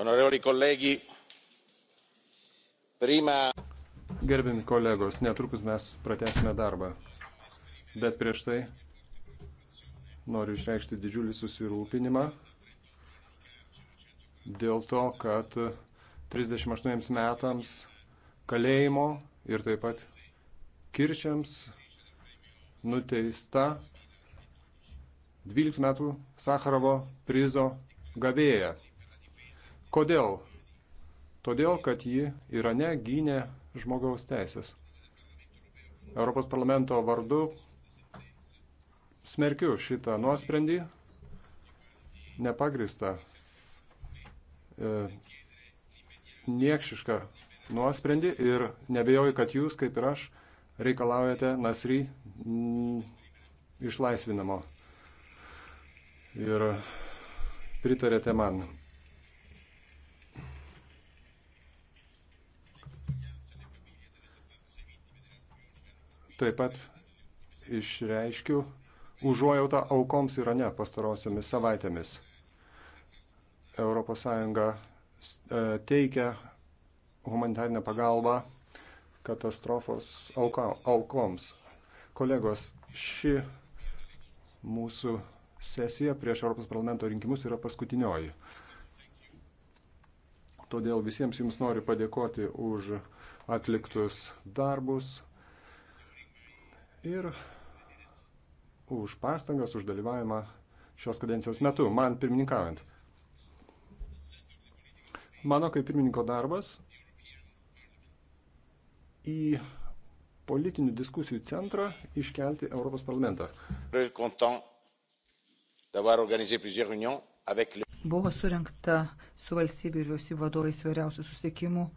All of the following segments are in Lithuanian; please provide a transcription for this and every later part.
onorevoli colleghi prima. gerbiami kolegos netrukus mes pratęsime darbą bet prieš tai noriu išreikšti didžiulį susirūpinimą dėl to kad 38 metams kalėjimo ir taip pat kirčiams nuteista 12 metų Sakarovo prizo gavėja. Kodėl? Todėl, kad ji Irane gynė žmogaus teisės. Europos parlamento vardu smerkiu šitą nuosprendį, nepagristą, e, niekšišką nuosprendį ir nebejoju, kad jūs, kaip ir aš, reikalaujate Nasry išlaisvinamo ir pritarėte man. Taip pat išreiškiu užuojautą aukoms Irane pastarosiomis savaitėmis. ES e, teikia humanitarinę pagalbą katastrofos auka, aukoms. Kolegos, ši mūsų sesija prieš Europos parlamento rinkimus yra paskutinioji. Todėl visiems jums noriu padėkoti už atliktus darbus, ir už pastangas, už dalyvavimą šios kadencijos metu, man pirmininkaujant. Mano kaip pirmininko darbas į politinių diskusijų centrą iškelti Europos parlamentą. Buvo surinkta su valstybių ir vyriausybių vadovais vairiausių susitikimų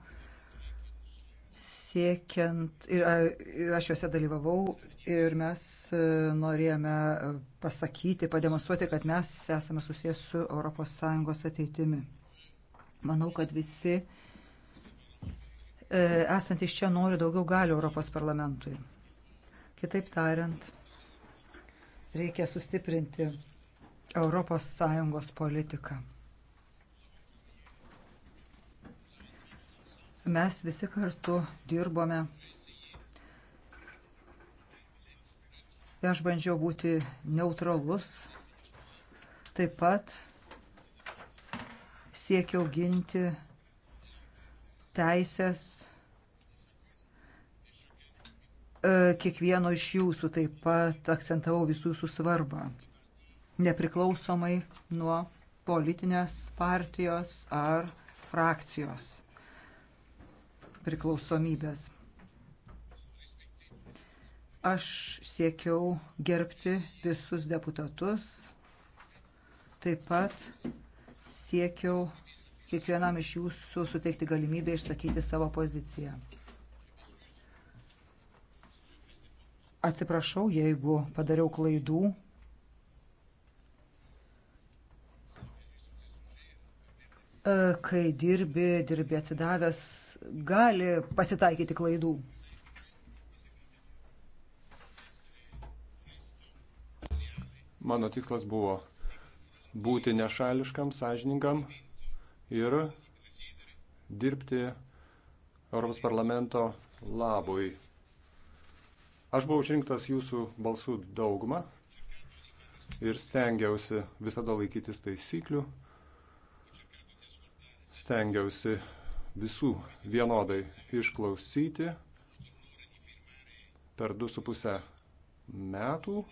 siekiant, ir, ir aš juose dalyvavau ir mes e, norėjome pasakyti, pademonstruoti, kad mes esame susijęs su ES ateitimi. Manau, kad visi e, esantys čia nori daugiau galių Europos parlamentui. Kitaip tariant, reikia sustiprinti ES politiką. Mes visi kartu dirbome. Aš bandžiau būti neutralus. Taip pat siekiau ginti teisės e, kiekvieno iš jūsų taip pat akcentavau visų jūsų svarbą. Nepriklausomai nuo politinės partijos ar frakcijos priklausomybės. Aš siekiau gerbti visus deputatus, taip pat siekiau kiekvienam iš jūsų suteikti galimybę išsakyti savo poziciją. Atsiprašau, jeigu padariau klaidų. Kai dirbi, dirbi atsidavęs gali pasitaikyti klaidų. Mano tikslas buvo būti nešališkam, sąžiningam ir dirbti Europos parlamento labui. Aš buvau išrinktas jūsų balsų daugumą ir stengiausi visada laikytis taisyklių, stengiausi visų vienodai išklausyti per 2,5 metų.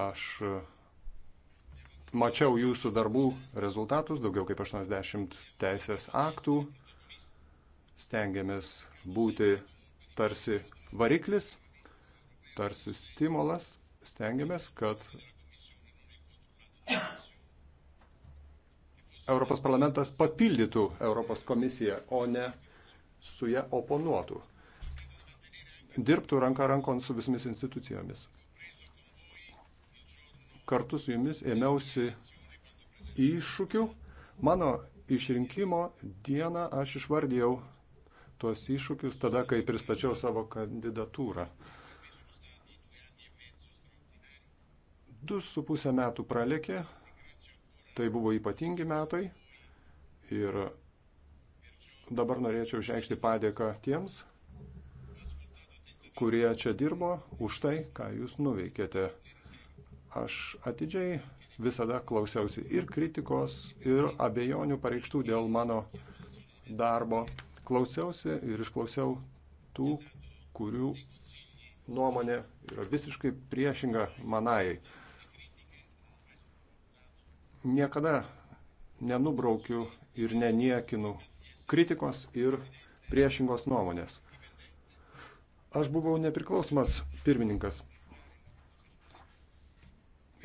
Aš mačiau jūsų darbų rezultatus, daugiau kaip 80 teisės aktų. Stengiamės būti tarsi variklis, tarsi stimulas. Stengiamės, kad Europos parlamentas papildytų Europos komisiją, o ne su ją oponuotų. Dirbtų ranka rankon su visomis institucijomis. Kartu su jumis ėmiausi iššūkių. Mano išrinkimo dieną aš išvardėjau tuos iššūkius tada, kai pristačiau savo kandidatūrą. Du su pusę metų pralėkė Tai buvo ypatingi metai ir dabar norėčiau išreikšti padėką tiems, kurie čia dirbo už tai, ką jūs nuveikėte. Aš atidžiai visada klausiausi ir kritikos, ir abejonių pareikštų dėl mano darbo. Klausiausi ir išklausiau tų, kurių nuomonė yra visiškai priešinga manai niekada nenubraukiu ir neniekinu kritikos ir priešingos nuomonės. Aš buvau nepriklausomas pirmininkas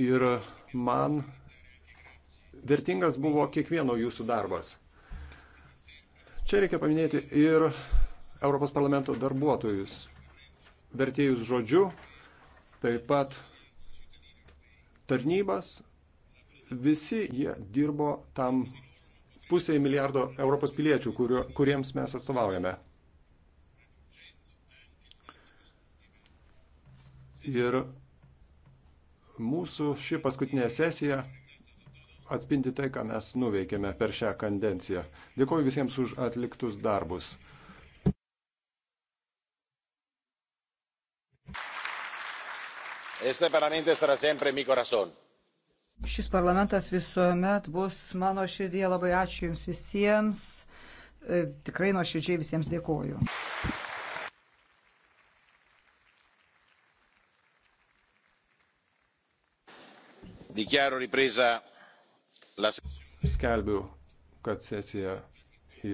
ir man vertingas buvo kiekvieno jūsų darbas. Čia reikia paminėti ir Europos parlamento darbuotojus, vertėjus žodžiu, taip pat tarnybas, Visi jie dirbo tam pusiai milijardo Europos piliečių, kurio, kuriems mes atstovaujame. Ir mūsų ši paskutinė sesija atspindi tai, ką mes nuveikėme per šią kandenciją. Dėkuoju visiems už atliktus darbus. Este parlamento estará siempre en mi corazón. Šis parlamentas visuomet bus mano širdyje. Labai ačiū Jums visiems. E, tikrai nuoširdžiai visiems dėkoju. Dichiaro ripresa la Skelbiu, kad sesija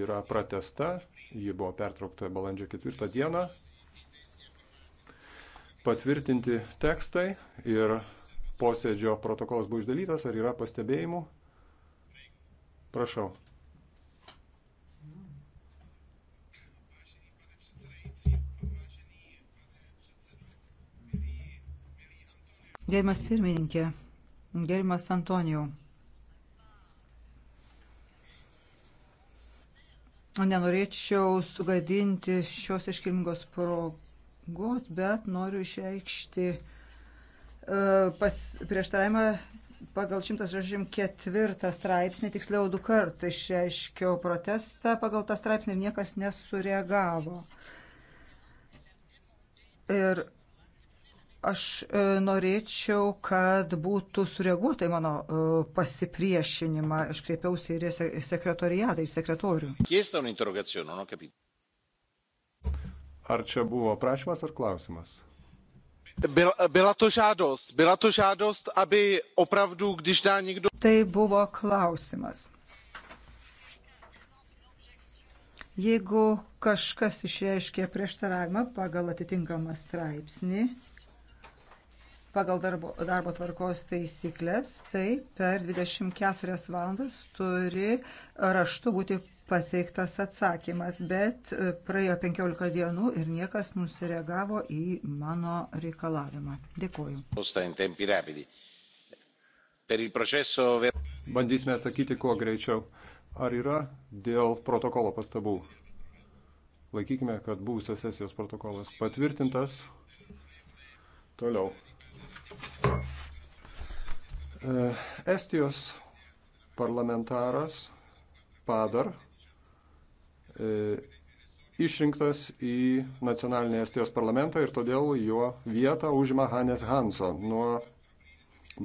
yra pratesta. Ji buvo pertraukta balandžio 4 dieną. Patvirtinti tekstai ir posėdžio protokolas buvo išdalytas, ar yra pastebėjimų? Prašau. Gerimas pirmininkė, gerimas Antonijau. Nenorėčiau sugadinti šios iškilmingos progos, bet noriu išreikšti uh, E, pas, prieštaravimą pagal 164 straipsnį, tiksliau du kartą išreiškiau protestą pagal tą straipsnį ir niekas nesureagavo. Ir aš e, norėčiau, kad būtų sureaguota į mano e, pasipriešinimą. Aš kreipiausi ir į sekretoriatą, į sekretorių. Ar čia buvo prašymas ar klausimas? Byla to žádost. Byla to žádost, aby opravdu, když dá někdo. Tai buvo klausimas. Jeigu kažkas išreiškė prieštaravimą pagal atitinkamą straipsnį, pagal darbo, darbo tvarkos taisyklės, tai per 24 valandas turi raštu būti pateiktas atsakymas, bet e, praėjo 15 dienų ir niekas nusireagavo į mano reikalavimą. Dėkuoju. Bandysime atsakyti kuo greičiau. Ar yra dėl protokolo pastabų? Laikykime, kad buvusios sesijos protokolas patvirtintas. Toliau. E, Estijos parlamentaras Padar e, išrinktas į nacionalinį Estijos parlamentą ir todėl jo vietą užima Hannes Hanso nuo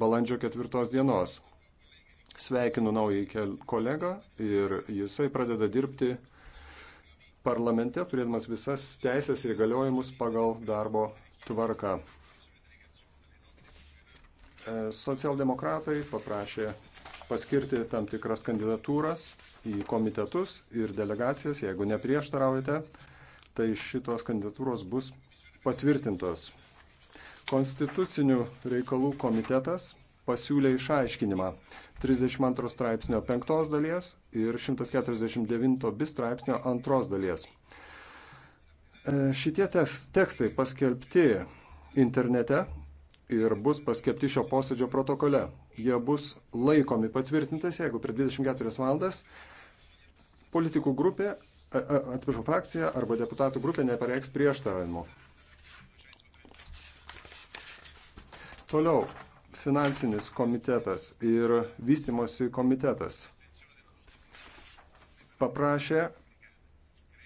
balandžio ketvirtos dienos. Sveikinu naują kolegą ir jisai pradeda dirbti parlamente, turėdamas visas teisės ir įgaliojimus pagal darbo tvarką. E, socialdemokratai paprašė paskirti tam tikras kandidatūras į komitetus ir delegacijas. Jeigu neprieštaraujate, tai šitos kandidatūros bus patvirtintos. Konstitucinių reikalų komitetas pasiūlė išaiškinimą 32 straipsnio 5 dalies ir 149 bis straipsnio 2 dalies. E, šitie tekstai paskelbti internete ir bus paskelbti šio posėdžio protokole. Jie bus laikomi patvirtintas, jeigu per 24 valandas politikų grupė, atsiprašau, frakcija arba deputatų grupė nepareiks prieštaravimo. Toliau, finansinis komitetas ir vystimosi komitetas paprašė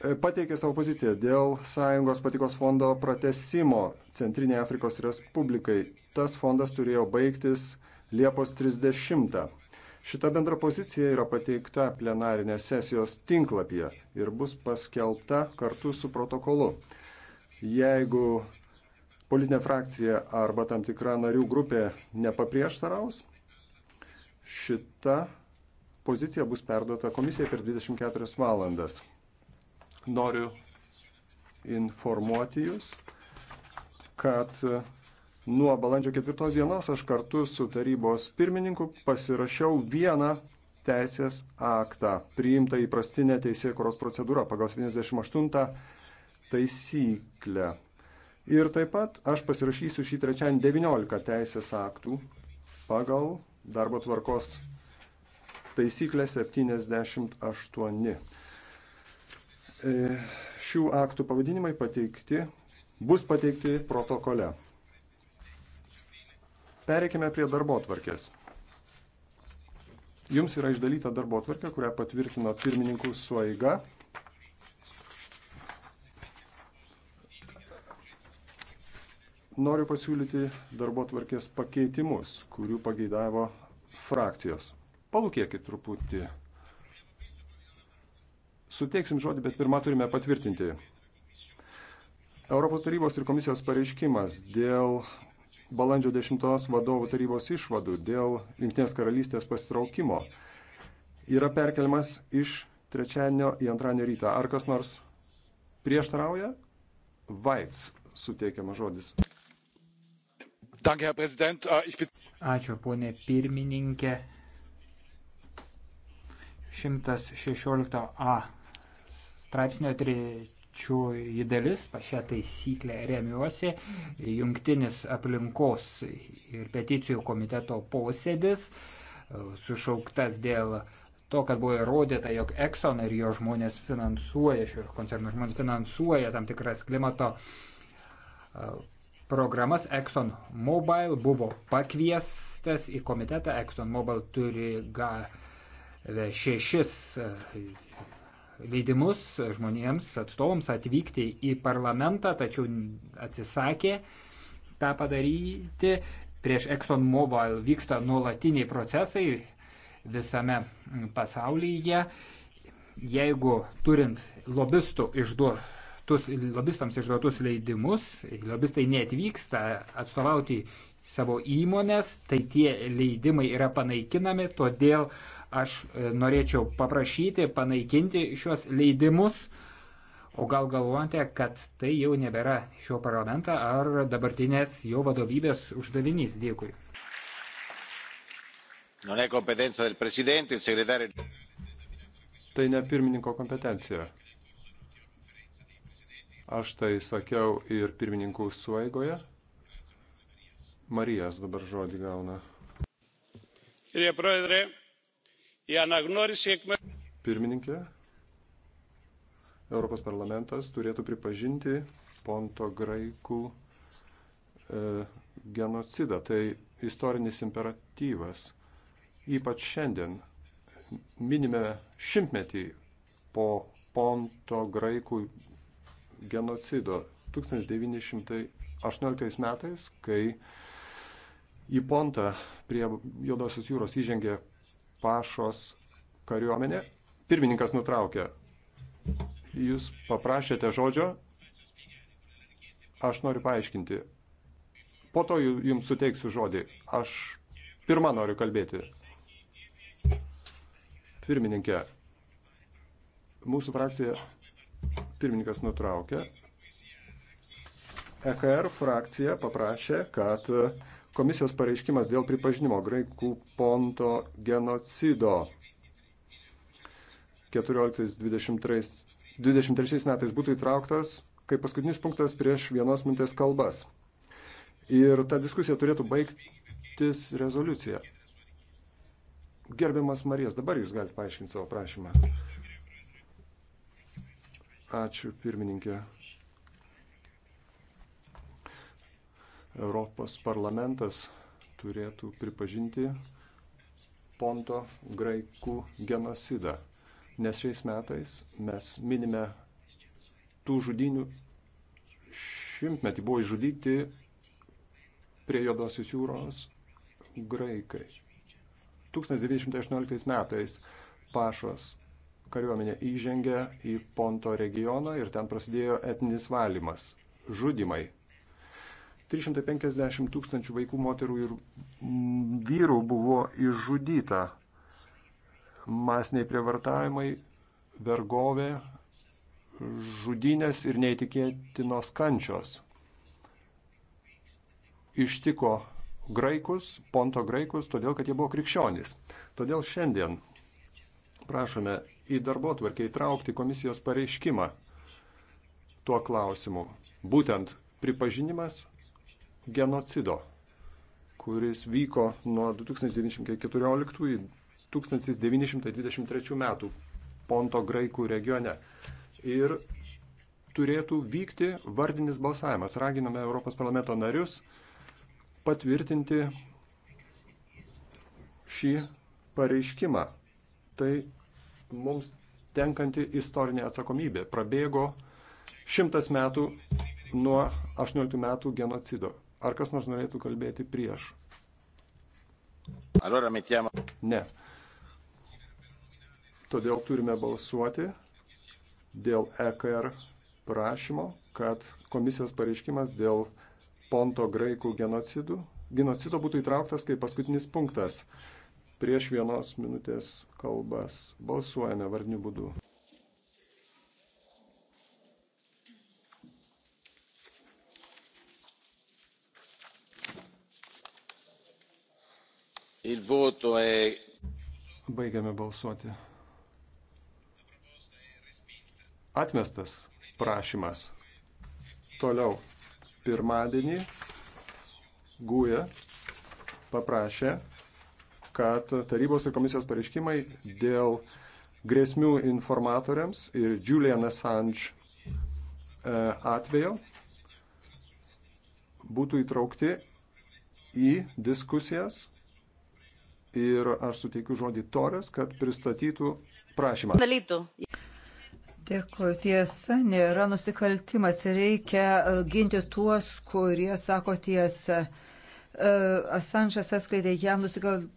E, pateikė savo poziciją dėl Sąjungos patikos fondo pratesimo Centrinė Afrikos Respublikai. Tas fondas turėjo baigtis Liepos 30. Šita bendra pozicija yra pateikta plenarinės sesijos tinklapyje ir bus paskelbta kartu su protokolu. Jeigu politinė frakcija arba tam tikra narių grupė nepaprieštaraus, šita pozicija bus perduota komisijai per 24 valandas noriu informuoti Jūs, kad nuo balandžio ketvirtos dienos aš kartu su tarybos pirmininku pasirašiau vieną teisės aktą, priimtą įprastinę teisėkuros procedūrą pagal 78 taisyklę. Ir taip pat aš pasirašysiu šį trečiąjį 19 teisės aktų pagal darbo tvarkos taisyklę 78. E, šių aktų pavadinimai pateikti, bus pateikti protokole. Pereikime prie darbo tvarkės. Jums yra išdalyta darbo tvarkė, kurią patvirtino pirmininkų suaiga. Noriu pasiūlyti darbo tvarkės pakeitimus, kurių pageidavo frakcijos. Palūkėkit truputį Suteiksim žodį, bet pirmą turime patvirtinti. Europos tarybos ir komisijos pareiškimas dėl balandžio 10 vadovų tarybos išvadų dėl Junktinės karalystės pasitraukimo yra perkeliamas iš trečiadienio į antradienio rytą. Ar kas nors prieštarauja? Vaits suteikiamas žodis. Äh, Ačiū, ponė pirmininkė. 116a straipsnio trečioji dalis, pašia taisyklė remiuosi, jungtinis aplinkos ir peticijų komiteto posėdis, e, sušauktas dėl to, kad buvo įrodyta, jog Exxon ir jo žmonės finansuoja, šio koncerno žmonės finansuoja tam tikras klimato e, programas. Exxon Mobile buvo pakviestas į komitetą. Exxon Mobile turi gavę e, šešis leidimus žmonėms, atstovams atvykti į parlamentą, tačiau atsisakė tą padaryti. Prieš ExxonMobil vyksta nuolatiniai procesai visame pasaulyje. Jeigu turint lobistų išduotus, lobistams išduotus leidimus, lobistai neatvyksta atstovauti savo įmonės, tai tie leidimai yra panaikinami, todėl uh, Aš e, norėčiau paprašyti panaikinti šios leidimus, o gal galvojate, kad tai jau nebėra šio parlamento ar dabartinės jo vadovybės uždavinys. Dėkui. Non è competenza del Presidente, il segretario. Tai ne pirmininko kompetencija. Aš tai sakiau ir pirmininkų sueigoje. Marijas dabar žodį gauna. Κύριε Πρόεδρε, Pirmininkė, Europos parlamentas turėtų pripažinti Ponto graikų e, genocidą. Tai istorinis imperatyvas. Ypač šiandien minime šimtmetį po Ponto graikų genocido 1918 metais, kai į Pontą prie Jodosios jūros įžengė pašos kariuomenė. Pirmininkas nutraukė. Jūs paprašėte žodžio. Aš noriu paaiškinti. Po to jums suteiksiu žodį. Aš pirmą noriu kalbėti. Pirmininkė, mūsų frakcija pirmininkas nutraukė. EKR er frakcija paprašė, kad komisijos pareiškimas dėl pripažinimo graikų ponto genocido 14-23 metais būtų įtrauktas kaip paskutinis punktas prieš vienos mintės kalbas. Ir ta diskusija turėtų baigtis rezoliucija. Gerbiamas Marijas, dabar jūs galite paaiškinti savo prašymą. Ačiū, pirmininkė. Europos parlamentas turėtų pripažinti Ponto graikų genocidą, nes šiais metais mes minime tų žudinių šimtmetį buvo išžudyti prie Jodosios jūros graikai. 1918 metais Pašos kariuomenė įžengė į Ponto regioną ir ten prasidėjo etninis valymas, žudimai. 350 tūkstančių vaikų, moterų ir mm, vyrų buvo išžudyta. Masiniai prievartavimai, vergovė, žudynės ir neįtikėtinos kančios. Ištiko graikus, ponto graikus, todėl kad jie buvo krikščionys. Todėl šiandien prašome į darbo tvarkę įtraukti komisijos pareiškimą tuo klausimu. Būtent pripažinimas genocido, kuris vyko nuo 1914-1923 metų Ponto graikų regione. Ir turėtų vykti vardinis balsavimas. Raginame Europos parlamento narius patvirtinti šį pareiškimą. Tai mums tenkanti istorinė atsakomybė. Prabėgo šimtas metų nuo 18 metų genocido. Ar kas nors norėtų kalbėti prieš? Ne. Todėl turime balsuoti dėl EKR prašymo, kad komisijos pareiškimas dėl Ponto graikų genocidų, genocido būtų įtrauktas kaip paskutinis punktas. Prieš vienos minutės kalbas balsuojame varnių būdu. Il voto è. Baigiame balsuoti. Atmestas prašymas. Toliau. Pirmadienį Guja paprašė, kad tarybos ir komisijos pareiškimai dėl grėsmių informatoriams ir Julian Assange e, atvejo būtų įtraukti į diskusijas ir aš suteikiu žodį Torės, kad pristatytų prašymą. Dalytų. Dėkui. Tiesa nėra nusikaltimas. Reikia e, ginti tuos, kurie sako tiesą. E, Asanžas atskleidė jam nusikaltimus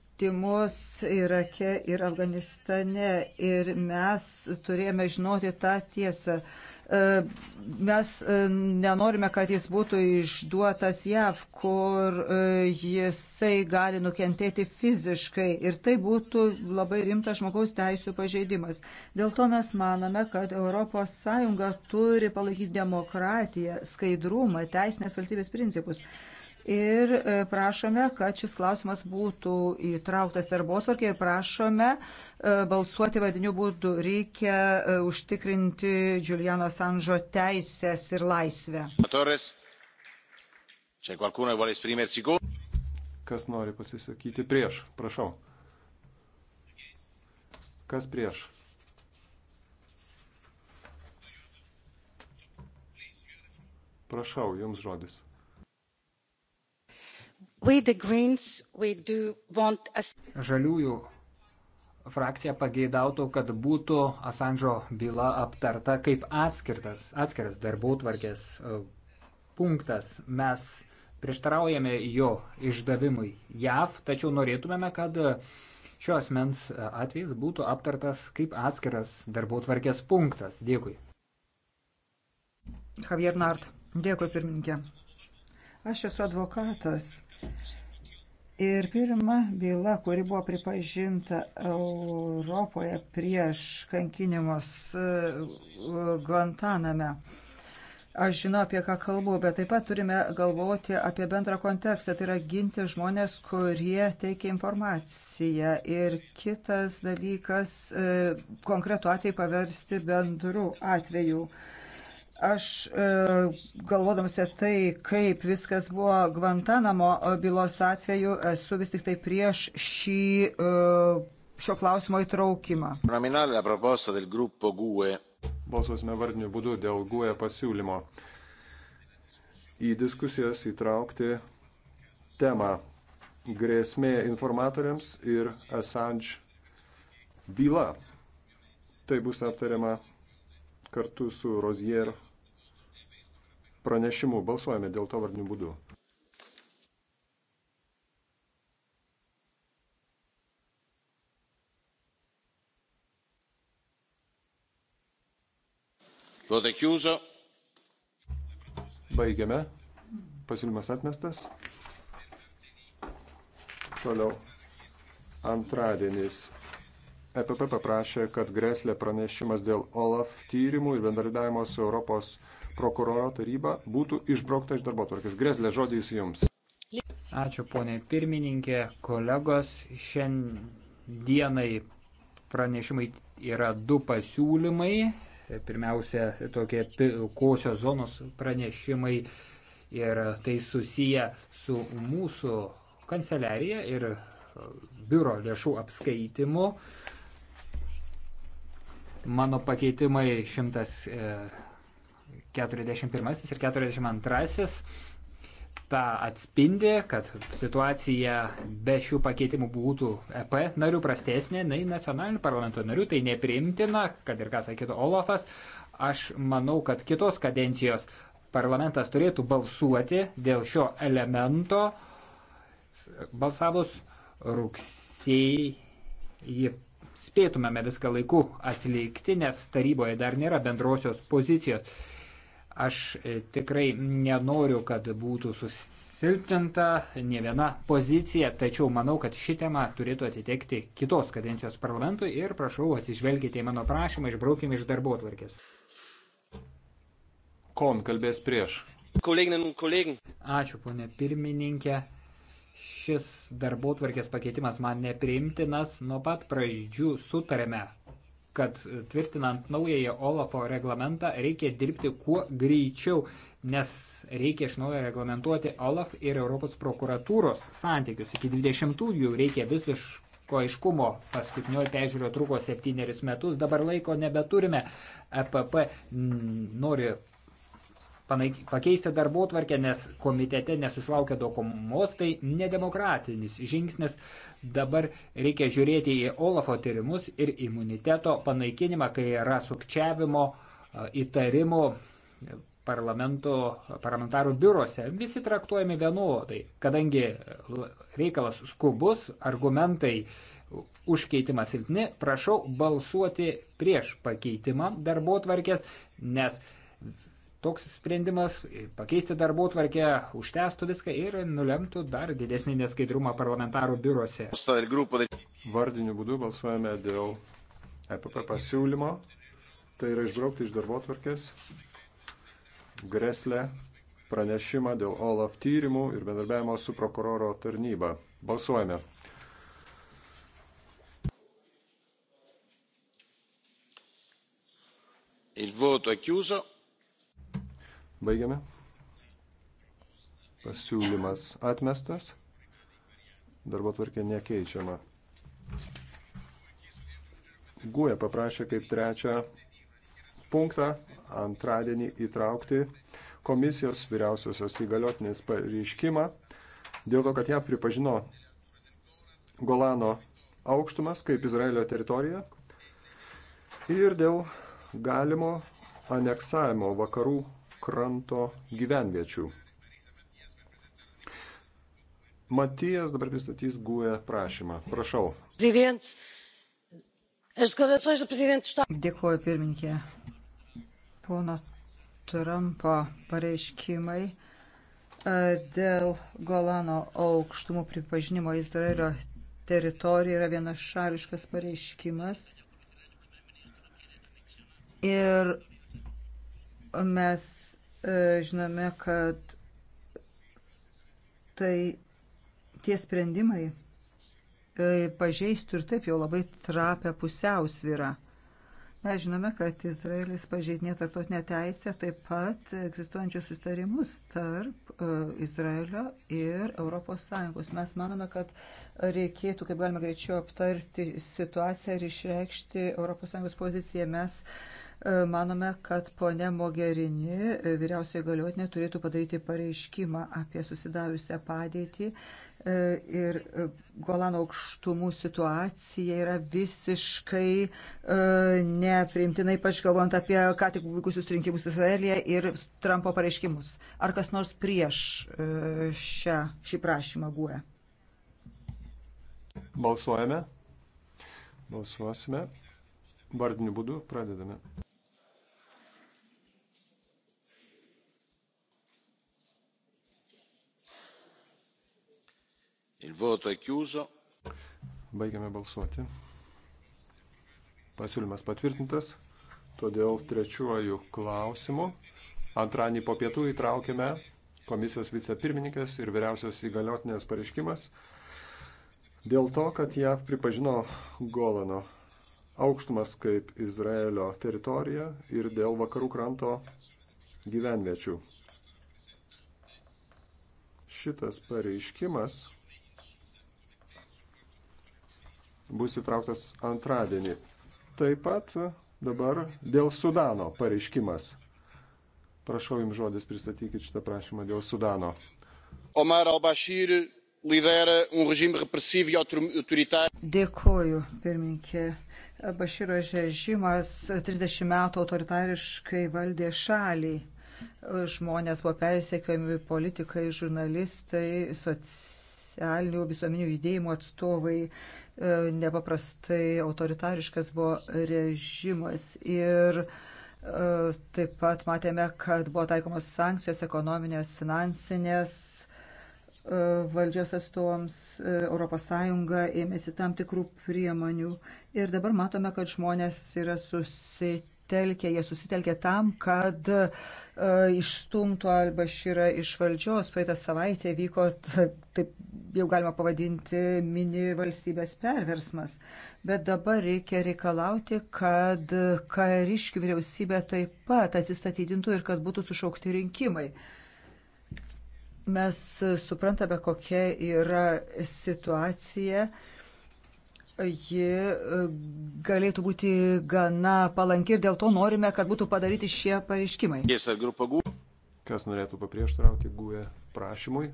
Irake ir Afganistane ir mes turėjome žinoti tą tiesą. E, mes e, nenorime, kad jis būtų išduotas JAV, kur e, jisai gali nukentėti fiziškai ir tai būtų labai rimtas žmogaus teisų pažeidimas. Dėl to mes manome, kad ES turi palaikyti demokratiją, skaidrumą, teisinės valstybės principus ir e, prašome, kad šis klausimas būtų įtrauktas darbo tvarkė ir prašome e, balsuoti vadiniu būdu. Reikia e, užtikrinti Giuliano Sanžo teisės ir laisvę. Kas nori pasisakyti prieš? Prašau. Kas prieš? Prašau, jums žodis. Greens, want... Žaliųjų frakcija pageidautų, kad būtų Asanžo byla aptarta kaip atskirtas, atskiras darbų tvarkės e, punktas. Mes prieštaraujame jo išdavimui JAV, tačiau norėtumėme, kad šio asmens atvejs būtų aptartas kaip atskiras darbų tvarkės punktas. Dėkui. Javier Nart, dėkui pirmininkė. Aš esu advokatas Ir pirma byla, kuri buvo pripažinta Europoje prieš kankinimus e, Guantaname. Aš žinau, apie ką kalbu, bet taip pat turime galvoti apie bendrą kontekstą, tai yra ginti žmonės, kurie teikia informaciją. Ir kitas dalykas, e, konkretų atvejį paversti bendrų atvejų. Aš e, galvodamas apie tai, kaip viskas buvo Guantanamo e, bylos atveju, esu vis tik tai prieš šį, e, šio klausimo įtraukimą. Balsuosime vardiniu būdu dėl GUE pasiūlymo į diskusijas įtraukti temą grėsmė informatoriams ir Assange byla. Tai bus aptariama kartu su Rozier pranešimu. Balsuojame dėl to vardinių būdų. Voto chiuso. Baigiame. Pasiūlymas atmestas. Toliau. Antradienis EPP paprašė, kad Greslė pranešimas dėl OLAF tyrimų ir bendradarbiavimo su Europos prokuroro taryba būtų išbraukta iš darbo tvarkės. Greslė, žodis jums. Ačiū, ponė pirmininkė, kolegos. Šiandienai pranešimai yra du pasiūlymai. Pirmiausia, tokie pilkosios zonos pranešimai ir tai susiję su mūsų kanceliarija ir biuro lėšų apskaitimu. Mano pakeitimai 141 e, ir 42 tą atspindi, kad situacija be šių pakeitimų būtų EP narių prastesnė, nei nacionalinių parlamento narių, tai nepriimtina, kad ir ką sakytų Olafas. Aš manau, kad kitos kadencijos parlamentas turėtų balsuoti dėl šio elemento balsavus rugsėjį spėtumėme viską laiku atlikti, nes taryboje dar nėra bendrosios pozicijos. Aš e, tikrai nenoriu, kad būtų susilpninta ne viena pozicija, tačiau manau, kad ši tema turėtų atitekti kitos kadencijos parlamentui ir prašau atsižvelgite į mano prašymą, išbraukime iš darbo atvarkės. Kon kalbės prieš. Koleginin, kolegin. Ačiū, ponė pirmininkė šis darbo tvarkės pakeitimas man nepriimtinas. Nuo pat pradžių sutarėme, kad tvirtinant naująją Olafo reglamentą reikia dirbti kuo greičiau, nes reikia iš naujo reglamentuoti Olaf ir Europos prokuratūros santykius. Iki 20-ųjų reikia visiškai ko aiškumo paskutinioji peržiūrio truko septynerius metus, dabar laiko nebeturime. EPP nori pakeisti darbo tvarkę, nes komitete nesusilaukia dokumos, tai nedemokratinis žingsnis. Dabar reikia žiūrėti į Olafo tyrimus ir imuniteto panaikinimą, kai yra sukčiavimo įtarimo parlamentarų biurose. Visi traktuojami vienodai, kadangi reikalas skubus, argumentai užkeitimas silpni, prašau balsuoti prieš pakeitimą darbo tvarkės, nes toks sprendimas pakeisti darbo tvarkę užtestų viską ir nulemtų dar didesnį neskaidrumą parlamentarų biurose. Vardiniu būdu balsuojame dėl EPP pasiūlymo. Tai yra išbraukti iš darbo tvarkės greslę pranešimą dėl OLAF tyrimų ir bendarbiavimo su prokuroro tarnyba. Balsuojame. Il voto è chiuso. Baigiame. Pasiūlymas atmestas. Darbo tvarkė nekeičiama. Guja paprašė kaip trečią punktą antradienį įtraukti komisijos vyriausiosios įgaliotinės pareiškimą dėl to, kad ją pripažino Golano aukštumas kaip Izraelio teritorija ir dėl galimo aneksavimo vakarų kranto gyvenviečių. Matijas dabar pristatys GUE prašymą. Prašau. Dėkuoju pirmininkė. Pono Trumpo pareiškimai e, dėl Golano aukštumų pripažinimo Izraelio teritorija yra vienašališkas pareiškimas. Ir mes E, žinome, kad tai tie sprendimai e, pažeistų ir taip jau labai trapę pusiausvyrą. Mes žinome, kad Izraelis pažeidinė tarptautinę teisę, taip pat egzistuojančius sustarimus tarp e, Izraelio ir ES. Mes manome, kad reikėtų, kaip galima greičiau, aptarti situaciją ir išreikšti ES poziciją. Mes uh, E, manome, kad ponė Mogerini, e, vyriausioji galiotinė, turėtų padaryti pareiškimą apie susidariusią padėtį e, ir Golano aukštumų situacija yra visiškai nepriimtina, ypač galvojant apie ką tik vykusius rinkimus Izraelyje ir Trumpo pareiškimus. Ar kas nors prieš šią, šį prašymą guoja? Balsuojame. Balsuosime. Vardiniu būdu pradedame. Il voto è chiuso. Baigiame balsuoti. Pasiūlymas patvirtintas. Todėl trečiuoju klausimu antradienį po pietų įtraukėme komisijos vicepirmininkės ir vyriausios įgaliotinės pareiškimas dėl to, kad JAV pripažino Golano aukštumas kaip Izraelio teritorija ir dėl vakarų kranto gyvenviečių. Šitas pareiškimas bus įtrauktas antradienį. Taip pat dabar dėl Sudano pareiškimas. Prašau Jums žodis, pristatykit šitą prašymą dėl Sudano. Omar al-Bashir lidera un režim represyviai autoritarį. Dėkoju, pirmininkė. Baširo režimas 30 metų autoritariškai valdė šalį. Žmonės buvo persekiojami politikai, žurnalistai, socialinių visuomenių judėjimų atstovai. E, nepaprastai autoritariškas buvo režimas. Ir e, taip pat matėme, kad buvo taikomos sankcijos ekonominės, finansinės E, valdžios atstovams ES ėmėsi tam tikrų priemonių. Ir dabar matome, kad žmonės yra susitelkę, jie susitelkė tam, kad uh, išstumtų Albašyrą iš valdžios. Praeitą savaitę vyko, taip jau galima pavadinti, mini valstybės perversmas. Bet dabar reikia reikalauti, kad kariškių vyriausybė taip pat atsistatydintų ir kad būtų sušaukti rinkimai. Uh, Mes suprantame, kokia yra situacija ji e, galėtų būti gana palanki ir dėl to norime, kad būtų padaryti šie pareiškimai. Kas norėtų paprieštarauti GUE prašymui?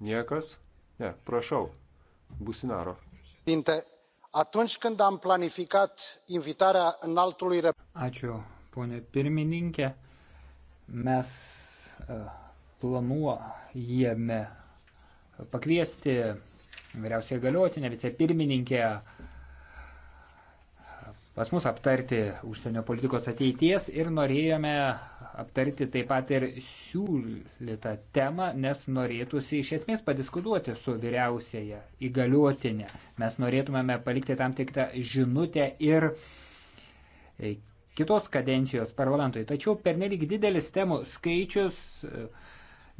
Niekas? Ne, prašau, Businaro. Ačiū, ponė pirmininkė. Mes uh, planuojame pakviesti vyriausiai galiotinę vicepirmininkę pas mus aptarti užsienio politikos ateities ir norėjome aptarti taip pat ir siūlytą temą, nes norėtųsi iš esmės padiskutuoti su vyriausiaja įgaliotinė. Mes norėtumėme palikti tam tikrą žinutę ir e, kitos kadencijos parlamentui. Tačiau pernelik didelis temų skaičius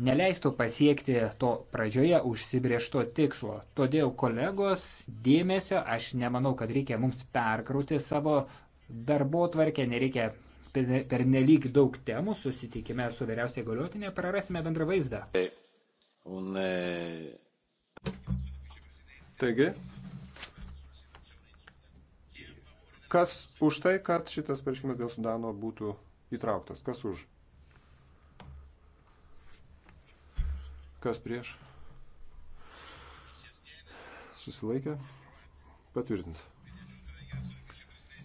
neleistų pasiekti to pradžioje užsibriešto tikslo. Todėl, kolegos, dėmesio, aš nemanau, kad reikia mums perkrauti savo darbo tvarkę, nereikia per nelik daug temų, susitikime su vyriausiai galiotinė, prarasime bendrą vaizdą. Taigi, kas už tai, kad šitas pareiškimas dėl Sudano būtų įtrauktas? Kas už? Kas prieš? Susilaikė? Patvirtint.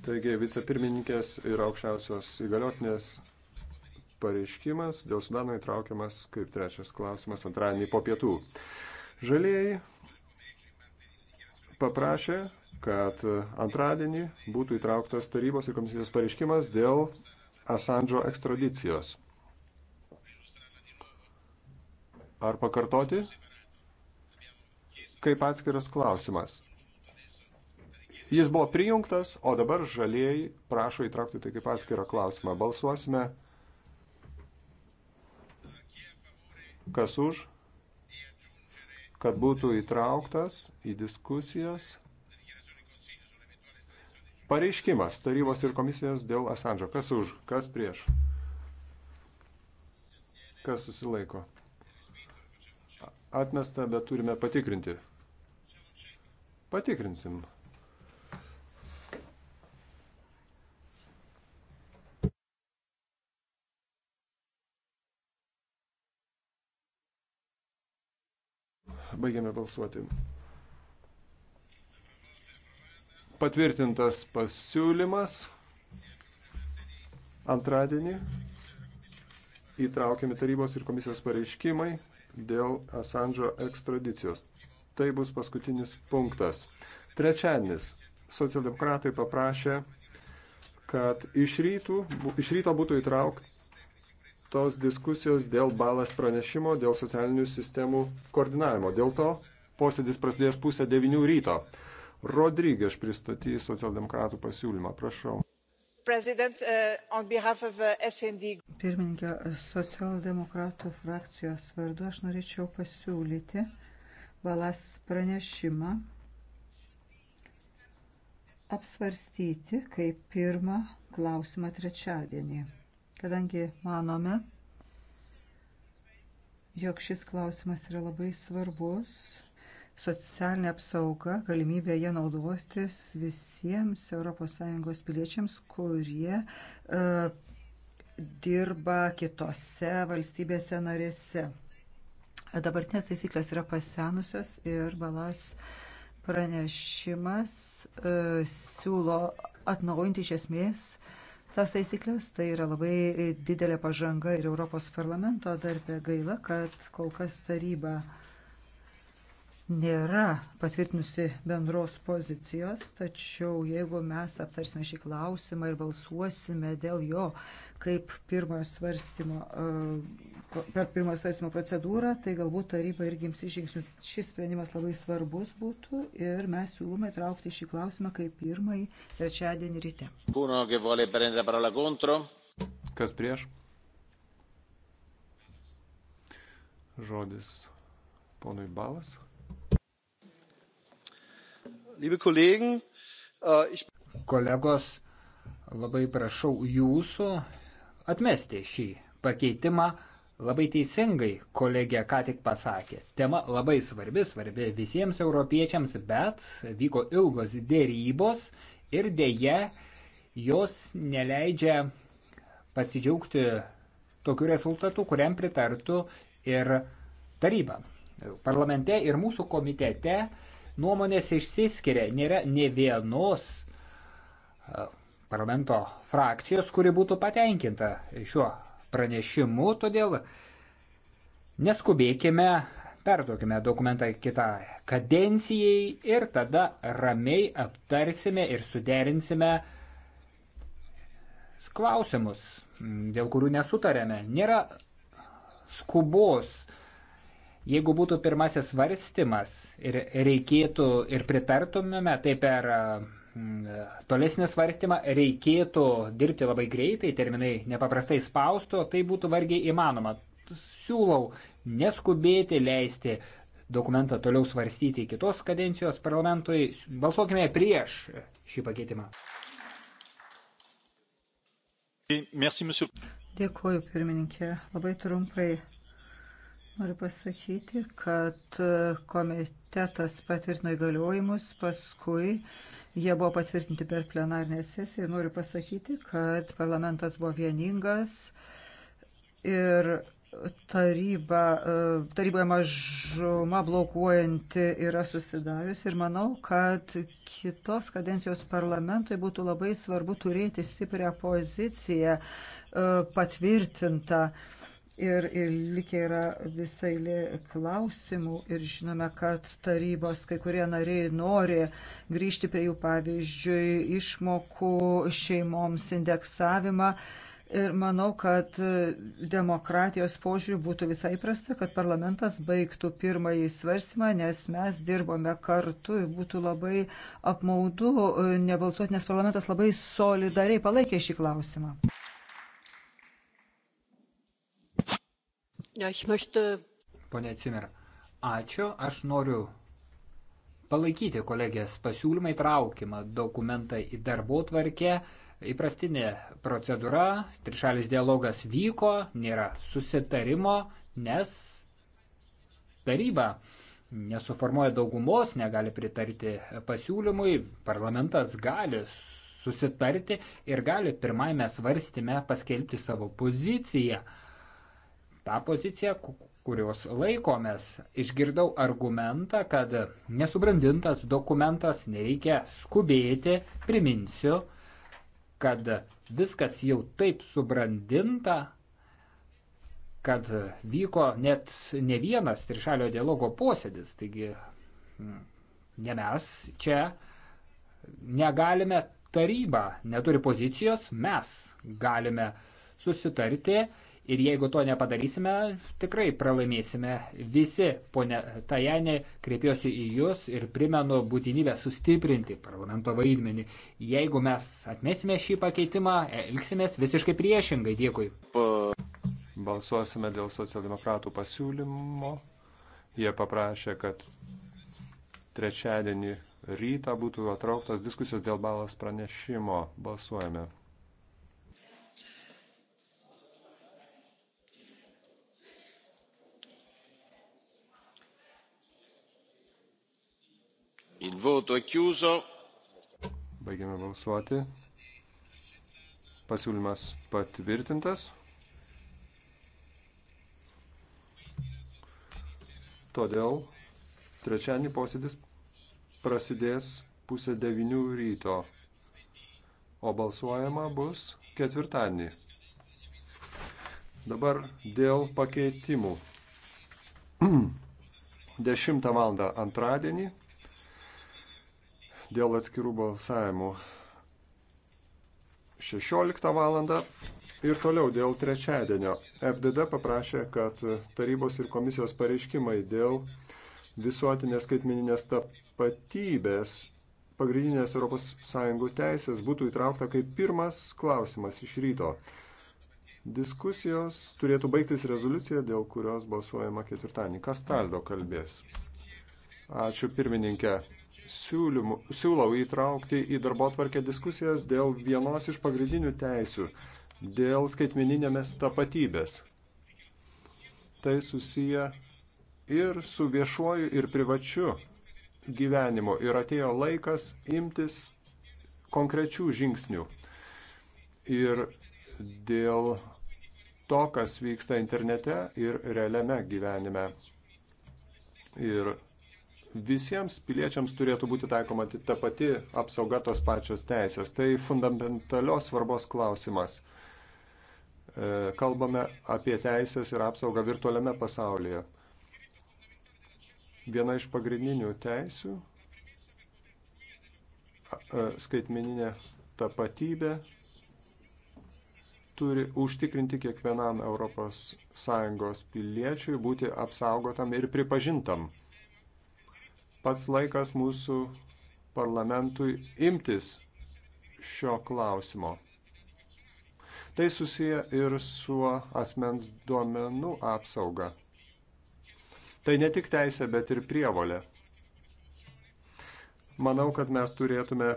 Taigi vicepirmininkės ir aukščiausios įgaliotinės pareiškimas dėl Sudano įtraukiamas kaip trečias klausimas antradienį po pietų. Žalieji paprašė, kad antradienį būtų įtrauktas tarybos ir komisijos pareiškimas dėl Asandžo ekstradicijos. Ar pakartoti? Kaip atskiras klausimas. Jis buvo prijungtas, o dabar žalieji prašo įtraukti tai kaip atskirą klausimą. Balsuosime. Kas už? Kad būtų įtrauktas į diskusijas. Pareiškimas tarybos ir komisijos dėl Asandžo. Kas už? Kas prieš? Kas susilaiko? Atmesta, bet turime patikrinti. Patikrinsim. Baigiame balsuoti. Patvirtintas pasiūlymas antradienį įtraukiami tarybos ir komisijos pareiškimai dėl Assange'o ekstradicijos. Tai bus paskutinis punktas. Trečiadienis. Socialdemokratai paprašė, kad iš, rytų, iš ryto būtų įtrauktos diskusijos dėl balas pranešimo, dėl socialinių sistemų koordinavimo. Dėl to posėdis prasidės pusę devinių ryto. Rodrygės pristatys socialdemokratų pasiūlymą. Prašau. Uh, uh, Pirmininkė, socialdemokratų frakcijos vardu aš norėčiau pasiūlyti Valas pranešimą apsvarstyti kaip pirmą klausimą trečiadienį, kadangi manome, jog šis klausimas yra labai svarbus socialinė apsauga, galimybė ją naudotis visiems ES piliečiams, kurie uh, dirba kitose valstybėse narėse. Dabartinės taisyklės yra pasenusios ir balas pranešimas uh, siūlo atnaujinti iš esmės tas taisyklės. Tai yra labai didelė pažanga ir Europos parlamento darbė gaila, kad kol kas taryba uh, nėra patvirtinusi bendros pozicijos, tačiau jeigu mes aptarsime šį klausimą ir balsuosime dėl jo kaip pirmojo svarstymo, e, per pirmojo svarstymo procedūrą, tai galbūt taryba ir gims žingsnių. Šis sprendimas labai svarbus būtų ir mes siūlome traukti šį klausimą kaip pirmąjį trečiadienį ryte. Kas prieš? Žodis ponui Balas. Äh, Kolegos, labai prašau jūsų atmesti šį pakeitimą. Labai teisingai kolegė ką tik pasakė. Tema labai svarbi, svarbi visiems europiečiams, bet vyko ilgos dėrybos ir dėje jos neleidžia pasidžiaugti tokiu rezultatu, kuriam pritartų ir taryba. Parlamente ir mūsų komitete uh, nuomonės išsiskiria, nėra ne vienos e, parlamento frakcijos, kuri būtų patenkinta šiuo pranešimu, todėl neskubėkime, perduokime dokumentą kitą kadencijai ir tada ramiai aptarsime ir suderinsime klausimus, dėl kurių nesutarėme. Nėra skubos Jeigu būtų pirmasis svarstymas ir reikėtų ir pritartumėme, tai per mm, tolesnį svarstymą reikėtų dirbti labai greitai, terminai nepaprastai spausto, tai būtų vargiai įmanoma. Siūlau neskubėti, leisti dokumentą toliau svarstyti kitos kadencijos parlamentui. Balsuokime prieš šį pakeitimą. Dėkuoju, pirmininkė. Labai trumpai Noriu pasakyti, kad e, komitetas patvirtino įgaliojimus, paskui jie buvo patvirtinti per plenarinę sesiją. Noriu pasakyti, kad parlamentas buvo vieningas ir taryba, e, taryboje mažuma blokuojanti yra susidariusi ir manau, kad kitos kadencijos parlamentui būtų labai svarbu turėti stiprią poziciją e, patvirtintą ir, ir likė yra visai klausimų ir žinome, kad tarybos kai kurie nariai nori grįžti prie jų pavyzdžiui išmokų šeimoms indeksavimą. Ir manau, kad demokratijos požiūrių būtų visai prasta, kad parlamentas baigtų pirmąjį svarstymą, nes mes dirbome kartu ir būtų labai apmaudu nebalsuoti, nes parlamentas labai solidariai palaikė šį klausimą. Pone Cimer, ačiū. Aš noriu palaikyti kolegės pasiūlymą įtraukimą dokumentą į darbo tvarkę. Įprastinė procedūra, trišalis dialogas vyko, nėra susitarimo, nes taryba nesuformuoja daugumos, negali pritarti pasiūlymui, parlamentas gali susitarti ir gali pirmajame svarstime paskelbti savo poziciją tą poziciją, kurios laikomės. Išgirdau argumentą, kad nesubrandintas dokumentas nereikia skubėti. Priminsiu, kad viskas jau taip subrandinta, kad vyko net ne vienas trišalio dialogo posėdis. Taigi ne mes čia negalime, taryba neturi pozicijos, mes galime susitarti Ir jeigu to nepadarysime, tikrai pralaimėsime visi. Pone Tajanė, kreipiuosi į Jūs ir primenu būtinybę sustiprinti parlamento vaidmenį. Jeigu mes atmesime šį pakeitimą, elgsimės visiškai priešingai. Dėkui. Balsuosime dėl socialdemokratų pasiūlymo. Jie paprašė, kad trečiadienį rytą būtų atrauktos diskusijos dėl balas pranešimo. Balsuojame. Il voto è chiuso. Baigiame balsuoti. Pasiūlymas patvirtintas. Todėl trečiadienį posėdis prasidės pusę devinių ryto, o balsuojama bus ketvirtadienį. Dabar dėl pakeitimų. 10 val. antradienį dėl atskirų balsavimų 16 val. Ir toliau dėl trečiadienio. FDD paprašė, kad tarybos ir komisijos pareiškimai dėl visuotinės skaitmininės tapatybės pagrindinės ES teisės būtų įtraukta kaip pirmas klausimas iš ryto. Diskusijos turėtų baigtis rezoliucija, dėl kurios balsuojama ketvirtadienį. Kas taldo kalbės? Ačiū pirmininkė siūlymų, siūlau įtraukti į darbo atvarkę diskusijas dėl vienos iš pagrindinių teisių, dėl skaitmeninėmės tapatybės. Tai susiję ir su viešuoju, ir privačiu gyvenimu. Ir atėjo laikas imtis konkrečių žingsnių. Ir dėl to, kas vyksta internete ir realiame gyvenime. Ir visiems piliečiams turėtų būti taikoma ta pati apsauga tos pačios teisės. Tai fundamentalios svarbos klausimas. E, kalbame apie teisės ir apsaugą virtualiame pasaulyje. Viena iš pagrindinių teisių - e, skaitmeninė tapatybė turi užtikrinti kiekvienam ES piliečiui būti apsaugotam ir pripažintam. Pats laikas mūsų parlamentui imtis šio klausimo. Tai susiję ir su asmens duomenų apsauga. Tai ne tik teisė, bet ir prievolė. Manau, kad mes turėtume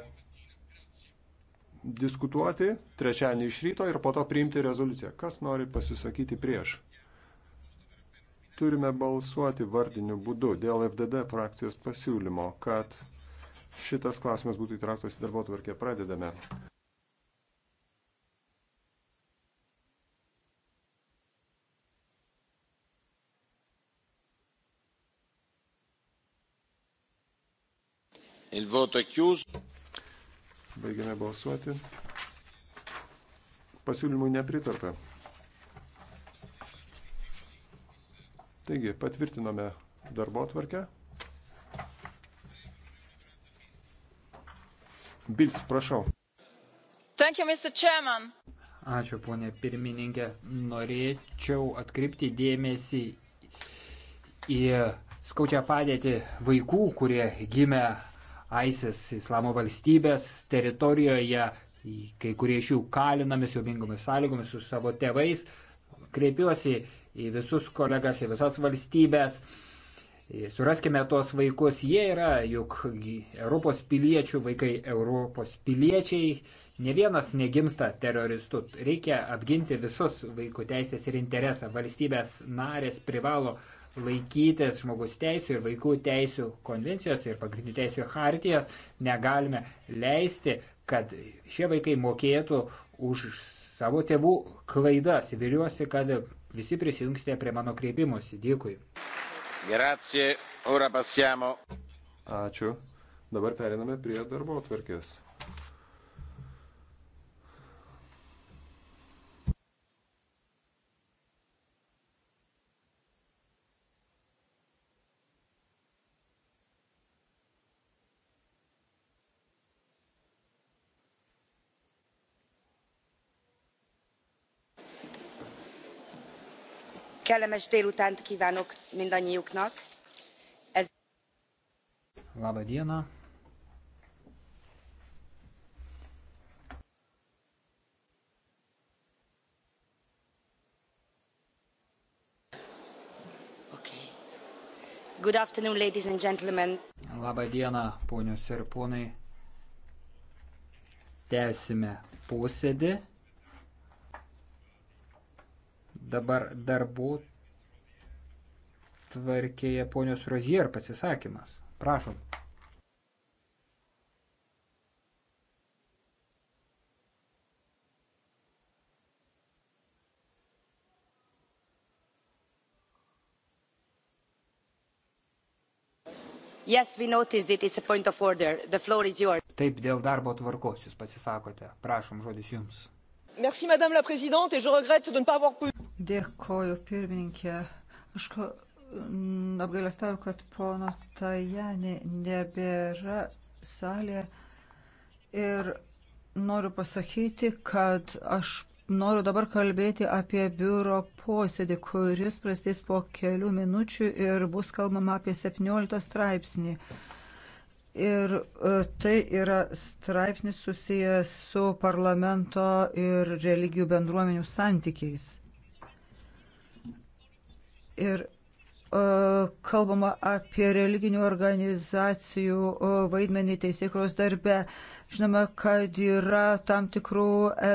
diskutuoti trečiąjį iš ryto ir po to priimti rezoliuciją. Kas nori pasisakyti prieš? turime balsuoti vardiniu būdu dėl FDD frakcijos pasiūlymo, kad šitas klausimas būtų įtrauktas į darbo tvarkę. Pradedame. Il voto è chiuso. Baigiame balsuoti. Pasiūlymui nepritarta. Taigi, patvirtinome darbo tvarkę. Bilt, prašau. Thank you, Mr. Chairman. Ačiū, ponė pirmininkė. Norėčiau atkreipti dėmesį į skaučią padėtį vaikų, kurie gimė ISIS islamo valstybės teritorijoje, kai kurie iš jų kalinami siubingomis sąlygomis su savo tėvais. Kreipiuosi į visus kolegas, į visas valstybės. Suraskime tuos vaikus, jie yra juk Europos piliečių vaikai, Europos piliečiai, ne vienas negimsta teroristų. Reikia apginti visus vaikų teisės ir interesą. Valstybės narės privalo laikytis žmogus teisų ir vaikų teisų konvencijos ir pagrindinių teisų hartijos. Negalime leisti, kad šie vaikai mokėtų už savo tėvų klaidas. Viliuosi, kad visi prisijungsite prie mano kreipimosi. Dėkui. Grazie, ora passiamo. Ačiū. Dabar periname prie darbo atvarkės. kellemes délutánt kívánok mindannyiuknak. Ez... Labą dieną. Good afternoon, ladies and gentlemen. Labą dieną, ponios ir ponai. Tęsime posėdį dabar darbų tvarkėje ponios Rozier pasisakymas. Prašom. Yes, Taip, dėl darbo tvarkos jūs pasisakote. Prašom, žodis jums madame la présidente et je regrette de ne pas avoir pu. Dėkoju pirmininkė. Aš apgailestauju, kad pono Tajani nebėra salėje ir noriu pasakyti, kad aš noriu dabar kalbėti apie biuro posėdį, kuris prasidės po kelių minučių ir bus kalbama apie 17 straipsnį. Ir e, tai yra straipsnis susijęs su parlamento ir religijų bendruomenių santykiais. Ir e, kalbama apie religinių organizacijų e, vaidmenį teisėkros darbe. Žinoma, kad yra tam tikrų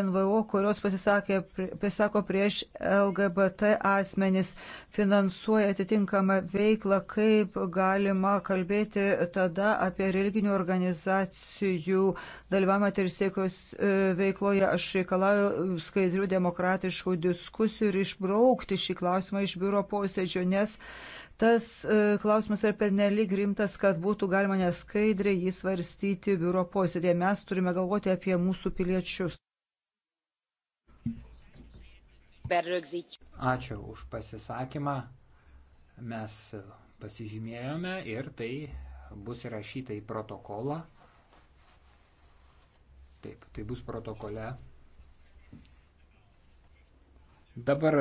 NVO, kurios pasisakė, pasisako prieš LGBT asmenis, finansuoja atitinkamą veiklą, kaip galima kalbėti tada apie religinių organizacijų dalyvavimą teisėkos e, veikloje. Aš reikalauju skaidrių demokratiškų diskusijų ir išbraukti šį klausimą iš biuro posėdžio, nes Tas e, klausimas yra pernelyg rimtas, kad būtų galima neskaidriai jį svarstyti biuro posėdėje. Mes turime galvoti apie mūsų piliečius. Ačiū už pasisakymą. Mes pasižymėjome ir tai bus įrašyta į protokolą. Taip, tai bus protokole. Dabar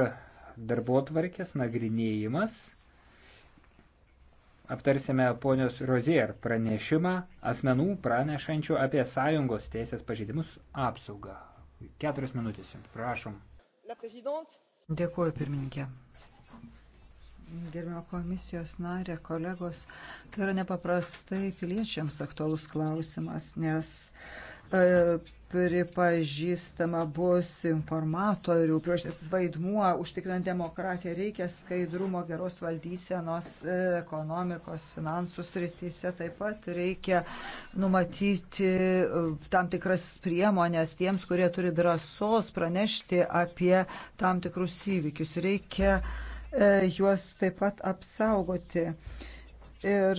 darbo tvarkės nagrinėjimas aptarsime ponios Rozier pranešimą asmenų pranešančių apie sąjungos teisės pažeidimus apsaugą. Keturias minutės jums, prašom. Dėkuoju, pirmininkė. Gerbimo komisijos narė, kolegos, tai yra nepaprastai piliečiams aktualus klausimas, nes e, pripažįstama bus informatorių, priežastis vaidmuo, užtikrinant demokratiją reikia skaidrumo, geros valdysenos, e, ekonomikos, finansų srityse, taip pat reikia numatyti e, tam tikras priemonės tiems, kurie turi drąsos pranešti apie tam tikrus įvykius. Reikia e, juos taip pat apsaugoti. Ir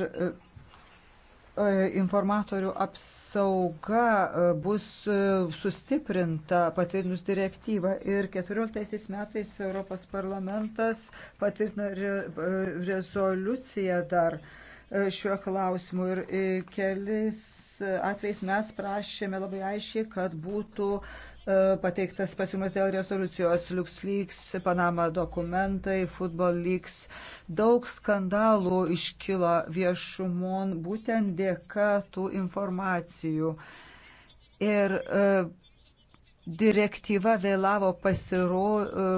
E, informatorių apsauga e, bus e, sustiprinta patvirtinus direktyvą ir 14 metais Europos parlamentas patvirtino re, rezoliuciją dar šiuo klausimu ir kelis atvejais mes prašėme labai aiškiai, kad būtų uh, E, pateiktas pasiūlymas dėl rezoliucijos LuxLeaks, Panama dokumentai, Football Leaks. Daug skandalų iškilo viešumon būtent dėka tų informacijų. Ir e, direktyva vėlavo pasiro,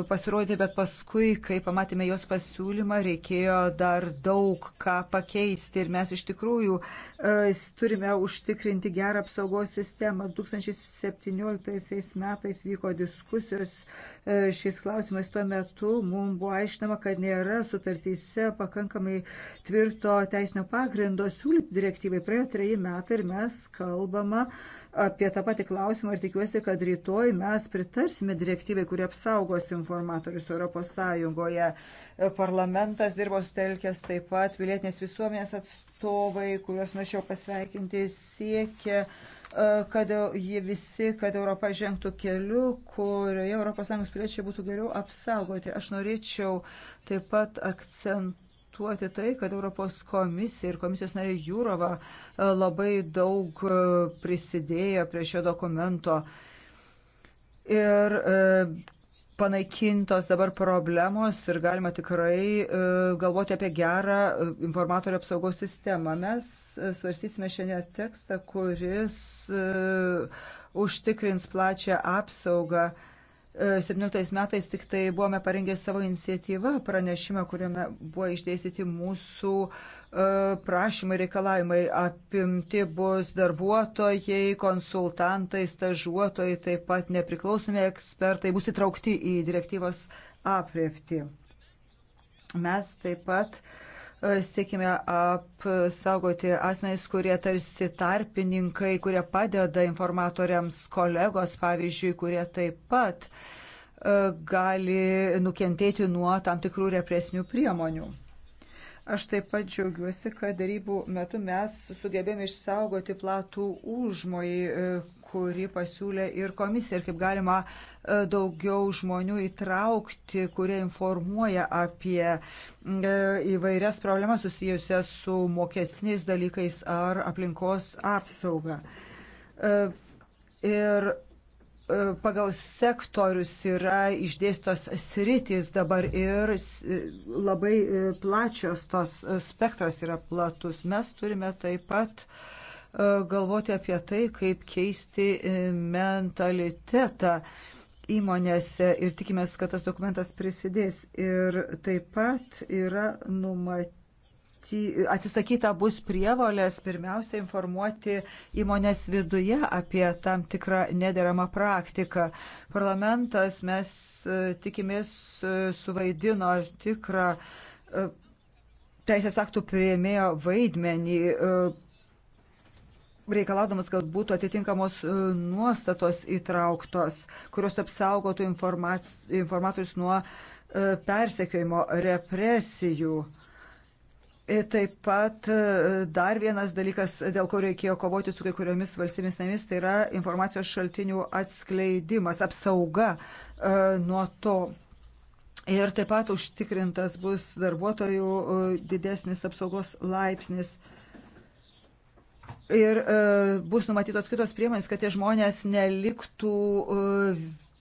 pasirodyti, bet paskui, kai pamatėme jos pasiūlymą, reikėjo dar daug ką pakeisti ir mes iš tikrųjų e, turime užtikrinti gerą apsaugos sistemą. 2017 metais vyko diskusijos e, šiais klausimais. Tuo metu mums buvo aiškinama, kad nėra sutartyse pakankamai tvirto teisinio pagrindo siūlyti direktyvai. Praėjo treji metai ir mes kalbama apie tą patį klausimą ir tikiuosi, kad rytoj mes pritarsime direktyvai, kuri apsaugos informatorius Europos Sąjungoje. Parlamentas dirbo stelkęs taip pat pilietinės visuomenės atstovai, kuriuos norėčiau pasveikinti, siekia e, kad jie visi, kad Europa žengtų keliu, kurioje ES piliečiai būtų geriau apsaugoti. Aš norėčiau taip pat akcentuoti akcentuoti tai, kad Europos komisija ir komisijos narė Jūrova e, labai daug e, prisidėjo prie šio dokumento. Ir e, panaikintos dabar problemos ir galima tikrai galvoti apie gerą informatorių apsaugos sistemą. Mes svarstysime šiandien tekstą, kuris užtikrins plačią apsaugą 17 metais tik tai buvome parengę savo iniciatyvą pranešimą, kuriame buvo išdėstyti mūsų e, prašymai, reikalavimai. Apimti bus darbuotojai, konsultantai, stažuotojai, taip pat nepriklausomi ekspertai bus įtraukti į direktyvos apriepti. Mes taip pat uh, siekime apsaugoti asmenys, kurie tarsi tarpininkai, kurie padeda informatoriams, kolegos, pavyzdžiui, kurie taip pat e, gali nukentėti nuo tam tikrų represinių priemonių. Aš taip pat džiaugiuosi, kad darybų metu mes sugebėjome išsaugoti platų užmojį, e, kurį pasiūlė ir komisija, ir kaip galima e, daugiau žmonių įtraukti, kurie informuoja apie e, įvairias problemas susijusias su mokesniais dalykais ar aplinkos apsauga. Ir E, pagal sektorius yra išdėstos sritys dabar ir e, labai e, plačios tos spektras yra platus. Mes turime taip pat galvoti apie tai, kaip keisti mentalitetą įmonėse ir tikimės, kad tas dokumentas prisidės. Ir taip pat yra numatyti atsisakyta bus prievolės pirmiausia informuoti įmonės viduje apie tam tikrą nederamą praktiką. Parlamentas mes e, tikimės e, suvaidino tikrą e, teisės aktų prieimėjo vaidmenį reikalaudamas, kad būtų atitinkamos nuostatos įtrauktos, kurios apsaugotų informatorius nuo persekiojimo represijų. E, taip pat e, dar vienas dalykas, dėl ko reikėjo kovoti su kai kuriomis valstybėmis namis, tai yra informacijos šaltinių atskleidimas, apsauga e, nuo to. Ir taip pat užtikrintas bus darbuotojų didesnis apsaugos laipsnis. Ir bus numatytos kitos priemonės, kad tie žmonės neliktų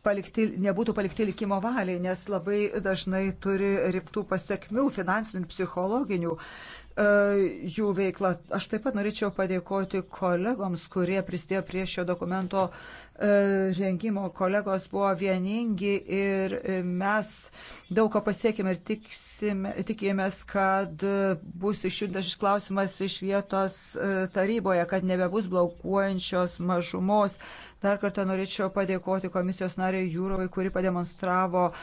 palikti, nebūtų palikti likimo valiai, nes labai dažnai turi rimtų pasiekmių finansinių, psichologinių e, jų veiklą. Aš taip pat norėčiau padėkoti kolegoms, kurie pristėjo prie šio dokumento e, rengimo. Kolegos buvo vieningi ir mes daug ko pasiekime ir tiksime, tikėjomės, kad bus išjudintas šis klausimas iš vietos e, taryboje, kad nebebus blokuojančios mažumos Dar kartą norėčiau padėkoti komisijos nariai Jūrovai, kuri pademonstravo e,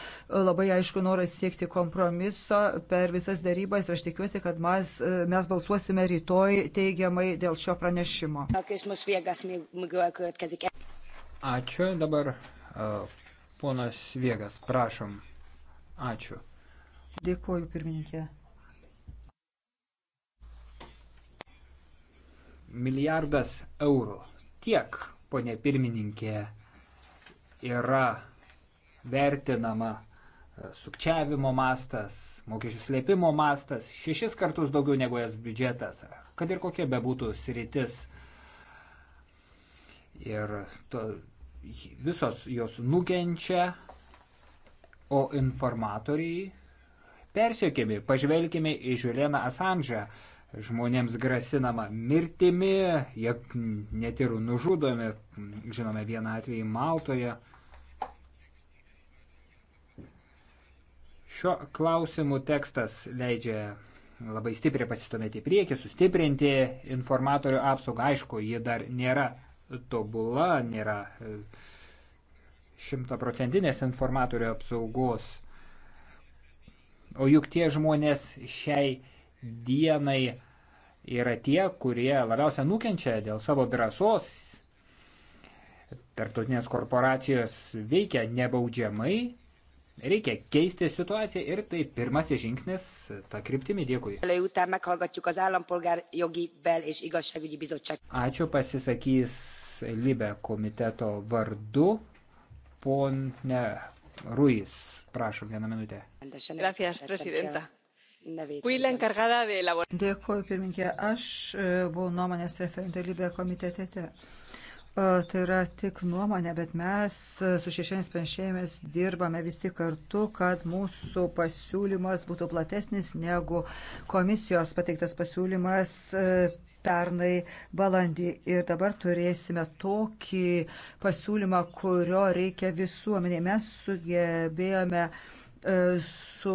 labai aišku norą siekti kompromiso per visas darybas ir aš tikiuosi, kad mes, e, mes balsuosime rytoj teigiamai dėl šio pranešimo. Ačiū. Dabar e, ponas Viegas, prašom. Ačiū. Dėkuoju, pirmininkė. Milijardas eurų. Tiek ponė pirmininkė, yra vertinama e, sukčiavimo mastas, mokesčių slėpimo mastas, šešis kartus daugiau negu jas biudžetas, kad ir kokia bebūtų sritis. Ir to, visos jos nukenčia, o informatoriai persiekiami. Pažvelkime į Žiulieną Asandžą žmonėms grasinama mirtimi, jie net ir nužudomi, žinome vieną atvejį Maltoje. Šio klausimų tekstas leidžia labai stipriai pasistumėti į priekį, sustiprinti informatorių apsaugą. Aišku, ji dar nėra tobula, nėra e, šimtaprocentinės informatorių apsaugos. O juk tie žmonės šiai dienai yra tie, kurie labiausia nukenčia dėl savo drąsos. Tartutinės korporacijos veikia nebaudžiamai, reikia keisti situaciją ir tai pirmasis žingsnis tą kryptimį. Dėkui. Ačiū pasisakys Libe komiteto vardu ponė Ruiz. Prašom vieną minutę. Gracias, presidenta. Dėkuoju, pirminkė. Aš e, buvau nuomonės referentė Libė komitete. E, tai yra tik nuomonė, bet mes e, su šešienis penšėjimis dirbame visi kartu, kad mūsų pasiūlymas būtų platesnis negu komisijos pateiktas pasiūlymas pernai balandį. Ir dabar turėsime tokį pasiūlymą, kurio reikia visuomeniai. Mes sugebėjome su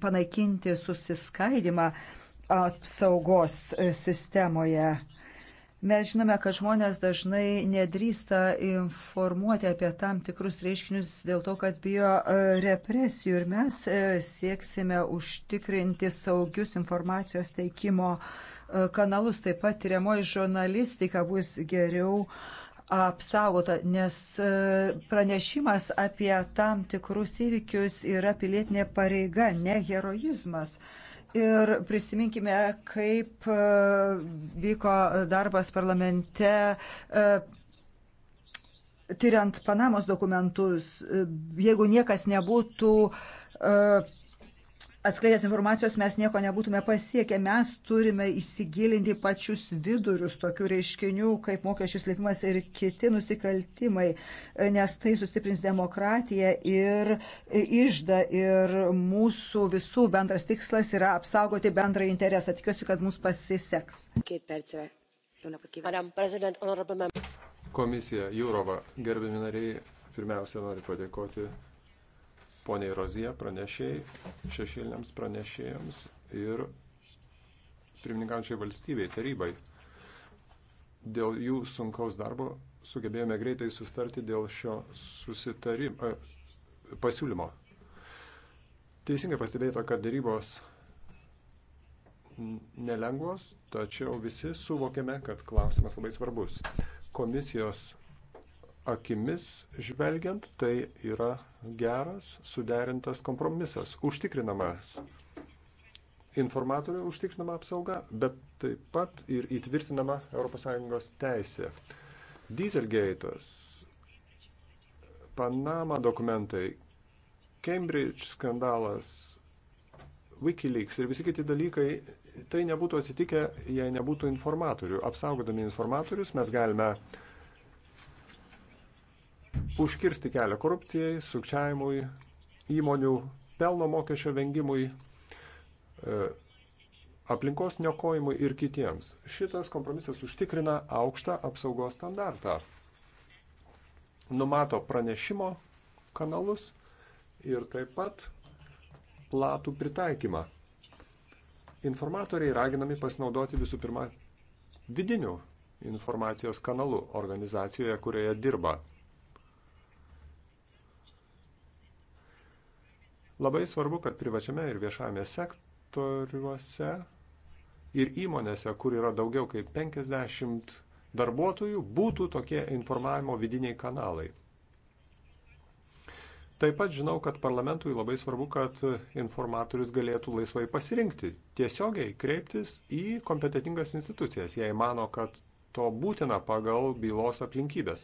panaikinti susiskaidimą apsaugos sistemoje. Mes žinome, kad žmonės dažnai nedrįsta informuoti apie tam tikrus reiškinius dėl to, kad bijo e, represijų ir mes e, sieksime užtikrinti saugius informacijos teikimo e, kanalus. Taip pat tyriamoji žurnalistika bus geriau uh, apsaugota, nes e, pranešimas apie tam tikrus įvykius yra pilietinė pareiga, ne heroizmas. Ir prisiminkime, kaip e, vyko darbas parlamente e, tyriant Panamos dokumentus, jeigu niekas nebūtų atskleidęs informacijos mes nieko nebūtume pasiekę. Mes turime įsigilinti pačius vidurius tokių reiškinių, kaip mokesčių slėpimas ir kiti nusikaltimai, nes tai sustiprins demokratiją ir išda. Ir mūsų visų bendras tikslas yra apsaugoti bendrą interesą. Tikiuosi, kad mums pasiseks. Komisija Jūrova, gerbimi nariai, pirmiausia noriu padėkoti poniai Rozija pranešėjai, šešėliniams pranešėjams ir pirmininkančiai valstybei, tarybai. Dėl jų sunkaus darbo sugebėjome greitai sustarti dėl šio susitarimo, e, pasiūlymo. Teisingai pastebėta, kad darybos nelengvos, tačiau visi suvokėme, kad klausimas labai svarbus. Komisijos akimis žvelgiant, tai yra geras, suderintas kompromisas, užtikrinamas informatorių užtikrinama apsauga, bet taip pat ir įtvirtinama ES teisė. Dieselgate'as, Panama dokumentai, Cambridge skandalas, Wikileaks ir visi kiti dalykai, tai nebūtų atsitikę, jei nebūtų informatorių. Apsaugodami informatorius mes galime uh, užkirsti kelią korupcijai, sukčiavimui, įmonių pelno mokesčio vengimui, e, aplinkos niokojimui ir kitiems. Šitas kompromisas užtikrina aukštą apsaugos standartą. Numato pranešimo kanalus ir taip pat platų pritaikymą. Informatoriai raginami pasinaudoti visų pirma vidiniu informacijos kanalu organizacijoje, kurioje dirba Labai svarbu, kad privačiame ir viešame sektoriuose ir įmonėse, kur yra daugiau kaip 50 darbuotojų, būtų tokie informavimo vidiniai kanalai. Taip pat žinau, kad parlamentui labai svarbu, kad informatorius galėtų laisvai pasirinkti, tiesiogiai kreiptis į kompetitingas institucijas, jei mano, kad to būtina pagal bylos aplinkybės.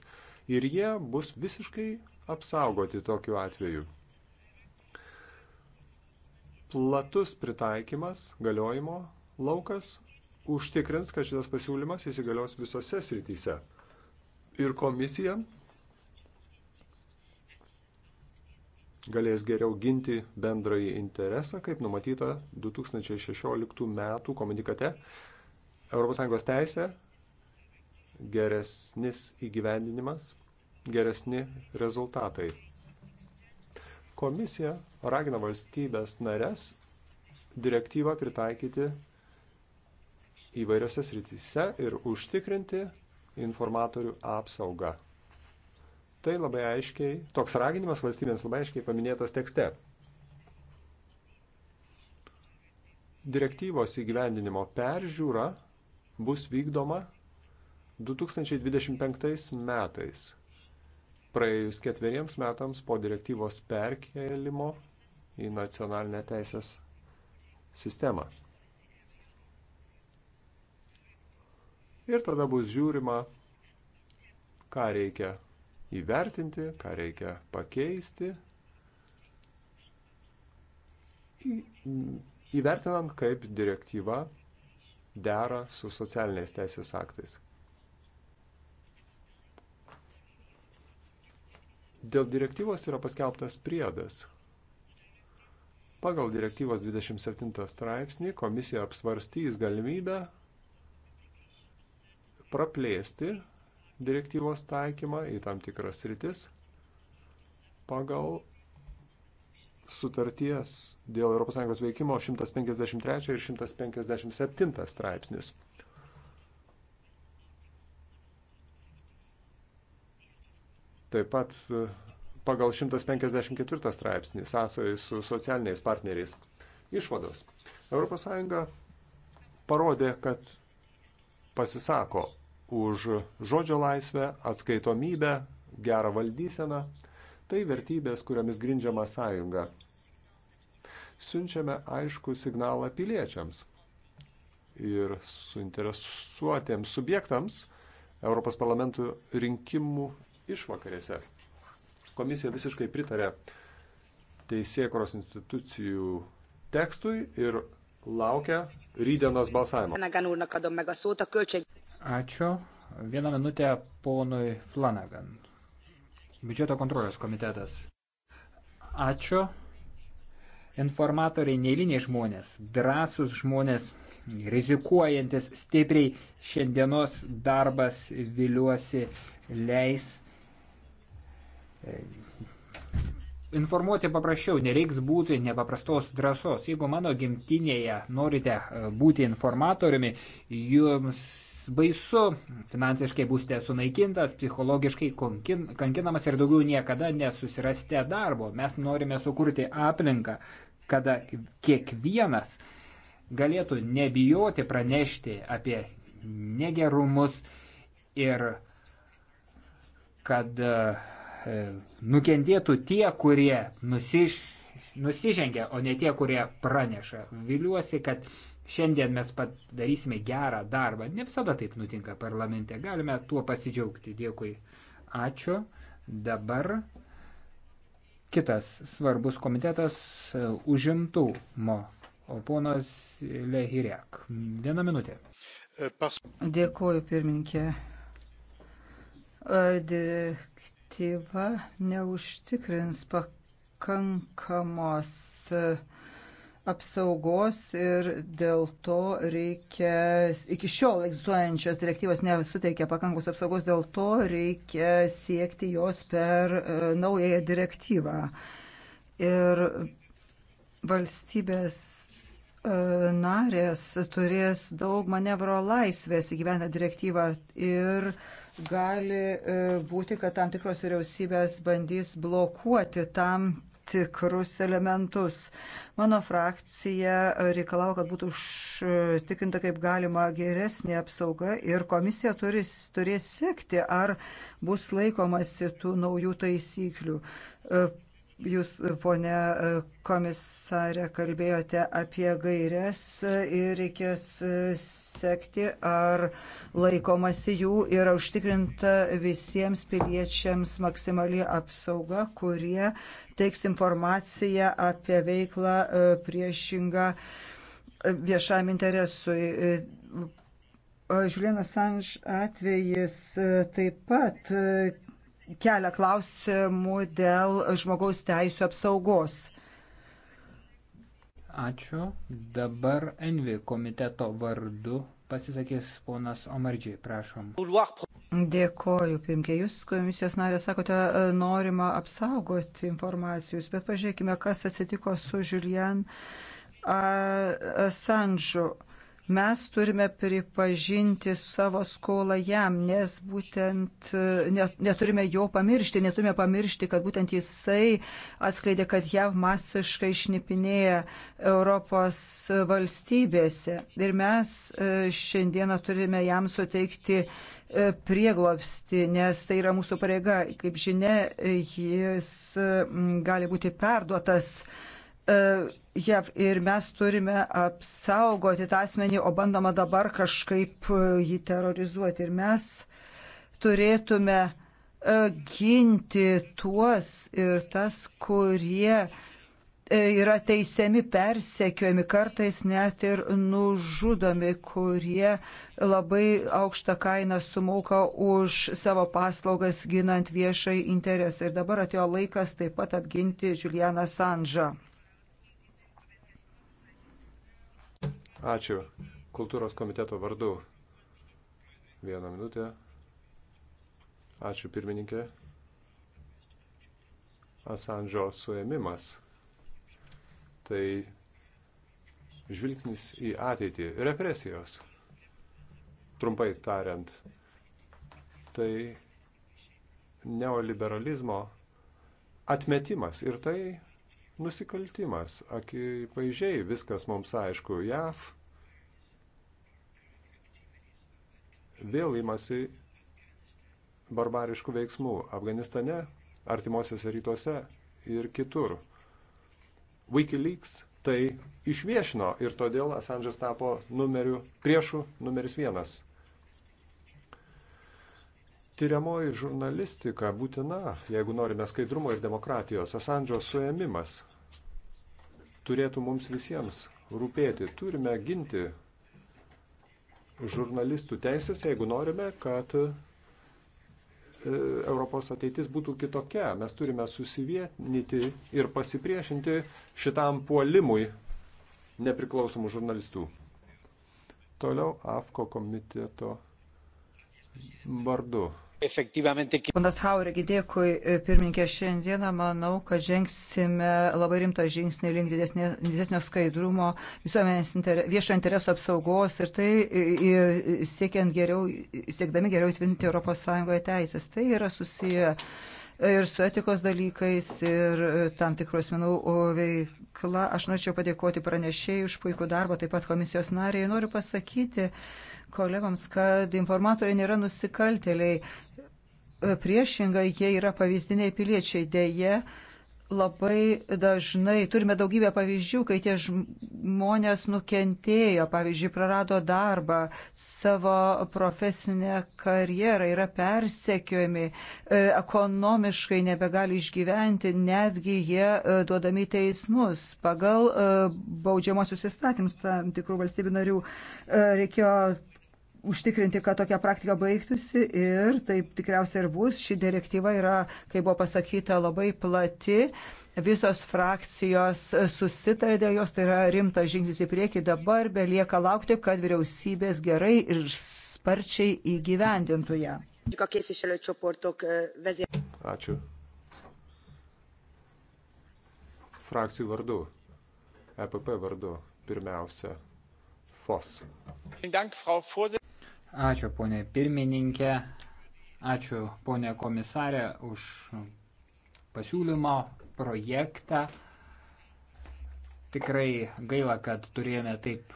Ir jie bus visiškai apsaugoti tokiu atveju platus pritaikymas, galiojimo laukas užtikrins, kad šitas pasiūlymas įsigalios visose srityse. Ir komisija galės geriau ginti bendrąjį interesą, kaip numatyta 2016 metų komunikate ES teisė, geresnis įgyvendinimas, geresni rezultatai. Komisija ragina valstybės nares direktyvą pritaikyti įvairiose srityse ir užtikrinti informatorių apsaugą. Tai labai aiškiai, toks raginimas valstybėms labai aiškiai paminėtas tekste. Direktyvos įgyvendinimo peržiūra bus vykdoma 2025 metais. Praėjus ketveriems metams po direktyvos perkelimo į nacionalinę teisės sistemą. Ir tada bus žiūrima, ką reikia įvertinti, ką reikia pakeisti, įvertinant, kaip direktyva dera su socialiniais teisės aktais. Dėl direktyvos yra paskelbtas priedas. Pagal direktyvos 27 straipsnį komisija apsvarstys galimybę praplėsti direktyvos taikymą į tam tikras rytis pagal sutarties dėl ES veikimo 153 ir 157 straipsnius. Taip pat e, pagal 154 straipsnį sąsojai su socialiniais partneriais. Išvados. ES parodė, kad pasisako už žodžio laisvę, atskaitomybę, gerą valdyseną. Tai vertybės, kuriomis grindžiama sąjunga. Siunčiame aišku signalą piliečiams ir suinteresuotiems subjektams Europos parlamentų rinkimų išvakarėse. Komisija visiškai pritarė teisėkoros institucijų tekstui ir laukia rydienos balsavimo. Ačiū. Vieną minutę ponui Flanagan. Biudžeto kontrolės komitetas. Ačiū. Informatoriai neįliniai žmonės, drąsus žmonės, rizikuojantis stipriai šiandienos darbas viliuosi leis Informuoti paprasčiau, nereiks būti nepaprastos drąsos. Jeigu mano gimtinėje norite e, būti informatoriumi, jums baisu, finansiškai būsite sunaikintas, psichologiškai kankinamas ir daugiau niekada nesusirasite darbo. Mes norime sukurti aplinką, kada kiekvienas galėtų nebijoti pranešti apie negerumus ir kad uh, E, nukentėtų tie, kurie nusiš, nusižengia, o ne tie, kurie praneša. Viliuosi, kad šiandien mes padarysime gerą darbą. Ne visada taip nutinka parlamente. Galime tuo pasidžiaugti. Dėkui. Ačiū. Dabar kitas svarbus komitetas e, užimtumo. O ponas Lehirek. Viena minutė. Dėkuoju, pirminkė direktyva neužtikrins pakankamos e, apsaugos ir dėl to reikia, iki šiol egzistuojančios direktyvos nesuteikia pakankamos apsaugos, dėl to reikia siekti jos per e, naująją direktyvą. Ir valstybės e, narės turės daug manevro laisvės įgyventą direktyvą ir uh, gali e, būti, kad tam tikros vyriausybės bandys blokuoti tam tikrus elementus. Mano frakcija e, reikalavo, kad būtų užtikrinta kaip galima geresnė apsauga ir komisija turis, turės sekti, ar bus laikomasi tų naujų taisyklių. E, Jūs, ponė e, komisarė, kalbėjote apie gairias ir reikės e, sekti, ar laikomasi jų ir užtikrinta visiems piliečiams maksimali apsauga, kurie teiks informaciją apie veiklą e, priešingą viešam interesui. Žiulienas Anž atvejis taip pat kelia klausimų dėl žmogaus teisų apsaugos. Ačiū. Dabar Envi komiteto vardu pasisakys ponas Omardžiai, prašom. Dėkoju, pirmkė. Jūs komisijos narė sakote, norima apsaugoti informacijus, bet pažiūrėkime, kas atsitiko su Julian Assange'u mes turime pripažinti savo skolą jam, nes būtent e, neturime jo pamiršti, neturime pamiršti, kad būtent jisai atskleidė, kad jav masiškai išnipinėja Europos valstybėse. Ir mes e, šiandieną turime jam suteikti e, prieglopsti, nes tai yra mūsų pareiga. Kaip žinia, jis gali būti perduotas JAV ir mes turime apsaugoti tą asmenį, o bandoma dabar kažkaip e, jį terrorizuoti. Ir mes turėtume e, ginti tuos ir tas, kurie e, yra teisiami, persekiojami, kartais net ir nužudomi, kurie labai aukštą kainą sumoka už savo paslaugas ginant viešai interesą. Ir dabar atėjo laikas taip pat apginti Julianą Sandžą. Ačiū. Kultūros komiteto vardu. Vieną minutę. Ačiū pirmininkė. Asandžo suėmimas. Tai žvilgsnis į ateitį. Represijos. Trumpai tariant. Tai neoliberalizmo atmetimas. Ir tai nusikaltimas. Akivaizdžiai viskas mums aišku. JAV vėl imasi barbariškų veiksmų Afganistane, artimuosiuose rytuose ir kitur. Wikileaks tai išviešino ir todėl Assange'as tapo numeriu priešų numeris vienas Tyriamoji žurnalistika būtina, jeigu norime skaidrumo ir demokratijos. Asandžio suėmimas turėtų mums visiems rūpėti. Turime ginti žurnalistų teisės, jeigu norime, kad e, Europos ateitis būtų kitokia. Mes turime susivienyti ir pasipriešinti šitam puolimui nepriklausomų žurnalistų. Toliau AFKO komiteto vardu. Efektyvamente. Ponas Hauregi, dėkui e, pirmininkė. Šiandieną manau, kad žengsime labai rimtą žingsnį link didesnė, didesnio skaidrumo, visuomenės inter, viešo intereso apsaugos ir tai ir siekiant geriau, siekdami geriau įtvirtinti ES teisės. Tai yra susiję ir su etikos dalykais, ir e, tam tikros menų veikla. Aš norėčiau padėkoti pranešėjai už puikų darbą, taip pat komisijos nariai. Noriu pasakyti, kolegoms, kad informatoriai nėra nusikalteliai. E, Priešingai, jie yra pavyzdiniai piliečiai. Deja, labai dažnai turime daugybę pavyzdžių, kai tie žmonės nukentėjo, pavyzdžiui, prarado darbą, savo profesinę karjerą, yra persekiojami, e, ekonomiškai nebegali išgyventi, netgi jie e, duodami teismus pagal baudžiamosius įstatymus tam tikrų valstybių narių. Reikėjo užtikrinti, kad tokia praktika baigtųsi ir taip tikriausiai ir bus. Ši direktyva yra, kaip buvo pasakyta, labai plati. Visos frakcijos susitarė dėl jos, tai yra rimtas žingsnis į priekį. Dabar belieka laukti, kad vyriausybės gerai ir sparčiai įgyvendintų ją. Ačiū. Frakcijų vardu, EPP vardu, pirmiausia, FOS. Ačiū ponė pirmininkė, ačiū ponė komisarė už pasiūlymo projektą. Tikrai gaila, kad turėjome taip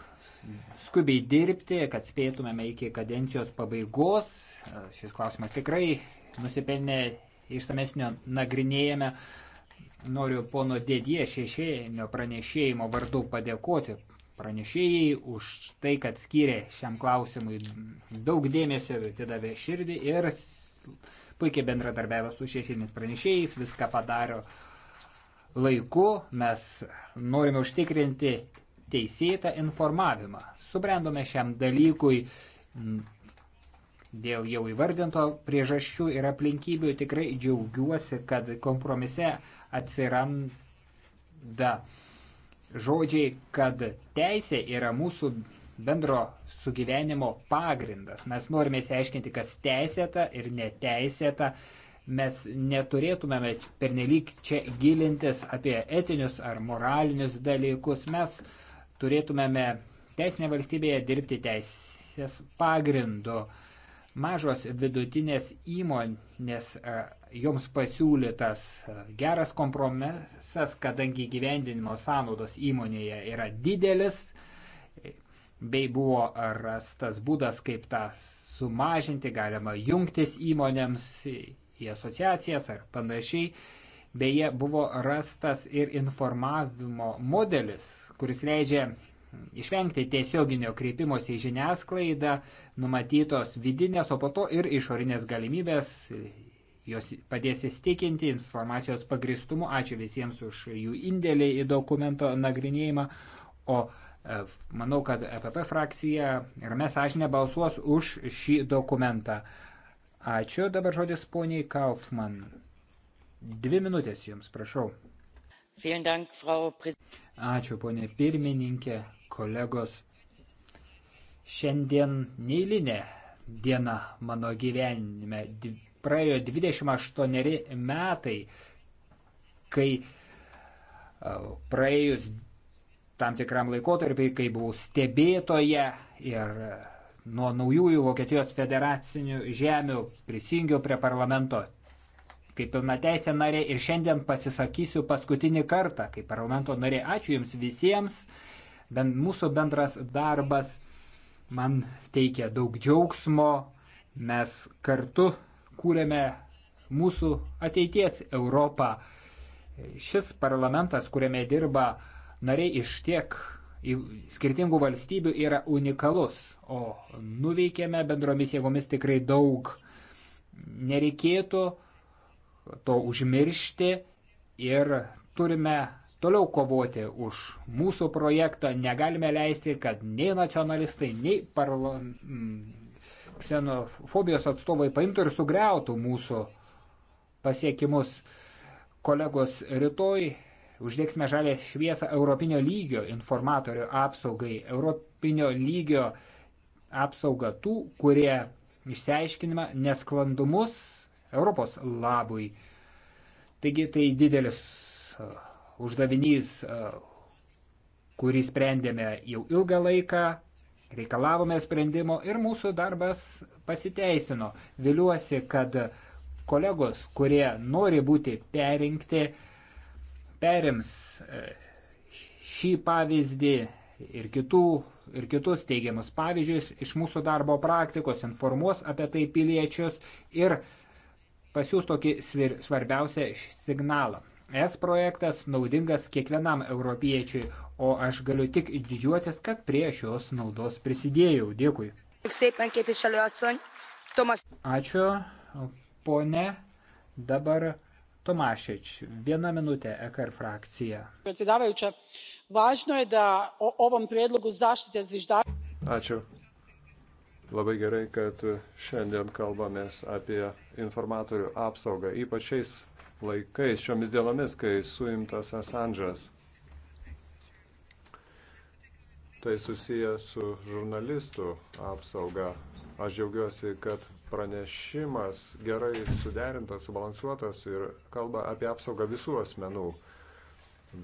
skubiai dirbti, kad spėtumėme iki kadencijos pabaigos. Šis klausimas tikrai nusipelnė išsamesnio nagrinėjame. Noriu pono dėdie šešėlinio pranešėjimo vardu padėkoti pranešėjai už tai, kad skyrė šiam klausimui daug dėmesio, atidavė širdį ir puikiai bendradarbiavo su šešėlinis pranešėjais, viską padaro laiku, mes norime užtikrinti teisėtą informavimą. Subrendome šiam dalykui dėl jau įvardinto priežasčių ir aplinkybių. Tikrai džiaugiuosi, kad kompromise atsiranda žodžiai, kad teisė yra mūsų bendro sugyvenimo pagrindas. Mes norime įsiaiškinti, kas teisėta ir neteisėta. Mes neturėtumėme pernelyg čia gilintis apie etinius ar moralinius dalykus. Mes turėtumėme teisinė valstybėje dirbti teisės pagrindu. Mažos vidutinės įmonės joms pasiūlytas e, geras kompromisas, kadangi gyvendinimo sąnaudos įmonėje yra didelis, e, bei buvo rastas būdas, kaip tą sumažinti, galima jungtis įmonėms į asociacijas ar panašiai. Beje, buvo rastas ir informavimo modelis, kuris leidžia išvengti tiesioginio kreipimosi į žiniasklaidą, numatytos vidinės, o po to ir išorinės galimybės jos padės įstikinti informacijos pagristumu. Ačiū visiems už jų indėlį į dokumento nagrinėjimą. O e, manau, kad EPP frakcija ir mes sąžinę balsuos už šį dokumentą. Ačiū. Dabar žodis poniai Kaufman. Dvi minutės jums, prašau. Ačiū, ponė pirmininkė, kolegos. Šiandien neįlinė diena mano gyvenime praėjo 28 metai, kai praėjus tam tikram laikotarpiai, kai buvau stebėtoje ir nuo naujųjų Vokietijos federacinių žemių prisijungiau prie parlamento kaip pilna teisė narė ir šiandien pasisakysiu paskutinį kartą kaip parlamento narė. Ačiū Jums visiems, bent mūsų bendras darbas man teikia daug džiaugsmo, mes kartu kūrėme mūsų ateities Europą. Šis parlamentas, kuriame dirba nariai iš tiek skirtingų valstybių, yra unikalus, o nuveikėme bendromis jėgomis tikrai daug. Nereikėtų to užmiršti ir turime toliau kovoti už mūsų projektą. Negalime leisti, kad nei nacionalistai, nei parlamentai ksenofobijos atstovai paimtų ir sugriautų mūsų pasiekimus. Kolegos, rytoj uždėksime žalę šviesą Europinio lygio informatorių apsaugai, Europinio lygio apsaugą tų, kurie išsiaiškinimą nesklandumus Europos labui. Taigi tai didelis uždavinys, kurį sprendėme jau ilgą laiką, reikalavome sprendimo ir mūsų darbas pasiteisino. Viliuosi, kad kolegos, kurie nori būti perinkti, perims e, šį pavyzdį ir, kitų, ir kitus teigiamus pavyzdžius iš mūsų darbo praktikos, informuos apie tai piliečius ir pasiūs tokį svarbiausią signalą. ES projektas naudingas kiekvienam europiečiui, o aš galiu tik didžiuotis, kad prie šios naudos prisidėjau. Dėkui. Ačiū, ponė. Dabar Tomašić, viena minutė, EKR frakcija. Predsjedavajuća, važno je da o ovom prijedlogu zaštite zviždača. Ačiū. Labai gerai, kad šiandien kalbamės apie informatorių apsaugą, ypač šiais laikais, šiomis dienomis, kai suimtas Assange'as. Tai susiję su žurnalistų apsauga. Aš džiaugiuosi, kad pranešimas gerai suderintas, subalansuotas ir kalba apie apsaugą visų asmenų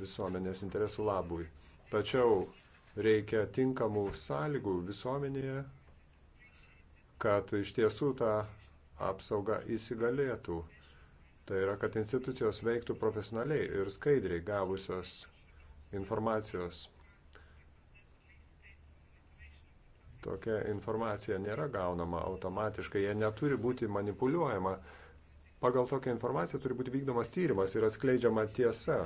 visuomenės interesų labui. Tačiau reikia tinkamų sąlygų visuomenėje, kad iš tiesų ta apsauga įsigalėtų. Tai yra, kad institucijos veiktų profesionaliai ir skaidriai gavusios informacijos. Tokia informacija nėra gaunama automatiškai, jie neturi būti manipuliuojama. Pagal tokią informaciją turi būti vykdomas tyrimas ir atskleidžiama tiesa.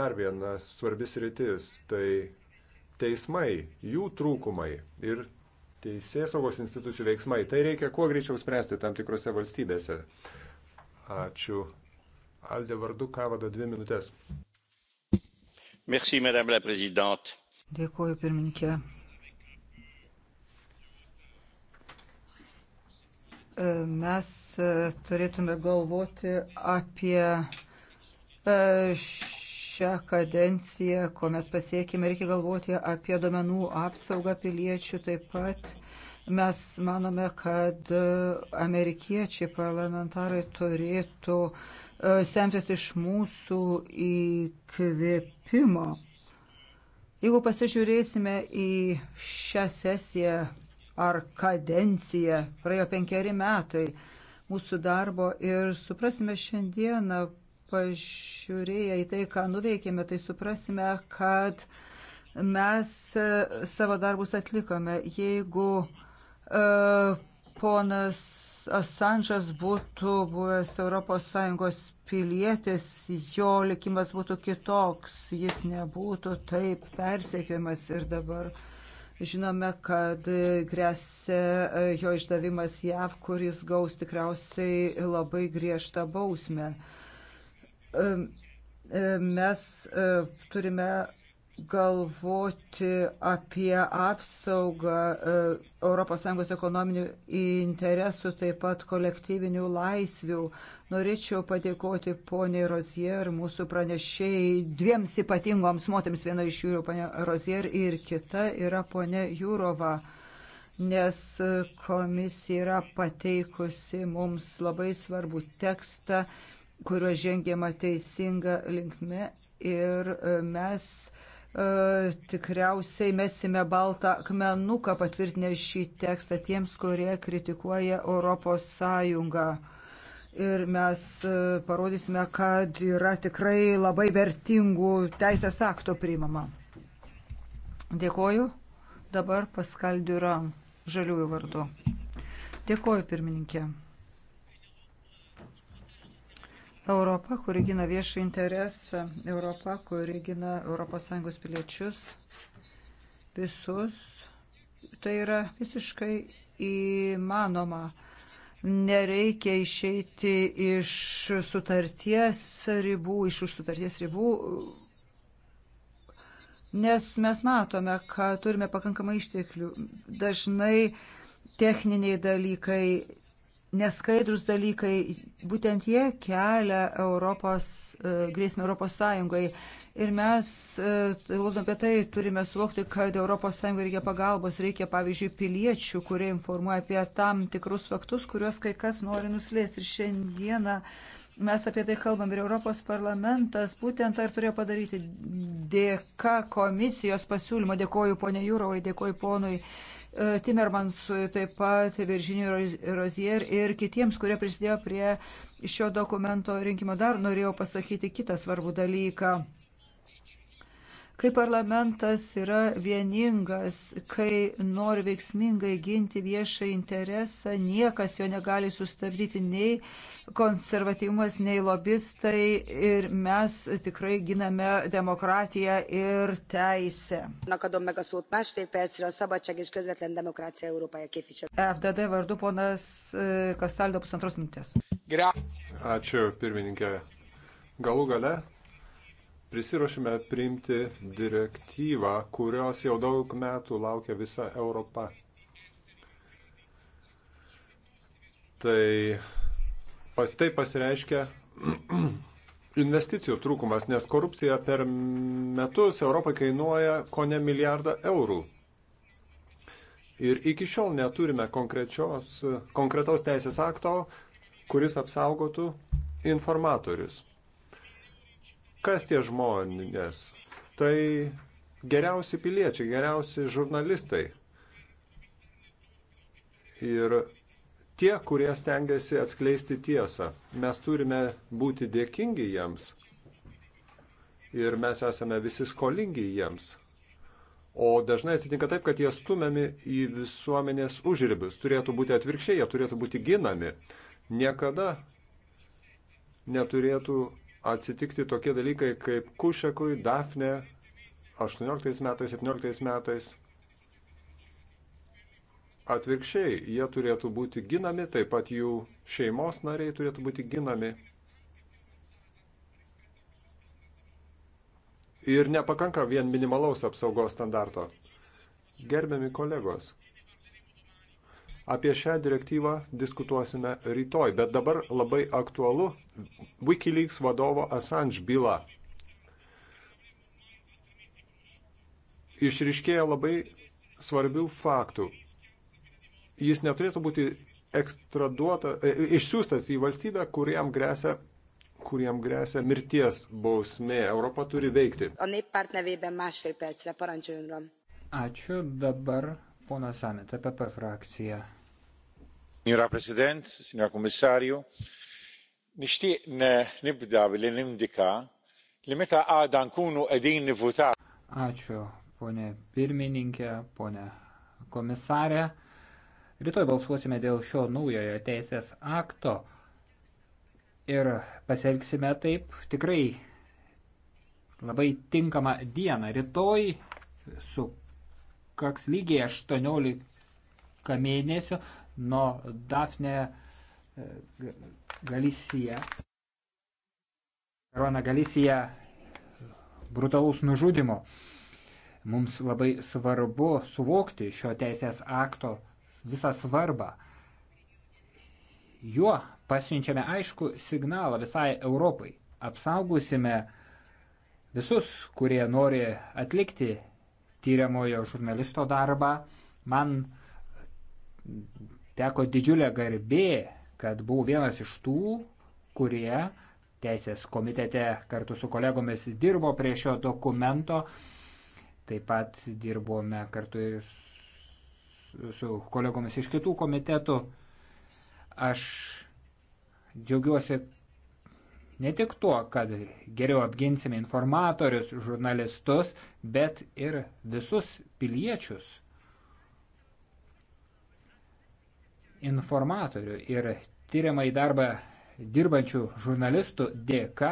Dar viena svarbis rytis - tai teismai, jų trūkumai ir teisės saugos institucijų veiksmai. Tai reikia kuo greičiau spręsti tam tikrose valstybėse. Ačiū. Aldė vardu Kavada dvi minutės. Merci, madame la présidente. Dėkuoju, pirmininkė. Mes e, turėtume galvoti apie e, šią kadenciją, ko mes pasiekime, reikia galvoti apie domenų apsaugą piliečių taip pat. Mes manome, kad e, amerikiečiai parlamentarai turėtų e, semtis iš mūsų įkvėpimo. Jeigu pasižiūrėsime į šią sesiją ar kadenciją, praėjo penkeri metai mūsų darbo ir suprasime šiandieną pažiūrėję į tai, ką nuveikėme, tai suprasime, kad mes e, savo darbus atlikome. Jeigu uh, ponas Assange'as būtų buvęs ES pilietis, jo likimas būtų kitoks, jis nebūtų taip persekiojamas ir dabar žinome, kad grėsia e, jo išdavimas JAV, kuris gaus tikriausiai labai griežtą bausmę. Uh, mes e, turime galvoti apie apsaugą e, ES ekonominių interesų, taip pat kolektyvinių laisvių. Norėčiau padėkoti poniai Rozier, mūsų pranešėjai, dviems ypatingoms moteriams, viena iš jų yra ponia Rozier ir kita yra ponia Jūrova nes komisija yra pateikusi mums labai svarbų tekstą kurio žengiama teisinga linkme ir e, mes e, tikriausiai mesime baltą akmenuką patvirtinę šį tekstą tiems, kurie kritikuoja Europos Sąjungą. Ir mes e, parodysime, kad yra tikrai labai vertingų teisės akto priimama. Dėkoju. Dabar paskaldiu yra žaliųjų vardu. Dėkoju, pirmininkė. Europa, kuri gina viešą interesą, Europa, kuri gina ES piliečius, visus, tai yra visiškai įmanoma nereikia išeiti iš sutarties ribų, iš už sutarties ribų, nes mes matome, kad turime pakankamai išteklių. Dažnai techniniai dalykai neskaidrus dalykai, būtent jie kelia Europos, e, grėsmę Europos Sąjungai. Ir mes, galvodami e, apie tai, turime suvokti, kad ES reikia pagalbos, reikia, pavyzdžiui, piliečių, kurie informuoja apie tam tikrus faktus, kuriuos kai kas nori nuslėsti. Ir šiandieną mes apie tai kalbam ir Europos parlamentas būtent tai ir turėjo padaryti dėka komisijos pasiūlymo. Dėkoju ponė Jūrovai, dėkoju ponui E, Timermansui, taip pat Virginijui Rozier ir kitiems, kurie prisidėjo prie šio dokumento rinkimo. Dar norėjau pasakyti kitą svarbų dalyką kai parlamentas yra vieningas, kai nori veiksmingai ginti viešą interesą, niekas jo negali sustabdyti nei konservatyvumas, nei lobistai ir mes tikrai giname demokratiją ir teisę. FDD vardu ponas Kastaldo eh, pusantros minutės. Ačiū pirmininkė. Galų gale prisiruošime priimti direktyvą, kurios jau daug metų laukia visa Europa. Tai pas, tai pasireiškia investicijų trūkumas, nes korupcija per metus Europai kainuoja ko ne milijardą eurų. Ir iki šiol neturime konkretaus teisės akto, kuris apsaugotų informatorius. Kas tie žmonės? Tai geriausi piliečiai, geriausi žurnalistai. Ir tie, kurie stengiasi atskleisti tiesą. Mes turime būti dėkingi jiems. Ir mes esame visi skolingi jiems. O dažnai atsitinka taip, kad jie stumiami į visuomenės užribius. Turėtų būti atvirkščiai, jie turėtų būti ginami. Niekada neturėtų atsitikti tokie dalykai kaip Kušekui, Dafne 18 metais, 17 metais. Atvirkščiai, jie turėtų būti ginami, taip pat jų šeimos nariai turėtų būti ginami. Ir nepakanka vien minimalaus apsaugos standarto. Gerbiami kolegos, Apie šią direktyvą diskutuosime rytoj, bet dabar labai aktualu Wikileaks vadovo Assange byla. Išriškėja labai svarbių faktų. Jis neturėtų būti ekstraduota, e, e, išsiųstas į valstybę, kuriam grėsia kuriem grėsia mirties bausmė. Europa turi veikti. Ačiū dabar, ponas Sanit, apie frakciją signora president signora kummissarju nixtieq nibda billi nindika li meta għada nkunu qegħdin nivvutaw. Ačiū, ponė pirmininkė, ponė komisarė. Rytoj balsuosime dėl šio naujojo teisės akto ir pasielgsime taip tikrai labai tinkamą dieną. Rytoj su kaks lygiai 18 mėnesių no Dafne e, Galicija. Karona Galicija brutalus nužudimo. Mums labai svarbu suvokti šio teisės akto visą svarbą. Juo pasiunčiame aišku signalą visai Europai. Apsaugusime visus, kurie nori atlikti tyriamojo žurnalisto darbą. Man teko didžiulė garbė, kad buvau vienas iš tų, kurie teisės komitete kartu su kolegomis dirbo prie šio dokumento. Taip pat dirbome kartu ir su kolegomis iš kitų komitetų. Aš džiaugiuosi ne tik tuo, kad geriau apginsime informatorius, žurnalistus, bet ir visus piliečius informatorių ir tyriamai darbą dirbančių žurnalistų dėka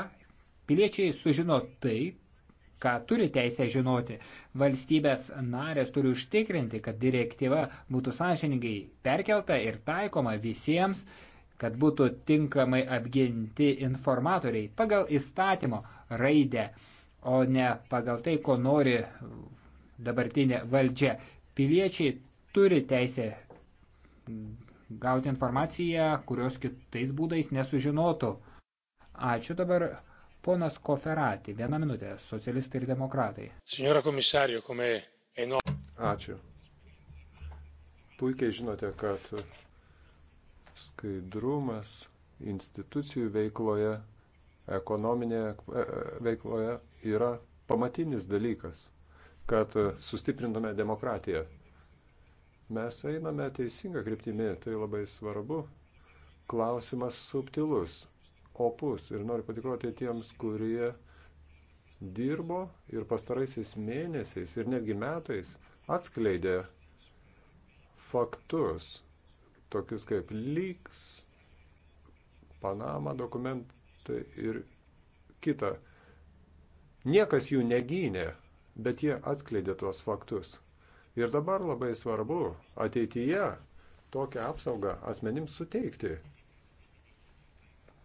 piliečiai sužino tai, ką turi teisę žinoti. Valstybės narės turi užtikrinti, kad direktyva būtų sąžiningai perkelta ir taikoma visiems, kad būtų tinkamai apginti informatoriai pagal įstatymo raidę, o ne pagal tai, ko nori dabartinė valdžia. Piliečiai turi teisę gauti informaciją, kurios kitais būdais nesužinotų. Ačiū dabar ponas Koferati. Vieną minutę, socialistai ir demokratai. Signora komisario, come eno. Ačiū. Puikiai žinote, kad skaidrumas institucijų veikloje, ekonominėje e, veikloje yra pamatinis dalykas, kad sustiprintume demokratiją. Mes einame teisinga kryptimi, tai labai svarbu. Klausimas subtilus, opus ir noriu patikruoti tiems, kurie dirbo ir pastaraisiais mėnesiais ir netgi metais atskleidė faktus, tokius kaip lygs, Panama dokumentai ir kita. Niekas jų negynė, bet jie atskleidė tuos faktus. Ir dabar labai svarbu ateityje tokią apsaugą asmenims suteikti.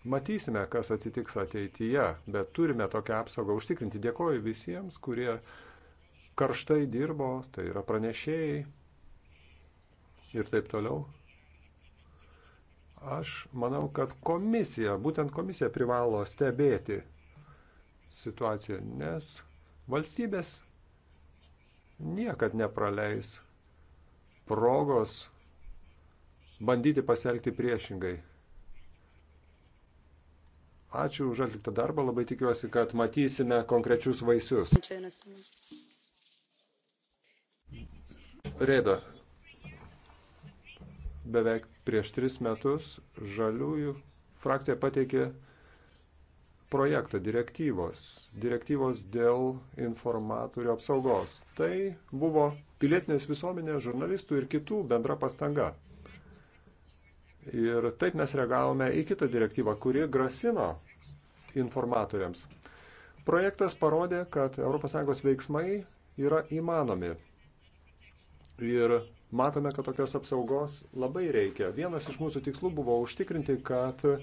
Matysime, kas atsitiks ateityje, bet turime tokią apsaugą užtikrinti. Dėkoju visiems, kurie karštai dirbo, tai yra pranešėjai ir taip toliau. Aš manau, kad komisija, būtent komisija privalo stebėti situaciją, nes valstybės niekad nepraleis progos bandyti pasielgti priešingai. Ačiū už atliktą darbą, labai tikiuosi, kad matysime konkrečius vaisius. Rėda. Beveik prieš tris metus žaliųjų frakcija pateikė projektą direktyvos, direktyvos dėl informatorių apsaugos. Tai buvo pilietinės visuomenės žurnalistų ir kitų bendra pastanga. Ir taip mes reagavome į kitą direktyvą, kuri grasino informatoriams. Projektas parodė, kad ES veiksmai yra įmanomi. Ir matome, kad tokios apsaugos labai reikia. Vienas iš mūsų tikslų buvo užtikrinti, kad uh,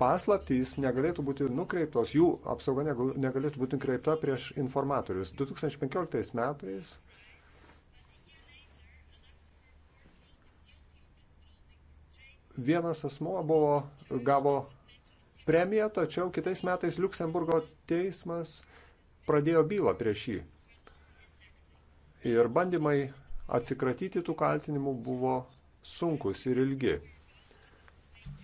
paslaptys negalėtų būti nukreiptos, jų apsauga negalėtų būti nukreipta prieš informatorius. 2015 metais vienas asmuo buvo, gavo premiją, tačiau kitais metais Luksemburgo teismas pradėjo bylą prieš jį. Ir bandymai atsikratyti tų kaltinimų buvo sunkus ir ilgi.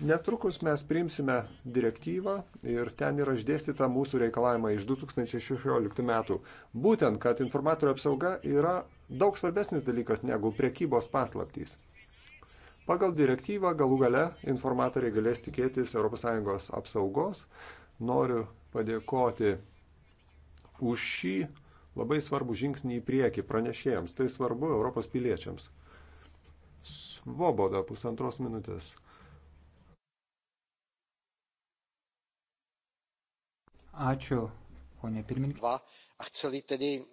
Netrukus mes priimsime direktyvą ir ten yra išdėstyta mūsų reikalavimai iš 2016 metų. Būtent, kad informatorių apsauga yra daug svarbesnis dalykas negu priekybos paslaptys. Pagal direktyvą galų gale informatoriai galės tikėtis ES apsaugos. Noriu padėkoti už šį labai svarbų žingsnį į priekį pranešėjams. Tai svarbu Europos piliečiams. Svoboda pusantros minutės. Ačiū, ponė pirmininkė. A chceli tedy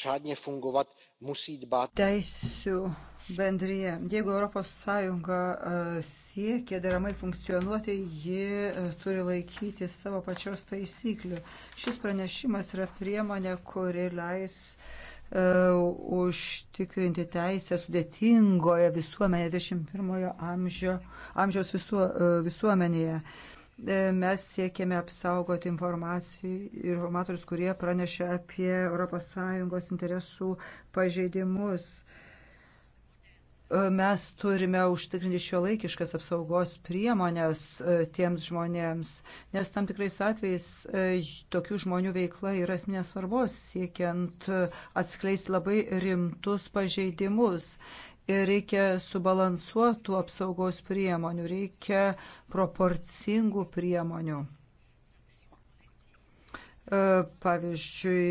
řádně fungovat, musí dbát. Teisių bendryje. Jeigu ES e, siekia deramai funkcionuoti, ji e, turi laikyti savo pačios taisyklių. Šis pranešimas yra priemonė, kuri leis uh, užtikrinti teisę sudėtingoje visuomenėje, 21 amžio, amžiaus visuo, uh, visuomenėje. Uh, E, mes siekėme apsaugoti informatorius, kurie pranešė apie ES interesų pažeidimus. E, mes turime užtikrinti šio laikiškas apsaugos priemonės e, tiems žmonėms, nes tam tikrais atvejais tokių žmonių veikla yra esminės svarbos, siekiant atskleisti labai rimtus pažeidimus ir reikia subalansuotų apsaugos priemonių, reikia proporcingų priemonių. E, pavyzdžiui,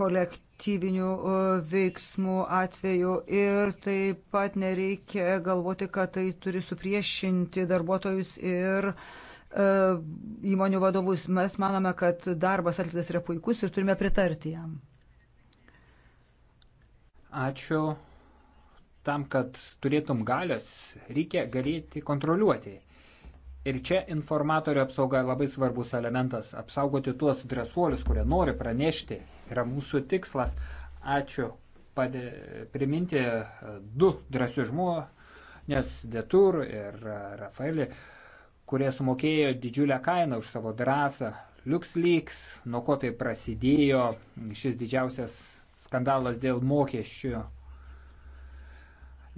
kolektyvinių e, veiksmų atveju ir taip pat nereikia galvoti, kad tai turi supriešinti darbuotojus ir e, įmonių vadovus. Mes manome, kad darbas atliktas yra puikus ir turime pritarti jam. Ačiū tam, kad turėtum galios, reikia galėti kontroliuoti. Ir čia informatorių apsauga labai svarbus elementas - apsaugoti tuos drąsuolius, kurie nori pranešti, yra mūsų tikslas. Ačiū padė, priminti e, du drąsius žmonės, Detur ir e, Rafaelį, kurie sumokėjo didžiulę kainą už savo drąsą. LuxLeaks, nuo ko tai prasidėjo šis didžiausias skandalas dėl mokesčių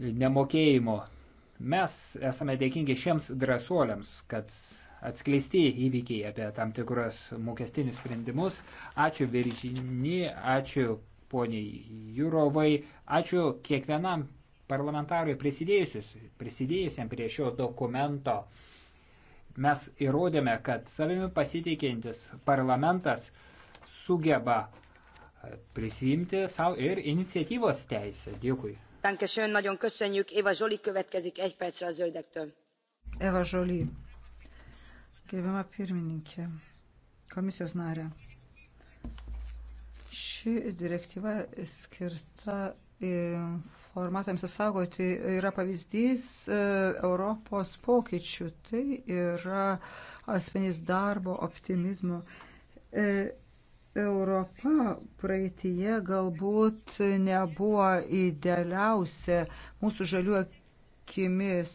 nemokėjimo. Mes esame dėkingi šiems drąsuoliams, kad atskleisti įvykiai apie tam tikros mokestinius sprendimus. Ačiū Viržini, ačiū poniai Jurovai, ačiū kiekvienam parlamentarui prisidėjusiam prie šio dokumento. Mes įrodėme, kad savimi pasiteikiantis parlamentas sugeba prisijimti savo ir iniciatyvos teisę. Dėkui. Danke schön, nagyon köszönjük. Eva Zsoli következik egy percre a zöldektől. Eva Žolį. Gerbiama pirmininkė, komisijos narė. Ši direktyva skirta informatoriams apsaugoti yra pavyzdys Europos pokyčių. Tai yra asmenys darbo optimizmo Europa praeitie galbūt nebuvo idealiausia mūsų žalių akimis.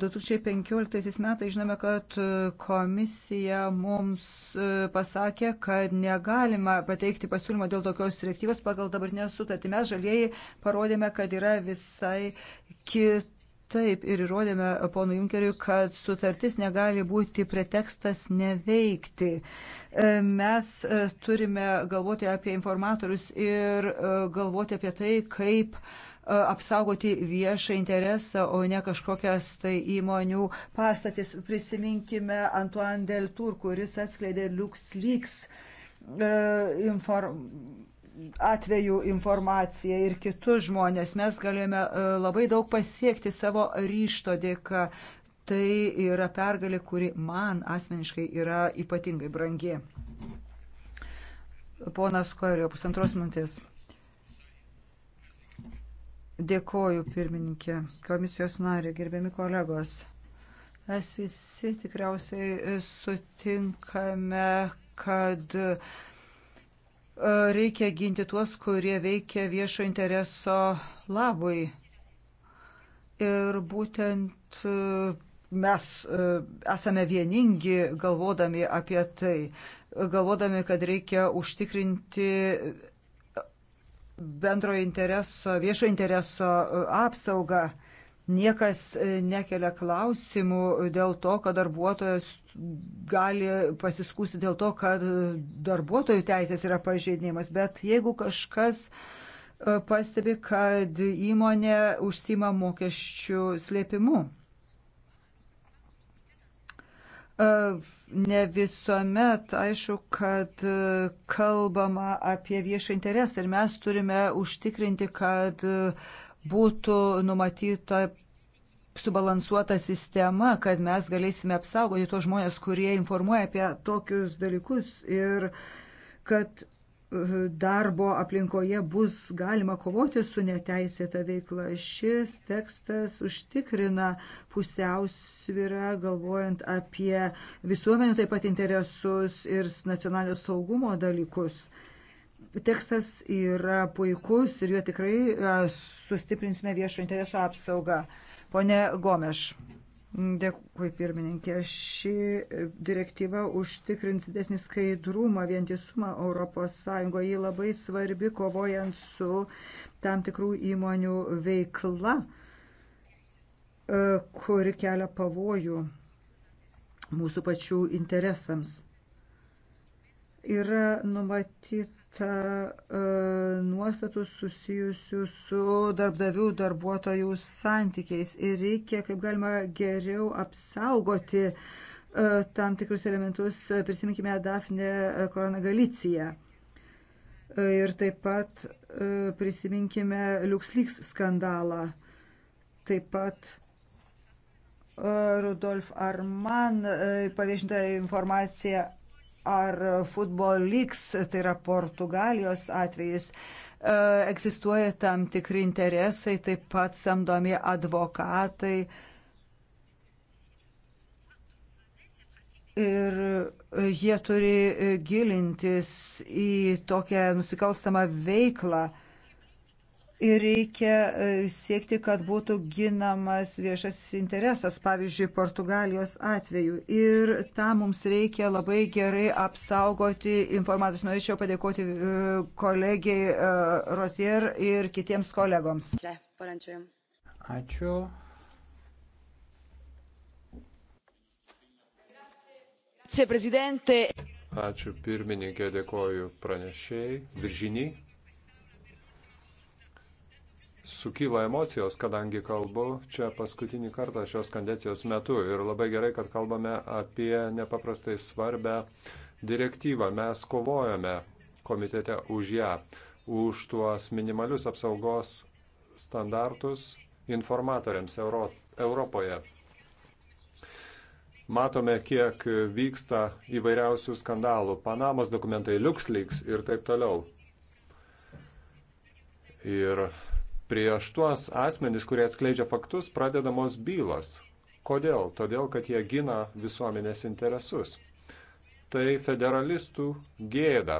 2015 e, metais žinome, kad komisija mums e, pasakė, kad negalima pateikti pasiūlymą dėl tokios direktyvos pagal dabartinę sutartį. Mes žalieji parodėme, kad yra visai kit Taip, ir įrodėme ponu Junkeriu, kad sutartis negali būti pretekstas neveikti. E, mes e, turime galvoti apie informatorius ir e, galvoti apie tai, kaip apsaugoti viešą interesą, o ne kažkokias tai įmonių pastatys. Prisiminkime Antoine Deltour, kuris atskleidė LuxLeaks informaciją atvejų informaciją ir kitus žmonės. Mes galėjome e, labai daug pasiekti savo ryšto dėka. Tai yra pergalė, kuri man asmeniškai yra ypatingai brangi. Ponas Koelio, pusantros minutės. Dėkoju, pirmininkė, komisijos narė, gerbiami kolegos. Mes visi tikriausiai sutinkame, kad uh, reikia ginti tuos, kurie veikia viešo intereso labui. Ir būtent e, mes e, esame vieningi galvodami apie tai, galvodami, kad reikia užtikrinti bendrojo intereso, viešo intereso e, apsaugą. Niekas e, nekelia klausimų dėl to, kad darbuotojas gali pasiskūsti dėl to, kad darbuotojų teisės yra pažeidinimas, bet jeigu kažkas e, pastebi, kad įmonė užsima mokesčių slėpimu, e, ne visuomet aišku, kad kalbama apie viešą interesą ir mes turime užtikrinti, kad būtų numatyta subalansuota sistema, kad mes galėsime apsaugoti tos žmonės, kurie informuoja apie tokius dalykus ir kad uh, darbo aplinkoje bus galima kovoti su neteisėta veikla. Šis tekstas užtikrina pusiausvyrą, galvojant apie visuomenių taip pat interesus ir nacionalinio saugumo dalykus. Tekstas yra puikus ir juo tikrai e, sustiprinsime viešo intereso apsaugą. Pone Gomeš, dėkui pirmininkė, ši e, direktyva užtikrins didesnį skaidrumą, vientisumą ES. Ji labai svarbi kovojant su tam tikrų įmonių veikla, e, kuri kelia pavojų mūsų pačių interesams. Yra numatyta E, nuostatų susijusių su darbdavių darbuotojų santykiais ir reikia kaip galima geriau apsaugoti e, tam tikrus elementus, prisiminkime Dafne Koronagaliciją. E, ir taip pat prisiminkime LuxLeaks skandalą. Taip pat Rudolf Arman paviešinta informacija ar Football Leaks, tai yra Portugalijos atvejis, e, egzistuoja tam tikri interesai, taip pat samdomi advokatai. ir jie turi gilintis į tokią nusikalstamą veiklą Ir reikia e, siekti, kad būtų ginamas viešasis interesas, pavyzdžiui, Portugalijos atveju. Ir tam mums reikia labai gerai apsaugoti informatus. Norėčiau padėkoti e, kolegiai e, Rosier ir kitiems kolegoms. Ačiū. Ačiū pirmininkė, dėkoju pranešėjai. Viržiniai sukyla emocijos, kadangi kalbu čia paskutinį kartą šios kandencijos metu ir labai gerai, kad kalbame apie nepaprastai svarbę direktyvą. Mes kovojame komitete už ją, už tuos minimalius apsaugos standartus informatoriams Euro, Europoje. Matome, kiek vyksta įvairiausių skandalų. Panamos dokumentai, LuxLeaks ir taip toliau. Ir Prieš tuos asmenys, kurie atskleidžia faktus, pradedamos bylos. Kodėl? Todėl, kad jie gina visuomenės interesus. Tai federalistų gėda.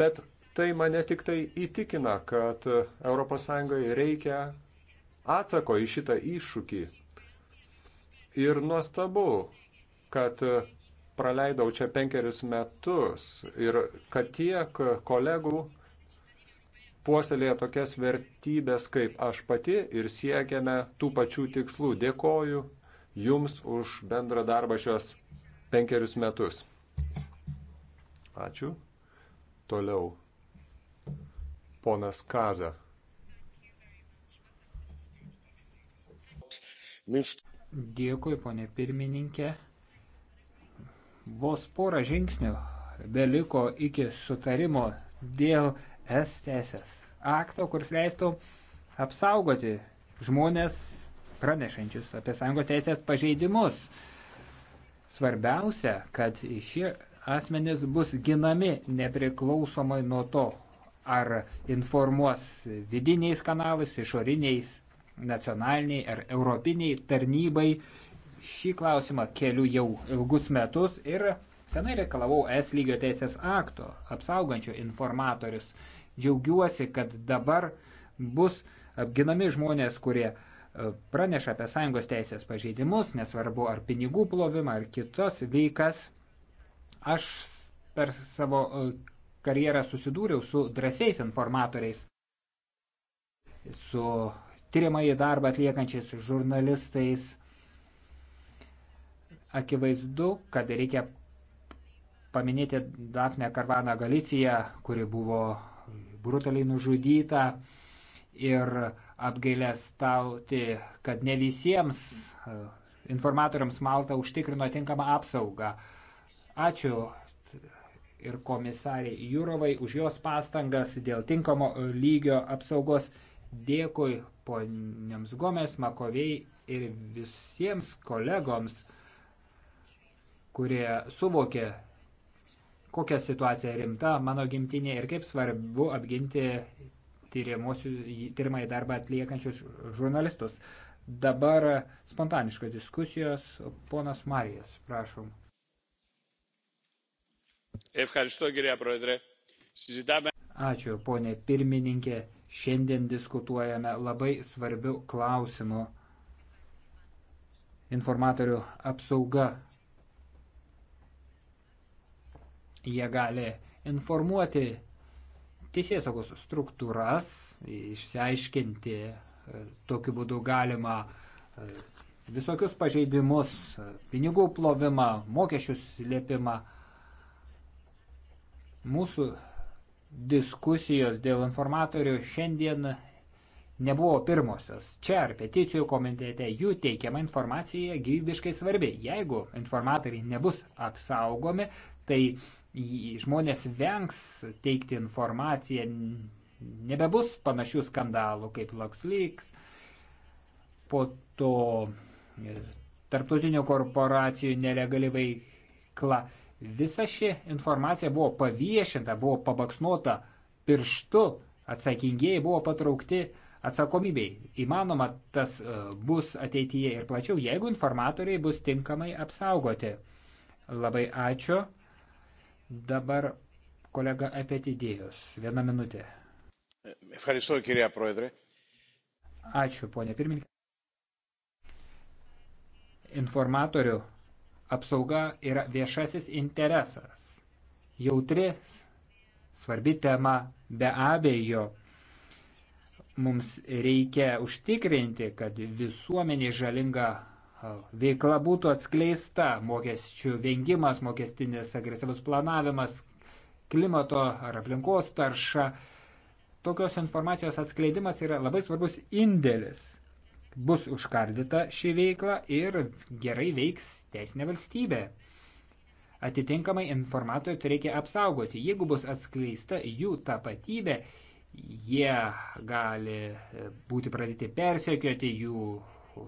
Bet tai mane tik tai įtikina, kad ES reikia atsako į šitą iššūkį. Ir nuostabu, kad praleidau čia penkeris metus ir kad tiek kolegų puoselėja tokias vertybės kaip aš pati ir siekiame tų pačių tikslų. Dėkoju Jums už bendrą darbą šios penkerius metus. Ačiū. Toliau. Ponas Kaza. Dėkui, ponė pirmininkė. Vos porą žingsnių beliko iki sutarimo dėl es teisės akto, kuris leistų apsaugoti žmonės pranešančius apie sąjungos teisės pažeidimus. Svarbiausia, kad šie asmenys bus ginami nepriklausomai nuo to, ar informuos vidiniais kanalais, išoriniais, nacionaliniai ar europiniai tarnybai. Šį klausimą keliu jau ilgus metus ir senai reikalavau S lygio teisės akto apsaugančio informatorius Džiaugiuosi, kad dabar bus apginami žmonės, kurie e, praneša apie sąjungos teisės pažeidimus, nesvarbu ar pinigų plovimą, ar kitas veikas. Aš per savo e, karjerą susidūriau su drąsiais informatoriais, su tyrimai darbą atliekančiais žurnalistais. Akivaizdu, kad reikia paminėti Dafne Karvaną Galiciją, kuri buvo brutaliai nužudyta ir apgailestauti, kad ne visiems e, informatoriams Malta užtikrino tinkamą apsaugą. Ačiū ir komisariai Jūrovai už jos pastangas dėl tinkamo e, lygio apsaugos. Dėkui poniams Gomes, Makovei ir visiems kolegoms, kurie suvokė kokia situacija rimta mano gimtinė ir kaip svarbu apginti tyrimąjį darbą atliekančius žurnalistus. Dabar spontaniškos diskusijos. Ponas Marijas, prašom. Ačiū, ponė pirmininkė. Šiandien diskutuojame labai svarbių klausimų. Informatorių apsauga Jie gali informuoti teisėsaugos struktūras, išsiaiškinti e, tokiu būdu galima e, visokius pažeidimus, e, pinigų plovimą, mokesčius slėpimą. Mūsų diskusijos dėl informatorių šiandien nebuvo pirmosios. Čia ar peticijų komitete jų teikiama informacija gyvybiškai svarbi. Jeigu informatoriai nebus apsaugomi, tai žmonės vengs teikti informaciją, nebebus panašių skandalų kaip LuxLeaks, po to e, tarptautinių korporacijų nelegali veikla. Visa ši informacija buvo paviešinta, buvo pabaksnuota pirštu, atsakingieji buvo patraukti atsakomybei. Įmanoma, tas e, bus ateityje ir plačiau, jeigu informatoriai bus tinkamai apsaugoti. Labai ačiū. Dabar kolega Epetidėjos. Viena minutė. Ačiū, ponė pirmininkė. Informatorių apsauga yra viešasis interesas. Jautri, svarbi tema, be abejo mums reikia užtikrinti, kad visuomenė žalinga veikla būtų atskleista, mokesčių vengimas, mokestinis agresyvus planavimas, klimato ar aplinkos tarša. Tokios informacijos atskleidimas yra labai svarbus indėlis. Bus užkardyta ši veikla ir gerai veiks teisinė valstybė. Atitinkamai informatorių reikia apsaugoti. Jeigu bus atskleista jų tapatybė, jie gali būti pradėti persekioti, jų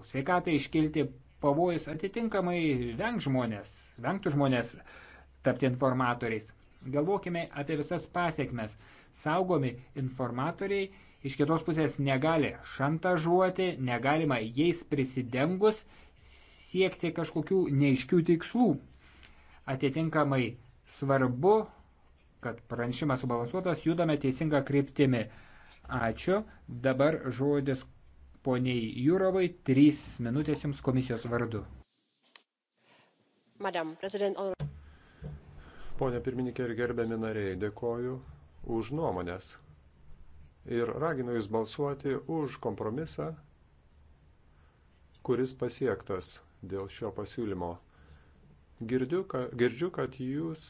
sveikatai iškilti pavojus atitinkamai veng žmonės, vengtų žmonės tapti informatoriais. Galvokime apie visas pasiekmes. Saugomi informatoriai iš kitos pusės negali šantažuoti, negalima jais prisidengus siekti kažkokių neiškių tikslų. Atitinkamai svarbu, kad pranešimas subalansuotas, judame teisinga kryptimi. Ačiū. Dabar žodis poniai Jūrovai, trys minutės jums komisijos vardu. Madam, President... Pone pirmininkė ir gerbiami nariai, dėkoju už nuomonės. Ir raginu Jūs balsuoti už kompromisą, kuris pasiektas dėl šio pasiūlymo. Girdiu, ka, girdžiu, kad Jūs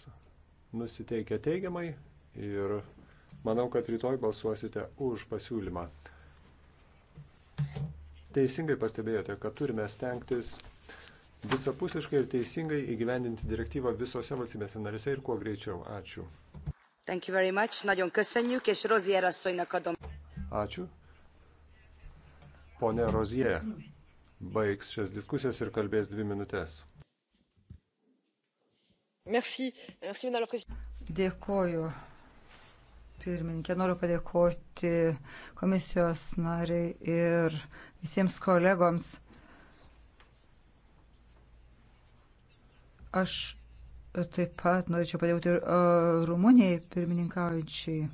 nusiteikia teigiamai ir manau, kad rytoj balsuosite už pasiūlymą. Teisingai pastebėjote, kad turime stengtis visapusiškai ir teisingai įgyvendinti direktyvą visose valstybėse narėse ir kuo greičiau. Ačiū. Thank you very much. Nagyon köszönjük, és Rozier asszonynak adom. Ačiū. Pone Rozier baigs šias diskusijas ir kalbės dvi minutės. Merci. Merci, madame la présidente. Dėkoju. Pirmininkė, noriu padėkoti komisijos nariai ir visiems kolegoms. Aš taip pat norėčiau padėkoti ir e, Rumunijai pirmininkaujančiai.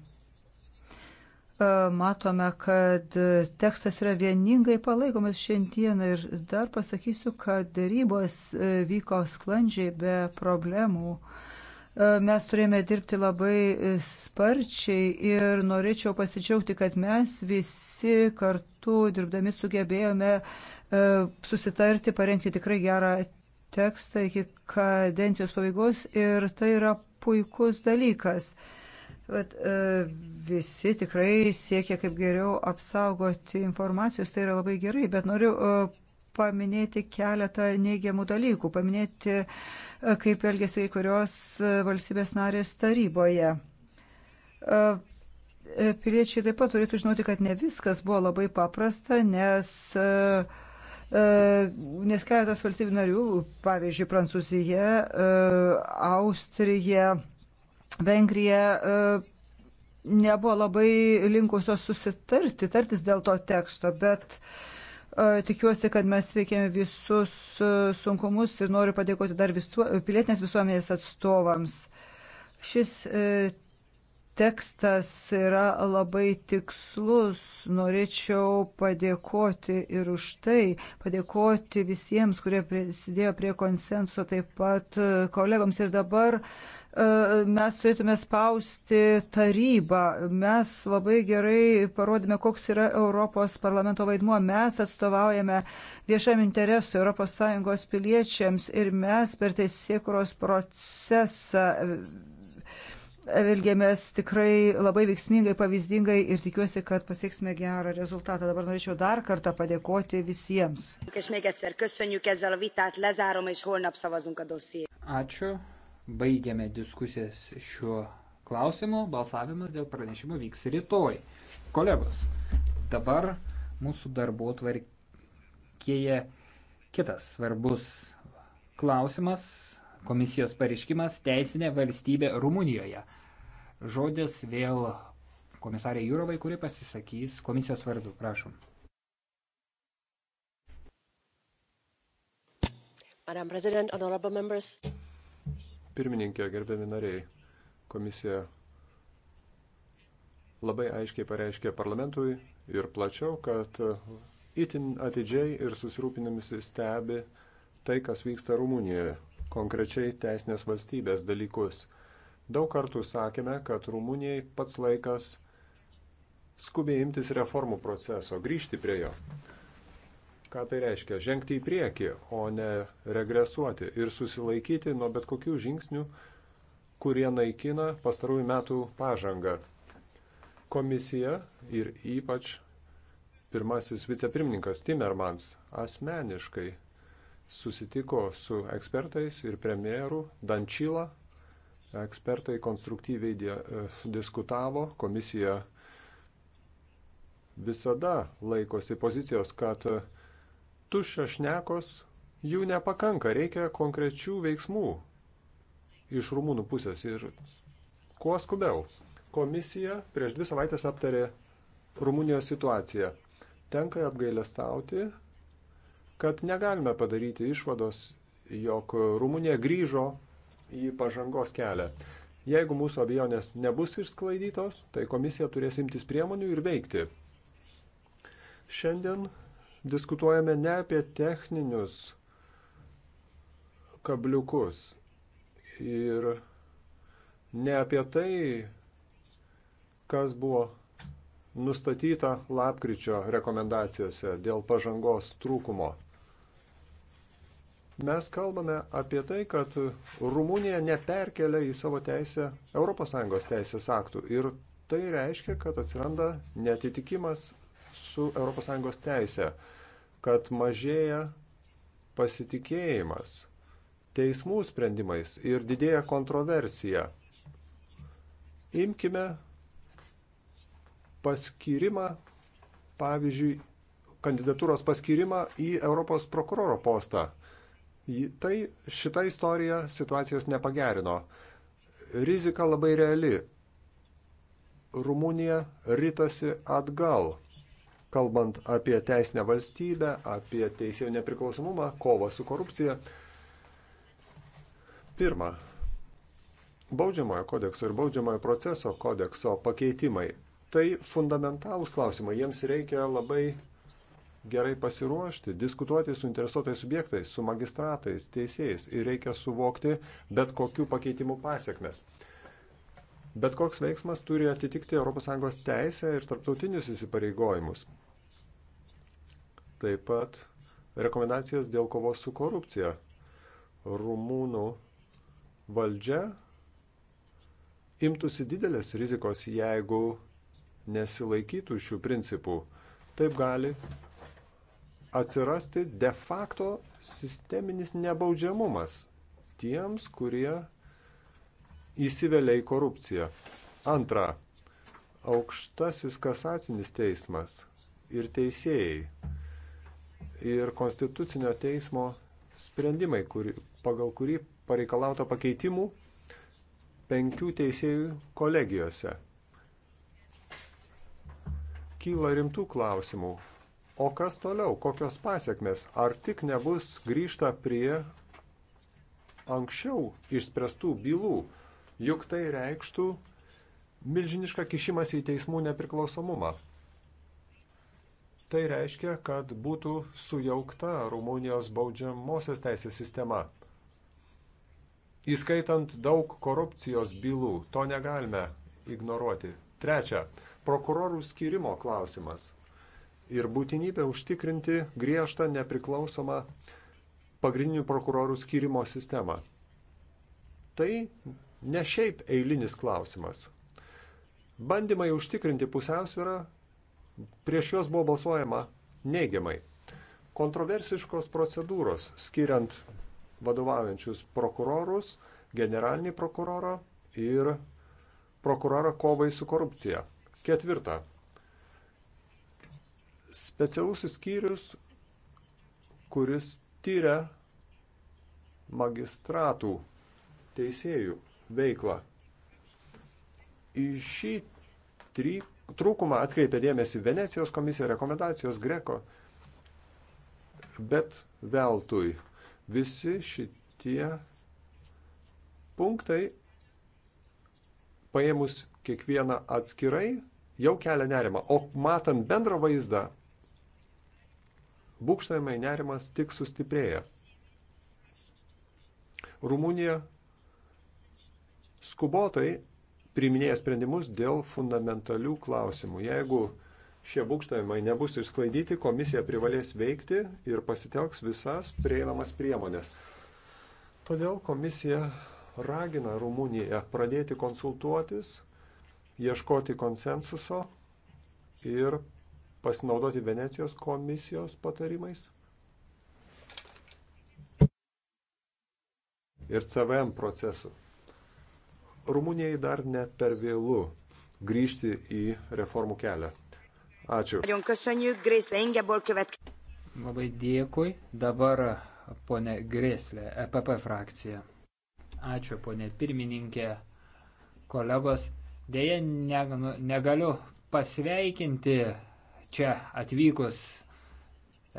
E, matome, kad tekstas yra vieningai palaikomas šiandieną ir dar pasakysiu, kad dėrybos e, vyko sklandžiai be problemų mes turėjome dirbti labai e, sparčiai ir norėčiau pasidžiaugti, kad mes visi kartu dirbdami sugebėjome e, susitarti, parengti tikrai gerą tekstą iki kadencijos pabaigos ir tai yra puikus dalykas. Bet e, visi tikrai siekia kaip geriau apsaugoti informacijos, tai yra labai gerai, bet noriu paminėti keletą neigiamų dalykų, paminėti, e, kaip elgėsi kai kurios e, valstybės narės taryboje. E, piliečiai taip pat turėtų žinoti, kad ne viskas buvo labai paprasta, nes, nes keletas valstybių narių, pavyzdžiui, Prancūzija, Austrija, Vengrija, nebuvo labai linkusios susitarti, tartis dėl to teksto, bet uh, E, tikiuosi, kad mes veikėme visus e, sunkumus ir noriu padėkoti dar visuo, pilietinės visuomenės atstovams. Šis e, tekstas yra labai tikslus. Norėčiau padėkoti ir už tai, padėkoti visiems, kurie prisidėjo prie konsenso, taip pat kolegoms. Ir dabar e, mes turėtume spausti tarybą. Mes labai gerai parodėme, koks yra Europos parlamento vaidmuo. Mes atstovaujame viešam interesu ES piliečiams ir mes per teisėkuros procesą Elgėmės tikrai labai veiksmingai, pavyzdingai ir tikiuosi, kad pasieksime gerą rezultatą. Dabar norėčiau dar kartą padėkoti visiems. Ačiū. Baigėme diskusijas šiuo klausimu. Balsavimas dėl pranešimo vyks rytoj. Kolegos, dabar mūsų darbo tvarkėje kitas svarbus klausimas Komisijos pareiškimas teisinė valstybė Rumunijoje. Žodis vėl komisarė Jūrovai, kuri pasisakys komisijos vardu. Prašom. Madam President, honorable members. Pirmininkė, gerbiami nariai, komisija labai aiškiai pareiškė parlamentui ir plačiau, kad itin atidžiai ir susirūpinimis stebi tai, kas vyksta Rumunijoje konkrečiai teisinės valstybės dalykus. Daug kartų sakėme, kad Rumunijai pats laikas skubiai imtis reformų proceso, grįžti prie jo. Ką tai reiškia? Žengti į priekį, o ne regresuoti ir susilaikyti nuo bet kokių žingsnių, kurie naikina pastarųjų metų pažangą. Komisija ir ypač pirmasis vicepirmininkas Timmermans asmeniškai susitiko su ekspertais ir premjeru Dančila. Ekspertai konstruktyviai di e, diskutavo, komisija visada laikosi pozicijos, kad tuščia šnekos jų nepakanka, reikia konkrečių veiksmų iš rumūnų pusės ir kuo skubiau. Komisija prieš dvi savaitės aptarė Rumunijos situaciją. Tenka apgailestauti, kad negalime padaryti išvados, jog Rumunija grįžo į pažangos kelią. Jeigu mūsų abejonės nebus išsklaidytos, tai komisija turės imtis priemonių ir veikti. Šiandien diskutuojame ne apie techninius kabliukus ir ne apie tai, kas buvo nustatyta lapkričio rekomendacijose dėl pažangos trūkumo. Mes kalbame apie tai, kad Rumunija neperkelia į savo teisę ES teisės aktų ir tai reiškia, kad atsiranda netitikimas su ES teisė, kad mažėja pasitikėjimas teismų sprendimais ir didėja kontroversija. Imkime paskirimą, pavyzdžiui, kandidatūros paskirimą į Europos prokuroro postą. Tai šita istorija situacijos nepagerino. Rizika labai reali. Rumunija rytasi atgal kalbant apie teisinę valstybę, apie teisėjų nepriklausomumą, kovą su korupcija. Pirma, baudžiamojo kodekso ir baudžiamojo proceso kodekso pakeitimai. Tai fundamentalūs klausimai, jiems reikia labai gerai pasiruošti, diskutuoti su interesuotais subjektais, su magistratais, teisėjais ir reikia suvokti bet kokių pakeitimų pasiekmes. Bet koks veiksmas turi atitikti ES teisę ir tarptautinius įsipareigojimus. Taip pat rekomendacijas dėl kovos su korupcija. Rumūnų valdžia imtųsi didelės rizikos, jeigu nesilaikytų šių principų. Taip gali atsirasti de facto sisteminis nebaudžiamumas tiems, kurie įsivelia į korupciją. Antra, aukštasis kasacinis teismas ir teisėjai ir konstitucinio teismo sprendimai, kuri, pagal kurį pareikalauta pakeitimų penkių teisėjų kolegijose. Kyla rimtų klausimų, O kas toliau? Kokios pasiekmes? Ar tik nebus grįžta prie anksčiau išspręstų bylų? Juk tai reikštų milžinišką kišimas į teismų nepriklausomumą. Tai reiškia, kad būtų sujaukta Rumunijos baudžiamosios teisės sistema. Įskaitant daug korupcijos bylų, to negalime ignoruoti. Trečia, prokurorų skirimo klausimas ir būtinybę užtikrinti griežtą nepriklausomą pagrindinių prokurorų skirimo sistemą. Tai ne šiaip eilinis klausimas. Bandymai užtikrinti pusiausvyrą prieš juos buvo balsuojama neigiamai. Kontroversiškos procedūros skiriant vadovaujančius prokurorus, generalinį prokurorą ir prokurorą kovai su korupcija. Ketvirta specialusis skyrius, kuris tyria magistratų teisėjų veiklą. Į šį try, trūkumą atkreipė dėmesį Venecijos komisija rekomendacijos Greko, bet veltui visi šitie punktai paėmus kiekvieną atskirai jau kelia nerimą. O matant bendrą vaizdą, būkštojimai nerimas tik sustiprėja. Rumunija skubotai priminėja sprendimus dėl fundamentalių klausimų. Jeigu šie būkštojimai nebus išsklaidyti, komisija privalės veikti ir pasitelks visas prieinamas priemonės. Todėl komisija ragina Rumuniją pradėti konsultuotis ieškoti konsensuso ir pasinaudoti Venecijos komisijos patarimais ir CVM procesu. Rumunijai dar ne per vėlų grįžti į reformų kelią. Ačių. Labai dėkui. Dabar ponė Greslė, EPP frakcija. Ačiū ponė pirmininkė, kolegos. Deja, negaliu pasveikinti čia atvykus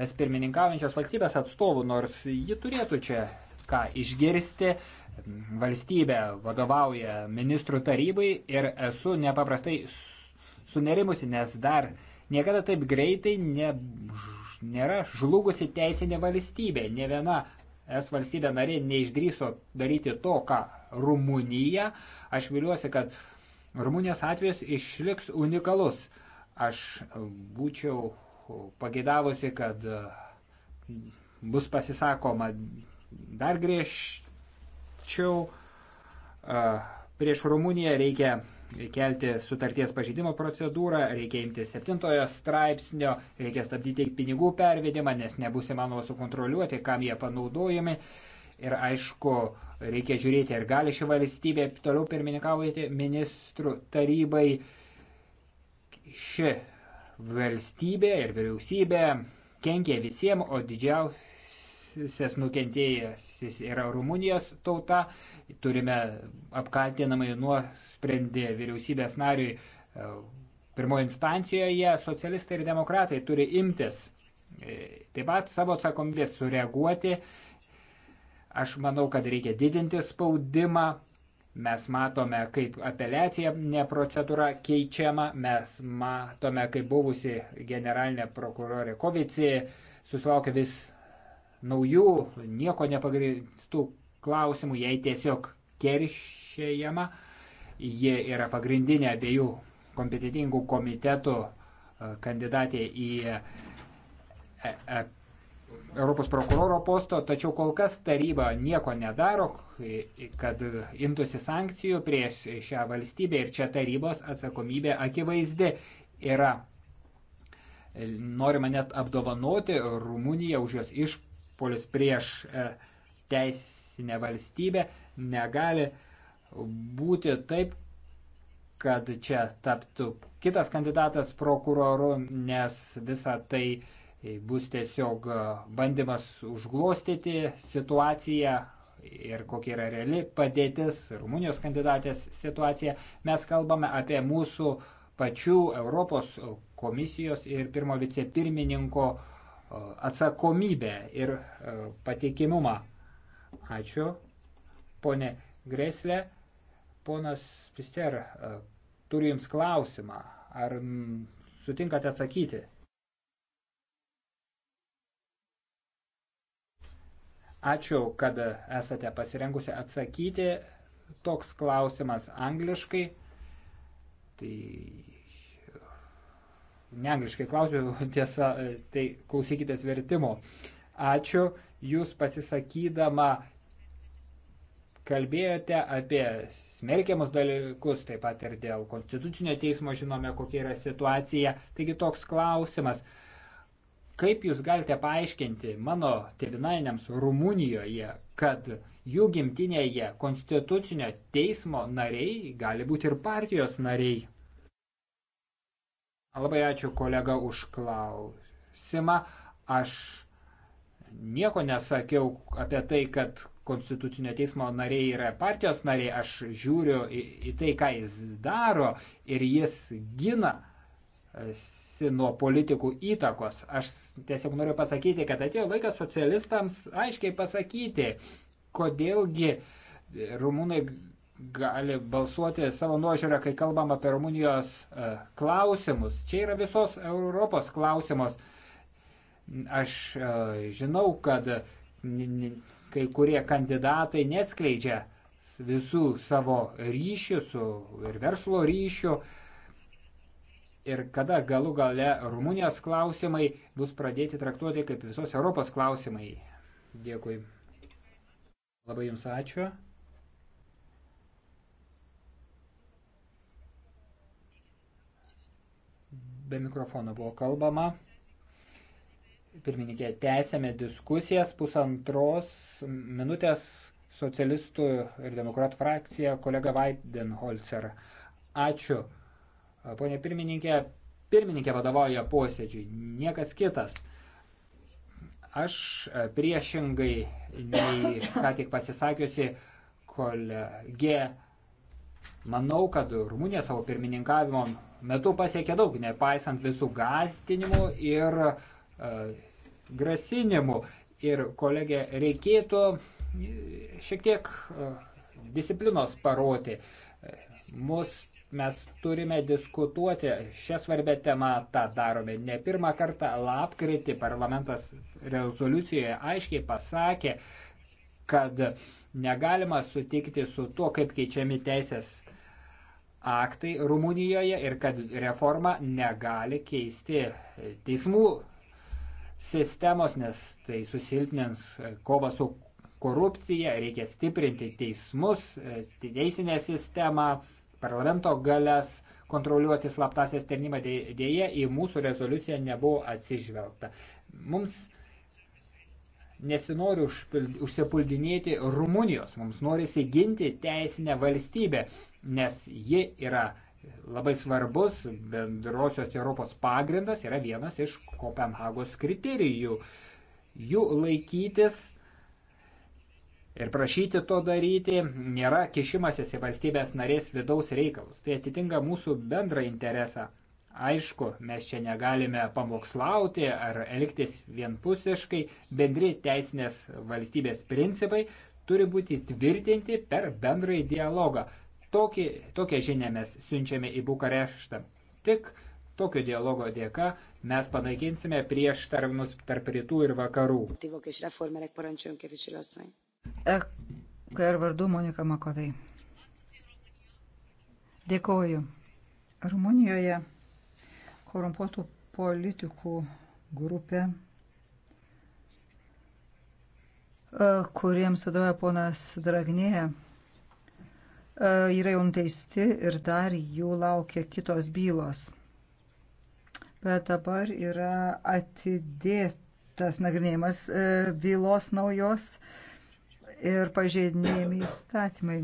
es pirmininkaujančios valstybės atstovų, nors ji turėtų čia ką išgirsti. Valstybė vadovauja ministrų tarybai ir esu nepaprastai sunerimusi, nes dar niekada taip greitai ne, nėra žlugusi teisinė valstybė. Ne viena es valstybė narė neišdryso daryti to, ką Rumunija. Aš viliuosi, kad Rumunijos atvejas išliks unikalus. Aš būčiau pagėdavusi, kad e, bus pasisakoma dar griežčiau. E, prieš Rumuniją reikia kelti sutarties pažydimo procedūrą, reikia imti septintojo straipsnio, reikia stabdyti pinigų pervedimą, nes nebus įmanoma sukontroliuoti, kam jie panaudojami. Ir aišku, uh, Reikia žiūrėti, ar gali ši valstybė toliau pirmininkauti ministrų tarybai. Ši valstybė ir vyriausybė kenkia visiems, o didžiausias nukentėjęs yra Rumunijos tauta. Turime apkaltinamai nuosprendį vyriausybės nariui e, pirmoje instancijoje socialistai ir demokratai turi imtis e, taip pat savo atsakomybės sureaguoti Aš manau, kad reikia didinti spaudimą. Mes matome, kaip apeliacija procedūra keičiama. Mes matome, kaip buvusi generalinė prokurorė Kovici susilaukia vis naujų, nieko nepagristų klausimų. Jei tiesiog keršėjama, ji yra pagrindinė abiejų kompetitingų komitetų e, kandidatė į e, e, Europos prokuroro posto, tačiau kol kas taryba nieko nedaro, kad imtųsi sankcijų prieš šią valstybę ir čia tarybos atsakomybė akivaizdi yra. Norima net apdovanoti Rumuniją už jos išpolius prieš e, teisinę valstybę. Negali būti taip, kad čia taptų kitas kandidatas prokuroru, nes visa tai uh, bus tiesiog e, bandymas užglostyti situaciją ir kokia yra reali padėtis, Rumunijos kandidatės situacija. Mes kalbame apie mūsų pačių Europos komisijos ir pirmo vicepirmininko e, atsakomybę ir e, patikimumą. Ačiū, ponė Greslė. Ponas Pister, turiu Jums klausimą. Ar sutinkate atsakyti? Ačiū, kad esate pasirengusi atsakyti toks klausimas angliškai. Tai ne angliškai klausiu, tiesa, tai klausykitės vertimo. Ačiū, jūs pasisakydama kalbėjote apie smerkiamus dalykus, taip pat ir dėl konstitucinio teismo žinome, kokia yra situacija. Taigi toks klausimas. Kaip jūs galite paaiškinti mano tevinainiams Rumunijoje, kad jų gimtinėje konstitucinio teismo nariai gali būti ir partijos nariai? Labai ačiū kolega už klausimą. Aš nieko nesakiau apie tai, kad konstitucinio teismo nariai yra partijos nariai. Aš žiūriu į, į tai, ką jis daro ir jis gina tikisi nuo politikų įtakos. Aš tiesiog noriu pasakyti, kad atėjo laikas socialistams aiškiai pasakyti, kodėlgi rumūnai gali balsuoti savo nuožiūrę, kai kalbam apie Rumunijos e, klausimus. Čia yra visos Europos klausimas. Aš e, žinau, kad kai kurie kandidatai neatskleidžia visų savo ryšių su, ir verslo ryšių, ir kada galų gale Rumunijos klausimai bus pradėti traktuoti kaip visos Europos klausimai. Dėkui. Labai Jums ačiū. Be mikrofono buvo kalbama. Pirmininkė, tęsėme diskusijas pusantros minutės socialistų ir demokratų frakcija kolega Weidenholzer. Ačiū. Pone pirmininkė, pirmininkė vadovauja posėdžiui, niekas kitas. Aš e, priešingai nei ką tik pasisakiusi kolegė, manau, kad Rumunija savo pirmininkavimo metu pasiekė daug, nepaisant visų gastinimų ir e, grasinimų. Ir kolegė, reikėtų e, šiek tiek e, disciplinos paroti. E, mus mes turime diskutuoti šią svarbę temą, tą darome. Ne pirmą kartą lapkritį parlamentas rezoliucijoje aiškiai pasakė, kad negalima sutikti su tuo, kaip keičiami teisės aktai Rumunijoje ir kad reforma negali keisti teismų sistemos, nes tai susilpnins kovą su korupcija, reikia stiprinti teismus, teisinę sistemą parlamento galės kontroliuoti slaptasias tarnybą dėje į mūsų rezoliuciją nebuvo atsižvelgta. Mums nesinori užsipuldinėti Rumunijos, mums norisi ginti teisinę valstybę, nes ji yra labai svarbus bendrosios Europos pagrindas, yra vienas iš Kopenhagos kriterijų. Jų laikytis ir prašyti to daryti nėra kišimasis į valstybės narės vidaus reikalus. Tai atitinka mūsų bendrą interesą. Aišku, mes čia negalime pamokslauti ar elgtis vienpusiškai, bendri teisinės valstybės principai turi būti tvirtinti per bendrąjį dialogą. Tokį, tokią žinę mes siunčiame į Bukareštą. Tik Tokio dialogo dėka mes panaikinsime prieštarvimus tarp rytų ir vakarų. EKR vardu Monika Makovei. Dėkoju. Rumunijoje korumpuotų politikų grupė, e, kuriems vadovauja ponas Dragnėja, e, yra jau nuteisti ir dar jų laukia kitos bylos. Bet dabar yra atidėtas nagrinėjimas e, bylos naujos ir pažeidinėjami įstatymai.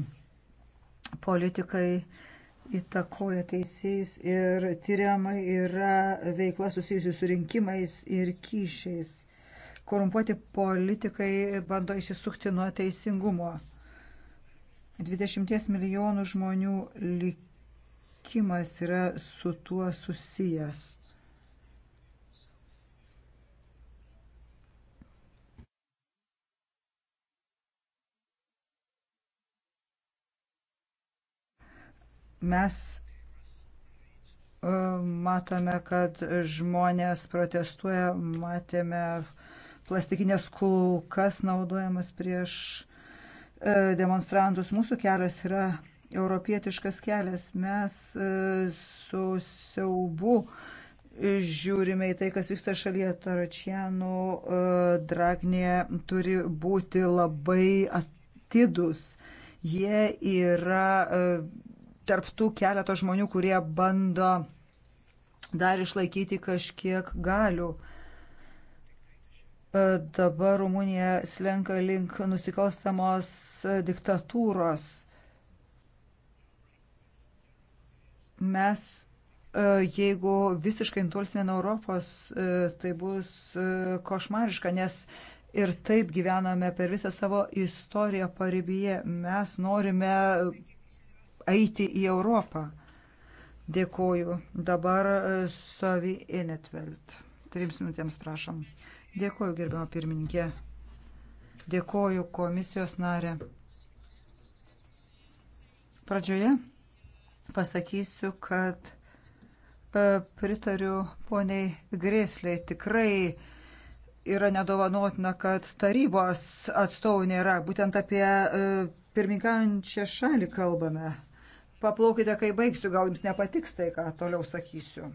Politikai įtakoja teisėjus ir tyriama yra veikla susijusi su rinkimais ir kyšiais. Korumpuoti politikai bando išsisukti nuo teisingumo. 20 milijonų žmonių likimas yra su tuo susijęs. Mes e, matome, kad žmonės protestuoja, matėme plastikinės kulkas naudojamas prieš e, demonstrantus. Mūsų kelias yra europietiškas kelias. Mes e, su siaubu žiūrime į tai, kas vyksta šalyje Taračianų. Dragnė turi būti labai atidus. Jie yra tarptų keleto žmonių, kurie bando dar išlaikyti kažkiek galių. E, dabar Rumunija slenka link nusikalstamos diktatūros. Mes, e, jeigu visiškai intulsime nuo Europos, e, tai bus košmariška, nes ir taip gyvename per visą savo istoriją paribyje. Mes norime eiti į Europą. Dėkoju. Dabar e, Savi Enetvelt. Trims minutėms prašom. Dėkoju, gerbiamo pirmininkė. Dėkoju komisijos narė. Pradžioje pasakysiu, kad e, pritariu poniai Grėsliai. Tikrai yra nedovanotina, kad tarybos atstovų nėra. Būtent apie e, pirmininkaujančią šalį kalbame. Paplaukite, kai baigsiu, gal jums nepatiks tai, ką toliau sakysiu.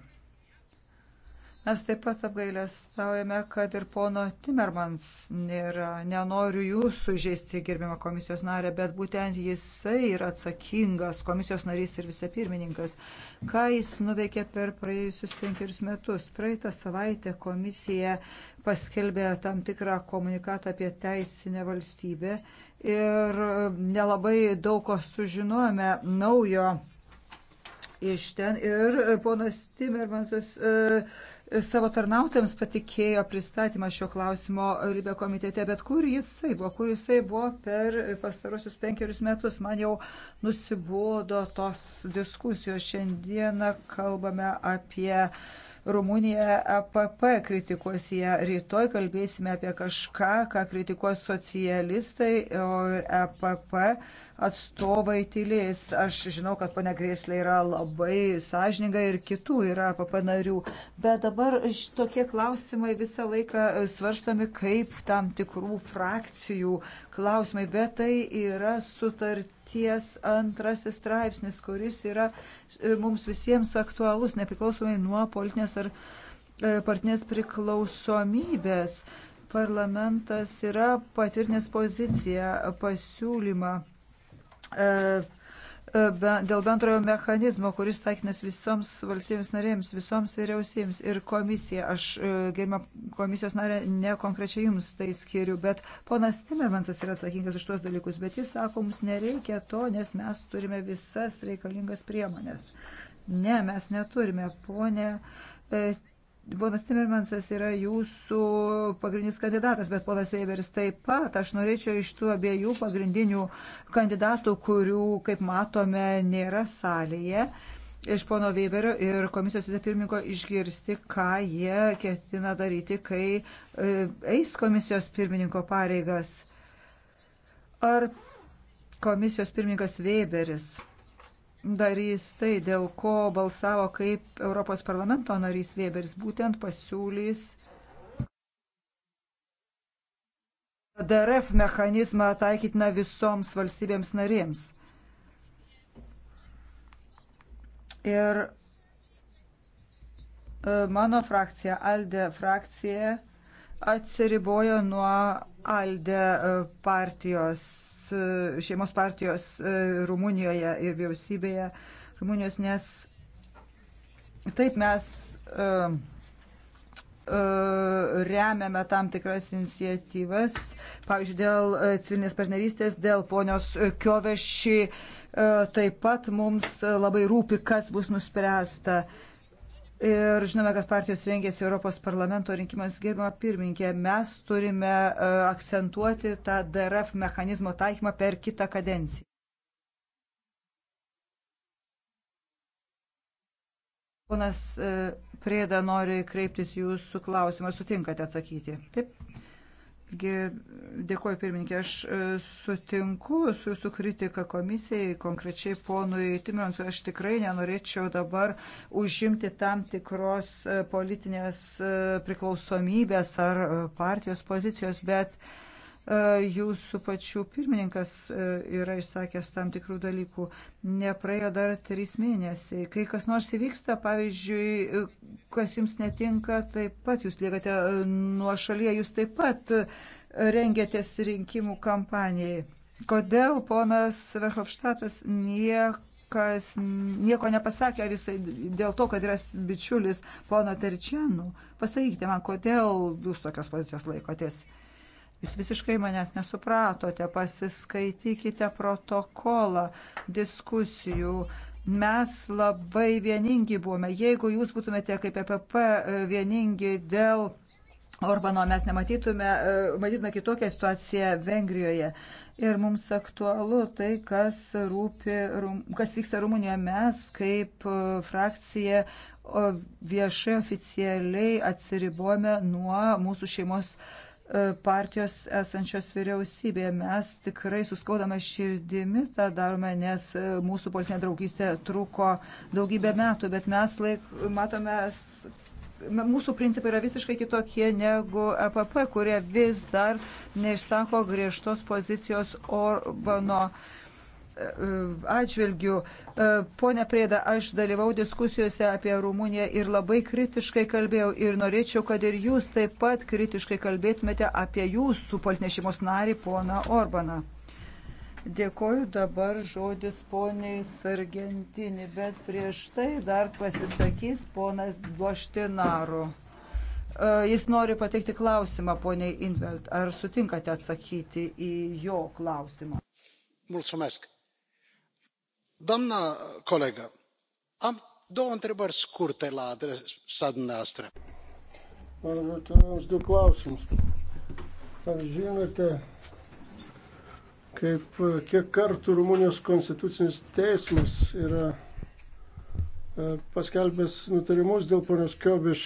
Mes taip pat apgailestaujame, kad ir pono Timermans nėra. Nenoriu jūsų žaisti, gerbimo komisijos narė, bet būtent jisai yra atsakingas, komisijos narys ir vicepirmininkas. Ką jis nuveikė per praėjusius penkerius metus? Praeitą savaitę komisija paskelbė tam tikrą komunikatą apie teisinę valstybę ir nelabai daug ko sužinojome naujo iš ten. Ir ponas Timermansas. E, savo tarnautėms patikėjo pristatymą šio klausimo Rybė komitete, bet kur jisai buvo, kur jisai buvo per pastarosius penkerius metus, man jau nusibodo tos diskusijos. Šiandieną kalbame apie Rumuniją APP kritikuos ją, rytoj kalbėsime apie kažką, ką kritikuos socialistai, o APP atstovai tylės. Aš žinau, kad ponia Grėslė yra labai sąžininga ir kitų yra papanarių, bet dabar tokie klausimai visą laiką e, svarstami kaip tam tikrų frakcijų klausimai, bet tai yra sutarties antrasis straipsnis, kuris yra e, mums visiems aktualus, nepriklausomai nuo politinės ar e, partinės priklausomybės parlamentas yra patvirtinęs poziciją pasiūlymą E, e, dėl bendrojo mechanizmo, kuris taikinas visoms valstybėms narėms, visoms vyriausybėms ir komisija. Aš, e, gerbima komisijos narė, ne konkrečiai jums tai skiriu, bet ponas Timermansas yra atsakingas už tuos dalykus, bet jis sako, mums nereikia to, nes mes turime visas reikalingas priemonės. Ne, mes neturime, ponė Ponas Timmermansas yra jūsų pagrindinis kandidatas, bet ponas Weberis taip pat. Aš norėčiau iš tų abiejų pagrindinių kandidatų, kurių, kaip matome, nėra salėje, iš pono Weberio ir komisijos vicepirmininko išgirsti, ką jie ketina daryti, kai e, eis komisijos pirmininko pareigas. Ar komisijos pirmininkas Weberis darys tai, dėl ko balsavo kaip Europos parlamento narys Weberis, būtent pasiūlys DRF mechanizmą taikytina visoms valstybėms narėms. Ir e, mano frakcija, Alde frakcija, atsiribojo nuo Alde e, partijos E, šeimos partijos e, Rumunijoje ir vyriausybėje Rumunijos, nes taip mes e, remiame tam tikras iniciatyvas, pavyzdžiui, dėl civilinės partnerystės, dėl ponios Kioveši, taip pat mums labai rūpi, kas bus nuspręsta. Ir žinome, kad partijos rengėsi Europos parlamento rinkimams gerbimą pirmininkę. Mes turime e, akcentuoti tą DRF mechanizmo taikymą per kitą kadenciją. Ponas e, Prėda nori kreiptis jūsų klausimą. Sutinkate atsakyti? Taip. Dėkuoju pirmininkė, aš e, sutinku su jūsų kritika komisijai, konkrečiai ponui Timiransui, aš tikrai nenorėčiau dabar užimti tam tikros e, politinės e, priklausomybės ar partijos pozicijos, bet uh, E, jūsų pačių pirmininkas e, yra išsakęs tam tikrų dalykų. Nepraėjo dar trys mėnesiai. Kai kas nors įvyksta, pavyzdžiui, e, kas jums netinka, taip pat jūs liekate nuo šalyje, jūs taip pat rengėtės rinkimų kampanijai. Kodėl ponas Verhofštatas nieko kas nieko nepasakė, ar jisai dėl to, kad yra bičiulis pono Terčianų. Pasakykite man, kodėl jūs tokios pozicijos laikotės. Jūs visiškai manęs nesupratote, pasiskaitykite protokolą diskusijų. Mes labai vieningi buvome. Jeigu jūs būtumėte kaip EPP vieningi dėl Orbano, mes nematytume, e, matytume kitokią situaciją Vengrijoje. Ir mums aktualu tai, kas, rūpi, kas vyksta Rumunijoje. Mes kaip e, frakcija viešai oficialiai atsiribojame nuo mūsų šeimos uh, partijos esančios vyriausybėje. Mes tikrai suskaudame širdimi tą darome, nes e, mūsų politinė draugystė truko daugybę metų, bet mes laik, matome, mūsų principai yra visiškai kitokie negu EPP, kurie vis dar neišsako griežtos pozicijos Orbano. Uh, atžvilgių. E, Pone Prėda, aš dalyvau diskusijose apie Rumuniją ir labai kritiškai kalbėjau ir norėčiau, kad ir jūs taip pat kritiškai kalbėtumėte apie jūsų politinės šeimos narį, poną Orbaną. Dėkoju dabar žodis poniai Sargentini, bet prieš tai dar pasisakys ponas Boštinaru. E, jis nori pateikti klausimą, poniai Invelt. Ar sutinkate atsakyti į jo klausimą? Mulțumesc doamnă colegă am două întrebări scurte la adresa dumneavoastră. noriu jums du klausimus ar žinote kaip e kiek kartų rumunijos konstitucinis teismas yra e, paskelbęs nutarimus dėl ponios Kiobiš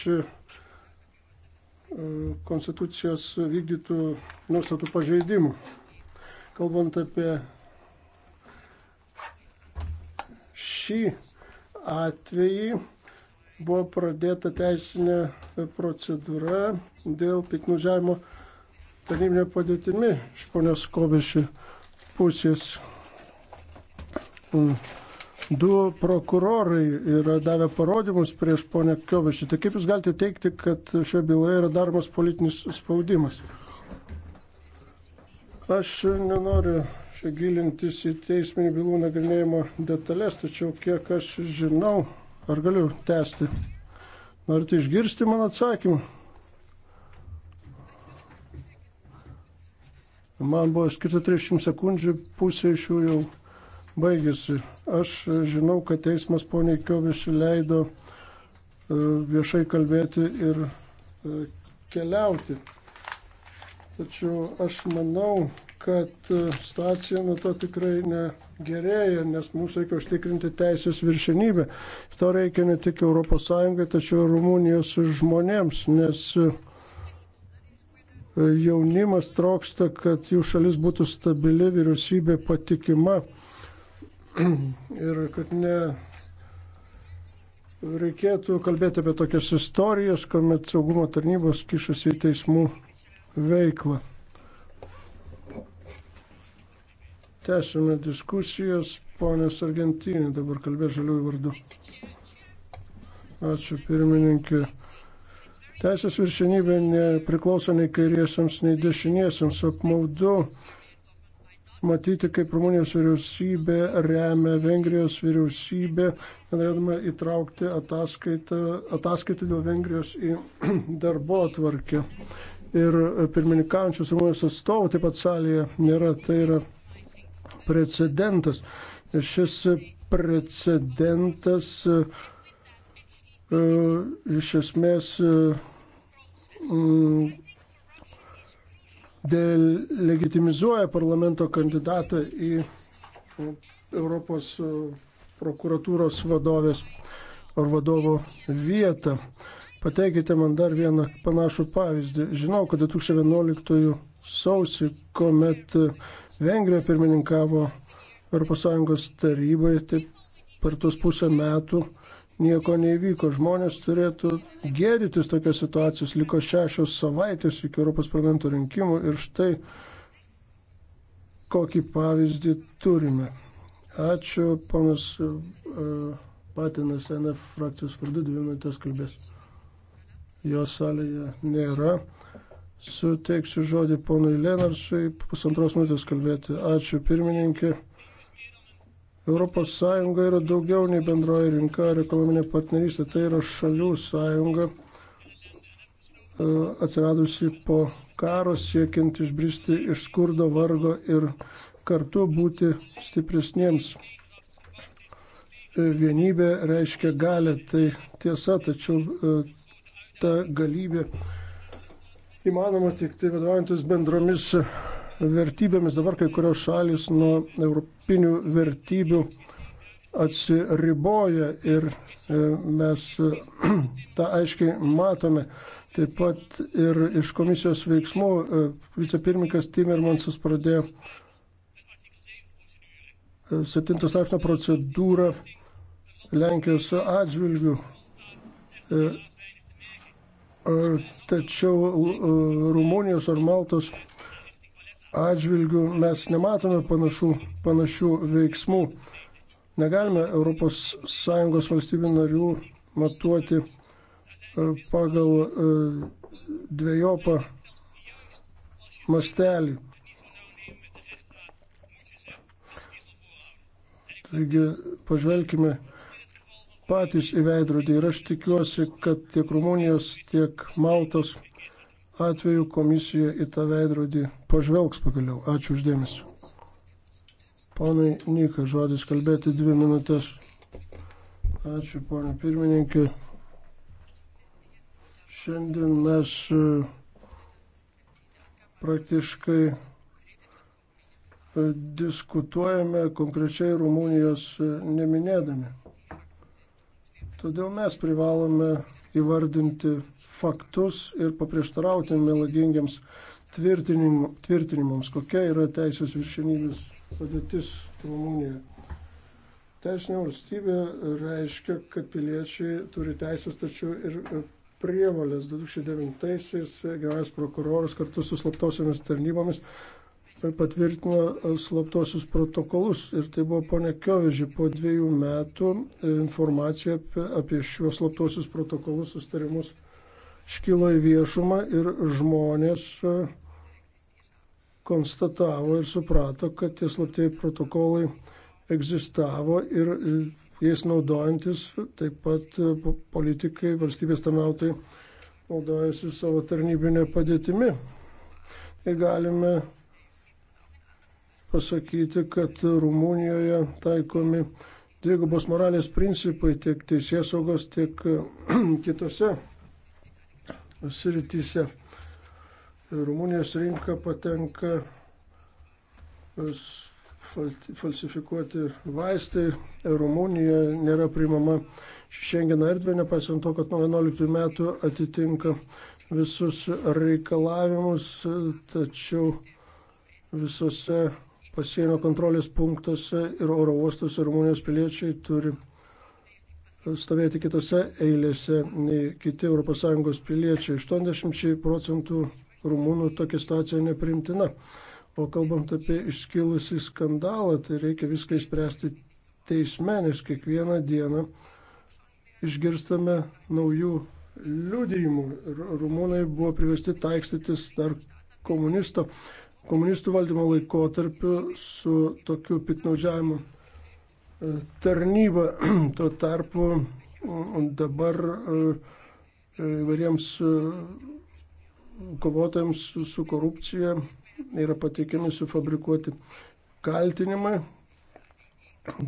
konstitucijos e, vykdytų nuostatų pažeidimų. Kalbant apie šį atvejį buvo pradėta teisinė procedūra dėl piknaudžiavimo tarnybinė padėtimi iš ponios Kovišį pusės. Du prokurorai yra davę parodymus prieš ponę Kovišį. Tai kaip jūs galite teikti, kad šioje byloje yra daromas politinis spaudimas? Aš nenoriu čia gilintis į teisminį bylų nagrinėjimo detalės, tačiau kiek aš žinau, ar galiu tęsti. Norite išgirsti mano atsakymą? Man buvo skirta 30 sekundžių, pusė iš jų jau baigėsi. Aš žinau, kad teismas poniai Kioviš leido e, viešai kalbėti ir e, keliauti. Tačiau aš manau, kad e, situacija nuo to tikrai negerėja, nes mums reikia užtikrinti teisės viršenybę. To reikia ne tik ES, tačiau ir Rumunijos žmonėms, nes e, jaunimas troksta, kad jų šalis būtų stabili, vyriausybė patikima ir kad ne reikėtų kalbėti apie tokias istorijas, kuomet saugumo tarnybos kišasi į teismų veiklą. Tęsime diskusijas. Ponės Argentinė dabar kalbė žaliųjų vardu. Ačiū pirmininkė. Teisės viršinybė nepriklauso nei kairiesiams, nei dešiniesiams. Apmaudu matyti, kaip Rumunijos vyriausybė remia Vengrijos vyriausybę, norėdama įtraukti ataskaitą, ataskaitą dėl Vengrijos į darbo atvarkę ir pirmininkaujančius Rumunijos atstovų taip pat salėje nėra. Tai yra precedentas. Šis precedentas e, iš esmės e, delegitimizuoja parlamento kandidatą į Europos prokuratūros vadovės ar vadovo vietą. Pateikite man dar vieną panašų pavyzdį. Žinau, kad 2011 sausį, kuomet Vengrija pirmininkavo ES tarybai, tai per tuos pusę metų nieko nevyko. Žmonės turėtų gėdytis tokios situacijos. Liko šešios savaitės iki Europos parlamento rinkimų ir štai kokį pavyzdį turime. Ačiū, panas uh, e, Patinas, NF frakcijos vardu, dvi minutės kalbės jo salėje nėra. Suteiksiu žodį ponui Lenarsui pusantros minutės kalbėti. Ačiū pirmininkė. ES yra daugiau nei bendroji rinka ir ekonominė partnerystė. Tai yra šalių sąjunga e, atsiradusi po karo siekiant išbristi iš skurdo vargo ir kartu būti stipresniems. E, vienybė reiškia galę, tai tiesa, tačiau e, ta galybė įmanoma tik tai vadovaujantis bendromis vertybėmis. Dabar kai kurios šalis nuo europinių vertybių atsiriboja ir e, mes tą aiškiai matome. Taip pat ir iš komisijos veiksmų e, vicepirmininkas Timermansas pradėjo 7 e, straipsnio procedūrą Lenkijos atžvilgių E, tačiau e, Rumunijos ar Maltos atžvilgių mes nematome panašių, panašių veiksmų. Negalime ES valstybių narių matuoti e, pagal dviejopą mastelį. Taigi pažvelkime patys į veidrodį ir aš tikiuosi, kad tiek Rumunijos, tiek Maltos atveju komisija į tą veidrodį pažvelgs pagaliau. Ačiū uždėmesi. Ponai Nika, žodis kalbėti dvi minutės. Ačiū, ponė pirmininkė. Šiandien mes e, praktiškai e, diskutuojame konkrečiai Rumunijos e, neminėdami. Todėl mes privalome įvardinti faktus ir paprieštarauti melagingiams tvirtinim, tvirtinimams, kokia yra teisės viršinybės padėtis Rumunijoje. Teisinė valstybė reiškia, kad piliečiai turi teisės, tačiau ir prievalės 2009-aisiais generalinis prokuroras kartu su slaptosiamis tarnybomis patvirtino e, slaptosius protokolus ir tai buvo ponė Kioveži po dviejų metų e, informacija apie, apie šiuos slaptosius protokolus sustarimus iškilo į viešumą ir žmonės e, konstatavo ir suprato, kad tie slaptieji protokolai egzistavo ir jais naudojantis taip pat politikai, valstybės tarnautojai naudojasi savo tarnybinę padėtimi. Ir galime pasakyti, kad Rumunijoje taikomi dvigubos moralės principai tiek teisės saugos, tiek kitose srityse. Rumunijos rinka patenka falsifikuoti vaistai, Rumunija nėra primama šiandieną erdvę, nepaisant to, kad nuo 11 metų atitinka visus reikalavimus, tačiau visose pasienio kontrolės punktuose ir oro uostuose Rumunijos piliečiai turi stovėti kitose eilėse nei kiti ES piliečiai. 80 procentų rumūnų tokia situacija neprimtina. O kalbant apie iškilusi skandalą, tai reikia viską išspręsti teisme, nes kiekvieną dieną išgirstame naujų liudijimų. Rumūnai buvo privesti taikstytis dar komunisto komunistų valdymo laikotarpiu su tokiu pitnaudžiavimu e, tarnyba. Tuo tarpu dabar e, e, įvairiems kovotojams su korupcija yra pateikiami sufabrikuoti kaltinimai,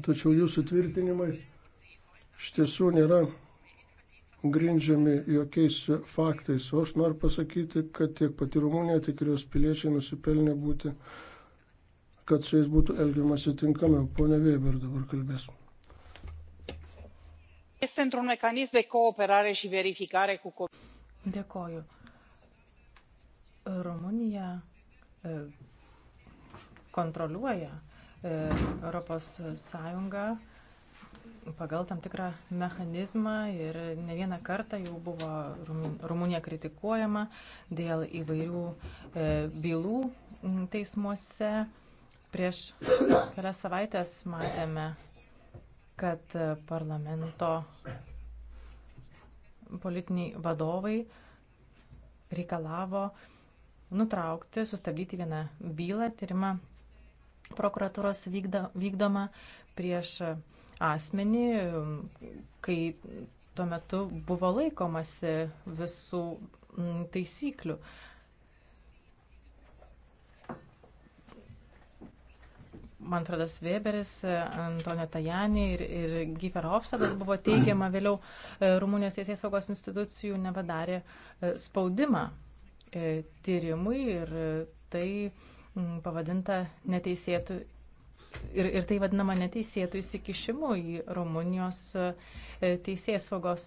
tačiau jų sutvirtinimai iš tiesų nėra grindžiami jokiais faktais. O aš noriu pasakyti, kad tiek pati Rumunija, tiek ir jos piliečiai nusipelnė būti, kad su jais būtų elgiamasi tinkamiau. Pone Weber dabar kalbės. Dėkoju. Rumunija e, kontroliuoja e, Europos Sąjungą pagal tam tikrą mechanizmą ir ne vieną kartą jau buvo Rumunija kritikuojama dėl įvairių e, bylų teismuose. Prieš kelias savaitės matėme, kad e, parlamento politiniai vadovai reikalavo nutraukti, sustabdyti vieną bylą, tyrimą prokuratūros vykdo, vykdomą prieš asmenį, kai tuo metu buvo laikomasi visų mm, taisyklių. Manfredas Weberis, Antonio Tajani ir, ir Gifer Hofsadas buvo teigiama vėliau e, Rumunijos teisės saugos institucijų nepadarė e, spaudimą e, tyrimui ir tai pavadinta neteisėtų ir, ir tai vadinama neteisėtų įsikišimu į Rumunijos e, teisėsvogos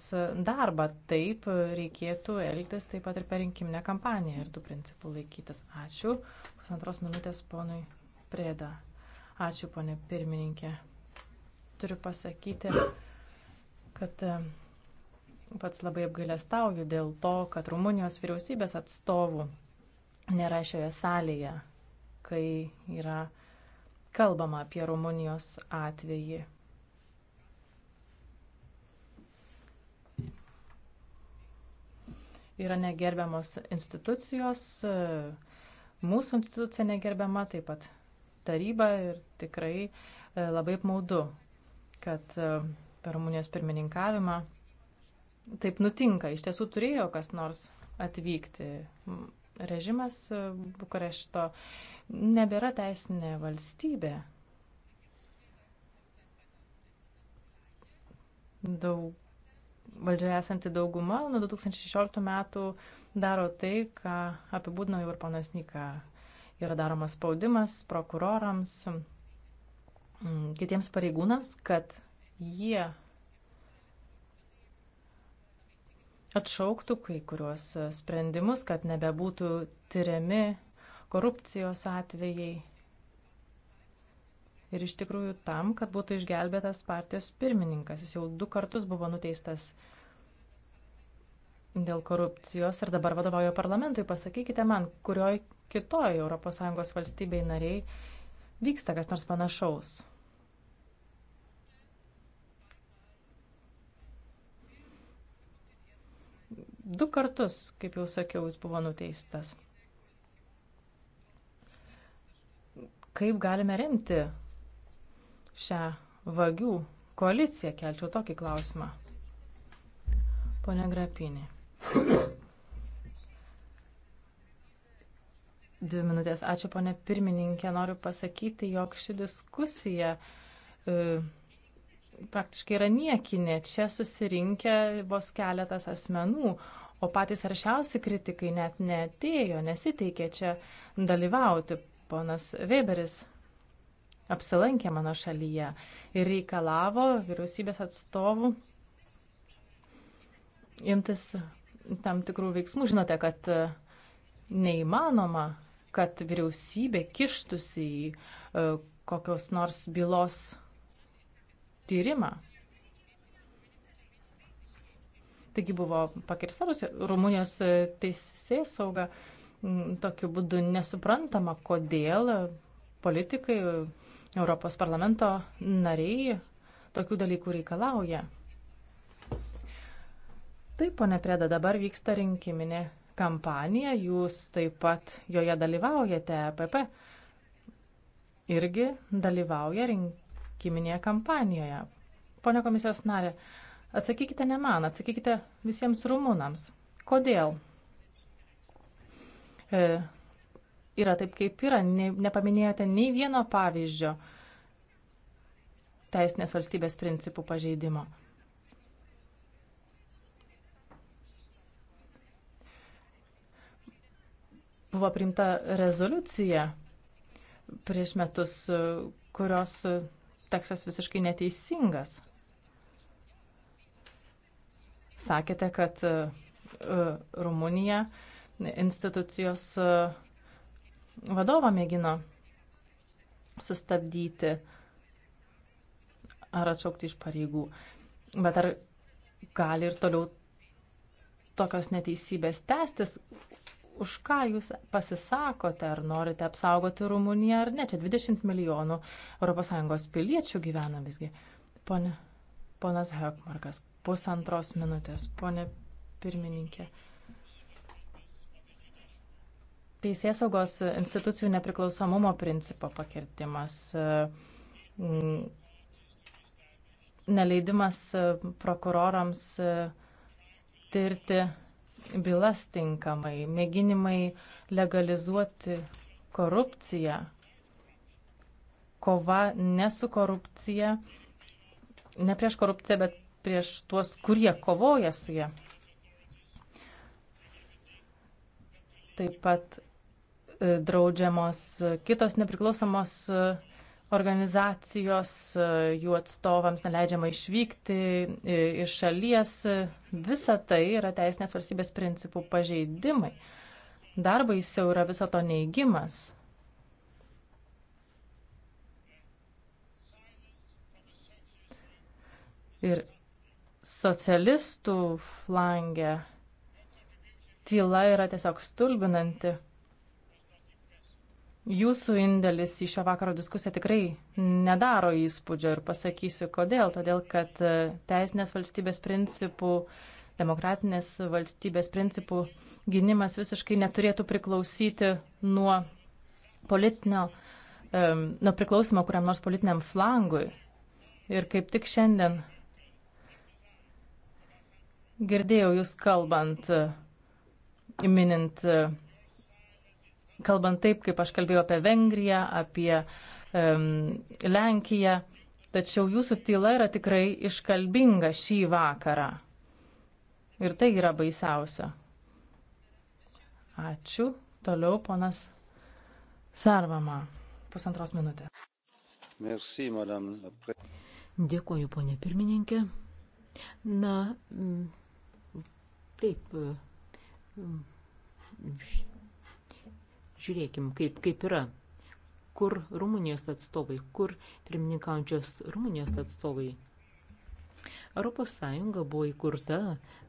darbą. Taip reikėtų elgtis taip pat ir per rinkiminę kampaniją ir tų principų laikytis. Ačiū. Pusantros minutės ponui Prėda. Ačiū, ponė pirmininkė. Turiu pasakyti, kad e, pats labai apgailestauju dėl to, kad Rumunijos vyriausybės atstovų nėra šioje salėje, kai yra kalbama apie Rumunijos atvejį. Yra negerbiamos institucijos, mūsų institucija negerbiama, taip pat taryba ir tikrai e, labai apmaudu, kad e, per Rumunijos pirmininkavimą taip nutinka. Iš tiesų turėjo kas nors atvykti. Režimas e, Bukarešto nebėra teisinė valstybė. Daug valdžioje esanti dauguma nuo 2016 metų daro tai, ką apibūdino jau ir ponas Nika. Yra daromas spaudimas prokurorams, mm, kitiems pareigūnams, kad jie atšauktų kai kuriuos sprendimus, kad nebebūtų tyriami korupcijos atvejai. Ir iš tikrųjų tam, kad būtų išgelbėtas partijos pirmininkas. Jis jau du kartus buvo nuteistas dėl korupcijos ir dabar vadovauja parlamentui. Pasakykite man, kurioj kitoj ES valstybei nariai vyksta kas nors panašaus. Du kartus, kaip jau sakiau, jis buvo nuteistas. Kaip galime remti šią vagių koaliciją? Kelčiau tokį klausimą. Pone Grapinė. Dvi minutės. Ačiū, ponė pirmininkė. Noriu pasakyti, jog ši diskusija e, praktiškai yra niekinė. Čia susirinkę vos keletas asmenų, o patys aršiausi kritikai net netėjo, nesiteikė čia dalyvauti. Ponas Weberis apsilankė mano šalyje ir reikalavo vyriausybės atstovų imtis tam tikrų veiksmų. Žinote, kad e, neįmanoma, kad vyriausybė kištusi į e, kokios nors bylos tyrimą. Taigi buvo pakirsta Rumunijos e, teisės sauga Mm, tokiu būdu nesuprantama, kodėl politikai, Europos parlamento nariai tokių dalykų reikalauja. Taip, ponė Preda, dabar vyksta rinkiminė kampanija, jūs taip pat joje dalyvaujate, EPP irgi dalyvauja rinkiminėje kampanijoje. Pone komisijos narė, atsakykite ne man, atsakykite visiems rumūnams. Kodėl E, yra taip, kaip yra. Ne, nepaminėjote nei vieno pavyzdžio teisinės valstybės principų pažeidimo. Buvo priimta rezoliucija prieš metus, kurios tekstas visiškai neteisingas. Sakėte, kad e, Rumunija uh, institucijos e, vadovą mėgino sustabdyti ar atšaukti iš pareigų. Bet ar gali ir toliau tokios neteisybės tęstis? Už ką jūs pasisakote, ar norite apsaugoti Rumuniją ar ne? Čia 20 milijonų ES piliečių gyvena visgi. Pone, ponas Hekmarkas, pusantros minutės, ponė pirmininkė teisėsaugos institucijų nepriklausomumo principo pakirtimas, mm, neleidimas e, prokurorams e, tirti bylas tinkamai, mėginimai legalizuoti korupciją, kova ne su korupcija, ne prieš korupciją, bet prieš tuos, kurie kovoja su ją. Taip pat draudžiamos kitos nepriklausomos organizacijos, jų atstovams neleidžiama išvykti e, iš šalies. Visa tai yra teisinės valstybės principų pažeidimai. Dar baisiau yra viso to neigimas. Ir socialistų flangė tyla yra tiesiog stulbinanti. Jūsų indėlis į šio vakaro diskusiją tikrai nedaro įspūdžio ir pasakysiu kodėl. Todėl, kad e, teisinės valstybės principų, demokratinės valstybės principų gynimas visiškai neturėtų priklausyti nuo politinio, e, nuo priklausimo kuriam nors politiniam flangui. Ir kaip tik šiandien girdėjau jūs kalbant, e, minint kalbant taip, kaip aš kalbėjau apie Vengriją, apie um, Lenkiją, tačiau jūsų tyla yra tikrai iškalbinga šį vakarą. Ir tai yra baisiausia. Ačiū. Toliau ponas Sarvama. Pusantros minutės. Merci, madame. Dėkuoju, ponė pirmininkė. Na, taip, Žiūrėkim, kaip, kaip yra. Kur Rumunijos atstovai, kur pirmininkaujančios Rumunijos atstovai. Europos Sąjunga buvo įkurta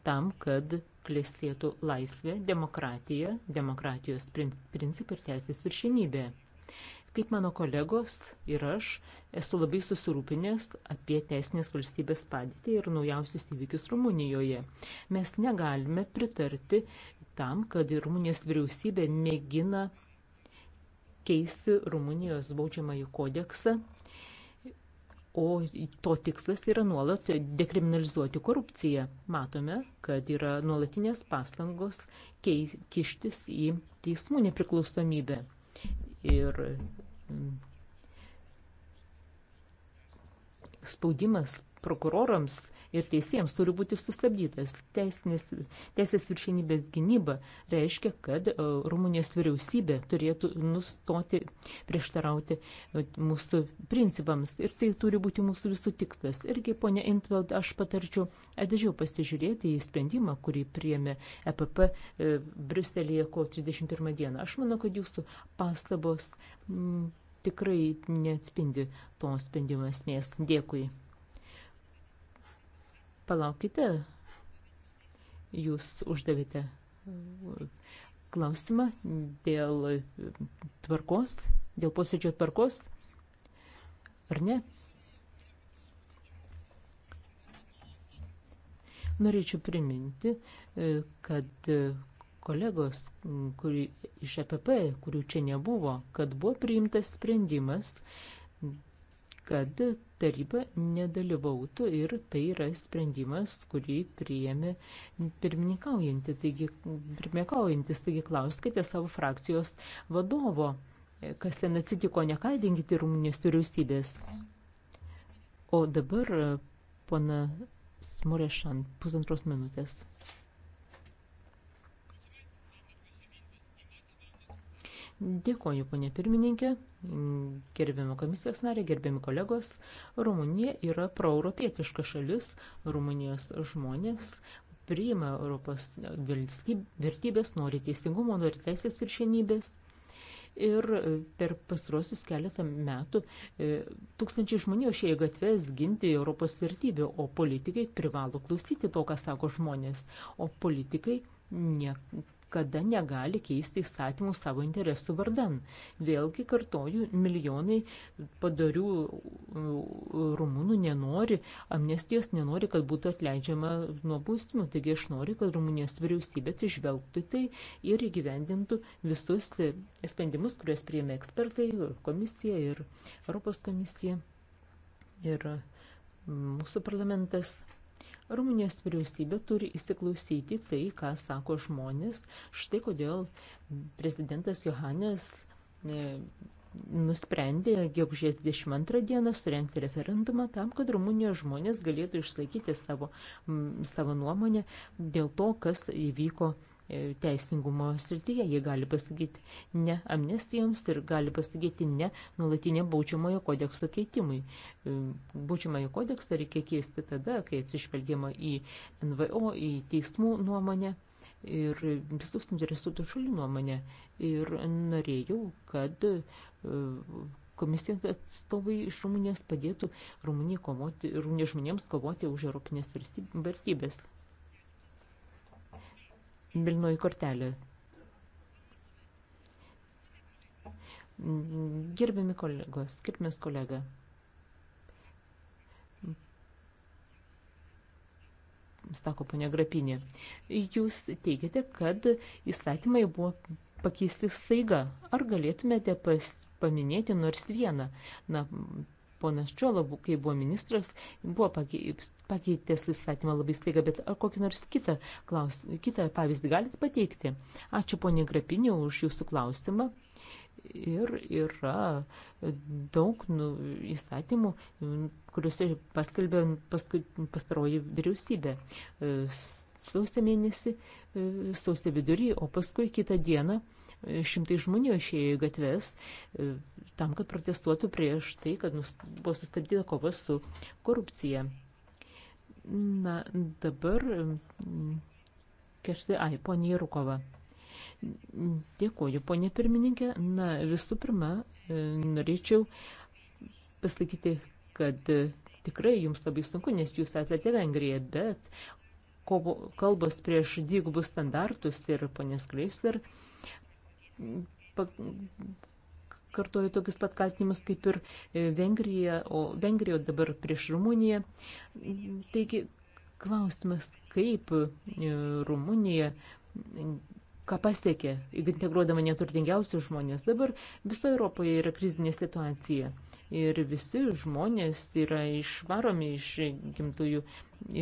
tam, kad klestėtų laisvė, demokratija, demokratijos principai ir teisės viršinybė. Kaip mano kolegos ir aš esu labai susirūpinęs apie teisinės valstybės padėtį ir naujausius įvykius Rumunijoje. Mes negalime pritarti tam, kad Rumunijos vyriausybė mėgina keisti Rumunijos baudžiamąjį kodeksą, o to tikslas yra nuolat dekriminalizuoti korupciją. Matome, kad yra nuolatinės pastangos kištis į teismų nepriklausomybę. Ir mm, spaudimas prokurorams ir teisėjams turi būti sustabdytas. Teisinės, teisės viršinybės gynyba reiškia, kad e, Rumunijos vyriausybė turėtų nustoti prieštarauti e, mūsų principams ir tai turi būti mūsų visų tikslas. Irgi, ponia Intveld, aš patarčiau atidžiau pasižiūrėti į sprendimą, kurį priėmė EPP e, Briuselėje ko 31 dieną. Aš manau, kad jūsų pastabos m, tikrai neatspindi to sprendimo esmės. Dėkui. Palaukite, jūs uždavėte klausimą dėl tvarkos, dėl posėdžio tvarkos, ar ne? Norėčiau priminti, kad kolegos kuri, iš EPP, kurių čia nebuvo, kad buvo priimtas sprendimas kad taryba nedalyvautų ir tai yra sprendimas, kurį priėmė pirmininkaujantis. Taigi, pirmininkaujantis, taigi klauskite savo frakcijos vadovo, kas ten atsitiko, nekaldinkite Rumunijos vyriausybės. O dabar pana Smurešan, pusantros minutės. Dėkoju, ponė pirmininkė, gerbiami komisijos nariai, gerbiami kolegos. Rumunija yra proeuropietiška šalis, Rumunijos žmonės priima Europos vertybės, nori teisingumo, nori teisės viršienybės. Ir e, per pastrosius keletą metų e, tūkstančiai žmonių išėjo gatves ginti Europos vertybių, o politikai privalo klausyti to, ką sako žmonės, o politikai nieko kada negali keisti įstatymų savo interesų vardan. Vėlgi, kartoju, milijonai padarių rumūnų nenori, amnestijos nenori, kad būtų atleidžiama nuo būstimų. Taigi aš noriu, kad Rumunijos vyriausybė atsižvelgtų tai ir įgyvendintų visus sprendimus, kuriuos priėmė ekspertai, komisija ir Europos komisija. Ir mūsų parlamentas Rumunijos vyriausybė turi įsiklausyti tai, ką sako žmonės. Štai kodėl prezidentas Johannes e, nusprendė gegužės 22 dieną surenkti referendumą tam, kad Rumunijos žmonės galėtų išsakyti savo, savo nuomonę dėl to, kas įvyko E, teisingumo srityje. Jie gali pasakyti ne amnestijoms ir gali pasakyti ne nulatiniam baudžiamojo kodekso keitimui. E, baudžiamojo kodeksą reikia keisti tada, kai atsižvelgiama į NVO, į teismų nuomonę ir visų suinteresuotų šalių nuomonę. Ir norėjau, kad e, komisijos atstovai iš Rumunijos padėtų Rumunijai kovoti, Rumunijos žmonėms kovoti už europinės vertybės. Milnoji kortelė. Gerbiami kolegos, gerbiamas kolega. Sako ponia Grapinė. Jūs teigiate, kad įstatymai buvo pakeisti staiga. Ar galėtumėte pas, paminėti nors vieną? Na, ponas Čiolo, kai buvo ministras, buvo pakeitęs įstatymą labai staiga, bet ar kokį nors kitą, klaus, kitą pavyzdį galite pateikti? Ačiū ponė Grapinė už jūsų klausimą. Ir yra daug nu, įstatymų, kuriuose paskelbė pastaroji vyriausybė. E, sausio mėnesį, e, sausio vidurį, o paskui kitą dieną šimtai žmonių išėjo į gatves e, tam, kad protestuotų prieš tai, kad buvo sustabdyta kova su korupcija. Na, dabar keštai, ai, ponė Jerukova. Dėkuoju, ponė pirmininkė. Na, visų pirma, e, norėčiau pasakyti, kad e, tikrai jums labai sunku, nes jūs esate Vengrija, bet kalbos prieš dvigubus standartus ir ponės Kreisler kartoja tokius pat kaltinimus kaip ir e, Vengrija, o Vengrija o dabar prieš Rumuniją. Taigi klausimas, kaip e, Rumunija ką pasiekė, integruodama neturtingiausius žmonės. Dabar visoje Europoje yra krizinė situacija. Ir visi žmonės yra išvaromi iš gimtųjų,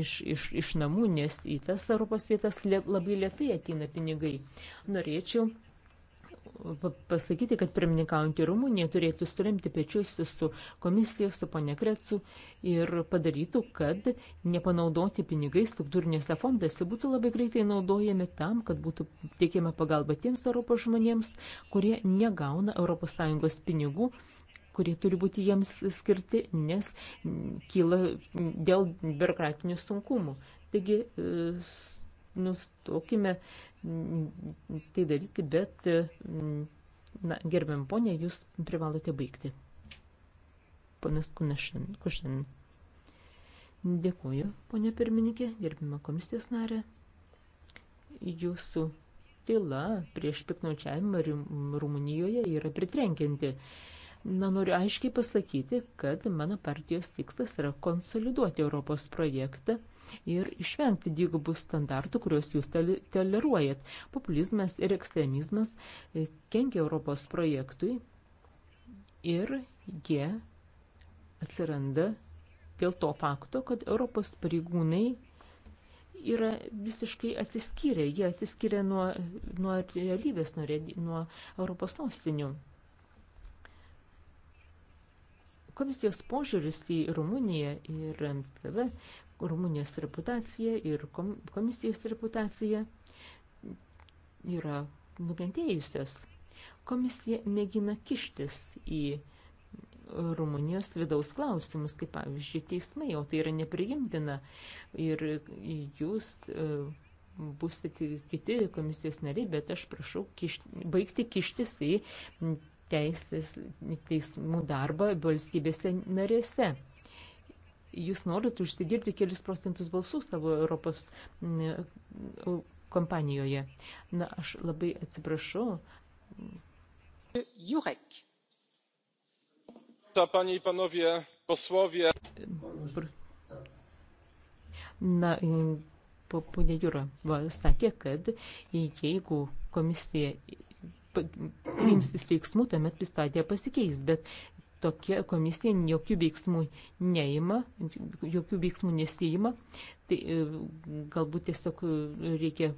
iš, iš, iš namų, nes į tas Europos vietas labai lietai ateina pinigai. Norėčiau pasakyti, kad pirmininkaujantį Rumuniją turėtų suremti pečius su komisija, su ponė Krecu ir padarytų, kad nepanaudoti pinigai struktūrinėse fondose būtų labai greitai naudojami tam, kad būtų teikiama pagalba tiems Europos žmonėms, kurie negauna ES pinigų kurie turi būti jiems skirti, nes kyla dėl biurokratinių sunkumų. Taigi, e, nustokime tai daryti, bet, na, gerbiam ponė, jūs privalote baigti. Ponas Kušin. Dėkuoju, ponė pirmininkė, gerbima komisijos narė. Jūsų tyla prieš piknaučiavimą Rumunijoje yra pritrenkianti. Na, noriu aiškiai pasakyti, kad mano partijos tikslas yra konsoliduoti Europos projektą ir išvengti dvigubų standartų, kuriuos jūs toleruojat. Populizmas ir ekstremizmas e, kenkia Europos projektui ir jie atsiranda dėl to fakto, kad Europos pareigūnai yra visiškai atsiskyrę, jie atsiskyrė nuo, nuo realybės, nuo, nuo Europos sostinių. Komisijos požiūris į Rumuniją ir MCV Rumunijos reputacija ir komisijos reputacija yra nukentėjusios. Komisija mėgina kištis į Rumunijos vidaus klausimus, kaip pavyzdžiui teismai, o tai yra nepriimtina. Ir jūs e, busite kiti komisijos nariai, bet aš prašau kišti, baigti kištis į teisės, teismų darbą valstybėse narėse jūs norit užsidirbti kelis procentus balsų savo Europos kompanijoje. Na, aš labai atsiprašau. Jurek. Panie i panowie posłowie. Na, ponė Jūra va, sakė, kad jeigu komisija imsis veiksmų, tuomet pistatė pasikeis, bet tokia komisija jokių veiksmų neima, jokių veiksmų nesijima. Tai e, galbūt tiesiog reikia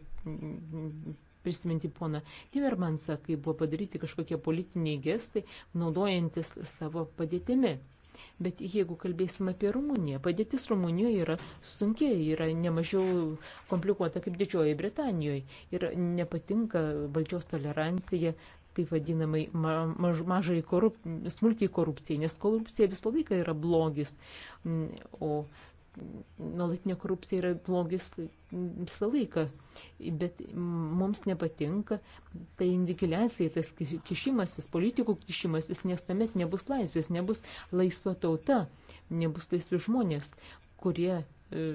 prisiminti poną Tivermansą, kai buvo padaryti kažkokie politiniai gestai, naudojantis savo padėtimi. Bet jeigu kalbėsim apie Rumuniją, padėtis Rumunijoje yra sunkiai, yra nemažiau komplikuota kaip Didžiojoje Britanijoje ir nepatinka valdžios tolerancija, tai vadinamai maž, mažai korup, smulkiai korupcijai, nes korupcija visą laiką yra blogis, o nuolatinė korupcija yra blogis visą laiką, bet mums nepatinka ta indikiliacija, tas kišimasis, politikų kišimasis, nes tuomet nebus laisvės, nebus laisva tauta, nebus laisvi žmonės, kurie e,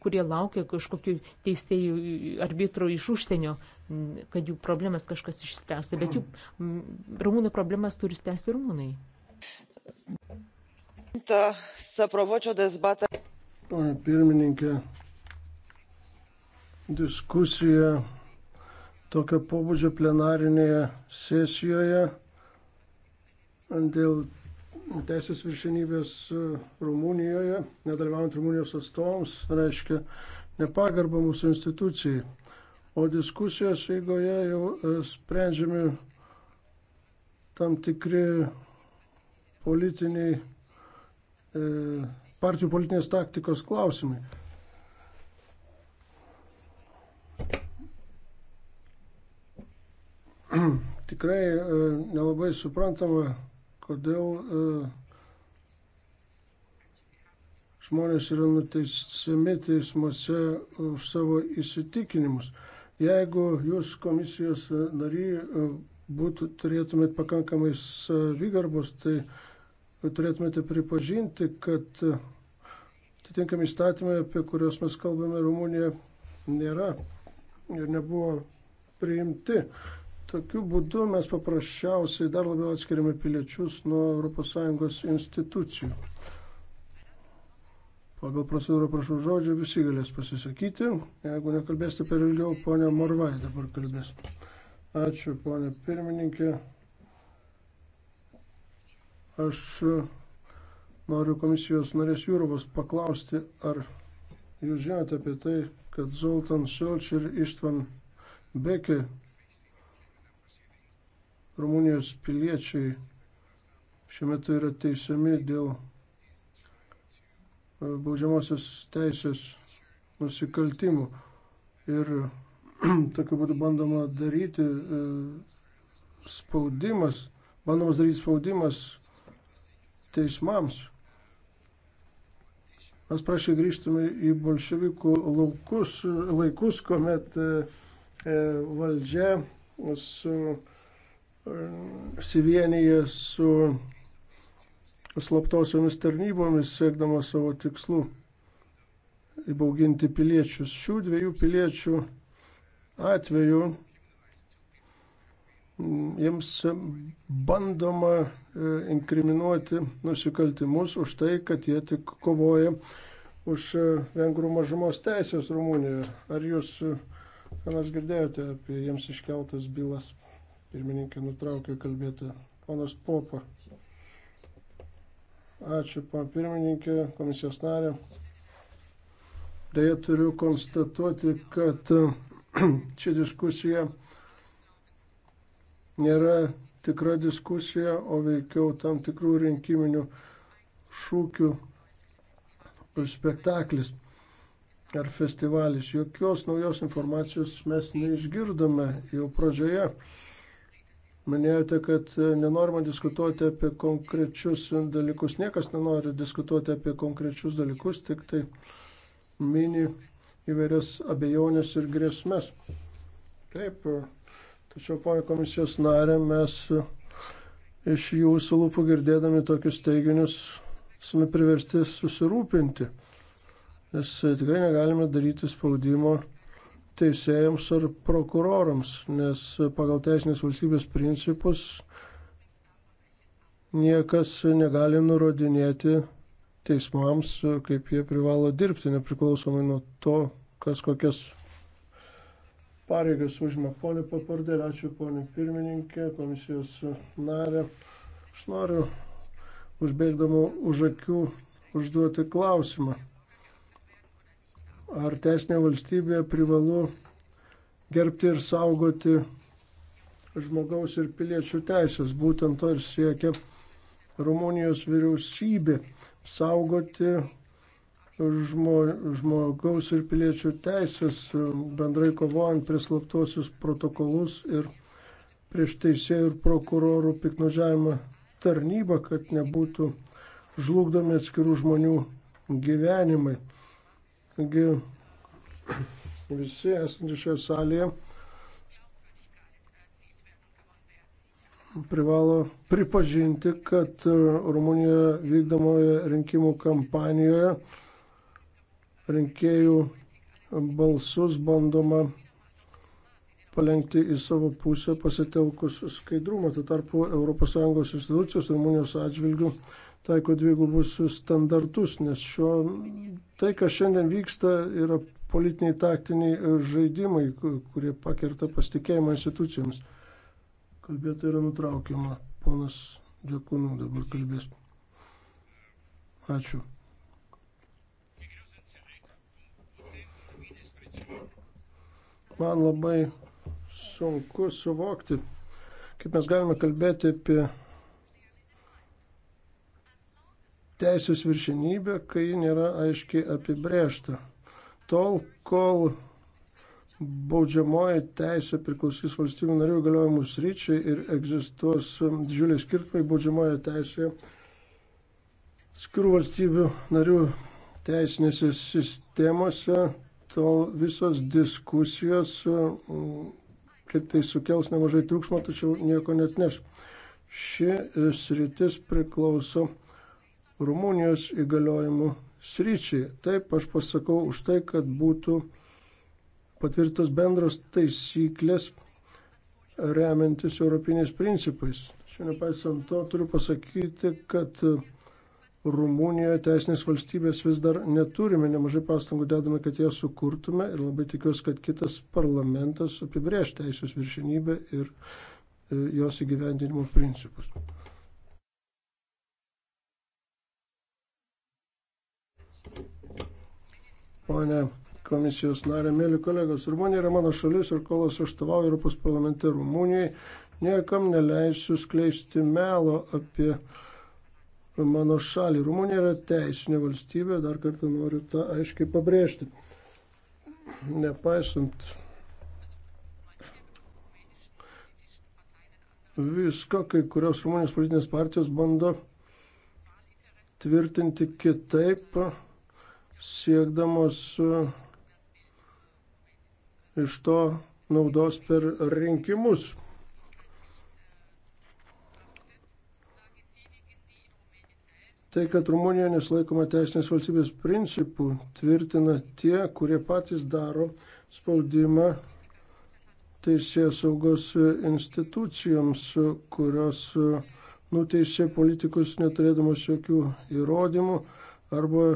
kurie laukia kažkokių teisėjų arbitrų iš užsienio, kad jų problemas kažkas išspręstų, bet jų rumūnų problemas turi spręsti rumūnai. Pane pirmininkė, diskusija tokio pobūdžio plenarinėje sesijoje dėl teisės viršenybės e, Rumunijoje, nedalyvaujant Rumunijos atstovams, reiškia nepagarbą mūsų institucijai. O diskusijos eigoje jau e, sprendžiami tam tikri politiniai, e, partijų politinės taktikos klausimai. Tikrai nelabai suprantama kodėl e, žmonės yra nuteisiami teismuose už savo įsitikinimus. Jeigu jūs komisijos nariai e, būtų, turėtumėt pakankamai savigarbos, tai turėtumėte pripažinti, kad e, atitinkami įstatymai, apie kuriuos mes kalbame Rumunijoje, nėra ir nebuvo priimti. Tokiu būdu mes paprasčiausiai dar labiau atskiriame piliečius nuo ES institucijų. Pagal procedūrą prašau žodžio, visi galės pasisakyti. Jeigu nekalbėsite per ilgiau, ponia Morvai dabar kalbės. Ačiū, ponia pirmininkė. Aš noriu komisijos narės Jūrovas paklausti, ar jūs žinote apie tai, kad Zoltan Solčer ir Ištvan Bekė Rumunijos piliečiai šiuo metu yra teisiami dėl e, baudžiamosios teisės nusikaltimų. Ir tokiu būdu bandoma daryti e, spaudimas, bandomas daryti spaudimas teismams. Mes prašė grįžtume į bolševikų laukus, laikus, kuomet e, valdžia su sivienyje su slaptosiomis tarnybomis, siekdama savo tikslų įbauginti piliečius. Šių dviejų piliečių atveju mm, jiems bandoma e, inkriminuoti nusikaltimus už tai, kad jie tik kovoja už e, vengrų mažumos teisės Rumunijoje. Ar jūs, e, ką nors girdėjote apie jiems iškeltas bylas? Pirmininkė nutraukė kalbėti. Ponas Popa. Ačiū, pana pirmininkė, komisijos narė. Deja, turiu konstatuoti, kad ši diskusija nėra tikra diskusija, o veikiau tam tikrų rinkiminių šūkių spektaklis ar festivalis. Jokios naujos informacijos mes neišgirdome jau pradžioje. Minėjote, kad e, nenorima diskutuoti apie konkrečius dalykus. Niekas nenori diskutuoti apie konkrečius dalykus, tik tai mini įvairias abejonės ir grėsmės. Taip, e, tačiau, poje komisijos narė, mes e, iš jūsų lūpų girdėdami tokius teiginius esame priversti susirūpinti, nes tikrai negalime daryti spaudimo teisėjams ar prokurorams, nes pagal teisinės valstybės principus niekas negali nurodinėti teismams, kaip jie privalo dirbti, nepriklausomai nuo to, kas kokias pareigas užima. Pone Papardėl, ačiū ponė pirmininkė, komisijos narė. Aš noriu užbėgdama už akių užduoti klausimą ar teisinė valstybė privalu gerbti ir saugoti žmogaus ir piliečių teisės. Būtent to ir siekia Rumunijos vyriausybė - saugoti žmo, žmogaus ir piliečių teisės, bendrai kovojant prieš slaptuosius protokolus ir prieš teisėjų ir prokurorų piknožiavimą tarnybą, kad nebūtų žlugdomi atskirų žmonių gyvenimai. Taigi visi esantys šioje salėje privalo pripažinti, kad e, Rumunijoje vykdomoje rinkimų kampanijoje rinkėjų balsus bandoma palengti į savo pusę pasitelkus skaidrumą. Tuo tarpu ES institucijos Rumunijos atžvilgių taiko dvigubus standartus, nes šiuo, tai, kas šiandien vyksta, yra politiniai taktiniai žaidimai, kurie pakirta pasitikėjimą institucijomis. Kalbėta yra nutraukiama. Ponas Džekūnų dabar kalbės. Ačiū. Man labai sunku suvokti, kaip mes galime kalbėti apie teisės viršinybė, kai ji nėra aiškiai apibrėžta. Tol, kol baudžiamoji teisė priklausys valstybių narių galiojimų sryčiai ir egzistuos didžiuliai skirtumai baudžiamoje teisėje, skirų valstybių narių teisinėse sistemose, tol visos diskusijos kaip tai sukels nemažai triukšmo, tačiau nieko net neš. Ši sritis priklauso Rumunijos įgaliojimų sryčiai. Taip aš pasakau už tai, kad būtų patvirtos bendros taisyklės remiantis europiniais principais. Šiandien paisant to turiu pasakyti, kad Rumunijoje teisinės valstybės vis dar neturime, nemažai pastangų dedame, kad ją sukurtume ir labai tikiuosi, kad kitas parlamentas apibrėž teisės viršinybę ir e, jos įgyvendinimo principus. ponė komisijos narė, mėly kolegos. Rumunija yra mano šalis ir kol aš atstovauju Europos parlamente Rumunijai, niekam neleisiu skleisti melo apie mano šalį. Rumunija yra teisinė valstybė, dar kartą noriu tą aiškiai pabrėžti. Nepaisant visko, kai kurios Rumunijos politinės partijos bando tvirtinti kitaip siekdamos e, iš to naudos per rinkimus. Tai, kad Rumunija nesilaikoma teisinės valstybės principų, tvirtina tie, kurie patys daro spaudimą teisės saugos institucijoms, kurios e, nuteisė politikus neturėdamas jokių įrodymų arba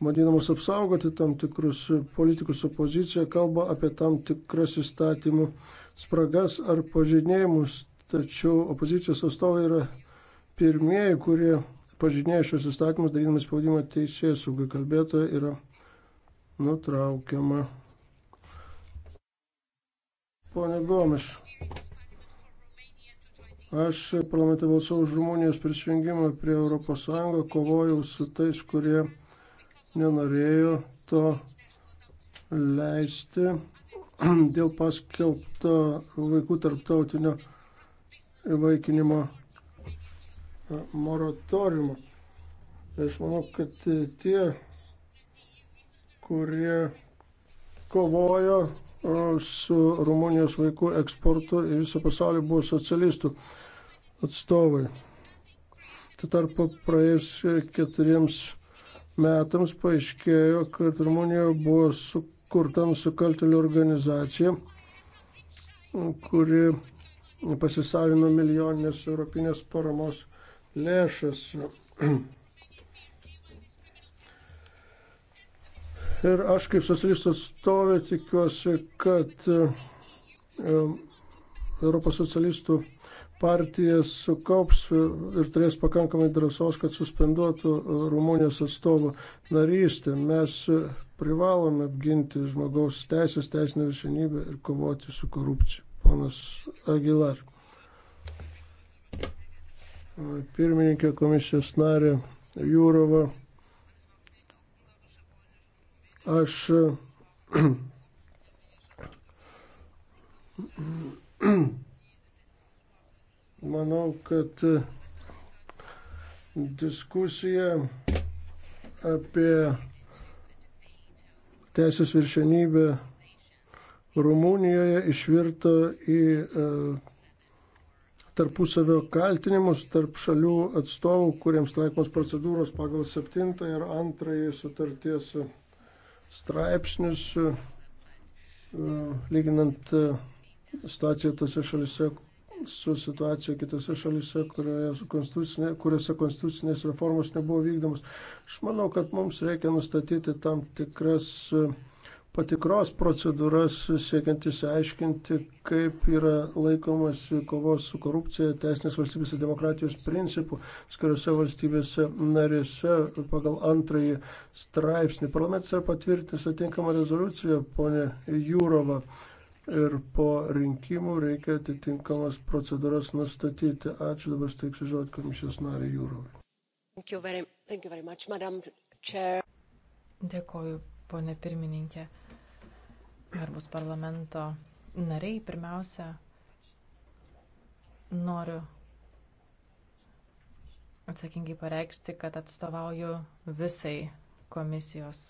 bandydamas apsaugoti tam tikrus politikus opoziciją, kalba apie tam tikras įstatymų spragas ar pažinėjimus, tačiau opozicijos atstovai yra pirmieji, kurie pažinėja šios įstatymus, darydami spaudimą teisėjai saugai kalbėtoja yra nutraukiama. Pone Gomiš, aš parlamente balsavau už Rumunijos prisijungimą prie ES, kovojau su tais, kurie nenorėjo to leisti dėl paskelbto vaikų tarptautinio įvaikinimo e, moratoriumo. Aš manau, kad tie, kurie kovojo e, su Rumunijos vaikų eksportu į visą pasaulį, buvo socialistų atstovai. Tuo tarpu praėjus keturiems metams paaiškėjo, kad Rumunijoje buvo sukurta nusikaltėlių organizacija, kuri pasisavino milijoninės europinės paramos lėšas. Ir aš kaip socialistų atstovė tikiuosi, kad e, Europos socialistų partija sukaups ir turės pakankamai drąsos, kad suspenduotų Rumunijos atstovų narystę. Mes privalome apginti žmogaus teisės, teisinę viršenybę ir kovoti su korupcija. Ponas Agilar. Pirmininkė komisijos narė Jūrova. Aš Manau, kad e, diskusija apie teisės viršenybę Rumunijoje išvirto į e, tarpusavio kaltinimus tarp šalių atstovų, kuriems taikomos procedūros pagal 7 ir 2 sutarties straipsnius, e, lyginant e, situaciją tose šalise, su situacija kitose šalise, kuriuose konstitucinės, kuriuose konstitucinės reformos nebuvo vykdomos. Aš manau, kad mums reikia nustatyti tam tikras e, patikros procedūras, siekiant įsiaiškinti, kaip yra laikomas kovos su korupcija, teisinės valstybės ir demokratijos principų skiriuose valstybėse narėse pagal antrąjį straipsnį. Parlamentas yra patvirtinęs atinkamą rezoliuciją, ponė Jūrova ir po rinkimų reikia atitinkamas procedūras nustatyti. Ačiū dabar steiksiu žodį komisijos nariai Jūrovai. Dėkoju, ponė pirmininkė. Garbus parlamento nariai, pirmiausia, noriu atsakingai pareikšti, kad atstovauju visai komisijos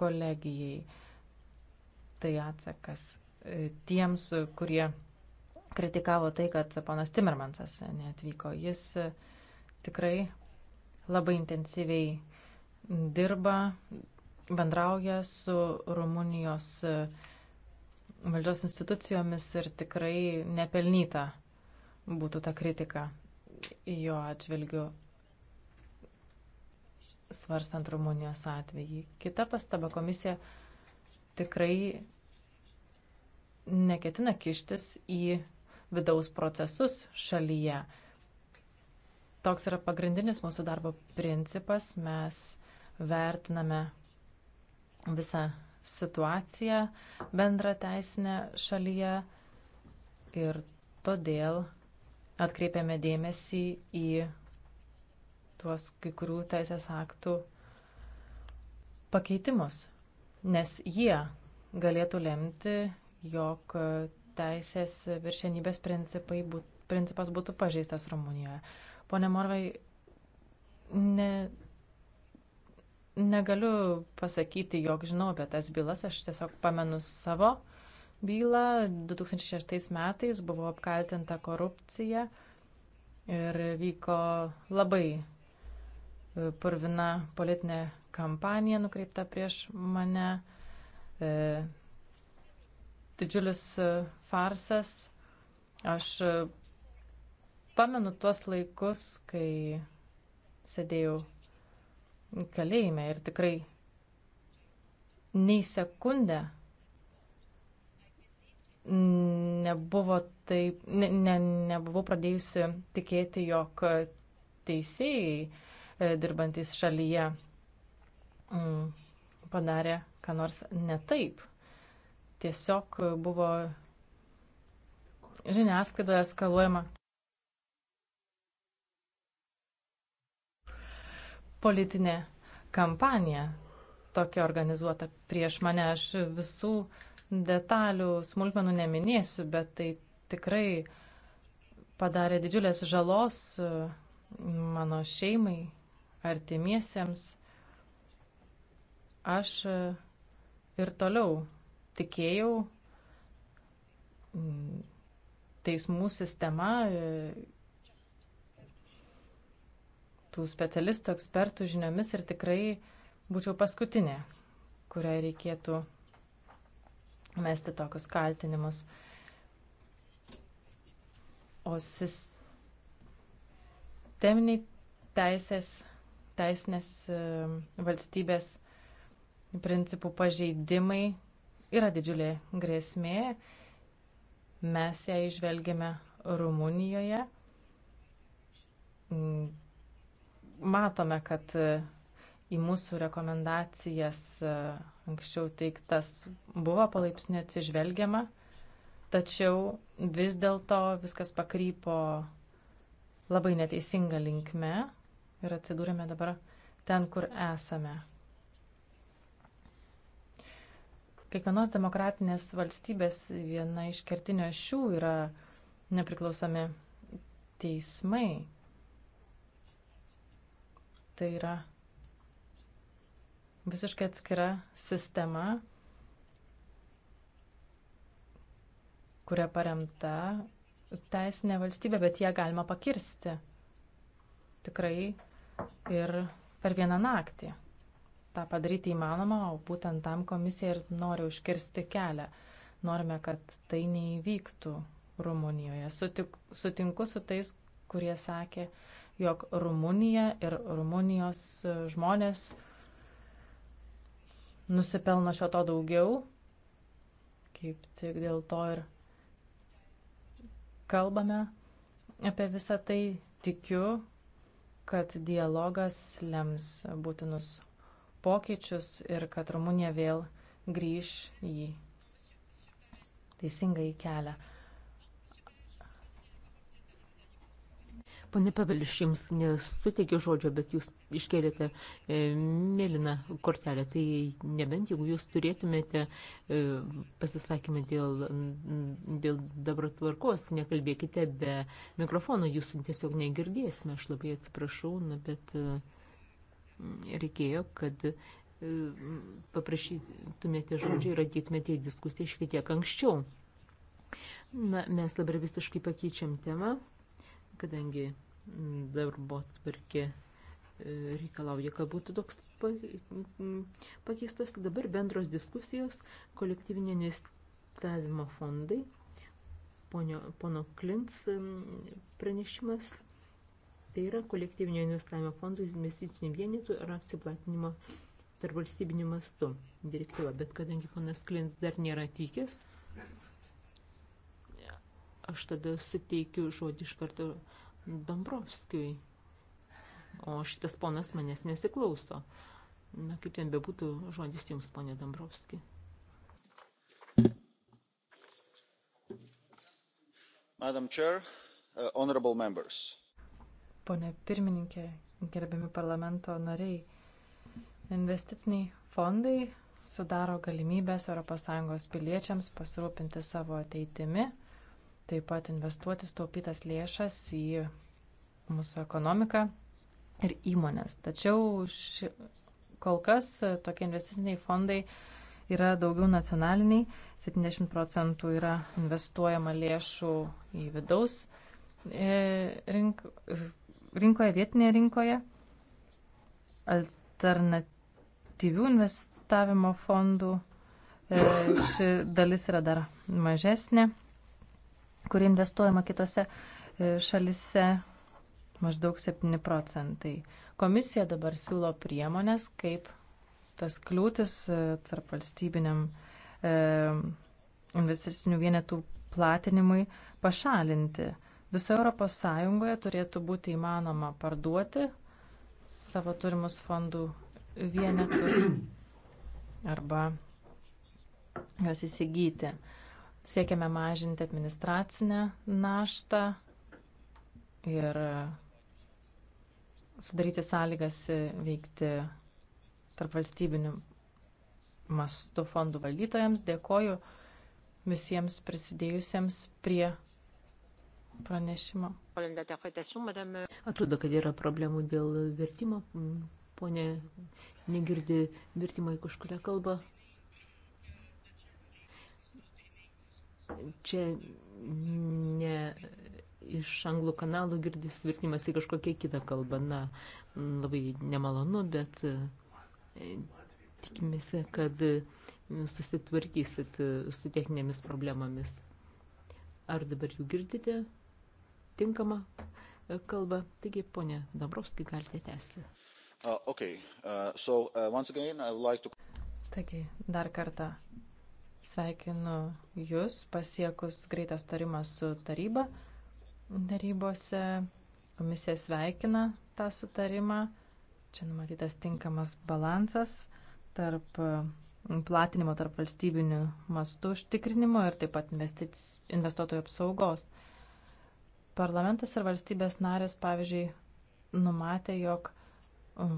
kolegijai. Tai atsakas tiems, kurie kritikavo tai, kad panas Timmermansas neatvyko. Jis e, tikrai labai intensyviai dirba, bendrauja su Rumunijos e, valdžios institucijomis ir tikrai nepelnyta būtų ta kritika jo atžvilgiu svarstant Rumunijos atvejį. Kita pastaba komisija tikrai neketina kištis į vidaus procesus šalyje. Toks yra pagrindinis mūsų darbo principas. Mes vertiname visą situaciją bendrą teisinę šalyje ir todėl atkreipiame dėmesį į tuos kai kurių teisės aktų pakeitimus, nes jie galėtų lemti jog e, teisės viršenybės principai būt, principas būtų pažeistas Rumunijoje. Pone Morvai, ne, negaliu pasakyti, jog žinau apie tas bylas, aš tiesiog pamenu savo bylą. 2006 metais buvau apkaltinta korupcija ir vyko labai e, purvina politinė kampanija nukreipta prieš mane. E, didžiulis e, farsas. Aš e, pamenu tuos laikus, kai sėdėjau kalėjime ir tikrai nei sekundę nebuvo taip, ne, ne, nebuvau pradėjusi tikėti, jog teisėjai e, dirbantis šalyje mm, padarė ką nors ne taip tiesiog buvo žiniasklaidoje eskaluojama politinė kampanija tokia organizuota prieš mane. Aš visų detalių, smulkmenų neminėsiu, bet tai tikrai padarė didžiulės žalos e, mano šeimai, artimiesiems. Aš e, ir toliau tikėjau mm, teismų sistema, e, tų specialistų, ekspertų žiniomis ir tikrai būčiau paskutinė, kuriai reikėtų mesti tokius kaltinimus. O sisteminiai teisės, teisinės e, valstybės principų pažeidimai yra didžiulė grėsmė. Mes ją išvelgėme Rumunijoje. Matome, kad į mūsų rekomendacijas anksčiau teiktas buvo palaipsniui atsižvelgiama, tačiau vis dėlto viskas pakrypo labai neteisinga linkme ir atsidūrėme dabar ten, kur esame. Kiekvienos demokratinės valstybės viena iš kertinio šių yra nepriklausomi teismai. Tai yra visiškai atskira sistema, kuria paremta teisinė valstybė, bet ją galima pakirsti tikrai ir per vieną naktį tą padaryti įmanoma, o būtent tam komisija ir nori užkirsti kelią. Norime, kad tai neįvyktų Rumunijoje. Sutik, sutinku su tais, kurie sakė, jog Rumunija ir Rumunijos žmonės nusipelno šio to daugiau. Kaip tik dėl to ir kalbame apie visą tai. Tikiu, kad dialogas lems būtinus pokyčius ir kad Rumunija vėl grįž į teisingą į kelią. Pane Paveliš, jums nesuteikiu žodžio, bet jūs iškėlėte e, mėlyną kortelę. Tai nebent jeigu jūs turėtumėte e, pasisakymą dėl, dėl dabar tvarkos, nekalbėkite be mikrofono, jūsų tiesiog negirdėsime. Aš labai atsiprašau, na, bet. E, reikėjo, kad e, paprašytumėte žodžių ir atėtumėte į diskusiją šiek tiek anksčiau. Na, mes dabar visiškai pakeičiam temą, kadangi darbo atvarkė e, reikalauja, kad būtų toks pakeistas dabar bendros diskusijos kolektyvinio investavimo fondai. Pono, pono Klins pranešimas Tai yra kolektyvinio investavimo fondų investicinių vienetų ir akcijų platinimo tarp valstybinių mastų direktyva. Bet kadangi ponas Klins dar nėra atvykęs, aš tada suteikiu žodį iš karto Dombrovskijui. O šitas ponas manęs nesiklauso. Na, kaip ten bebūtų, žodis jums, ponė Dombrovski. Madam Chair, uh, honorable members. Pone pirmininkė, gerbiami parlamento nariai, investiciniai fondai sudaro galimybės ES piliečiams pasirūpinti savo ateitimi, taip pat investuoti staupytas lėšas į mūsų ekonomiką ir įmonės. Tačiau ši, kol kas e, tokie investiciniai fondai yra daugiau nacionaliniai, 70 procentų yra investuojama lėšų į vidaus e, rink, rinkoje, vietinėje rinkoje, alternatyvių investavimo fondų e, ši dalis yra dar mažesnė, kuri investuojama kitose e, šalise maždaug 7 procentai. Komisija dabar siūlo priemonės, kaip tas kliūtis e, tarp valstybiniam investicinių vienetų platinimui pašalinti. Visoje Europos Sąjungoje turėtų būti įmanoma parduoti savo turimus fondų vienetus arba juos įsigyti. Siekiame mažinti administracinę naštą ir sudaryti sąlygas veikti tarp valstybinių mastų fondų valdytojams. Dėkoju visiems prisidėjusiems prie pranešimo. Euh, Atrodo, kad yra problemų dėl vertimo. Mm, Pone, negirdi vertimo į kažkuria kalba. Čia ne iš anglų kanalų girdis vertimas į kažkokią kitą kalbą. Na, labai nemalonu, bet e, tikimės, kad e, susitvarkysit e, su techninėmis problemomis. Ar dabar jų girdite? tinkamą e, kalbą. Taigi, ponė Dabrovski, galite tęsti. Uh, okay. uh, so, uh, again, like to... Taigi, dar kartą sveikinu Jūs pasiekus greitą starimą su taryba. Darybose komisija sveikina tą sutarimą. Čia numatytas tinkamas balansas tarp uh, platinimo tarp valstybinių mastų užtikrinimo ir taip pat investuotojų apsaugos. Uh, Parlamentas ir valstybės narės, pavyzdžiui, numatė, jog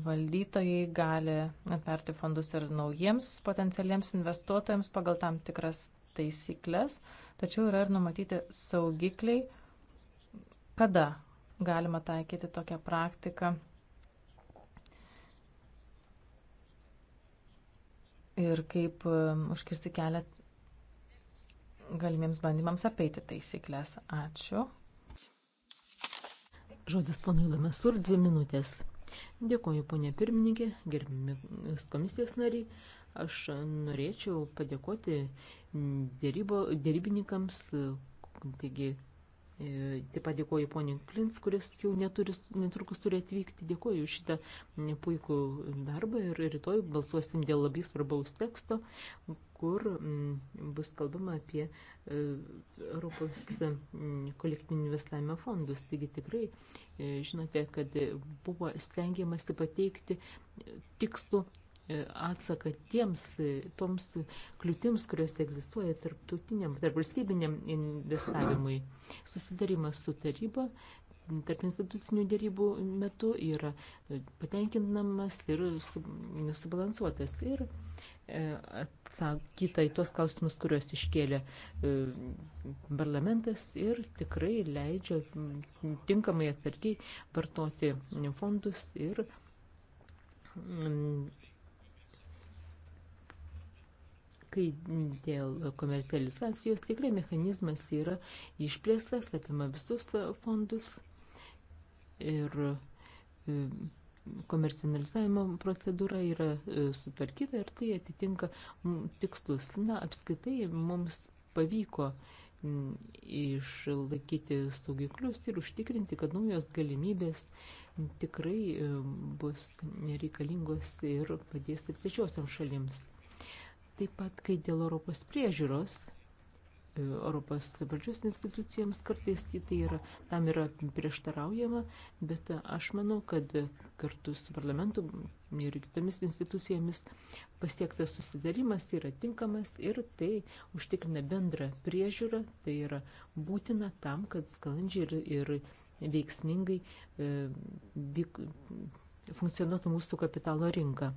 valdytojai gali atverti fondus ir naujiems potencialiems investuotojams pagal tam tikras taisyklės, tačiau yra ir numatyti saugikliai, kada galima taikyti tokią praktiką. Ir kaip um, užkirsti kelią galimiems bandymams apeiti taisyklės. Ačiū. Žodis ponui Lamesur, dvi minutės. Dėkoju, ponė pirmininkė, gerbimis komisijos nariai. Aš norėčiau padėkoti dėrybo, dėrybininkams, taigi e, Taip pat dėkoju poniai Klins, kuris jau neturi, netrukus turi atvykti. Dėkoju šitą puikų darbą ir rytoj balsuosim dėl labai svarbaus teksto, kur mm, bus kalbama apie e, Europos mm, kolektyvinį investavimo fondus. Taigi tikrai e, žinote, kad buvo stengiamasi pateikti tikslų e, atsaką tiems, toms kliūtims, kurios egzistuoja tarptautiniam, tarp valstybiniam investavimui. Susidarimas su taryba tarp institucinių dėrybų metu yra patenkinamas ir subalansuotas. Ir e, atsakyta į tuos klausimus, kuriuos iškėlė e, parlamentas ir tikrai leidžia tinkamai atsargiai vartoti fondus ir kai dėl komercializacijos tikrai mechanizmas yra išplėstas, apima visus fondus ir e, komercionalizavimo procedūra yra e, sutvarkyta ir tai atitinka tikslus. Na, apskaitai mums pavyko išlaikyti saugiklius ir užtikrinti, kad naujos galimybės tikrai e, bus reikalingos ir padės ir trečiosiam šalims. Taip pat, kai dėl Europos priežiūros Europos valdžios institucijoms kartais tai yra, tam yra prieštaraujama, bet aš manau, kad kartu su parlamentu ir kitomis institucijomis pasiektas susidarimas yra tinkamas ir tai užtikrina bendrą priežiūrą, tai yra būtina tam, kad sklandžiai ir, ir veiksmingai e, vyk, funkcionuotų mūsų kapitalo rinka.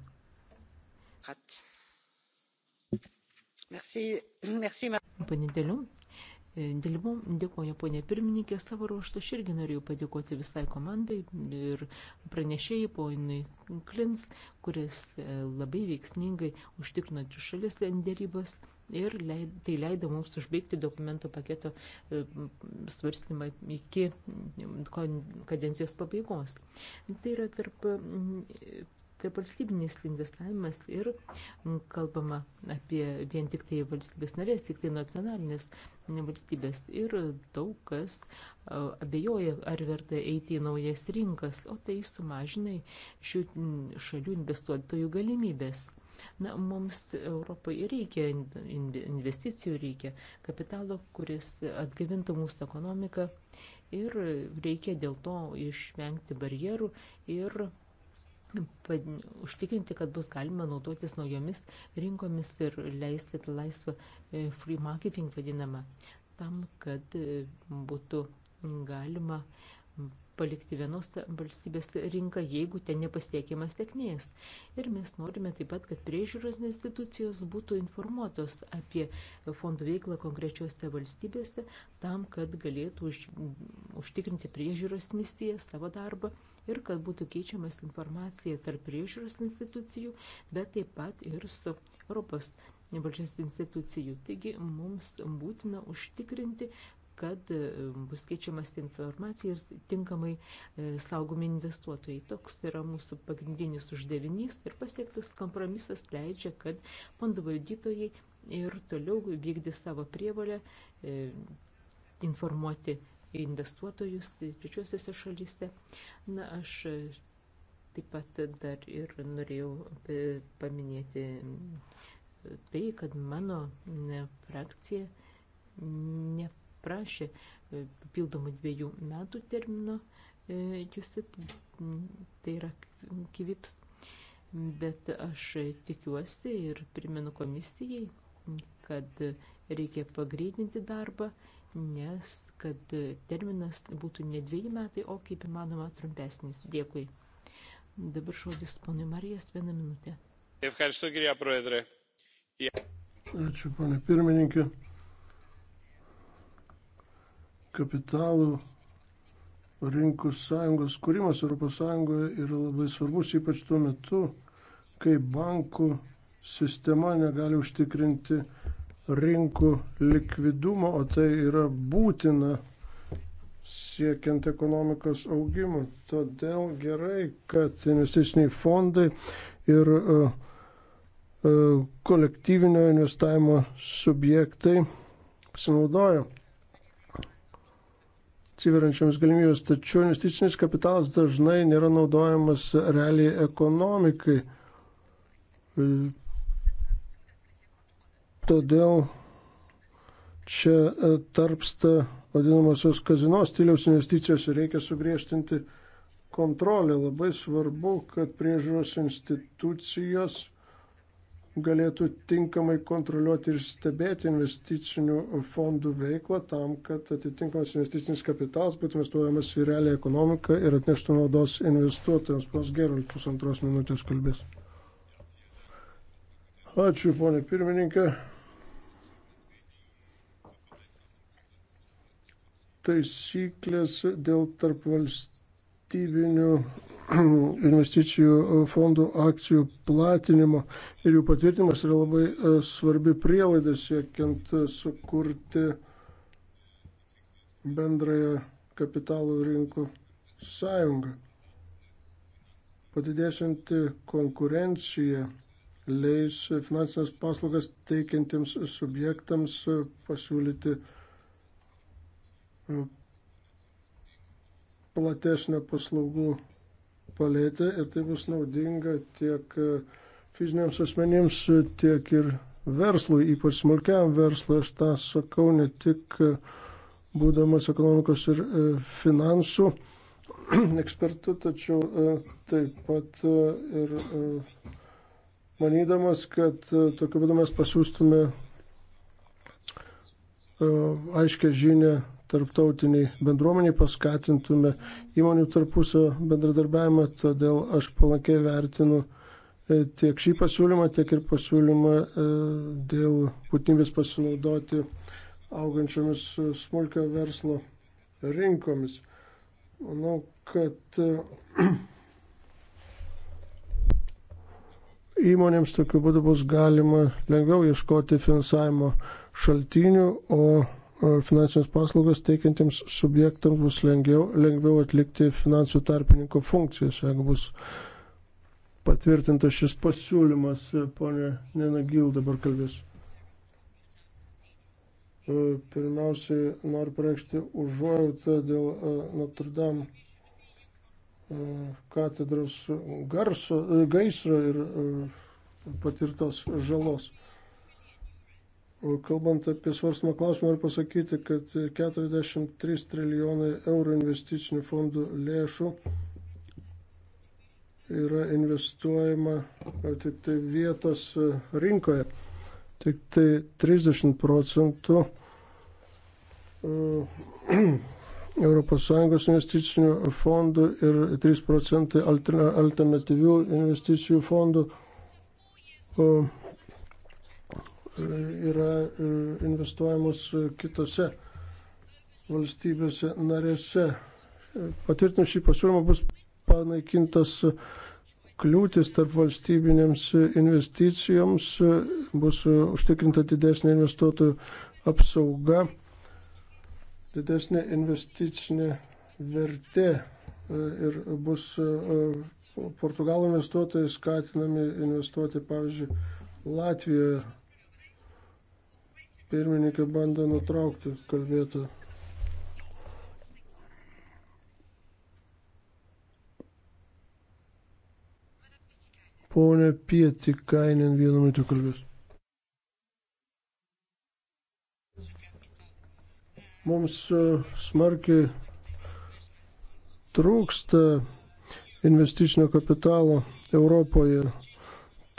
Merci, merci, Panidėliu. Dėlimu dėkoju ponė pirmininkė, savo ruoštų aš irgi norėjau padėkoti visai komandai ir pranešėjai ponui Klins, kuris labai veiksmingai užtikrino dvi šalis dėrybas ir leid, tai leido mums užbaigti dokumento paketo svarstymą iki kadencijos pabaigos. Tai yra tarp tarp valstybinis investavimas ir kalbama apie vien tik tai valstybės narės, tik tai nacionalinės valstybės ir daug kas abejoja, ar verta eiti į naujas rinkas, o tai sumažinai šių šalių investuotojų galimybės. Na, mums Europai reikia investicijų, reikia kapitalo, kuris atgavintų mūsų ekonomiką ir reikia dėl to išvengti barjerų ir užtikrinti, kad bus galima naudotis naujomis rinkomis ir leisti tą laisvą e, free marketing vadinamą, tam, kad e, būtų galima palikti vienos valstybės rinką, jeigu ten nepasiekiamas tekmės. Ir mes norime taip pat, kad priežiūros institucijos būtų informuotos apie fondų veiklą konkrečiose valstybėse, tam, kad galėtų už, užtikrinti priežiūros misiją, savo darbą ir kad būtų keičiamas informacija tarp priežiūros institucijų, bet taip pat ir su Europos valdžios institucijų. Taigi mums būtina užtikrinti, kad e, bus keičiamas informacija ir tinkamai e, saugomi investuotojai. Toks yra mūsų pagrindinis uždavinys ir pasiektas kompromisas leidžia, kad fondų valdytojai ir toliau vykdys savo prievalę e, informuoti investuotojus trečiosiuose šalyse. Na, aš taip pat dar ir norėjau paminėti tai, kad mano frakcija ne prašė e, papildomų dviejų metų termino e, jūsit, tai yra kivips, bet aš tikiuosi ir primenu komisijai, kad reikia pagreitinti darbą, nes kad terminas būtų ne dviejai metai, o kaip įmanoma trumpesnis. Dėkui. Dabar žodis ponui Marijas vieną minutę. Ačiū, ponė pirmininkė kapitalų rinkų sąjungos kūrimas ES yra labai svarbus, ypač tuo metu, kai bankų sistema negali užtikrinti rinkų likvidumo, o tai yra būtina siekiant ekonomikos augimo. Todėl gerai, kad investiciniai fondai ir uh, uh, kolektyvinio investavimo subjektai pasinaudojo atsiveriančiomis galimybės, tačiau investicinis kapitalas dažnai nėra naudojamas realiai ekonomikai. Todėl čia e, tarpsta vadinamosios kazino stiliaus investicijos ir reikia sugriežtinti kontrolę. Labai svarbu, kad priežiūros institucijos galėtų tinkamai kontroliuoti ir stebėti investicinių fondų veiklą tam, kad atitinkamas investicinis kapitalas būtų investuojamas į realią ekonomiką ir atneštų naudos investuotojams. Pas Gerol pusantros minutės kalbės. Ačiū, ponė pirmininkė. Taisyklės dėl tarp valstybių kolektyvinių investicijų e, fondų akcijų platinimo ir jų patvirtinimas yra labai e, svarbi prielaida siekiant e, sukurti bendrąją kapitalų rinkų sąjungą. Padidėsianti konkurencija leis finansinės paslaugas teikiantiems subjektams pasiūlyti platesnę paslaugų palėtę ir tai bus naudinga tiek e, fiziniams asmenims, tiek ir verslui, ypač smulkiam verslui. Aš tą sakau ne tik e, būdamas ekonomikos ir e, finansų ekspertu, tačiau taip pat ir manydamas, kad tokiu būdu mes pasiūstume aiškę žinę tarptautiniai bendruomeniai, paskatintume įmonių tarpusio bendradarbiavimą, todėl aš palankiai vertinu e, tiek šį pasiūlymą, tiek ir pasiūlymą e, dėl būtinybės pasinaudoti augančiomis e, smulkio verslo rinkomis. Manau, kad įmonėms tokiu būdu bus galima lengviau ieškoti finansavimo šaltinių, o finansinės paslaugas teikiantiems subjektams bus lengviau, lengviau atlikti finansų tarpininko funkcijas, jeigu bus patvirtintas šis pasiūlymas. Pone Nenagil dabar kalbės. E, pirmiausiai noriu pareikšti užuojautą dėl e, Notre Dame e, katedros garso, gaisro ir patirtos žalos. Kalbant apie svarstamą klausimą, noriu pasakyti, kad 43 trilijonai eurų investicinių fondų lėšų yra investuojama tik tai vietos rinkoje. Tik tai 30 procentų uh, ES investicinių fondų ir 3 procentai alternatyvių investicijų fondų uh, yra e, investuojamos kitose valstybėse narėse. Patvirtinus šį pasiūlymą bus panaikintas kliūtis tarp valstybinėms investicijoms, bus užtikrinta didesnė investuotojų apsauga, didesnė investicinė vertė e, ir bus e, Portugalų investuotojai skatinami investuoti, pavyzdžiui, Latvijoje Pirmininkė bando nutraukti kalbėtoją. Pone Pietikainen vieną minutę kalbės. Mums e, smarkiai trūksta investicinio kapitalo Europoje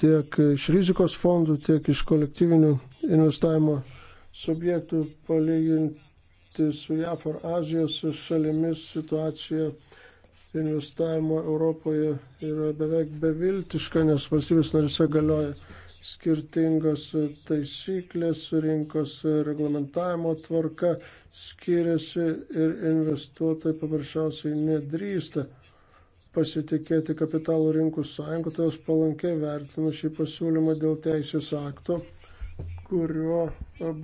tiek iš rizikos fondų, tiek iš kolektyvinių investavimo fondų subjektų palyginti su JAF ar Azijos šalimis situacija investavimo Europoje yra beveik beviltiška, nes valstybės narise galioja skirtingos taisyklės, rinkos reglamentavimo tvarka skiriasi ir investuotojai paprasčiausiai nedrįsta pasitikėti kapitalų rinkų sąjungą, tai aš palankiai vertinu šį pasiūlymą dėl teisės akto kuriuo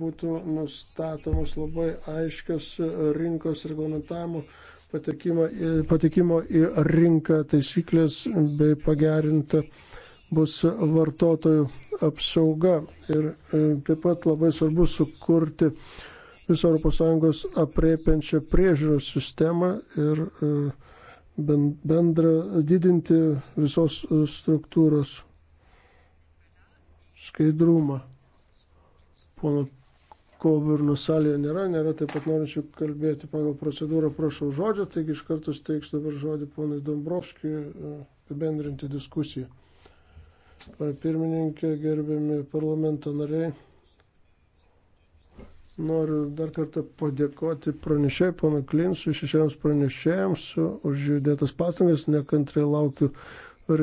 būtų nustatomos labai aiškios rinkos reglamentavimo patekimo į rinką taisyklės bei pagerinta bus vartotojų apsauga. Ir e, taip pat labai svarbu sukurti visą ES apriepiančią priežiūros sistemą ir e, bendrą didinti visos struktūros skaidrumą. Pono Koburno salėje nėra, nėra taip pat norinčių kalbėti pagal procedūrą, prašau žodžio, taigi iš karto steiksiu dabar žodį ponui Dombrovskijui e, apibendrinti diskusiją. Pane pirmininkė, gerbiami parlamento nariai, noriu dar kartą padėkoti pranešėjai, ponui Klinsui, šešiems pranešėjams už jų dėtas pastangas, nekantrai laukiu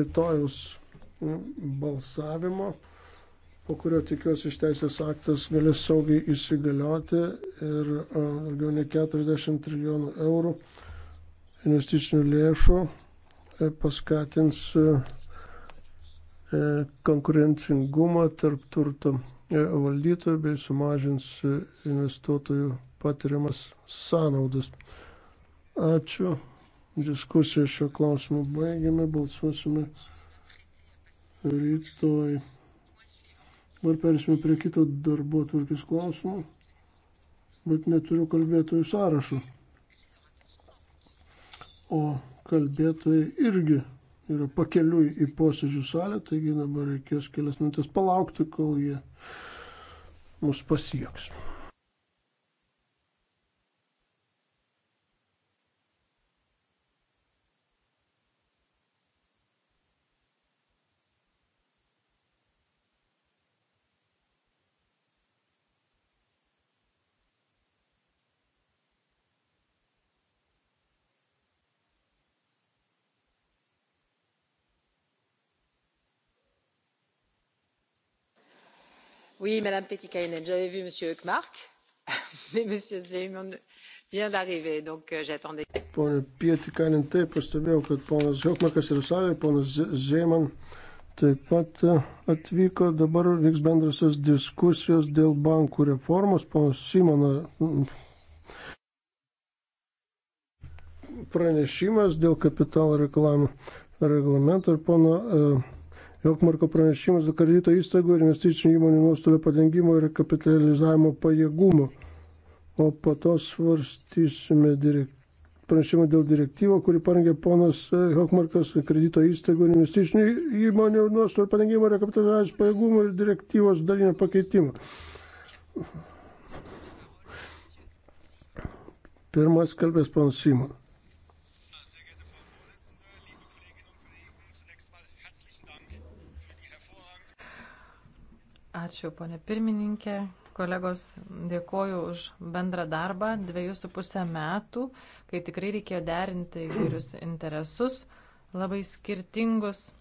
rytojaus balsavimo po kurio tikiuosi iš teisės aktas galės saugiai įsigalioti ir daugiau nei 40 trilijonų eurų investicinių lėšų e, paskatins e, e, konkurencingumą tarp turto valdytojų bei sumažins investuotojų patiriamas sąnaudas. Ačiū. Diskusiją šio klausimu baigiame, balsuosime rytoj. Dabar persime prie kito darbo tvarkės klausimo, bet neturiu kalbėtojų sąrašų. O kalbėtojai irgi yra pakeliui į posėdžių salę, taigi dabar reikės kelias minutės palaukti, kol jie mus pasieks. madame pietikäinen j'avais vu m. hkmark mais m. simon vient d'arriver donc euh, j'attendais. pone pietikäinen taip pastebėjau kad ponas hkmarkas yra salėje ponas zeman taip pat e, atvyko dabar vyks bendrosios diskusijos dėl bankų reformos ponas simona pranešimas dėl kapitalo reikalavimų reglamento ir pono uh, Jokmarko pranešimas dėl kredito įstaigų ir investicinių įmonių nuostolio padengimo ir kapitalizavimo pajėgumų. O po to svarstysime direkt... pranešimą dėl direktyvo, kurį parengė ponas e, Jokmarkas kredito įstaigų ir investicinių įmonių nuostolio padengimo ir kapitalizavimo pajėgumų ir direktyvos dalinio pakeitimo. Pirmas kalbės ponas Simonas. Ačiū, ponė pirmininkė. Kolegos, dėkoju už bendrą darbą. Dviejus su pusę metų, kai tikrai reikėjo derinti įvairius interesus, labai skirtingus. E,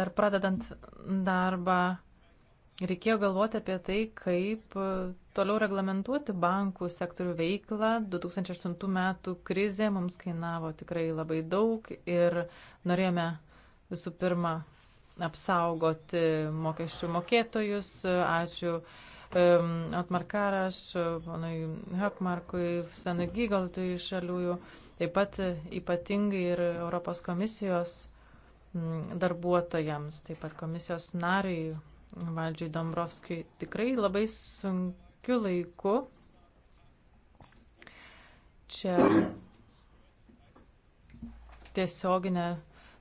dar pradedant darbą, reikėjo galvoti apie tai, kaip e, toliau reglamentuoti bankų sektorių veiklą. 2008 metų krizė mums kainavo tikrai labai daug ir norėjome visų pirma apsaugoti mokesčių mokėtojus. Ačiū um, Atmarkaraš, panui Hakmarkui, Senui Gygaltui iš šaliųjų, taip pat ypatingai ir Europos komisijos mm, darbuotojams, taip pat komisijos nariai Valdžiui Dombrovskijui. Tikrai labai sunkiu laiku čia tiesioginę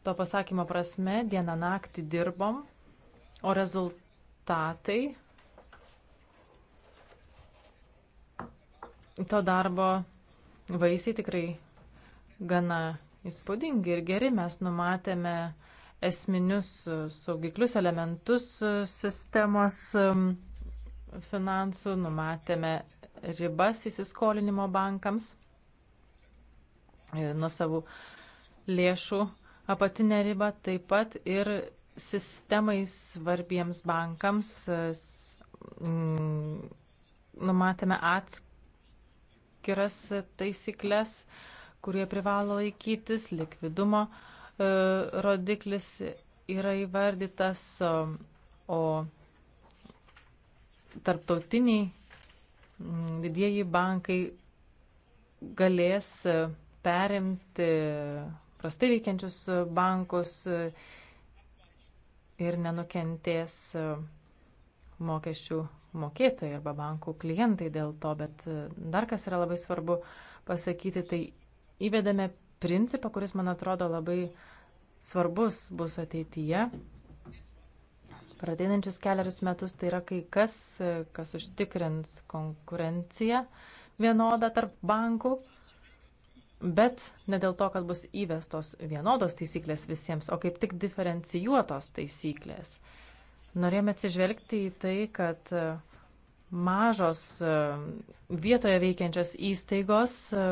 To pasakymo prasme dieną naktį dirbom, o rezultatai to darbo vaisiai tikrai gana įspūdingi ir geri. Mes numatėme esminius saugiklius, elementus sistemos um, finansų, numatėme ribas įsiskolinimo bankams e, nuo savų lėšų apatinę ribą, taip pat ir sistemai svarbiems bankams mm, numatėme atskiras taisyklės, kurie privalo laikytis, likvidumo e, rodiklis yra įvardytas, o tarptautiniai mm, didieji bankai galės perimti prastai veikiančius bankus ir nenukentės mokesčių mokėtojai arba bankų klientai dėl to. Bet dar kas yra labai svarbu pasakyti, tai įvedame principą, kuris, man atrodo, labai svarbus bus ateityje. Per ateinančius keliarius metus tai yra kai kas, kas užtikrins konkurenciją vienodą tarp bankų Bet ne dėl to, kad bus įvestos vienodos taisyklės visiems, o kaip tik diferencijuotos taisyklės. Norėjome atsižvelgti į tai, kad e, mažos e, vietoje veikiančias įstaigos e,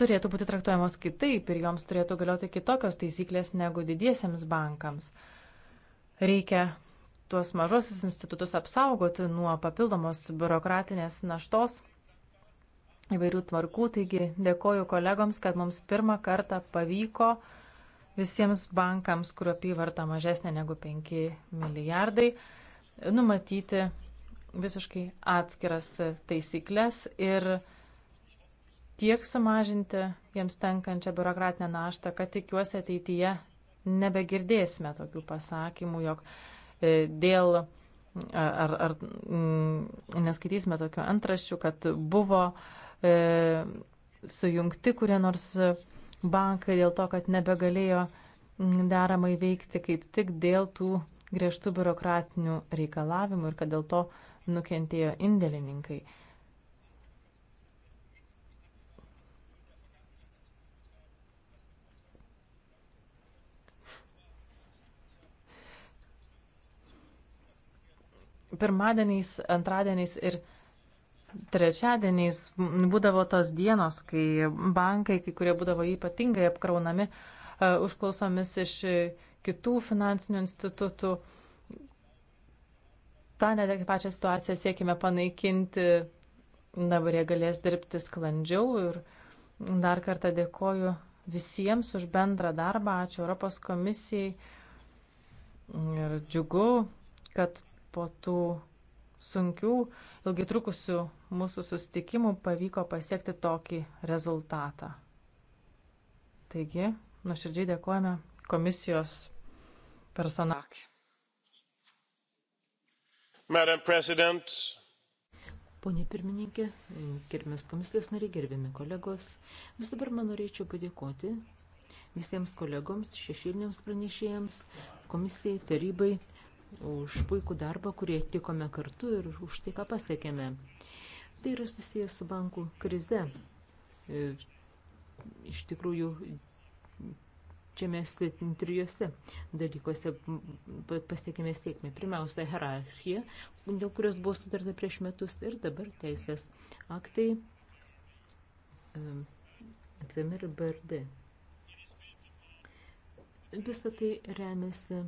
turėtų būti traktuojamos kitaip ir joms turėtų galioti kitokios taisyklės negu didiesiems bankams. Reikia tuos mažosius institutus apsaugoti nuo papildomos biurokratinės naštos įvairių tvarkų. Taigi dėkoju kolegoms, kad mums pirmą kartą pavyko visiems bankams, kurio apyvarta mažesnė negu 5 milijardai, numatyti visiškai atskiras taisyklės ir tiek sumažinti jiems tenkančią biurokratinę naštą, kad tikiuosi ateityje nebegirdėsime tokių pasakymų, jog e, dėl ar, ar neskaitysime tokių antraščių, kad buvo uh, E, sujungti kurie nors bankai dėl to, kad nebegalėjo deramai veikti kaip tik dėl tų griežtų biurokratinių reikalavimų ir kad dėl to nukentėjo indėlininkai. Pirmadieniais, antradieniais ir trečiadieniais būdavo tos dienos, kai bankai, kai kurie būdavo ypatingai apkraunami e, užklausomis iš kitų finansinių institutų. Ta netek pačią situaciją siekime panaikinti, dabar jie galės dirbti sklandžiau ir dar kartą dėkoju visiems už bendrą darbą, ačiū Europos komisijai ir džiugu, kad po tų sunkių ilgai trukusių mūsų sustikimų pavyko pasiekti tokį rezultatą. Taigi, nuoširdžiai dėkojame komisijos personalui. Madam President, Pone pirmininkė, gerbės komisijos nariai, gerbiami kolegos, vis dabar man norėčiau padėkoti visiems kolegoms, šešiliniams pranešėjams, komisijai, tarybai, už puikų darbą, kurį atlikome kartu ir už tai, ką pasiekėme. Tai yra susijęs su bankų krize. E, iš tikrųjų, čia mes trijose dalykuose pasiekėme sėkmę. Pirmiausia, hierarchija, dėl kurios buvo sutarta prieš metus ir dabar teisės aktai e, CMR BRD. Visą tai remiasi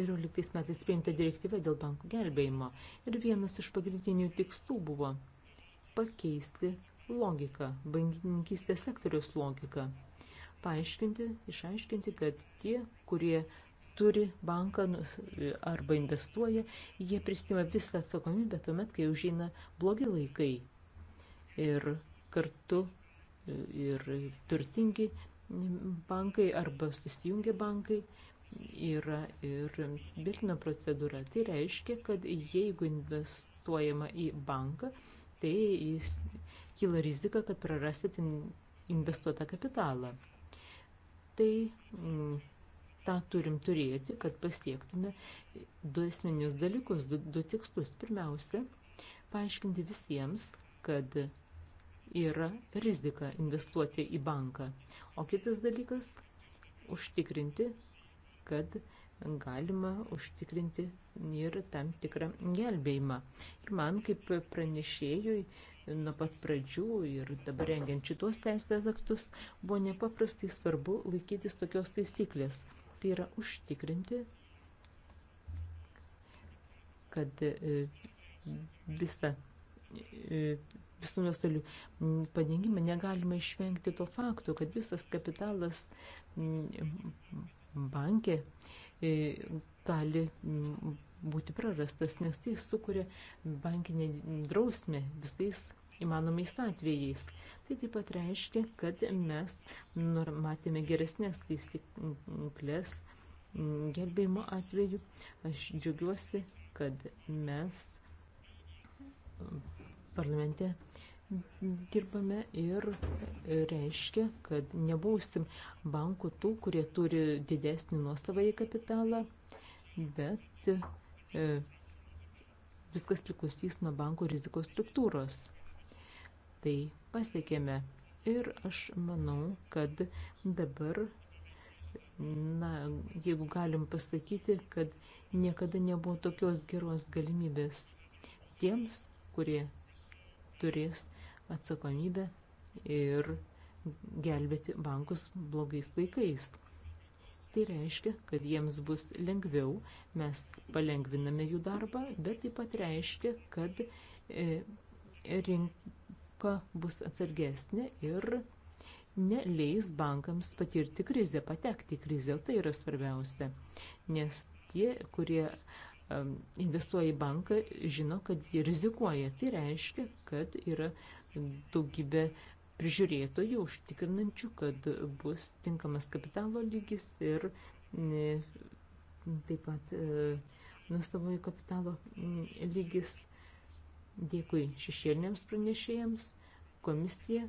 2014 metais priimta direktyva dėl bankų gelbėjimo ir vienas iš pagrindinių tikslų buvo pakeisti logiką, bankininkystės sektoriaus logiką. Paaiškinti, išaiškinti, kad tie, kurie turi banką nu, arba investuoja, jie pristima visą atsakomybę tuomet, kai užeina blogi laikai. Ir kartu ir turtingi bankai arba susijungia bankai yra ir Berlino procedūra. Tai reiškia, kad jeigu investuojama į banką, tai jis kyla rizika, kad prarasit investuotą kapitalą. Tai m, mm, tą turim turėti, kad pasiektume du esminius dalykus, du, du tikslus. Pirmiausia, paaiškinti visiems, kad yra rizika investuoti į banką. O kitas dalykas - užtikrinti, kad galima užtikrinti ir tam tikrą gelbėjimą. Ir man kaip pranešėjui nuo pat pradžių ir dabar rengiant šitos teisės aktus buvo nepaprastai svarbu laikytis tokios taisyklės. Tai yra užtikrinti, kad e, visa e, visų nuostolių padengimą negalima išvengti to fakto, kad visas kapitalas bankė e, gali būti prarastas, nes tai sukuria bankinę drausmę visais įmanomais atvejais. Tai taip pat reiškia, kad mes matėme geresnės taisyklės gelbėjimo atveju. Aš džiugiuosi, kad mes parlamente dirbame ir reiškia, kad nebausim bankų tų, kurie turi didesnį nuosavąjį kapitalą, bet e, viskas priklausys nuo banko rizikos struktūros. Tai pasiekėme ir aš manau, kad dabar, na, jeigu galim pasakyti, kad niekada nebuvo tokios geros galimybės tiems, kurie turės atsakomybę ir gelbėti bankus blogais laikais. Tai reiškia, kad jiems bus lengviau, mes palengviname jų darbą, bet taip pat reiškia, kad e, rinka bus atsargesnė ir neleis bankams patirti krizę, patekti į krizę, o tai yra svarbiausia. Nes tie, kurie investuoja į banką, žino, kad jie rizikuoja. Tai reiškia, kad yra daugybę prižiūrėtojų, užtikrinančių, kad bus tinkamas kapitalo lygis ir taip pat e, nuosavojo kapitalo lygis. Dėkui šešėliniams pranešėjams, komisija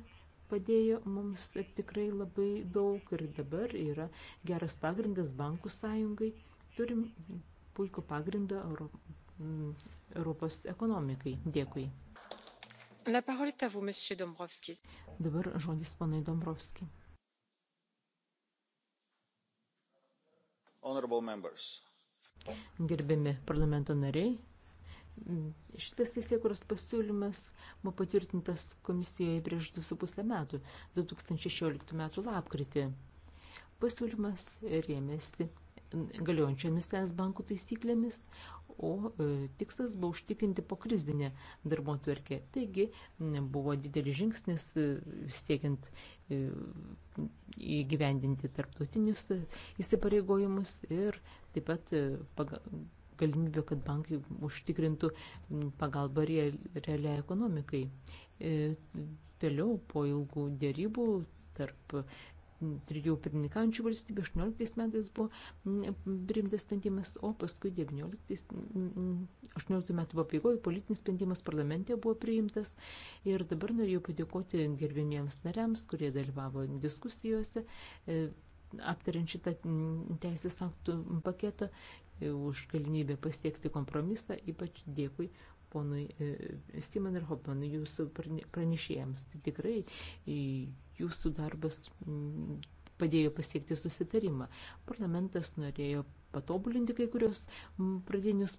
padėjo mums tikrai labai daug ir dabar yra geras pagrindas bankų sąjungai, turim puikų pagrindą Europos ekonomikai. Dėkui. Vous, Dabar žodis panai Dombrovski. Gerbiami parlamento nariai, Šitas teisėkuros pasiūlymas buvo patvirtintas komisijoje prieš 2,5 metų, 2016 metų lapkritį. Pasiūlymas rėmėsi galiojančiomis ES bankų taisyklėmis, o e, tikslas buvo užtikrinti po krizinę darbo tvarkę. Taigi buvo didelis žingsnis e, siekiant e, įgyvendinti tarptautinius įsipareigojimus ir taip pat galimybė, kad bankai užtikrintų pagalbą realiai ekonomikai. Vėliau po ilgų dėrybų tarp trijų pirmininkančių valstybių. 18 metais buvo priimtas sprendimas, o paskui 19, 18 metų pabaigoje politinis sprendimas parlamente buvo priimtas. Ir dabar norėjau padėkoti gerbimiems nariams, kurie dalyvavo diskusijose e, aptariant šitą teisės aktų paketą e, už galimybę pasiekti kompromisą, ypač dėkui ponui e, Simon ir Hopmanui, jūsų pranešėjams. Tai tikrai e, jūsų darbas padėjo pasiekti susitarimą. Parlamentas norėjo patobulinti kai kurios pradinius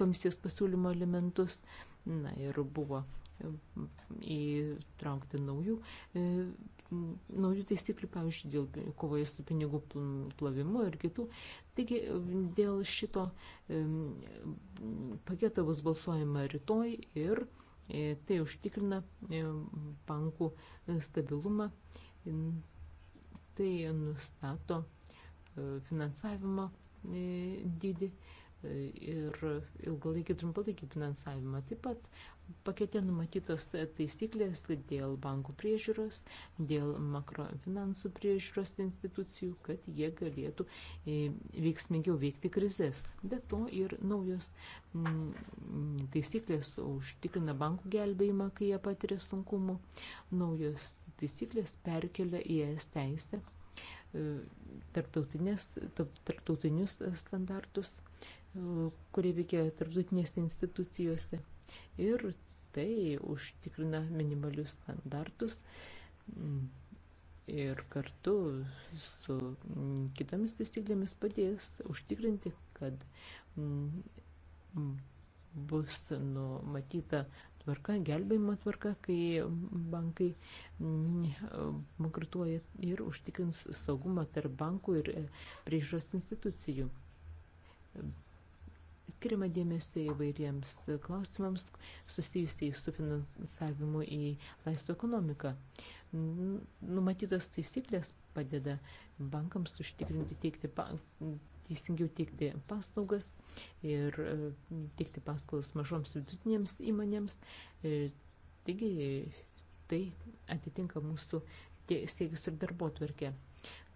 komisijos pasiūlymo elementus. Na ir buvo įtraukti naujų, e, naujų taisyklių, pavyzdžiui, dėl kovoje su pinigų plovimu ir kitų. Taigi dėl šito paketo bus balsuojama rytoj ir e, tai užtikrina e, bankų stabilumą. Tai nustato e, finansavimo dydį ir ilgalaikį trumpalaikį finansavimą. Taip pat Pakete numatytos taisyklės dėl bankų priežiūros, dėl makrofinansų priežiūros institucijų, kad jie galėtų e, veiksmingiau veikti krizės. Be to ir naujos mm, taisyklės užtikrina bankų gelbėjimą, kai jie patiria sunkumų. Naujos taisyklės perkelia į ES teisę e, tarptautinius standartus, e, kurie veikia tarptautinėse institucijose ir tai užtikrina minimalius standartus mm, ir kartu su mm, kitomis taisyklėmis padės užtikrinti, kad mm, bus numatyta tvarka, gelbėjimo tvarka, kai bankai bankrutuoja ir užtikrins saugumą tarp bankų ir priežiūros institucijų skiriama dėmesio įvairiems klausimams susijusiai su finansavimu į laisvą ekonomiką. Numatytos taisyklės padeda bankams užtikrinti teikti pa, teisingiau teikti paslaugas ir e, teikti paskolas mažoms vidutinėms įmonėms. E, taigi tai atitinka mūsų siekius ir darbo tvarkę.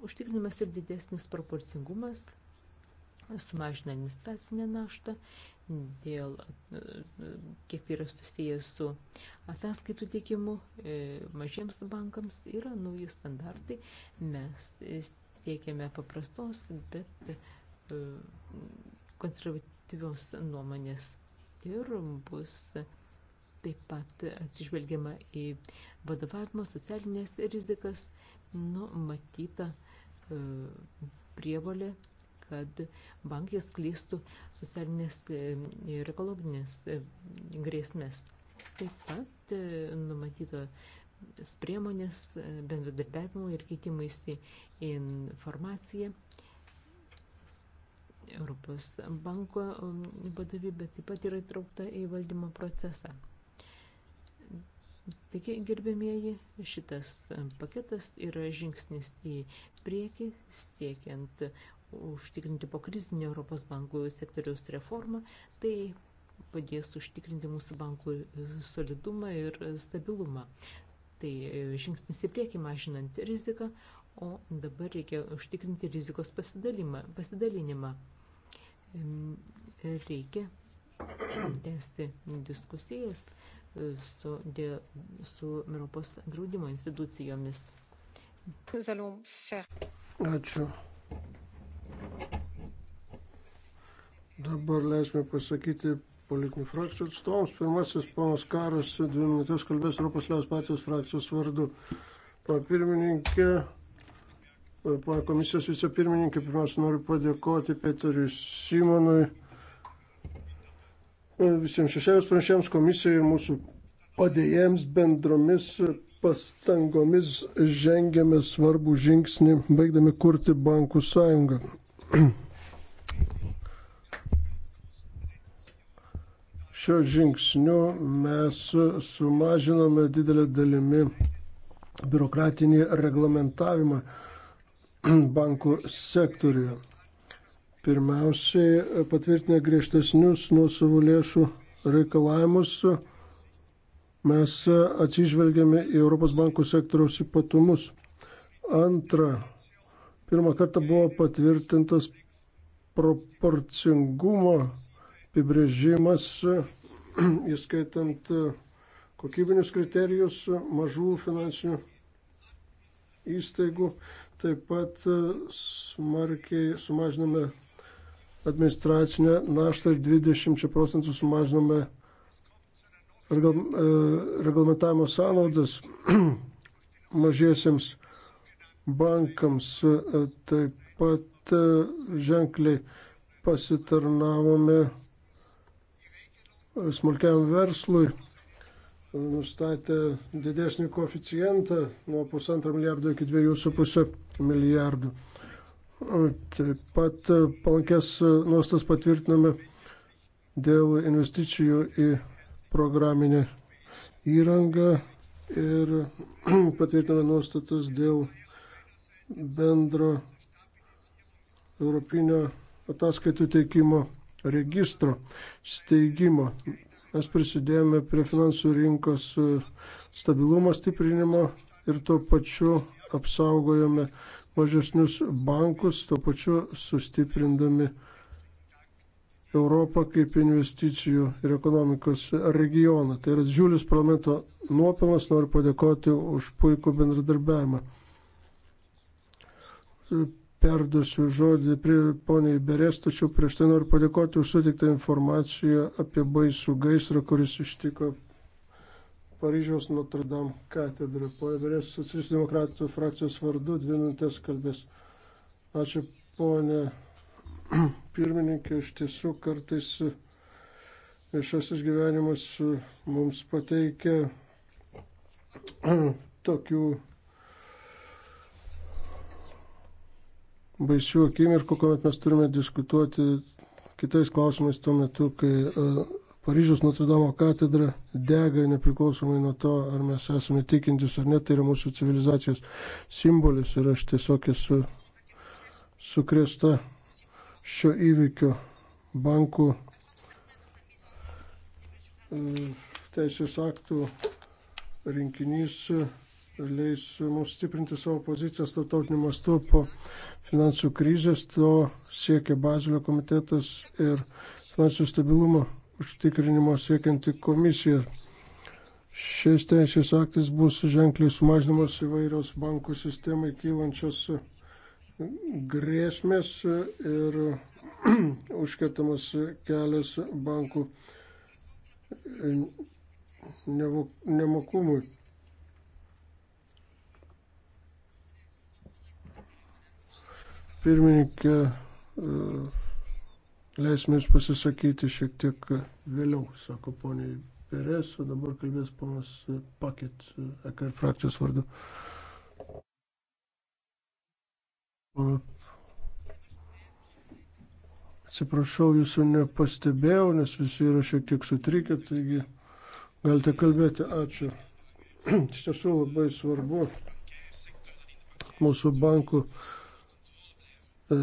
Užtikrinimas ir didesnis proporcingumas sumažina administracinę naštą, dėl e, kiek tai yra susijęs su ataskaitų teikimu e, mažiems bankams yra nauji standartai. Mes siekiame paprastos, bet e, konservatyvios nuomonės ir bus taip pat atsižvelgiama į vadovavimo socialinės rizikas numatyta prievolė kad bankai skleistų socialinės e, ir ekologinės e, grėsmės. Taip pat e, numatyta priemonės bendradarbiavimo ir keitimaisi informaciją Europos banko vadovybė taip pat yra įtraukta į valdymo procesą. Taigi, gerbėmieji, šitas paketas yra žingsnis į priekį, siekiant užtikrinti po krizinį Europos bankų sektoriaus reformą, tai padės užtikrinti mūsų bankų solidumą ir stabilumą. Tai žingsnis į priekį mažinant riziką, o dabar reikia užtikrinti rizikos pasidalinimą. Reikia tęsti diskusijas e, su, dė, su Europos draudimo institucijomis. Ačiū. Dabar leisime pasakyti politinių frakcijų atstovams. Pirmasis ponas Karas, dvi minutės kalbės Europos Liaus partijos frakcijos vardu. Pana pirmininkė, pana komisijos vicepirmininkė, pirmiausia noriu padėkoti Peteriui Simonui, visiems šešiems pranešėjams komisijai ir mūsų padėjėjams bendromis pastangomis žengėme svarbų žingsnį, baigdami kurti bankų sąjungą. Šiuo žingsniu mes sumažinome didelę dalimi biurokratinį reglamentavimą bankų sektoriuje. Pirmiausiai patvirtinę griežtesnius nuosavų lėšų reikalavimus mes atsižvelgiame į Europos bankų sektoriaus ypatumus. Antra, pirmą kartą buvo patvirtintas proporcingumo apibrėžimas, įskaitant e, kokybinius kriterijus e, mažų finansinių įstaigų. Taip pat e, smarkiai sumažiname administracinę naštą ir 20 procentų sumažiname reglamentavimo sąnaudas mažiesiems bankams. Taip pat ženkliai pasitarnavome smulkiam verslui nustatė didesnį koeficientą nuo pusantro milijardo iki dviejų su pusė milijardų. Taip pat palankės nuostas patvirtiname dėl investicijų į programinę įrangą ir patvirtiname nuostatas dėl bendro europinio ataskaitų teikimo registro steigimo. Mes prisidėjome prie finansų rinkos e, stabilumo stiprinimo ir tuo pačiu apsaugojome mažesnius bankus, tuo pačiu sustiprindami Europą kaip investicijų ir ekonomikos regioną. Tai yra didžiulis parlamento nuopelnas, noriu padėkoti už puikų bendradarbiavimą e, perdusiu žodį prie poniai Berės, tačiau prieš tai noriu padėkoti už sutiktą informaciją apie baisų gaisrą, kuris ištiko Paryžiaus Notre Dame katedrą. Pone Berės, socialistų demokratų frakcijos vardu, dvi minutės kalbės. Ačiū, ponė pirmininkė, iš tiesų kartais viešasis gyvenimas mums pateikia tokių baisių akimirkų, kuomet mes turime diskutuoti kitais klausimais tuo metu, kai e, Paryžiaus Notrdamo katedra dega nepriklausomai nuo to, ar mes esame tikintis ar ne, tai yra mūsų civilizacijos simbolis ir aš tiesiog esu sukrėsta šio įvykio bankų e, teisės aktų rinkinys leis mums stiprinti savo pozicijas tarptautiniu mastu po finansų krizės. To siekia Bazilio komitetas ir finansų stabilumo užtikrinimo siekianti komisija. Šiais teisės aktais bus ženkliai sumažinamos įvairios bankų sistemai kylančios grėsmės ir užkertamas kelias bankų nemokumui. Pirmininkė, e, leisime Jūs pasisakyti šiek tiek vėliau, sako poniai Perės, o dabar kalbės ponas Paket, EKR frakcijos vardu. E, atsiprašau, Jūsų nepastebėjau, nes visi yra šiek tiek sutrikę, taigi galite kalbėti. Ačiū. Iš tiesų labai svarbu mūsų bankų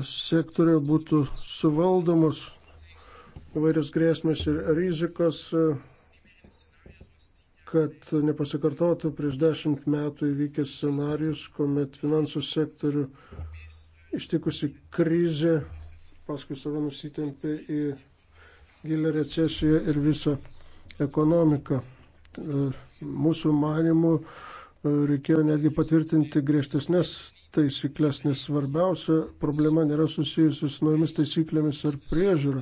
sektoriuje būtų suvaldomos įvairios grėsmės ir rizikos, kad nepasikartotų prieš dešimt metų įvykęs scenarius, kuomet finansų sektorių ištikusi krizė paskui save nusitempė į gilę recesiją ir visą ekonomiką. Mūsų manimų reikėjo netgi patvirtinti griežtesnės taisyklės, nes svarbiausia problema nėra susijusi su naujomis taisyklėmis ar priežiūra.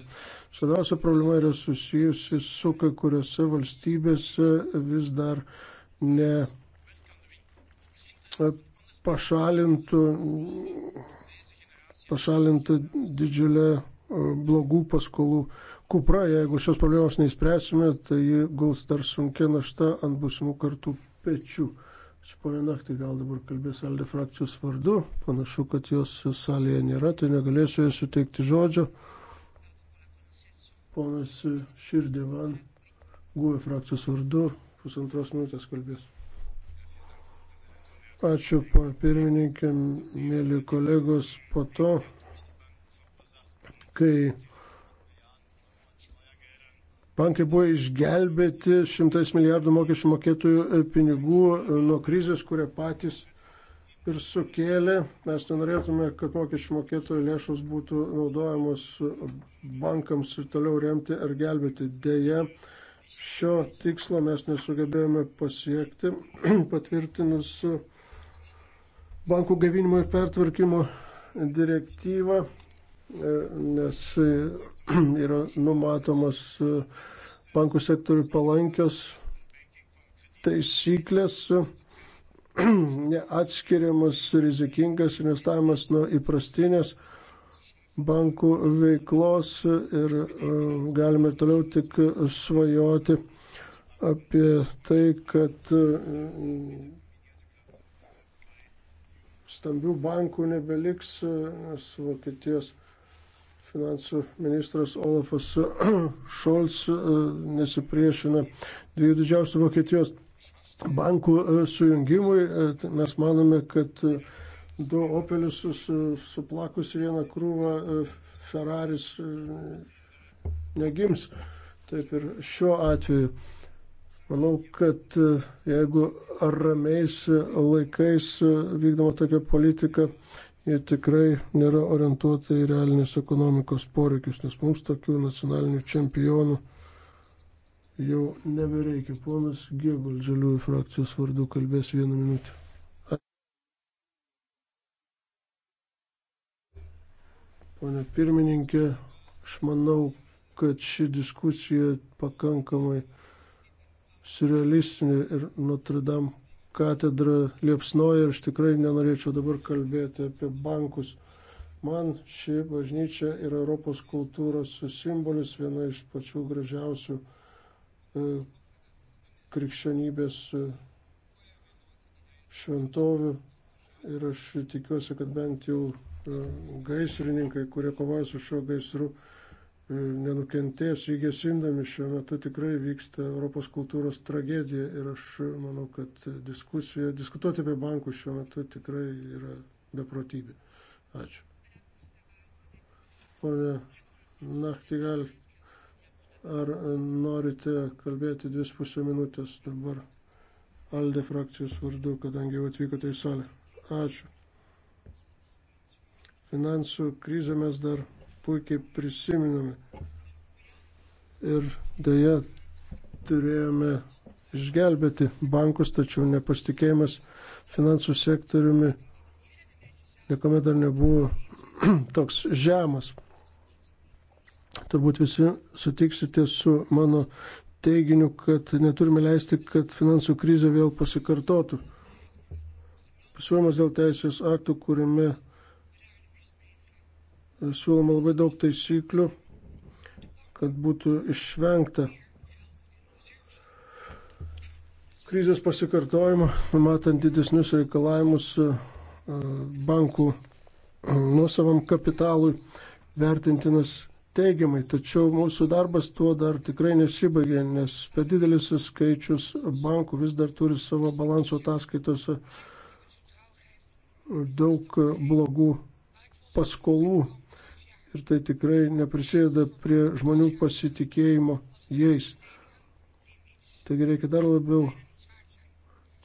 Svarbiausia problema yra susijusi su kai kuriuose valstybėse vis dar ne pašalintų, pašalintų didžiulę e, blogų paskolų kupra. Jeigu šios problemos neįspręsime, tai ji guls dar sunkia našta ant būsimų kartų pečių. Čia ponė Naktį gal dabar kalbės Aldė frakcijos vardu. Panašu, kad jos salėje nėra, tai negalėsiu jai suteikti žodžio. Ponas Širdėvan, Guvė frakcijos vardu, pusantros minutės kalbės. Ačiū, ponė pirmininkė, mėly kolegos, po to, kai Bankai buvo išgelbėti šimtais milijardų mokesčių mokėtojų e, pinigų e, nuo krizės, kurią patys ir sukėlė. Mes nenorėtume, kad mokesčių mokėtojų lėšos būtų naudojamos e, bankams ir toliau remti ar gelbėti. Deja, šio tikslo mes nesugebėjome pasiekti, patvirtinus bankų gavinimo ir pertvarkymo direktyvą, nes yra numatomos e, bankų sektoriui palankios taisyklės, neatskiriamas rizikingas investavimas nuo įprastinės bankų veiklos ir e, galime toliau tik svajoti apie tai, kad e, stambių bankų nebeliks, nes Vokietijos finansų ministras Olafas Šolz e, nesipriešina dviejų didžiausių Vokietijos bankų e, sujungimui. E, tai mes manome, kad du Opelius suplakus vieną krūvą Ferraris negims. Taip ir šiuo atveju. Manau, kad jeigu ramiais laikais vykdoma tokia politika, ir tikrai nėra orientuota į realinės ekonomikos poreikius, nes mums tokių nacionalinių čempionų jau nebereikia. Ponas Gėgul, žaliųjų frakcijos vardu, kalbės vieną minutę. Pone pirmininkė, aš manau, kad ši diskusija pakankamai surrealistinė ir Notre Dame katedra liepsnoja ir aš tikrai nenorėčiau dabar kalbėti apie bankus. Man ši bažnyčia yra Europos kultūros simbolis, viena iš pačių gražiausių e, krikščionybės e, šventovių. Ir aš tikiuosi, kad bent jau e, gaisrininkai, kurie kovoja su šiuo gaisru, nenukentės įgesindami šiuo metu tikrai vyksta Europos kultūros tragedija ir aš manau, kad diskusija, diskutuoti apie bankus šiuo metu tikrai yra beprotybė. Ačiū. Pone Naktigal, ar norite kalbėti dvi pusę minutės dabar Alde frakcijos vardu, kadangi jau atvykote į salę? Ačiū. Finansų krizę mes dar puikiai prisiminame. Ir dėja turėjome išgelbėti bankus, tačiau nepasitikėjimas finansų sektoriumi niekuomet dar nebuvo toks žemas. Turbūt visi sutiksite su mano teiginiu, kad neturime leisti, kad finansų krizė vėl pasikartotų. Pasiūlymas dėl teisės aktų, kuriame siūloma labai daug taisyklių, kad būtų išvengta krizės pasikartojimo, numatant didesnius reikalavimus e, bankų e, nuosavam kapitalui vertintinas teigiamai, tačiau mūsų darbas tuo dar tikrai nesibaigė, nes per didelis skaičius bankų vis dar turi savo balanso ataskaitose daug blogų paskolų ir tai tikrai neprisėda prie žmonių pasitikėjimo jais. Taigi reikia dar labiau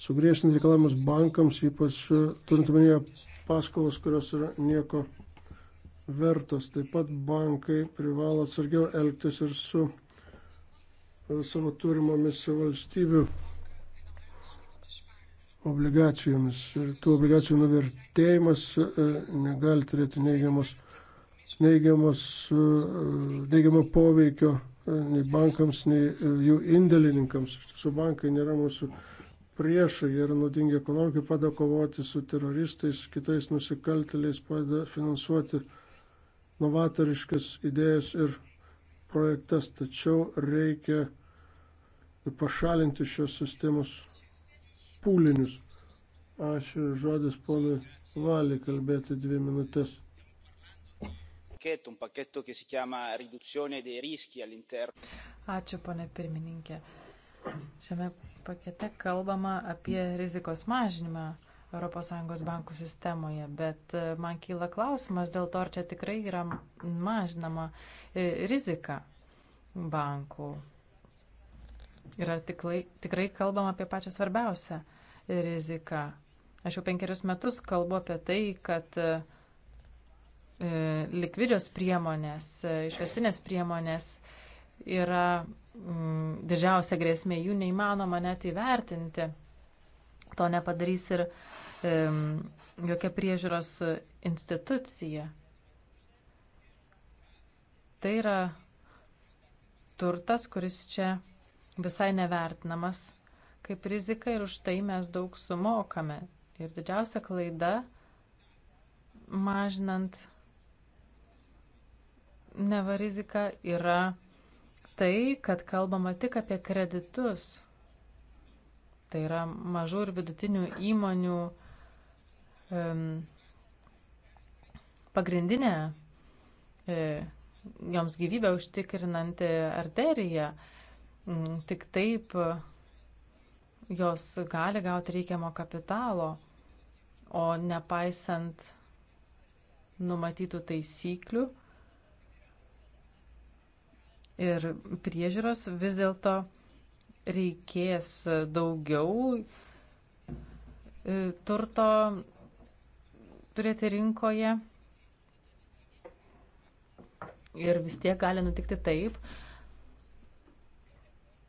sugriešinti reikalavimus bankams, ypač e, turint omenyje paskolas, kurios yra nieko vertos. Taip pat bankai privalo atsargiau elgtis ir su e, savo turimomis valstybių obligacijomis. Ir tų obligacijų nuvertėjimas e, negali turėti neigiamos E, neigiamo poveikio e, nei bankams, nei e, jų indėlininkams. Iš tiesų, bankai nėra mūsų priešai, jie yra naudingi ekonomikai, padeda kovoti su teroristais, kitais nusikaltėliais, padeda finansuoti novatoriškas idėjas ir projektas. Tačiau reikia pašalinti šios sistemos pūlinius. Aš žodis ponui Valį kalbėti dvi minutės pacchetto un pacchetto che si chiama riduzione dei rischi all'interno. Ačiū, ponė pirmininkė. Šiame pakete kalbama apie rizikos mažinimą ES bankų sistemoje, bet e, man kyla klausimas dėl to, ar čia tikrai yra mažinama e, rizika bankų. Ir ar tiklai, tikrai kalbam apie pačią svarbiausią riziką. Aš jau penkerius metus kalbu apie tai, kad uh, E, likvidžios priemonės, e, iškasinės priemonės yra mm, didžiausia grėsmė, jų neįmanoma net įvertinti. To nepadarys ir mm, jokia priežiūros institucija. Tai yra turtas, kuris čia visai nevertinamas kaip rizika ir už tai mes daug sumokame. Ir didžiausia klaida mažinant neva rizika yra tai, kad kalbama tik apie kreditus. Tai yra mažų ir vidutinių įmonių um, pagrindinė e, joms gyvybę užtikrinanti arterija. Mm, tik taip jos gali gauti reikiamo kapitalo, o nepaisant numatytų taisyklių, ir priežiūros vis dėlto reikės daugiau e, turto turėti rinkoje. Ir vis tiek gali nutikti taip,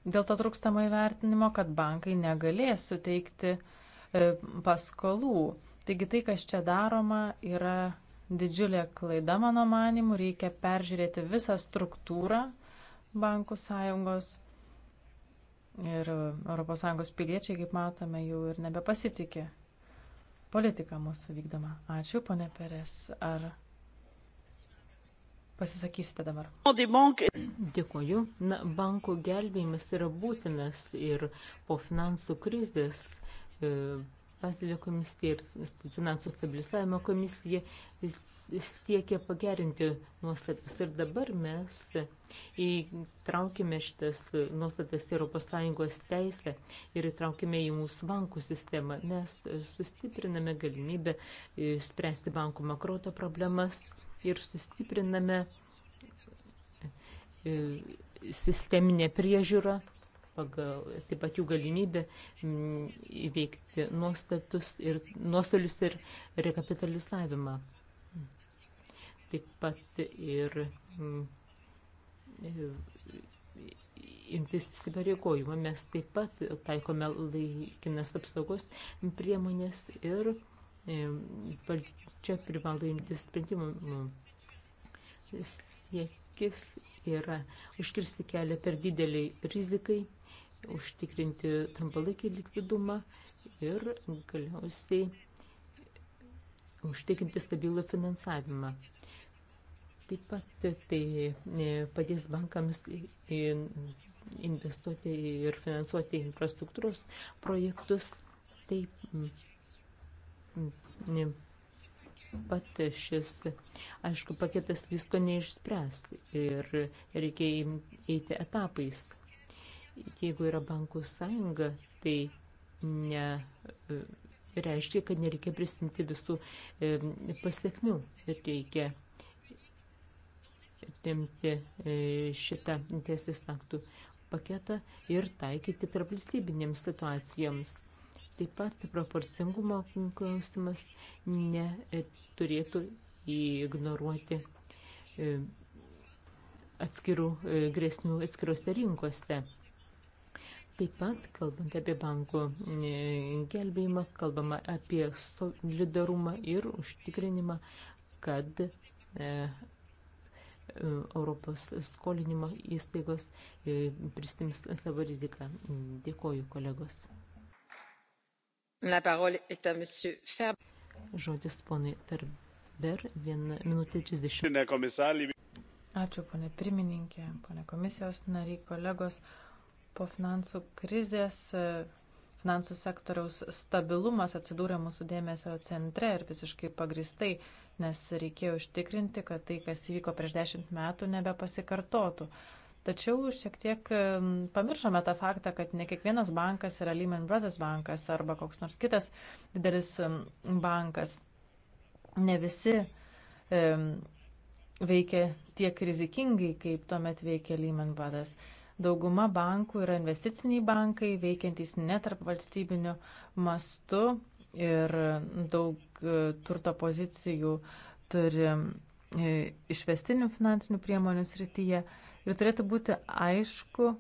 dėl to trūkstamo įvertinimo, kad bankai negalės suteikti e, paskolų. Taigi tai, kas čia daroma, yra didžiulė klaida, mano manimu, reikia peržiūrėti visą struktūrą bankų sąjungos. Ir ES piliečiai, kaip matome, jau ir nebepasitikė politika mūsų vykdoma. Ačiū, ponė Peres. Ar pasisakysite dabar? Dėkuoju. Na, bankų gelbėjimas yra būtinas ir po finansų krizės. E, Bazilio komisija ir finansų stabilizavimo komisija siekia pagerinti nuostatas. Ir dabar mes įtraukime šitas nuostatas Europos Sąjungos teisę ir įtraukime į mūsų bankų sistemą. Mes sustipriname galimybę spręsti bankų makroto problemas ir sustipriname e, sisteminę priežiūrą pagal taip pat jų galimybę mm, įveikti nuostatus ir nuostolius ir rekapitalizavimą. Taip pat ir mm, imtis įsipareigojimą. Mes taip pat taikome laikinas apsaugos priemonės ir mm, valdžia privalo imtis sprendimų. Siekis yra užkirsti kelią per dideliai rizikai užtikrinti trumpalaikį likvidumą ir galiausiai užtikrinti stabilų finansavimą. Taip pat tai e, padės bankams investuoti ir finansuoti infrastruktūros projektus. Taip pat šis, aišku, paketas visko neišspręs ir reikia eiti etapais Jeigu yra bankų sąjunga, tai ne, e, reiškia, kad nereikia prisimti visų e, pasiekmių ir reikia remti e, šitą teisės aktų paketą ir taikyti tarp valstybinėms situacijoms. Taip pat proporcingumo klausimas neturėtų ignoruoti atskirų grėsmių atskirose rinkose. Taip pat, kalbant apie bankų e, gelbėjimą, kalbama apie solidarumą ir užtikrinimą, kad e, Europos skolinimo įstaigos e, pristims savo riziką. Dėkoju, kolegos. La parole est à monsieur Ferber. Žodis ponui Ferber, 1 minutė 30. Ačiū, ponė pirmininkė, ponė komisijos nariai, kolegos. Po finansų krizės finansų sektoriaus stabilumas atsidūrė mūsų dėmesio centre ir visiškai pagristai, nes reikėjo užtikrinti, kad tai, kas įvyko prieš dešimt metų, nebepasikartotų. Tačiau šiek tiek pamiršome tą faktą, kad ne kiekvienas bankas yra Lehman Brothers bankas arba koks nors kitas didelis bankas. Ne visi e, veikia tiek rizikingai, kaip tuomet veikia Lehman Brothers. E, Dauguma bankų yra investiciniai bankai, veikiantys netarp valstybiniu mastu ir daug e, turto pozicijų turi e, išvestinių finansinių priemonių srityje. Ir turėtų būti aišku,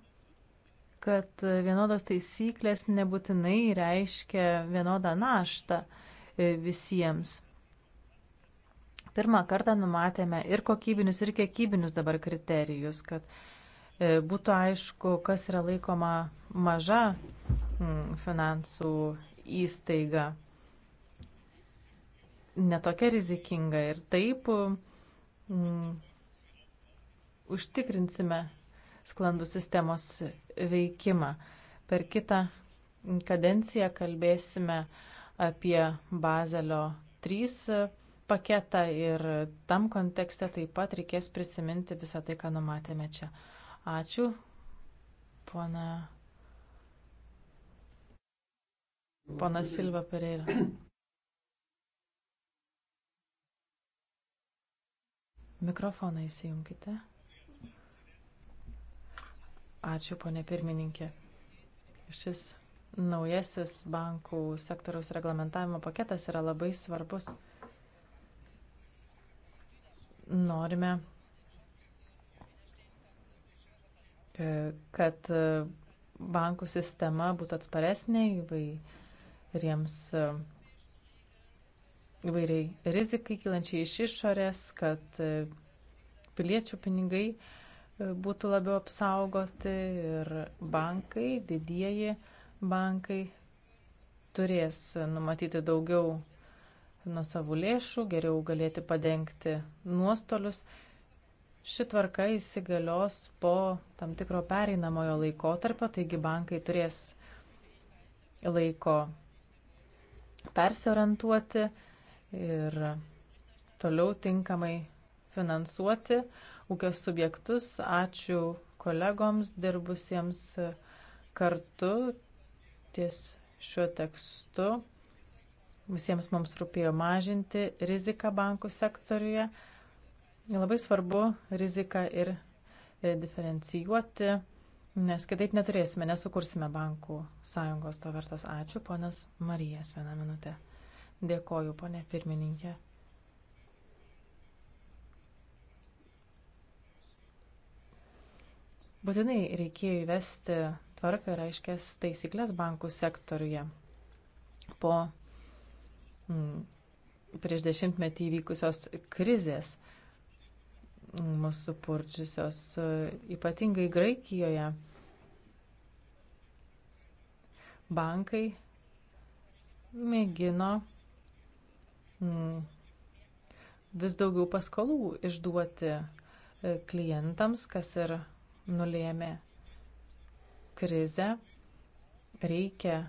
kad vienodos taisyklės nebūtinai reiškia vienodą naštą e, visiems. Pirmą kartą numatėme ir kokybinius, ir kiekybinius dabar kriterijus, kad uh, E, būtų aišku, kas yra laikoma maža mm, finansų įstaiga. Netokia rizikinga ir taip mm, užtikrinsime sklandų sistemos veikimą. Per kitą kadenciją kalbėsime apie Bazelio 3 paketą ir tam kontekste taip pat reikės prisiminti visą tai, ką numatėme čia. Ačiū, pana. Pana Silva Pereira. Mikrofoną įsijunkite. Ačiū, ponė pirmininkė. Šis naujasis bankų sektoriaus reglamentavimo paketas yra labai svarbus. Norime E, kad e, bankų sistema būtų atsparesnė įvairiems e, įvairiai rizikai kylančiai iš išorės, kad piliečių pinigai būtų labiau apsaugoti ir bankai, didieji bankai turės numatyti daugiau nuo savų lėšų, geriau galėti padengti nuostolius Ši tvarka įsigalios po tam tikro pereinamojo laikotarpio, taigi bankai turės laiko persiorientuoti ir toliau tinkamai finansuoti ūkio subjektus. Ačiū kolegoms dirbusiems kartu ties šiuo tekstu. Visiems mums rūpėjo mažinti riziką bankų sektoriuje. Labai svarbu riziką ir e, diferencijuoti, nes kitaip neturėsime, nesukursime bankų sąjungos to vertos. Ačiū, ponas Marijas, vieną minutę. Dėkoju, ponė pirmininkė. Būtinai reikėjo įvesti tvarką ir aiškės taisyklės bankų sektoriuje. Po mm, prieš dešimtmetį įvykusios krizės mūsų purčiusios, e, ypatingai Graikijoje. Bankai mėgino mm, vis daugiau paskolų išduoti e, klientams, kas ir nulėmė krizę. Reikia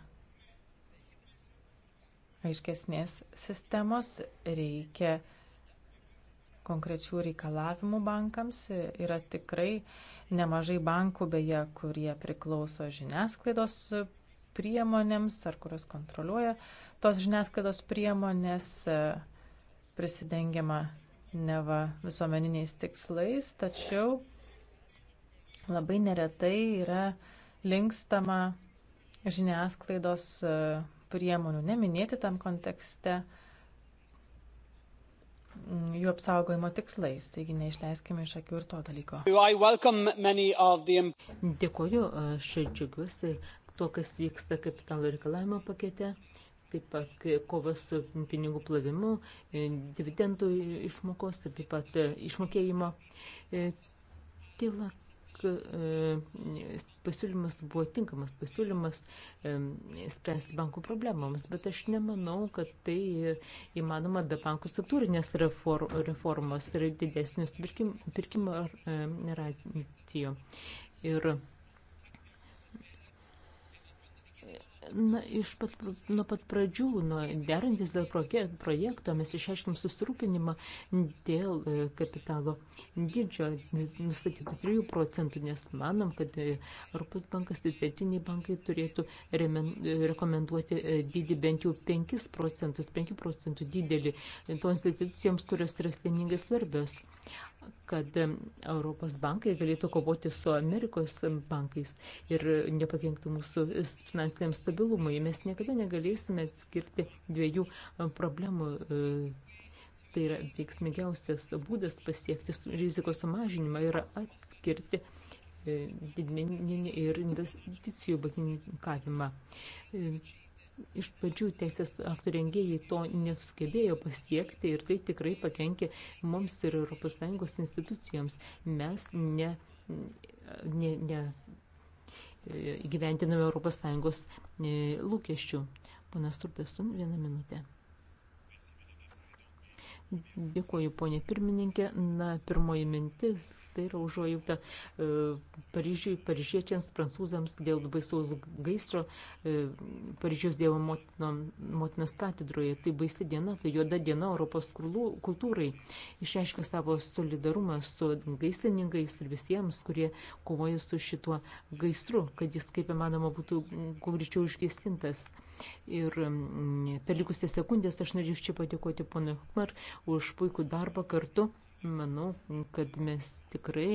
aiškesnės sistemos, reikia uh, konkrečių reikalavimų bankams. Yra tikrai nemažai bankų, beje, kurie priklauso žiniasklaidos priemonėms ar kurios kontroliuoja tos žiniasklaidos priemonės, prisidengiama neva visuomeniniais tikslais, tačiau labai neretai yra linkstama žiniasklaidos e, priemonių neminėti tam kontekste Mm, jų apsaugojimo tikslais, taigi neišleiskime iš akių ir to dalyko. Dėkuoju, aš džiugiuosi to, kas vyksta kapitalo reikalavimo pakete taip pat kovas su pinigų plavimu, e, dividendų išmokos, taip pat e, išmokėjimo. E, Tila E, pasiūlymas buvo tinkamas pasiūlymas e, spręsti bankų problemams, bet aš nemanau, kad tai įmanoma be bankų struktūrinės reformos ir didesnių pirkimo e, racijų. Ir Na, iš pat, nuo pat pradžių, nuo derantis dėl projekto, mes išaiškinom susirūpinimą dėl e, kapitalo dydžio nustatytų 3 procentų, nes manom, kad e, Europos bankas, tai centriniai bankai turėtų remen, e, rekomenduoti dydį bent jau 5 procentus, 5 procentų didelį toms institucijoms, kurios yra steningai svarbios kad Europos bankai galėtų kovoti su Amerikos bankais ir nepakenktų mūsų finansiniam stabilumui. Mes niekada negalėsime atskirti dviejų problemų. Tai yra veiksmingiausias būdas pasiekti rizikos sumažinimą yra atskirti e, didmeninį ir investicijų bankininkavimą. E, iš pradžių teisės aktų rengėjai to nesugebėjo pasiekti ir tai tikrai pakenkė mums ir ES institucijoms. Mes ne, ne, ne e, gyventiname ES lūkesčių. Ponas Surtasun, vieną minutę. Dėkuoju, ponė pirmininkė. Na, pirmoji mintis, tai yra užuojauta e, Paryžiui, paryžiečiams, prancūzams dėl baisaus gaisro e, Paryžiaus Dievo motino, motinos katedroje. Tai baisi diena, tai juoda diena Europos kultūrai. Išreiškia savo solidarumą su gaisininkais ir visiems, kurie kovoja su šituo gaisru, kad jis kaip įmanoma būtų greičiau išgesintas. Ir mm, per likusias sekundės aš norėčiau padėkoti ponui Hukmar už puikų darbą kartu. Manau, kad mes tikrai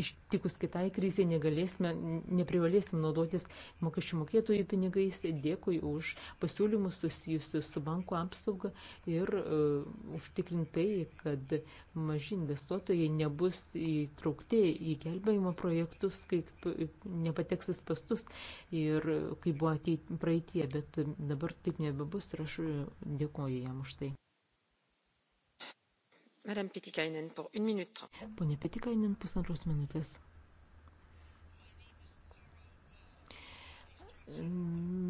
ištikus kitai kriziai negalėsime, neprivalėsime naudotis mokesčių mokėtojų pinigais. Dėkui už pasiūlymus susijusius su banko apsauga ir uh, užtikrintai, kad maži investuotojai nebus įtraukti į gelbėjimo projektus, kaip nepateksis pastus ir e, kaip buvo ateit, praeitie, bet dabar taip nebebus ir aš e, dėkoju jam už tai. Pone Pitikainen, pusantros minutės.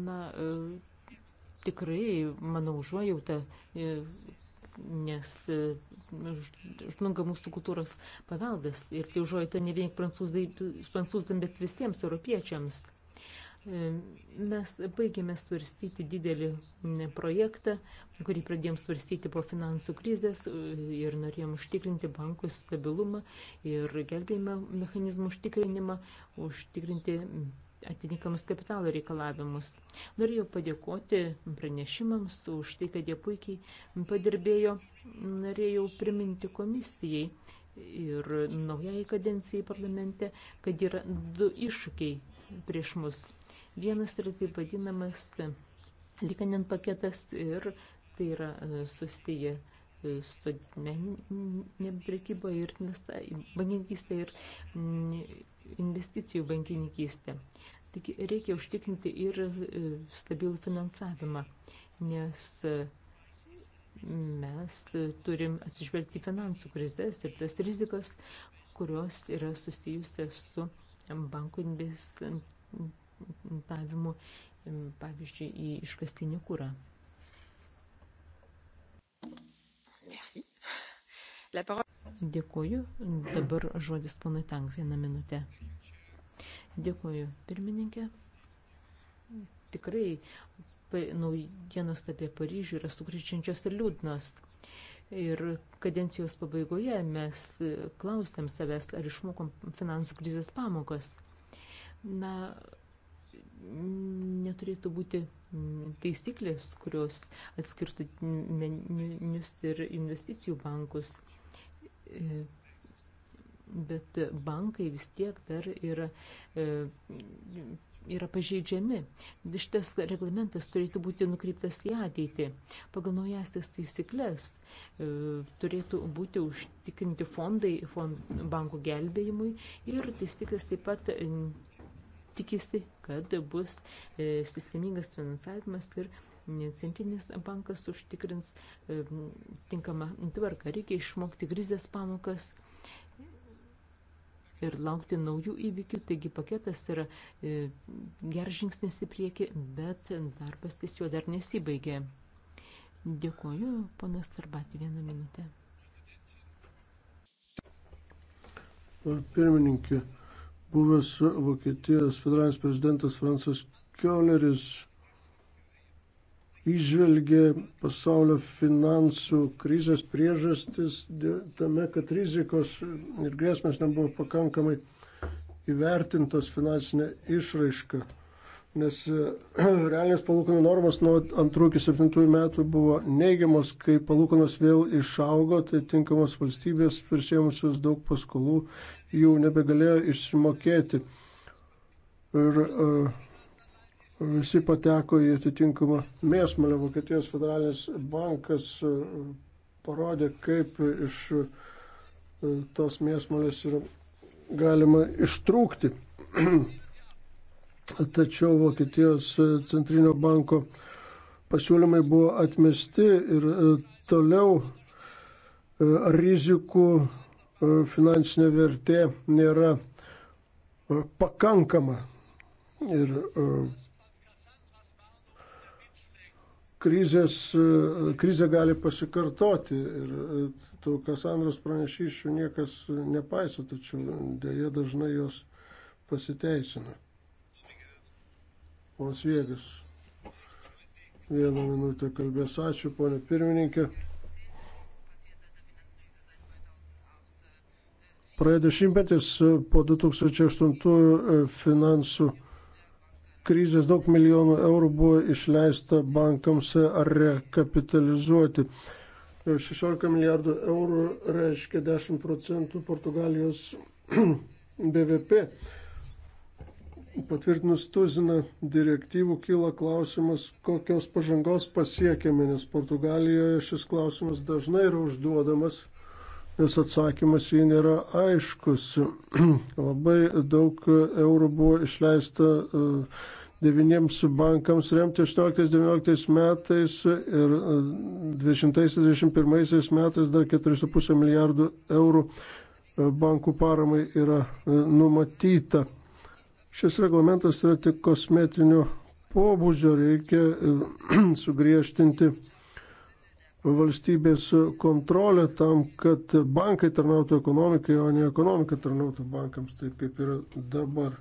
Na, e, tikrai, manau, užuojautą, e, nes e, žlunga mūsų kultūros paveldas ir tai užuojautą ne vien prancūzams, bet visiems europiečiams. Mes baigėme svarstyti didelį projektą, kurį pradėjom svarstyti po finansų krizės ir norėjom užtikrinti bankų stabilumą ir gelbėjimo mechanizmų užtikrinimą, užtikrinti atitinkamus kapitalo reikalavimus. Norėjau padėkoti pranešimams už tai, kad jie puikiai padirbėjo. Norėjau priminti komisijai ir naujai kadencijai parlamente, kad yra du iššūkiai prieš mus Vienas yra taip vadinamas likanin paketas ir tai yra e, susiję e, su didmeninė prekyba ir bankininkystė ir mm, investicijų bankininkystė. Taigi reikia užtikrinti ir e, stabilų finansavimą, nes mes turim atsižvelgti finansų krizės ir tas rizikas, kurios yra susijusios su bankų investicijų orientavimu, pavyzdžiui, į iškastinį kūrą. Merci. La parole. Dėkuoju. Dabar žodis ponui Tank vieną minutę. Dėkuoju, pirmininkė. Tikrai naujienos apie Paryžių yra sukrečiančios ir liūdnos. Ir kadencijos pabaigoje mes e, klausėm savęs, ar išmokom finansų krizės pamokas. Na, neturėtų būti mm, taisyklės, kurios atskirtų meninius ir investicijų bankus. E, bet bankai vis tiek dar yra, e, yra pažeidžiami. Šitas reglamentas turėtų būti nukreiptas į ateitį. Pagal naujasias taisyklės e, turėtų būti užtikrinti fondai fond, bankų gelbėjimui ir taisyklės taip pat tikisi, kad bus e, sistemingas finansavimas ir e, centrinis bankas užtikrins e, tinkamą tvarką. Reikia išmokti krizės pamokas ir laukti naujų įvykių. Taigi paketas yra e, geras žingsnis į priekį, bet darbas ties jo dar nesibaigė. Dėkuoju, ponas Tarbatį, vieną minutę. Pirmininkė, buvęs Vokietijos federalinis prezidentas Fransas Kioleris išvelgė pasaulio finansų krizės priežastis tame, kad rizikos ir grėsmės nebuvo pakankamai įvertintos finansinė išraiška nes e, realios palūkanų normos nuo 2 iki 7 metų buvo neigiamos, kai palūkanos vėl išaugo, tai tinkamos valstybės prisėmusios daug paskolų jų nebegalėjo išsimokėti. Ir uh, visi pateko į atitinkamą mėsmalę. Vokietijos federalinis bankas uh, parodė, kaip iš uh, tos mėsmalės yra galima ištrūkti. tačiau Vokietijos centrinio banko pasiūlymai buvo atmesti ir e, toliau e, rizikų e, finansinė vertė nėra pakankama. Ir krizės, krizė gali pasikartoti ir tų Kasandros pranešyšių niekas nepaiso, tačiau dėja dažnai jos pasiteisina. Ponas Vėgas. Vieną minutę kalbės. Ačiū, ponė pirmininkė. Praėjo dešimtmetis po 2008 e, finansų krizės daug milijonų eurų buvo išleista bankams rekapitalizuoti. 16 e, milijardų eurų reiškia 10 procentų Portugalijos BVP patvirtinus tuziną direktyvų kyla klausimas, kokios pažangos pasiekėme, nes Portugalijoje šis klausimas dažnai yra užduodamas, nes atsakymas jį nėra aiškus. Labai daug eurų buvo išleista e, devyniems bankams remti 18-19 metais ir 2021 e, metais dar 4,5 milijardų eurų e, bankų paramai yra numatyta Šis reglamentas yra tik kosmetinio pobūdžio, reikia e, sugriežtinti valstybės kontrolę tam, kad bankai tarnautų ekonomikai, o ne ekonomika tarnautų bankams, taip kaip yra dabar.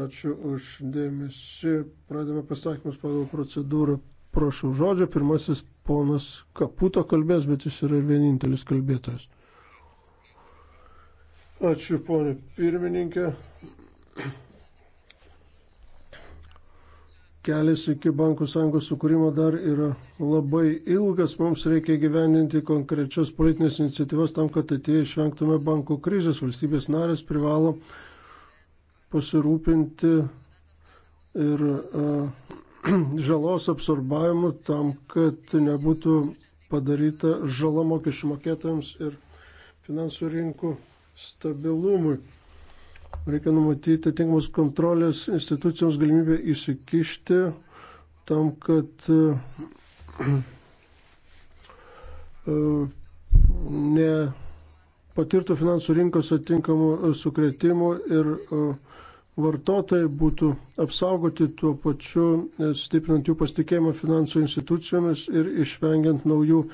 Ačiū už dėmesį. Pradėme pasakymus pagal procedūrą. Prašau žodžio. Pirmasis ponas Kaputo kalbės, bet jis yra vienintelis kalbėtojas. Ačiū, ponė pirmininkė kelias iki bankų sąjungos sukūrimo dar yra labai ilgas, mums reikia gyveninti konkrečios politinės iniciatyvas tam, kad ateityje išvengtume bankų krizės. Valstybės narės privalo pasirūpinti ir uh, žalos absorbavimu tam, kad nebūtų padaryta žala mokesčių mokėtojams ir finansų rinkų stabilumui. Reikia numatyti tinkamus kontrolės institucijoms galimybę įsikišti tam, kad e, ne patirtų finansų rinkos atinkamų sukretimų ir e, vartotojai būtų apsaugoti tuo pačiu, e, stiprinant jų pasitikėjimą finansų institucijomis ir išvengiant naujų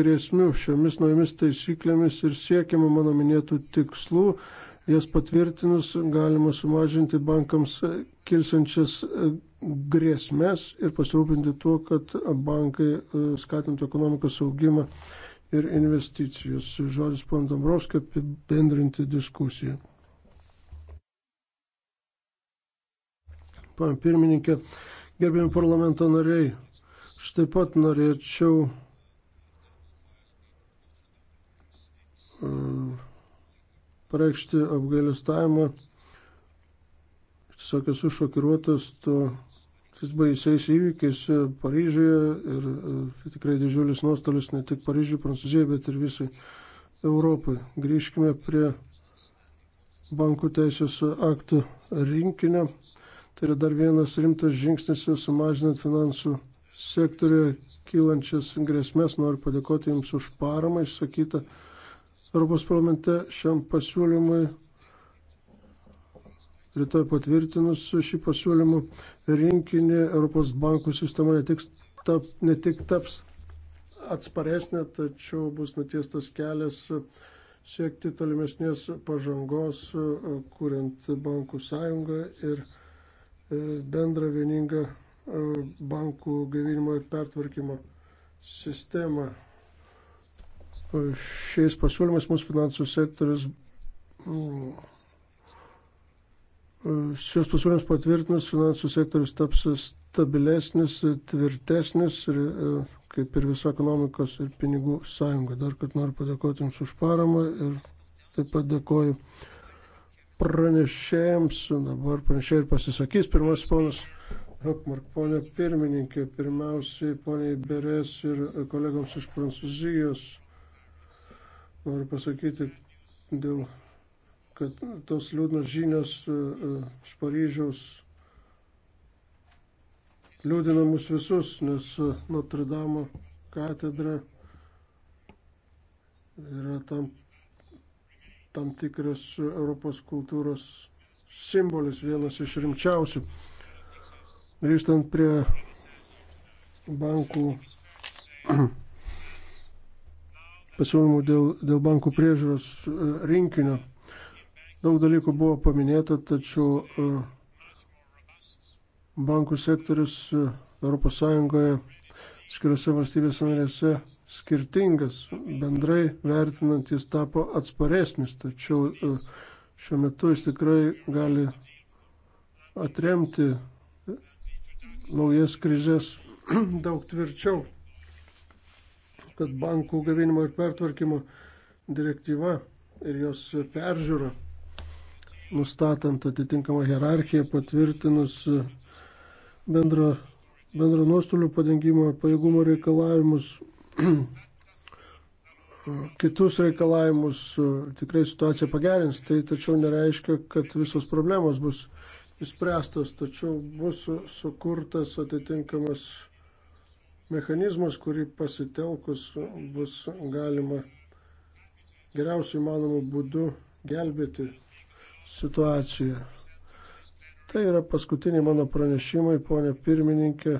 grėsmių. Šiomis naujomis taisyklėmis ir siekiama mano minėtų tikslų Jas patvirtinus galima sumažinti bankams kilsiančias e, grėsmės ir pasirūpinti tuo, kad bankai e, skatintų ekonomikos augimą ir investicijas. Žodis pan Dombrovskio apibendrinti diskusiją. Pane pirmininkė, gerbėjim parlamento nariai, štai pat norėčiau e, pareikšti apgailestavimą. Tiesiog esu šokiruotas to tais baisiais įvykiais Paryžiuje ir e, tikrai didžiulis nuostolis ne tik Paryžiui, Prancūzijai, bet ir visai Europai. Grįžkime prie bankų teisės aktų rinkinio. Tai yra dar vienas rimtas žingsnis sumažinant finansų sektoriuje kylančias grėsmės. Noriu padėkoti Jums už paramą išsakytą Europos parlamente šiam pasiūlymui rytoj patvirtinus šį pasiūlymų rinkinį Europos bankų sistema ne tik, tap, ne tik taps atsparesnė, tačiau bus nutiestas kelias siekti tolimesnės pažangos, kuriant bankų sąjungą ir e, bendrą vieningą e, bankų gaivinimo ir pertvarkymo sistemą šiais pasiūlymais mūsų finansų sektorius šios pasiūlymus patvirtinus finansų sektorius taps stabilesnis, tvirtesnis ir e, kaip ir viso ekonomikos ir pinigų sąjunga. Dar kad noriu padėkoti Jums už paramą ir taip pat dėkoju pranešėjams. Dabar pranešėjai ir pasisakys. Pirmasis ponas Hokmark, ponė pirmininkė, pirmiausiai poniai Beres ir kolegams iš Prancūzijos Noriu pasakyti, dėl, kad tos liūdnos žinios e, e, iš Paryžiaus liūdina mus visus, nes e, Notre Dame katedra yra tam, tam tikras Europos kultūros simbolis, vienas iš rimčiausių. Grįžtant prie bankų pasiūlymų dėl, dėl bankų priežiūros e, rinkinio. Daug dalykų buvo paminėta, tačiau e, bankų sektorius ES skiriuose valstybės narėse skirtingas. Bendrai vertinant jis tapo atsparesnis, tačiau e, šiuo metu jis tikrai gali atremti naujas krizės daug tvirčiau kad bankų gavinimo ir pertvarkymo direktyva ir jos peržiūra, nustatant atitinkamą hierarchiją, patvirtinus bendro, bendro nuostolių padengimo ir pajėgumo reikalavimus, kitus reikalavimus, tikrai situacija pagerins, tai tačiau nereiškia, kad visos problemos bus išspręstos, tačiau bus sukurtas atitinkamas mechanizmas, kurį pasitelkus bus galima geriausių įmanomų būdų gelbėti situaciją. Tai yra paskutiniai mano pranešimai, ponė pirmininkė,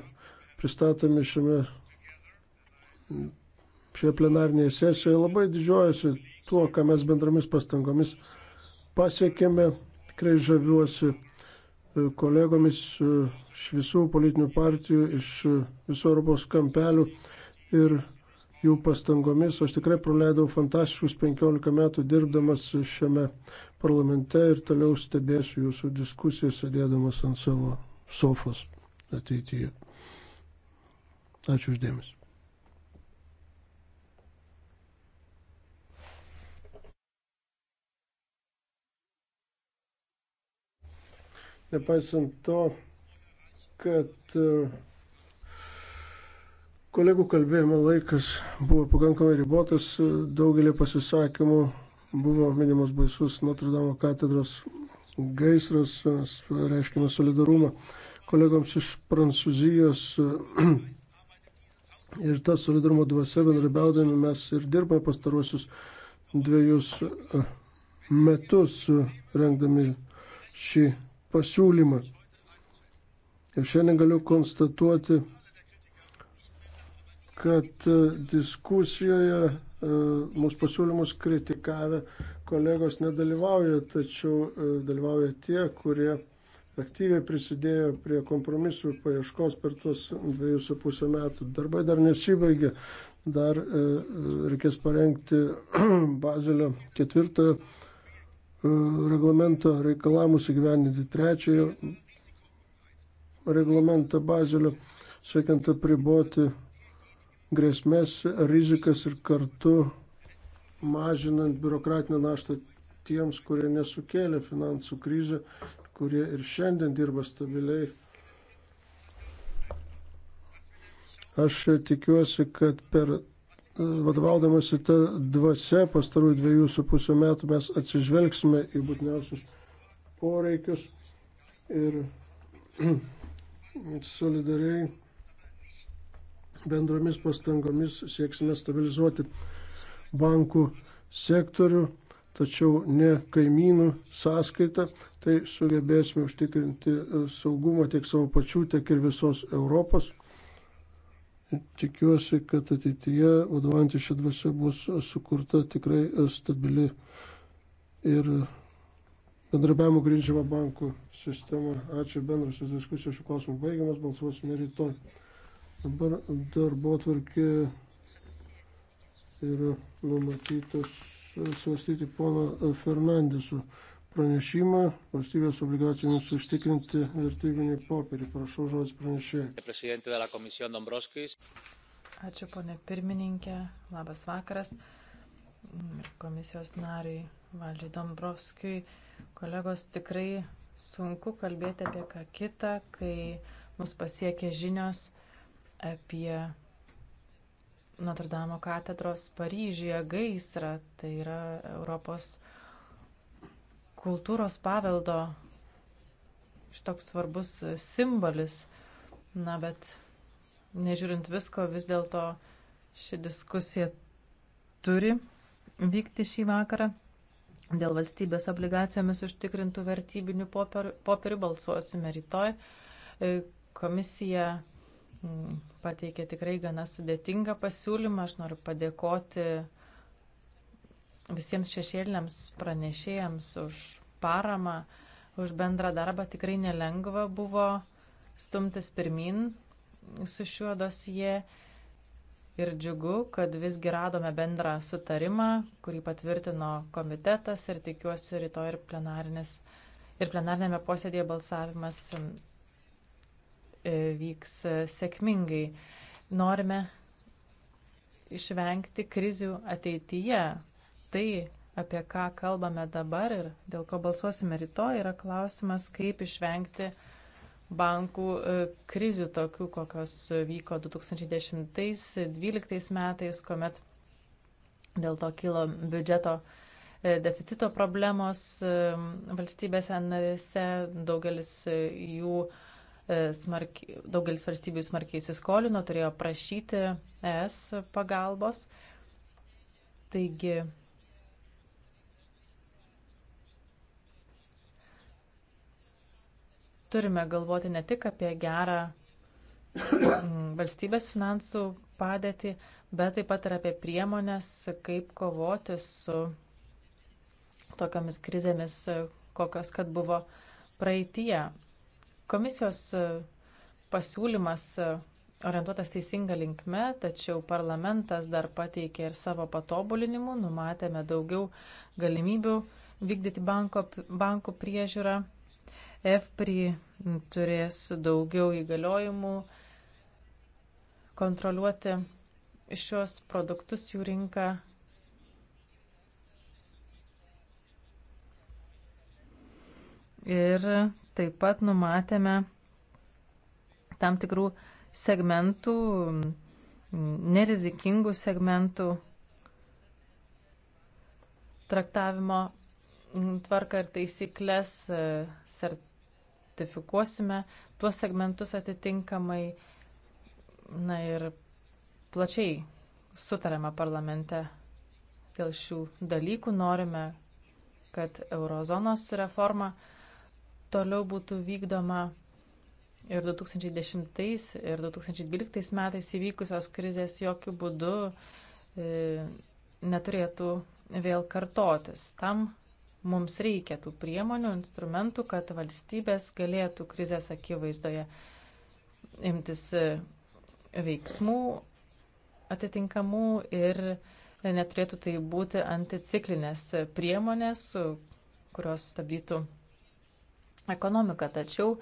pristatomi šiame šioje plenarnėje sesijoje. Labai didžiuojasi tuo, ką mes bendromis pastangomis pasiekėme, tikrai žaviuosi kolegomis e, iš visų politinių partijų, iš visų Europos kampelių ir jų pastangomis. Aš tikrai praleidau fantastiškus 15 metų dirbdamas šiame parlamente ir toliau stebėsiu jūsų diskusiją, sėdėdamas ant savo sofos ateityje. Ačiū uždėmesi. nepaisant to, kad e, kolegų kalbėjimo laikas buvo pakankamai ribotas, e, daugelį pasisakymų buvo minimas baisus Notre Dame katedros gaisras, e, reiškime solidarumą kolegoms iš Prancūzijos. ir ta solidarumo dvasia bendrabiaudami mes ir dirbame pastaruosius dviejus metus rengdami šį pasiūlymą. Ir šiandien galiu konstatuoti, kad e, diskusijoje e, mūsų pasiūlymus kritikavę kolegos nedalyvauja, tačiau e, dalyvauja tie, kurie aktyviai prisidėjo prie kompromisų paieškos per tuos dviejus su pusę metų. Darbai dar nesibaigė, dar reikės parengti Bazilio ketvirtojo reglamento reikalavimus įgyvendinti trečiojo reglamentą Bazelio, siekiant apriboti grėsmės, rizikas ir kartu mažinant biurokratinę naštą tiems, kurie nesukėlė finansų krizę, kurie ir šiandien dirba stabiliai. Aš tikiuosi, kad per vadovaudamasi tą dvasę pastarųjų dviejų su pusę metų mes atsižvelgsime į būtiniausius poreikius ir solidariai bendromis pastangomis sieksime stabilizuoti bankų sektorių, tačiau ne kaimynų sąskaitą, tai sugebėsime užtikrinti e, saugumą tiek savo pačių, tiek ir visos Europos. Tikiuosi, kad ateityje vadovaujant iš dvasia bus sukurta tikrai stabili ir bendrabiavimo grindžiama bankų sistema. Ačiū bendrosios diskusijos šių klausimų baigiamas, balsuosime rytoj. Dabar darbo atvarkė yra numatytas svarstyti pono Fernandesu pranešimą valstybės obligacijomis užtikrinti vertybinį popierį. Prašau žodis pranešėjai. Ačiū, ponė pirmininkė. Labas vakaras. Komisijos nariai Valdžiai Dombrovskijui. Kolegos, tikrai sunku kalbėti apie ką kitą, kai mus pasiekė žinios apie Notre Dame katedros Paryžiuje gaisrą. Tai yra Europos kultūros paveldo šitoks svarbus simbolis. Na, bet nežiūrint visko, vis dėlto ši diskusija turi vykti šį vakarą. Dėl valstybės obligacijomis užtikrintų vertybinių popierių balsuosime rytoj. E, komisija pateikė tikrai gana sudėtingą pasiūlymą. Aš noriu padėkoti uh, visiems šešėliniams pranešėjams už paramą, už bendrą darbą. Tikrai nelengva buvo stumtis pirmin su šiuo dosije. Ir džiugu, kad visgi radome bendrą sutarimą, kurį patvirtino komitetas ir tikiuosi rytoj ir, ir plenarinėme posėdėje balsavimas um, e, vyks e, sėkmingai. Norime išvengti krizių ateityje, tai, apie ką kalbame dabar ir dėl ko balsuosime rytoj, yra klausimas, kaip išvengti bankų e, krizių tokių, kokios vyko 2010-2012 metais, kuomet dėl to kilo biudžeto e, deficito problemos e, valstybėse narėse, daugelis jų smarkiai, daugelis valstybių smarkiai įsiskolino, turėjo prašyti ES pagalbos. Taigi turime galvoti ne tik apie gerą mm, valstybės finansų padėtį, bet taip pat ir apie priemonės, kaip kovoti su tokiamis krizėmis, kokios kad buvo praeitie. Komisijos pasiūlymas orientuotas teisinga linkme, tačiau parlamentas dar pateikė ir savo patobulinimų, numatėme daugiau galimybių vykdyti banko, bankų priežiūrą EFPRI turės daugiau įgaliojimų kontroliuoti šios produktus, jų rinką. Ir taip pat numatėme tam tikrų segmentų, nerizikingų segmentų traktavimo tvarką ir taisyklės, sert e, ratifikuosime tuos segmentus atitinkamai na ir plačiai sutarėme parlamente dėl šių dalykų. Norime, kad eurozonos reforma toliau būtų vykdoma ir 2010 ir 2012 metais įvykusios krizės jokių būdų e, neturėtų vėl kartotis. Tam Mums reikia tų priemonių, instrumentų, kad valstybės galėtų krizės akivaizdoje imtis e, veiksmų atitinkamų ir neturėtų tai būti anticiklinės priemonės, kurios stabdytų ekonomiką. Tačiau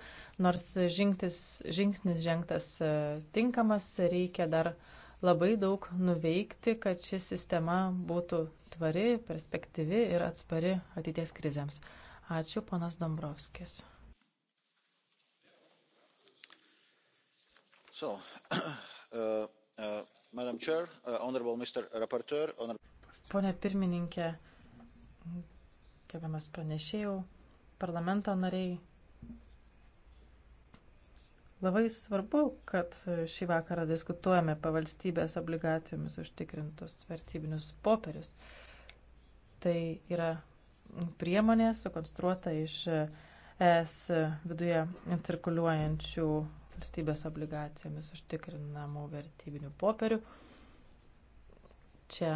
nors žingsnis, žingsnis žengtas e, tinkamas, reikia dar uh, labai daug nuveikti, kad ši sistema būtų tvari, perspektyvi ir atspari ateities krizėms. Ačiū, ponas Dombrovskis. So, uh, uh, Madam Chair, uh, Honorable Mr. Rapporteur, honorable... Pone pirmininkė, gerbiamas pranešėjau, parlamento nariai, Labai svarbu, kad šį vakarą diskutuojame apie valstybės obligacijomis užtikrintus vertybinius popierius. Tai yra priemonė sukonstruota iš ES viduje cirkuliuojančių valstybės obligacijomis užtikrinamų vertybinių popierių. Čia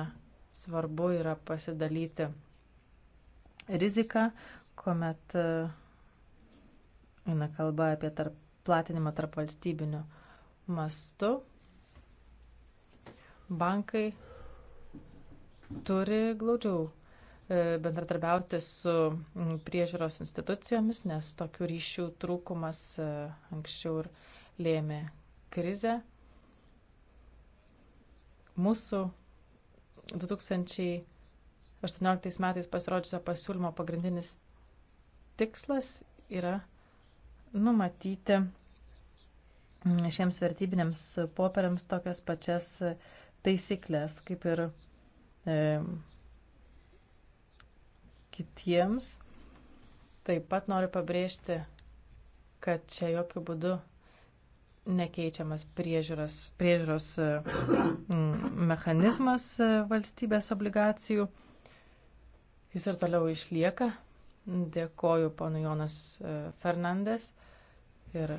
svarbu yra pasidalyti riziką, kuomet eina kalba apie tarp platinimą tarp valstybinių mastų, bankai turi glaudžiau e, bendradarbiauti su priežiūros institucijomis, nes tokių ryšių trūkumas e, anksčiau ir lėmė krizę. Mūsų 2018 metais pasirodžiusio pasiūlymo pagrindinis tikslas yra numatyti mm, šiems vertybinėms popieriams tokias pačias taisyklės kaip ir e, kitiems. Taip pat noriu pabrėžti, kad čia jokių būdų nekeičiamas priežiūros, priežiūros mm, mechanizmas e, valstybės obligacijų. Jis ir toliau išlieka. Dėkoju ponu Jonas e, Fernandes ir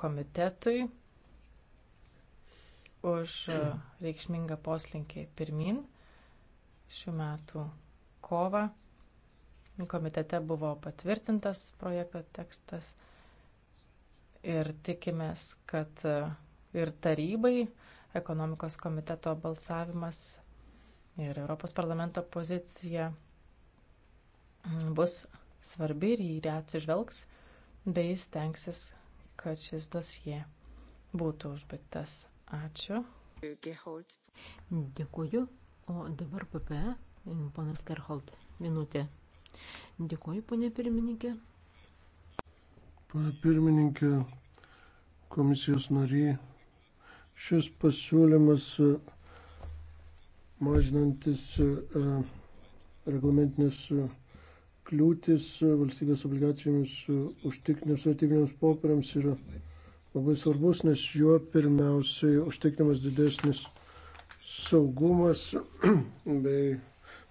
komitetui už reikšmingą poslinkį pirmin šių metų kovą. Komitete buvo patvirtintas projekto tekstas ir tikimės, kad ir tarybai ekonomikos komiteto balsavimas ir Europos parlamento pozicija bus svarbi ir jį atsižvelgs bei stengsis kad šis dosie būtų užbaigtas. Ačiū. Dėkuoju. O dabar PPE, ponas Kerhold, minutė. Dėkuoju, ponė pirmininkė. Pane pirmininkė, komisijos nariai, šis pasiūlymas e, mažinantis e, reglamentinius e, kliūtis e, valstybės obligacijomis e, užtikrinėms vertybinėms popieriams yra labai svarbus, nes juo pirmiausiai užtikrinamas didesnis saugumas bei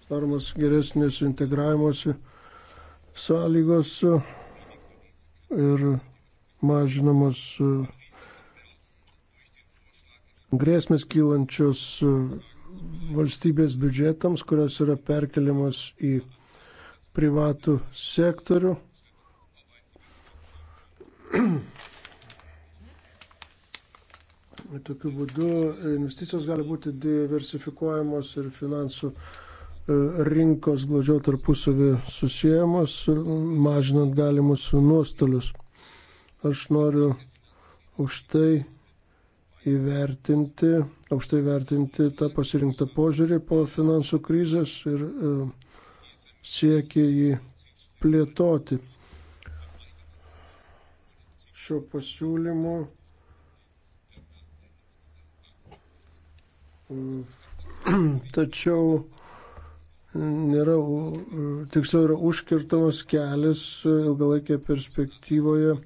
daromas geresnės integravimosi sąlygos e, ir mažinamos grėsmės kylančios valstybės biudžetams, kurios yra perkeliamos į privatų sektorių. Tokiu būdu investicijos gali būti diversifikuojamos ir finansų e, rinkos glaudžiau tarpusavį susijęmos, mažinant galimus nuostolius. Aš noriu aukštai įvertinti, aukštai vertinti tą pasirinktą požiūrį po finansų krizės ir e, siekia jį plėtoti. Šio pasiūlymo tačiau nėra, tiksliau yra užkirtamas kelias ilgalaikėje perspektyvoje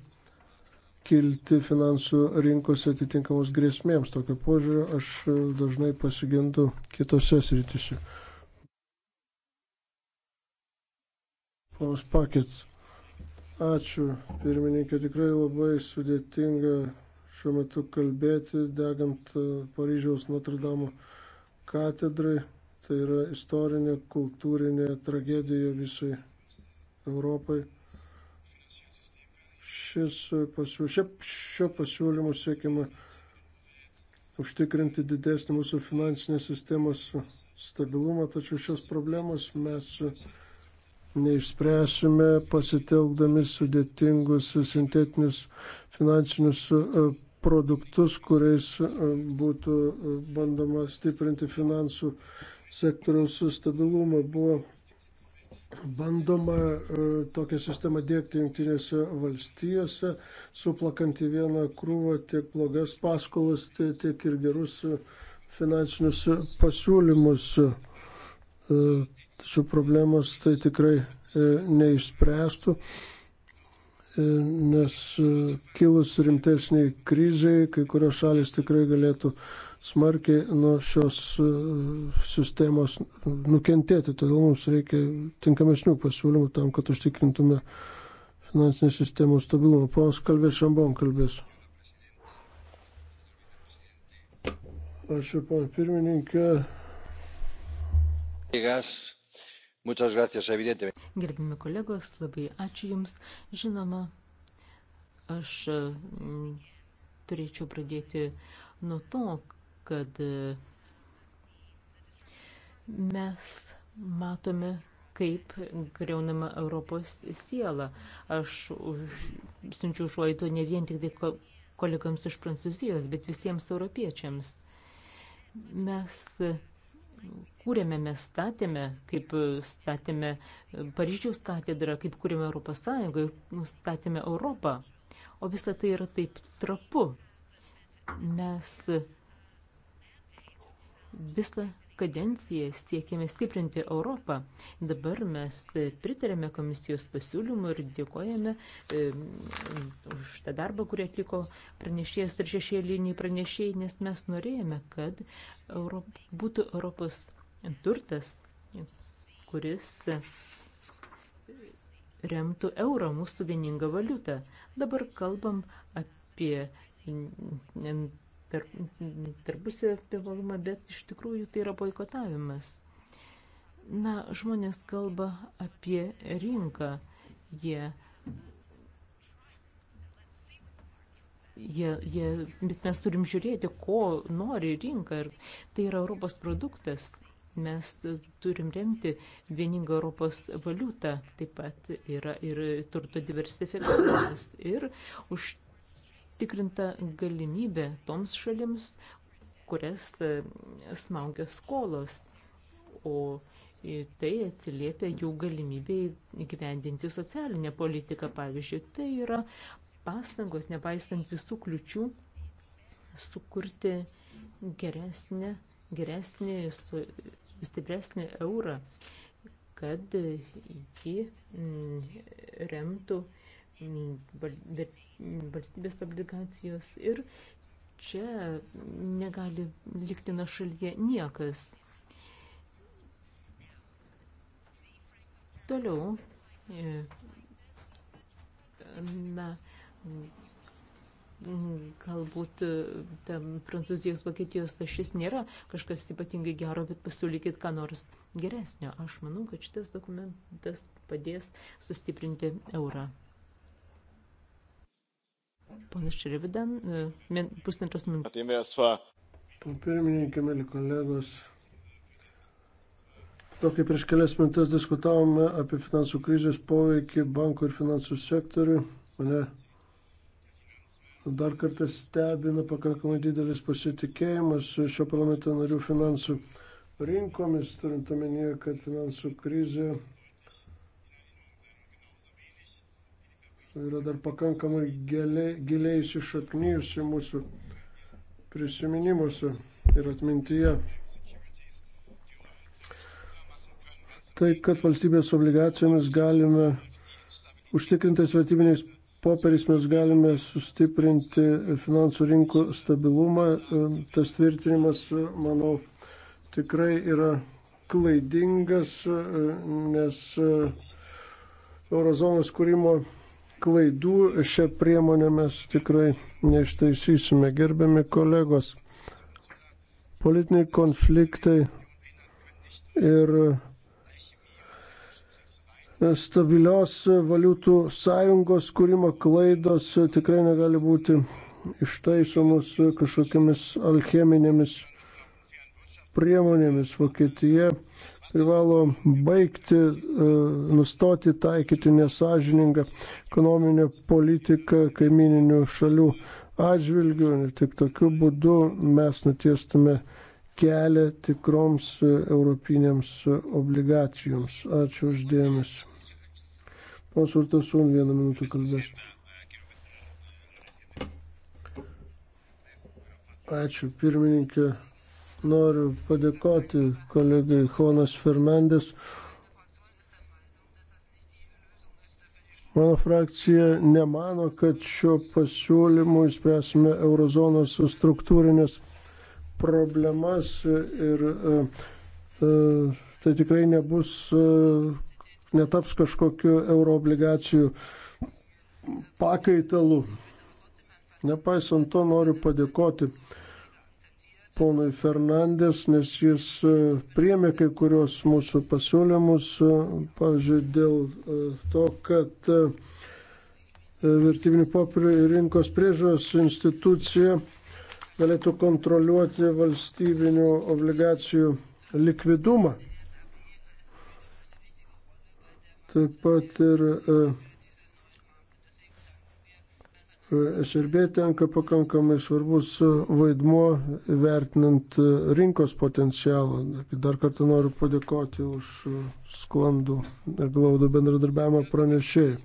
kilti finansų rinkos atitinkamos grėsmėms. Tokio požiūrio aš dažnai pasigendu kitose srityse. Ponas Pakits. Ačiū, pirmininkė, tikrai labai sudėtinga šiuo metu kalbėti, degant e, Paryžiaus Notre Dame katedrai. Tai yra istorinė, kultūrinė tragedija visai Europai. Šis e, pasiūly, šio, šio pasiūlymo siekiama užtikrinti didesnį mūsų finansinės sistemos stabilumą, tačiau šios problemos mes neišspręsime pasitelkdami sudėtingus sintetinius finansinius e, produktus, kuriais e, būtų e, bandoma stiprinti finansų sektoriaus stabilumą. Buvo bandoma tokią sistemą dėkti jungtinėse valstijose, suplakant į vieną krūvą tiek blogas paskolas, tiek ir gerus finansinius pasiūlymus tačiau e, problemos tai tikrai e, neišspręstų, e, nes kilus rimtesniai kriziai, kai kurios šalis tikrai galėtų smarkiai nuo šios sistemos nukentėti. Todėl mums reikia tinkamesnių pasiūlymų tam, kad užtikrintume finansinės sistemos stabilumą. Ponas kalbės šambon kalbės. Ačiū, pana pirmininkė. Gerbimi kolegos, labai ačiū Jums. Žinoma, aš mm, turėčiau pradėti nuo to, kad e, mes matome, kaip greunama Europos siela. Aš už, siunčiu užuojautą ne vien tik tai kolegams iš Prancūzijos, bet visiems europiečiams. Mes kūrėme, mes statėme, kaip statėme Paryžiaus katedrą, kaip kūrėme Europos Sąjungą ir statėme Europą. O visa tai yra taip trapu. Mes visą kadenciją siekėme stiprinti Europą. Dabar mes e, pritarėme komisijos pasiūlymų ir dėkojame e, už tą darbą, kurį atliko pranešėjas ir šešėliniai pranešėjai, nes mes norėjome, kad Europ, būtų Europos turtas, kuris remtų eurą mūsų vieningą valiutą. Dabar kalbam apie per, tarpusio privalumą, bet iš tikrųjų tai yra boikotavimas. Na, žmonės kalba apie rinką. Jie, jie, jie, bet mes turim žiūrėti, ko nori rinka. Ir tai yra Europos produktas. Mes turim remti vieningą Europos valiutą. Taip pat yra ir turto diversifikavimas. Ir už užtikrinta galimybė toms šalims, kurias e, smaugia skolos, o tai atsiliepia jų galimybė įgyvendinti socialinę politiką. Pavyzdžiui, tai yra pastangos, nepaisant visų kliučių, sukurti geresnį, geresnį, stipresnį eurą, kad jį mm, remtų valstybės obligacijos ir čia negali likti na šalyje niekas. Toliau, e, na, galbūt e, tam Prancūzijos, Vokietijos ašis nėra kažkas ypatingai gero, bet pasiūlykit ką nors geresnio. Aš manau, kad šitas dokumentas padės sustiprinti eurą. Panas Šrividan, e, pusantros minutės. Pirmininkė, mėly kolegos, Tokį prieš kelias mintas diskutavome apie finansų krizės poveikį bankų ir finansų sektoriui. Mane dar kartą stebina pakankamai didelis pasitikėjimas šio parlamento narių finansų rinkomis, turint omenyje, kad finansų krizė yra dar pakankamai giliai įsišaknyjusi mūsų prisiminimuose ir atmintyje. Tai, kad valstybės obligacijomis galime užtikrintais vertybiniais popieriais mes galime sustiprinti finansų rinkų stabilumą, e, tas tvirtinimas, e, manau, tikrai yra klaidingas, e, nes eurozonos kūrimo klaidų šią priemonę mes tikrai neištaisysime. Gerbiami kolegos, politiniai konfliktai ir stabilios valiutų sąjungos kūrimo klaidos tikrai negali būti ištaisomus kažkokiamis alcheminėmis priemonėmis. Vokietija privalo baigti, e, nustoti taikyti nesažiningą ekonominę politiką kaimininių šalių atžvilgių. Ir tik tokiu būdu mes nutiestume kelią tikroms europinėms obligacijoms. Ačiū uždėmesi. Pons Urtasun vieną minutę kalbės. Ačiū pirmininkė. Noriu padėkoti kolegai Jonas Fernandės. Mano frakcija nemano, kad šiuo pasiūlymu išspręsime eurozonos struktūrinės problemas ir uh, uh, tai tikrai nebus, uh, netaps kažkokiu euroobligacijų pakaitalu. Nepaisant to noriu padėkoti uh, ponui Fernandės, nes jis e, priemė kai kurios mūsų pasiūlymus, e, pavyzdžiui, dėl e, to, kad vertybinių popierių rinkos priežos institucija galėtų kontroliuoti valstybinių obligacijų likvidumą. Taip pat ir uh, SRB tenka pakankamai svarbus vaidmuo vertinant rinkos potencialą. Dar kartą noriu padėkoti už sklandų ir glaudų bendradarbiavimą pranešėjai.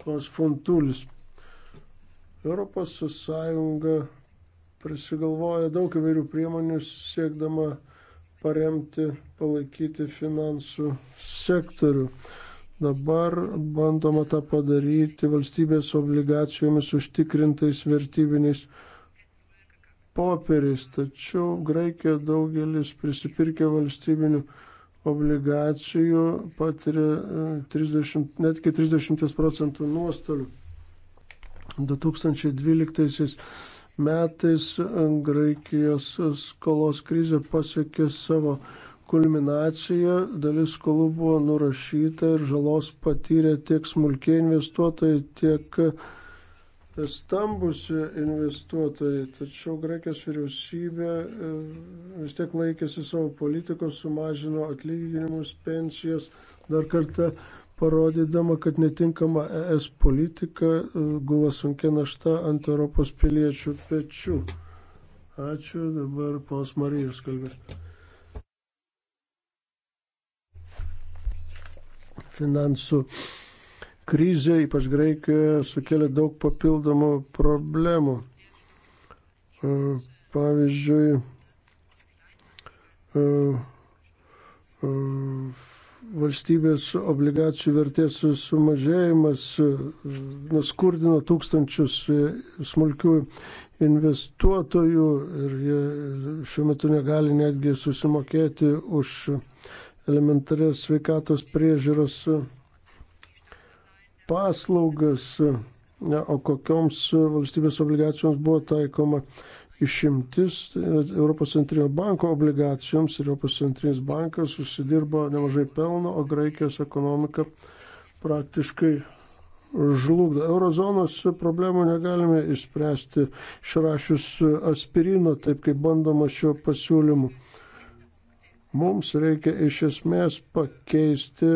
Klas Fontulis. Europos Sąjunga prisigalvoja daug įvairių priemonių siekdama paremti, palaikyti finansų sektorių. Dabar bandoma tą padaryti valstybės obligacijomis užtikrintais vertybiniais popieriais. Tačiau Graikija daugelis prisipirkė valstybinių obligacijų patiria 30, netgi 30 procentų nuostolių. 2012 metais Graikijos skolos krizė pasiekė savo kulminacija dalis skolų buvo nurašyta ir žalos patyrė tiek smulkiai investuotojai, tiek e, stambus investuotojai. Tačiau Graikijos vyriausybė e, vis tiek laikėsi savo politikos, sumažino atlyginimus, pensijas, dar kartą parodydama, kad netinkama ES politika e, gula sunkia našta ant Europos piliečių pečių. Ačiū, dabar pos Marijos kalbės. finansų krizė, ypač Graikijoje, sukėlė daug papildomų problemų. E, pavyzdžiui, e, e, valstybės obligacijų vertės sumažėjimas nuskurdino tūkstančius smulkių investuotojų ir jie šiuo metu negali netgi susimokėti už elementarias sveikatos priežiūros paslaugas, ne, o kokioms valstybės obligacijoms buvo taikoma išimtis tai Europos centrinio banko obligacijoms. Europos centrinis bankas susidirbo nemažai pelno, o Graikijos ekonomika praktiškai žlugdo. Eurozonos problemų negalime išspręsti išrašius aspirino, taip kaip bandoma šiuo pasiūlymu. Mums reikia iš esmės pakeisti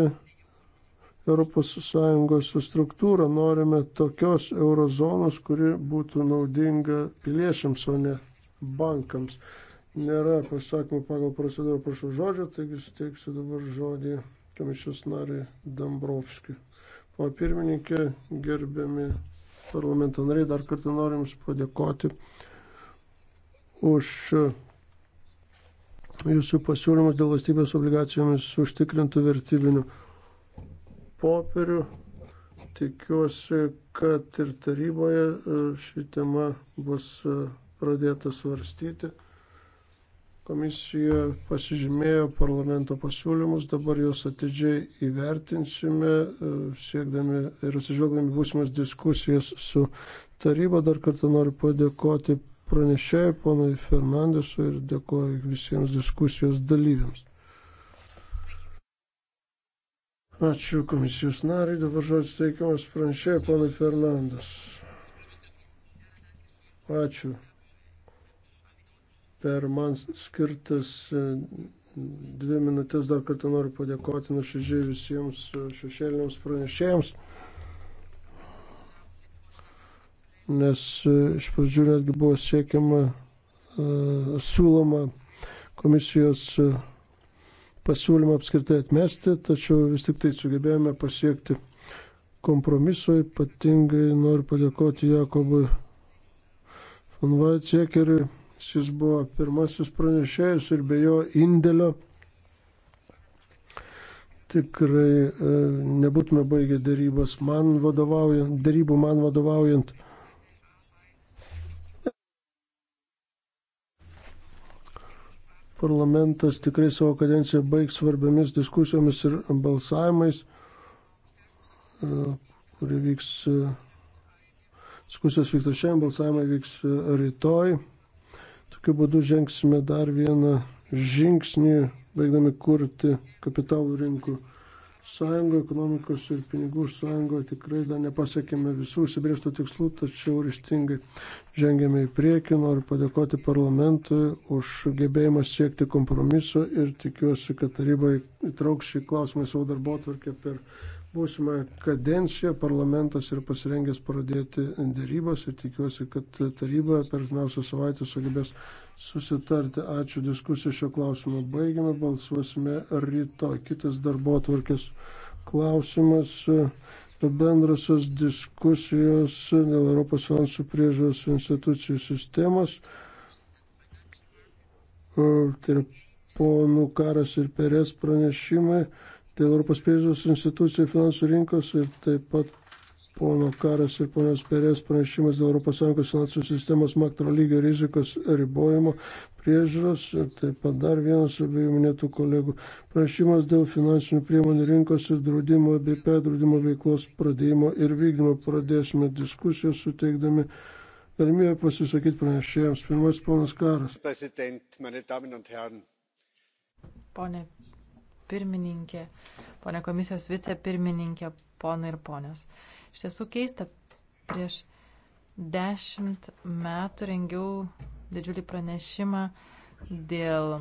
ES struktūrą. Norime tokios eurozonos, kuri būtų naudinga piliečiams, o ne bankams. Nėra pasakymų pagal procedūrą, prašau žodžio, taigi suteiksiu dabar žodį komisijos nariai Dambrovskiui. O pirmininkė, gerbiami parlamento nariai, dar kartą noriu Jums padėkoti už jūsų pasiūlymus dėl valstybės obligacijomis užtikrintų vertybinių popierių. Tikiuosi, kad ir taryboje e, ši tema bus e, pradėta svarstyti. Komisija pasižymėjo parlamento pasiūlymus, dabar juos atidžiai įvertinsime, e, siekdami ir atsižvelgdami būsimas diskusijas su taryba. Dar kartą noriu padėkoti pranešėjai, ponui Fernandesui ir dėkoju visiems diskusijos dalyviams. Ačiū komisijos nariai, dabar žodis teikiamas pranešėjai, ponui Fernandes. Ačiū. Per man skirtas e, dvi minutės dar kartą noriu padėkoti nuoširdžiai visiems e, šešėliniams pranešėjams. nes e, iš pradžių netgi buvo siekiama, e, siūloma komisijos e, pasiūlymą apskritai atmesti, tačiau vis tik tai sugebėjome pasiekti kompromiso, ypatingai noriu padėkoti Jakobui von Weizsäkeriui, jis buvo pirmasis pranešėjas ir be jo indėlio tikrai nebūtume baigę darybas man vadovaujant, darybų man vadovaujant. Parlamentas tikrai savo kadenciją baigs svarbiamis diskusijomis ir balsavimais, e, kurie vyks, e, diskusijos vyksta šiandien, balsavimai vyks e, rytoj. Tokiu būdu žengsime dar vieną žingsnį, baigdami kurti kapitalų rinkų sąjungoje, ekonomikos ir pinigų sąjungoje tikrai dar nepasiekėme visų užsibrėžtų tikslų, tačiau ryštingai žengėme į priekį. Noriu padėkoti parlamentui už gebėjimą siekti kompromiso ir tikiuosi, kad taryba įtrauks šį klausimą į savo darbo atvarkę per būsimą kadenciją. Parlamentas yra pasirengęs pradėti dėrybas ir tikiuosi, kad taryba per artimiausią savaitę sugebės susitarti. Ačiū diskusiją šio klausimo. Baigiame, balsuosime rytoj. Kitas darbo atvarkės klausimas. Bendrosios diskusijos dėl Europos finansų priežiūros institucijų sistemos. Tai yra ponų karas ir perės pranešimai dėl Europos priežiūros institucijų finansų rinkos ir taip pat pono Karas ir ponios Perės pranešimas dėl ES finansų sistemos makro lygio rizikos ribojimo priežiūros ir taip pat dar vienas abiejų minėtų kolegų pranešimas dėl finansinių priemonių rinkos ir draudimo bei perdraudimo veiklos pradėjimo ir vykdymo. Pradėsime diskusiją suteikdami galimybę pasisakyti pranešėjams. Pirmas ponas Karas. Pone pirmininkė, pone komisijos vicepirmininkė, ponai ir ponios. Iš tiesų keista, prieš dešimt metų rengiau didžiulį pranešimą dėl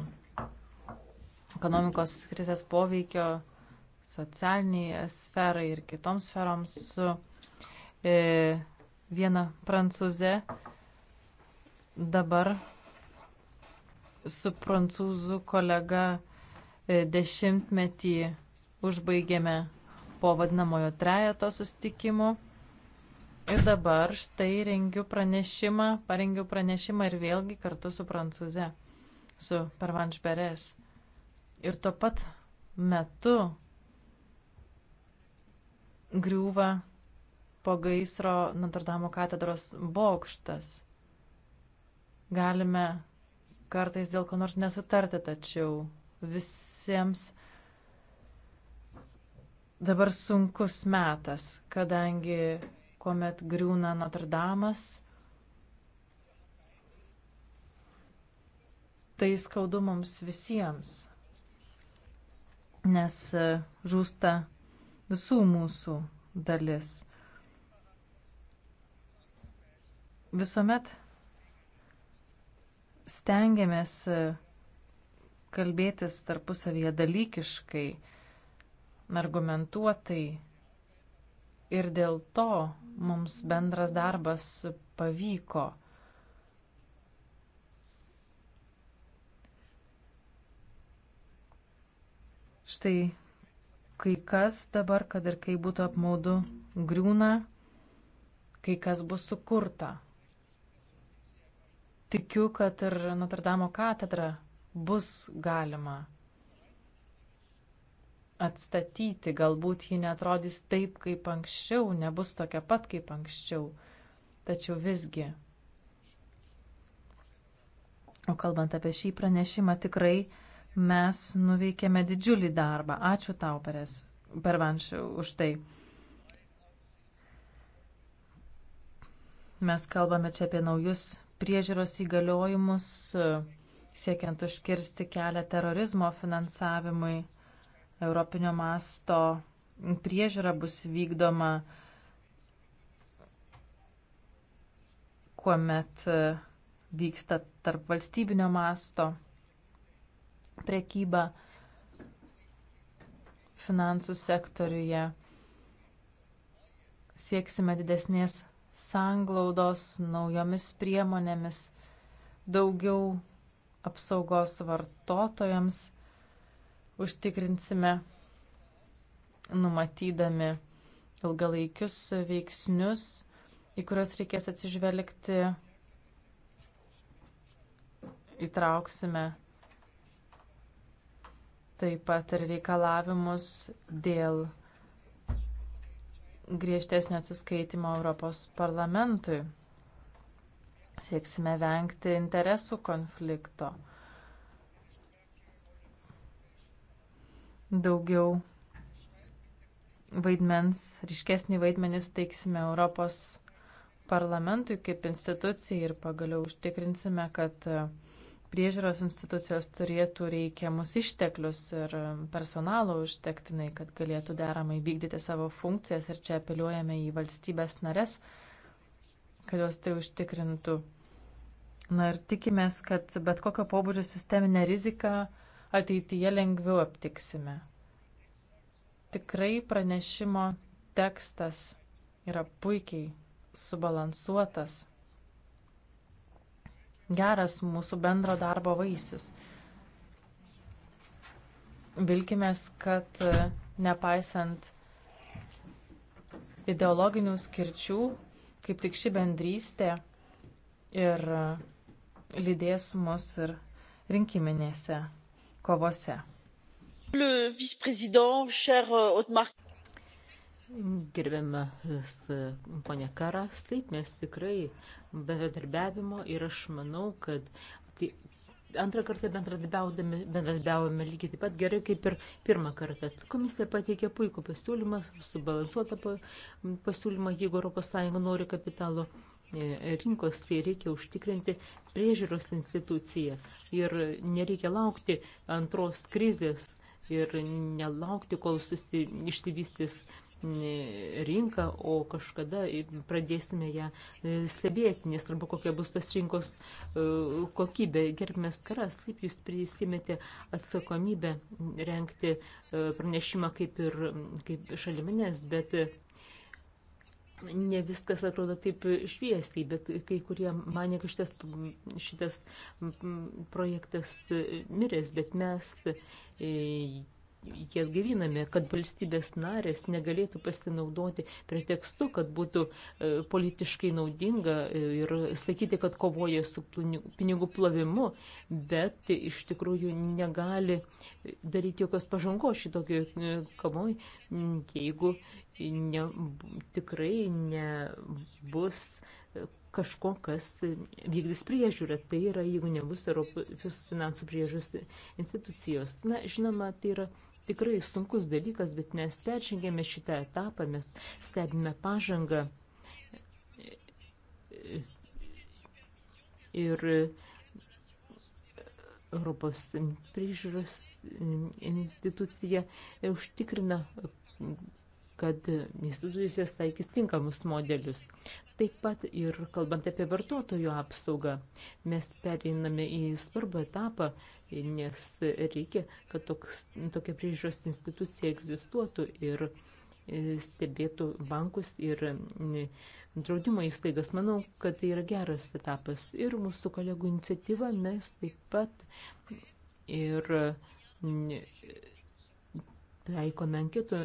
ekonomikos krizės poveikio socialiniai sferai ir kitoms sferoms su e, viena prancūze. Dabar su prancūzų kolega e, dešimtmetį užbaigėme po vadinamojo trejeto sustikimo. Ir dabar štai rengiu pranešimą, parengiu pranešimą ir vėlgi kartu su prancūze, su Pervanš Beres. Ir tuo pat metu griūva po gaisro Notrdamo katedros bokštas. Galime kartais dėl ko nors nesutarti, tačiau visiems dabar sunkus metas, kadangi kuomet griūna Notardamas, tai skaudu mums visiems, nes e, žūsta visų mūsų dalis. Visuomet stengiamės e, kalbėtis tarpusavyje dalykiškai argumentuotai ir dėl to mums bendras darbas pavyko. Štai kai kas dabar, kad ir kaip būtų apmaudu, griūna, kai kas bus sukurta. Tikiu, kad ir Notre Dame katedra bus galima atstatyti, galbūt ji netrodys taip kaip anksčiau, nebus tokia pat kaip anksčiau. Tačiau visgi. O kalbant apie šį pranešimą, tikrai mes nuveikėme didžiulį darbą. Ačiū tau, Peres, Pervanš, už tai. Mes kalbame čia apie naujus priežiūros įgaliojimus, siekiant užkirsti kelią terorizmo finansavimui Europinio masto priežiūra bus vykdoma, kuomet e, vyksta tarp valstybinio masto prekyba finansų sektoriuje. Sieksime didesnės sanglaudos naujomis priemonėmis, daugiau apsaugos vartotojams užtikrinsime, numatydami ilgalaikius veiksnius, į kuriuos reikės atsižvelgti, įtrauksime taip pat ir reikalavimus dėl griežtesnio atsiskaitimo Europos parlamentui. Sieksime vengti interesų konflikto. daugiau vaidmens, ryškesnį vaidmenį suteiksime Europos parlamentui kaip institucijai ir pagaliau užtikrinsime, kad e, priežiūros institucijos turėtų reikiamus išteklius ir e, personalo užtektinai, kad galėtų deramai vykdyti savo funkcijas ir čia apeliuojame į valstybės nares, kad jos tai užtikrintų. Na ir tikimės, kad bet kokio pobūdžio sisteminė rizika ateityje lengviau aptiksime. Tikrai pranešimo tekstas yra puikiai subalansuotas, geras mūsų bendro darbo vaisius. Vilkimės, kad e, nepaisant ideologinių skirčių, kaip tik ši bendrystė ir e, lydės mus ir rinkiminėse kovose. Euh, Gerbiamas euh, ponė Karas, taip mes tikrai bendradarbiavimo ir aš manau, kad tai antrą kartą bendradarbiavome lygiai taip pat gerai kaip ir pirmą kartą. Komisija pateikė puikų pasiūlymą, subalansuotą pasiūlymą, jeigu ES nori kapitalo E, rinkos, tai reikia užtikrinti priežiūros instituciją ir nereikia laukti antros krizės ir nelaukti, kol susi, išsivystys e, rinką, o kažkada pradėsime ją e, stebėti, nes arba kokia bus tas rinkos kokybė. Gerbimės karas, taip jūs prisimėte atsakomybę renkti pranešimą kaip ir kaip šaliminės, bet ne viskas atrodo taip šviesiai, bet kai kurie mane, kad šitas, šitas projektas miręs, bet mes e, jį atgyviname, kad valstybės narės negalėtų pasinaudoti pretekstu, kad būtų e, politiškai naudinga e, ir sakyti, kad kovoja su pinigų plovimu, bet iš tikrųjų negali daryti jokios pažangos šitokio kavoj, jeigu ne, tikrai nebus kažko, kas vykdys priežiūrą. Tai yra, jeigu nebus Europos finansų priežiūros institucijos. Na, žinoma, tai yra tikrai sunkus dalykas, bet mes peržengėme šitą etapą, mes stebime pažangą. Ir Europos priežiūros institucija užtikrina kad institucijos taikys tinkamus modelius. Taip pat ir kalbant apie vartotojų apsaugą, mes pereiname į svarbą etapą, nes reikia, kad toks, tokia priežiūros institucija egzistuotų ir e, stebėtų bankus ir e, draudimo įstaigas. Manau, kad tai yra geras etapas. Ir mūsų kolegų iniciatyva mes taip pat ir taikome anketų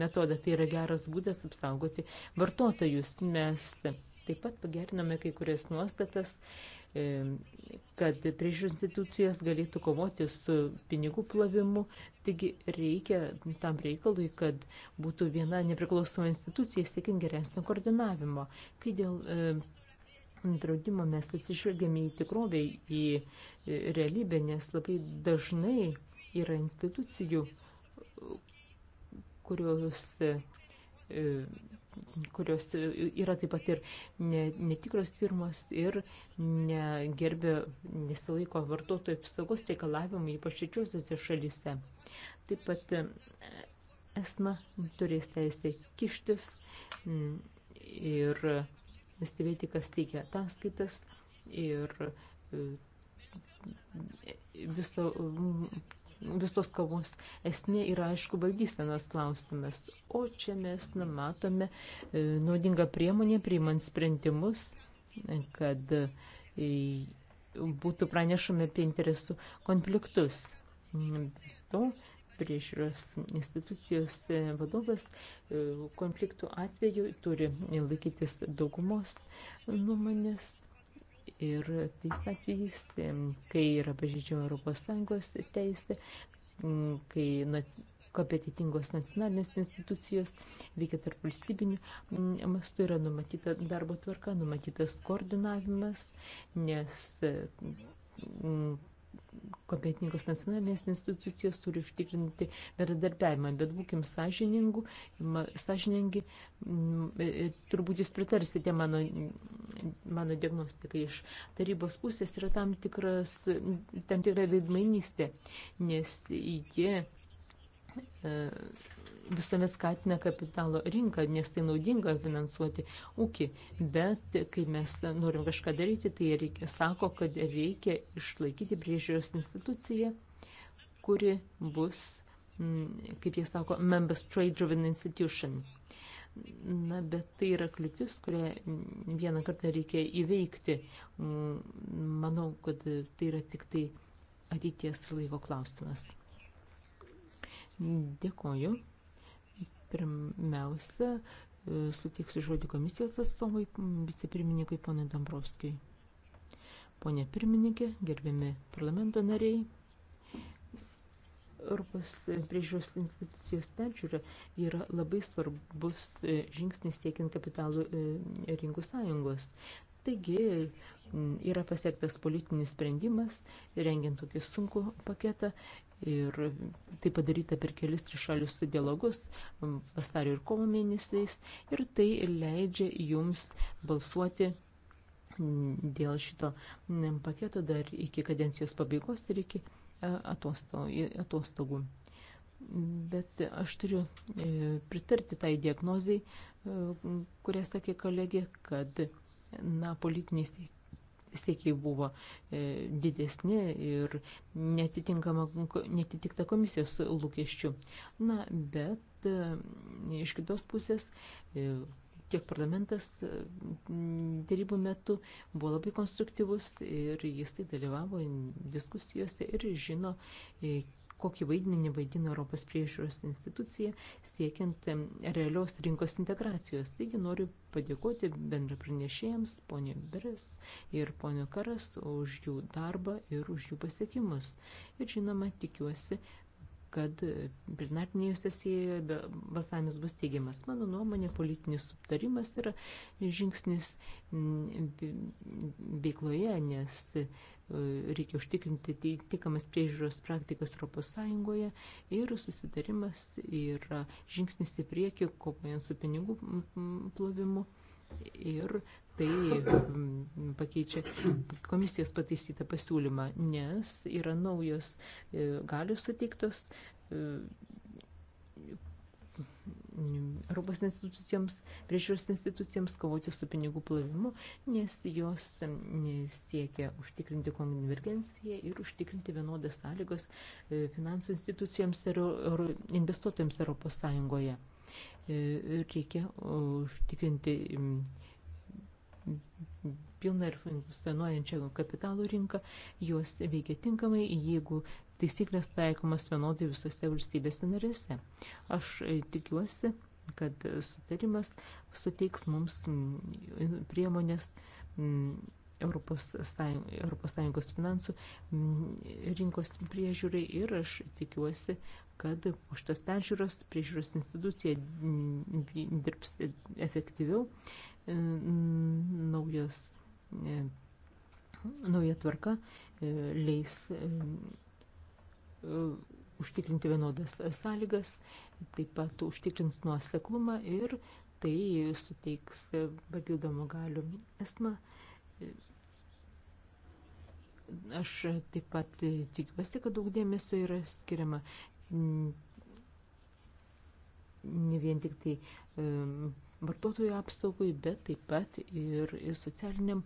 metodą, tai yra geras būdas apsaugoti vartotojus. Mes taip pat pagerinome kai kurias nuostatas, kad priežiūros institucijos galėtų kovoti su pinigų plovimu. Taigi reikia tam reikalui, kad būtų viena nepriklausoma institucija siekiant geresnio koordinavimo. Kai dėl draudimo mes atsižvelgiame į tikrovę, į e, realybę, nes labai dažnai yra institucijų, kurios e, kurios yra taip pat ir netikros firmos ir negerbė, nesilaiko vartotojų apsaugos reikalavimų, ypač didžiosiuose šalyse. Taip pat e, esma turės teisę kištis ir stebėti, kas teikia ataskaitas ir e, viso visos kovos esmė yra, aišku, valdysenos klausimas. O čia mes numatome e, naudingą priemonę priimant sprendimus, kad e, būtų pranešami apie interesų konfliktus. To priežiūros institucijos e, vadovas konfliktų atveju turi laikytis daugumos nuomonės ir tais atvejais, kai yra pažydžiama Europos Sąjungos teisė, kai kompetitingos nacionalinės institucijos veikia tarp valstybinių mastų, yra numatyta darbo tvarka, numatytas koordinavimas, nes kompetingos nacionalinės institucijos turi užtikrinti bendradarbiavimą, bet būkim sąžiningi, mm, e, e, turbūt jūs pritarsite mano, mano diagnostikai iš tarybos pusės yra tam, tikras, tam tikra veidmainystė, nes jie e, visame skatina kapitalo rinką, nes tai naudinga finansuoti ūkį, bet kai mes norim kažką daryti, tai reikia, sako, kad reikia išlaikyti priežiūros instituciją, kuri bus, mm, kaip jie sako, Member Trade Driven Institution. Na, bet tai yra kliūtis, kurią vieną kartą reikia įveikti. Mm, manau, kad tai yra tik tai ateities ir laivo klausimas. Dėkoju. Pirmiausia, e, sutiksiu žodį komisijos atstovui, vicepirmininkui ponui Dombrovskijui. Pone pirmininkė, gerbiami parlamento nariai, Europos priežiūros institucijos peržiūra yra labai svarbus e, žingsnis siekiant kapitalų e, rinkų sąjungos. Taigi yra pasiektas politinis sprendimas, rengiant tokį sunkų paketą Ir tai padaryta per kelis trišalius dialogus vasario ir kovo mėnesiais. Ir tai leidžia jums balsuoti dėl šito paketo dar iki kadencijos pabaigos ir iki atostogų. Bet aš turiu e, pritarti tai diagnozijai, e, kurią sakė kolegė, kad na, politiniai siekiai buvo e, didesni ir netitikta komisijos lūkesčių. Na, bet e, iš kitos pusės e, tiek parlamentas dėrybų metu buvo labai konstruktyvus ir jis tai dalyvavo diskusijose ir žino, kokį vaidmenį vaidina Europos priežiūros institucija siekiant realios rinkos integracijos. Taigi noriu padėkoti bendra pranešėjams, ponė Beres ir ponė Karas, už jų darbą ir už jų pasiekimus. Ir žinoma, tikiuosi, kad plenarnėje sesijoje balsavimas bus teigiamas. Mano nuomonė, politinis sutarimas yra žingsnis veikloje, nes reikia užtikrinti tikamas priežiūros praktikas Europos Sąjungoje ir susitarimas yra žingsnis į priekį, kovojant su pinigų plovimu ir tai pakeičia komisijos pataisytą pasiūlymą, nes yra naujos e, galios suteiktos e, Europos institucijoms, priežiūros institucijoms kovoti su pinigų plovimu, nes jos siekia užtikrinti konvergenciją ir užtikrinti vienodas sąlygas e, finansų institucijoms ir investuotojams Europos Sąjungoje. E, reikia užtikrinti pilną ir funkcionuojančią kapitalų rinką, jos veikia tinkamai, jeigu taisyklės taikomas vienodai visose valstybėse narėse. Aš e, tikiuosi, kad sutarimas suteiks mums priemonės Europos Sąjungos finansų rinkos priežiūrai ir aš tikiuosi, kad po šitas peržiūros priežiūros institucija dirbs e, efektyviau. E, naujas, nauja tvarka leis E, užtikrinti vienodas sąlygas, taip pat užtikrins nuoseklumą ir tai suteiks papildomų galių esmą. E, aš taip pat tikiuosi, kad daug dėmesio yra skiriama ne vien tik tai e, vartotojų apsaugai, bet taip pat ir socialiniam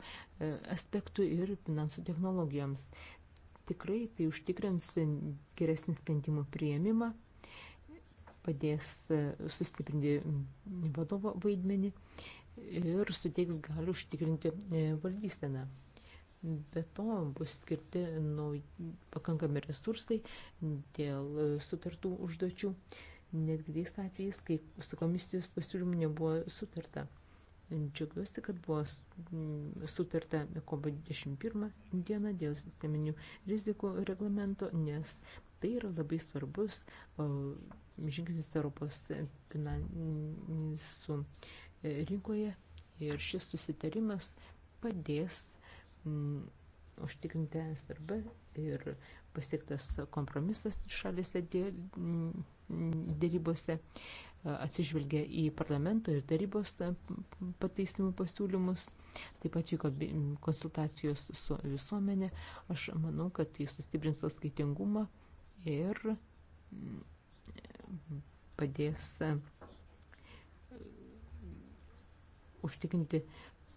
aspektui ir finansų technologijoms tikrai tai užtikrins geresnį sprendimų prieimimą, padės e, sustiprinti mm, vadovo vaidmenį ir suteiks galių užtikrinti e, valdyseną. Be to bus skirti nauj, pakankami resursai dėl e, sutartų užduočių, netgi tais atvejais, kai su komisijos pasiūlymu nebuvo sutarta. Džiaugiuosi, kad buvo mm, sutarta kovo 21 dieną dėl sisteminių rizikų reglamento, nes tai yra labai svarbus žingsnis Europos finansų e, rinkoje ir šis susitarimas padės mm, užtikrinti SRB ir pasiektas kompromisas šalise mm, dėrybose. Dėl, atsižvelgia į parlamento ir tarybos e, pataisimų pasiūlymus. Taip pat vyko konsultacijos su visuomenė. Aš manau, kad tai sustiprins skaitingumą ir mm, padės e, užtikrinti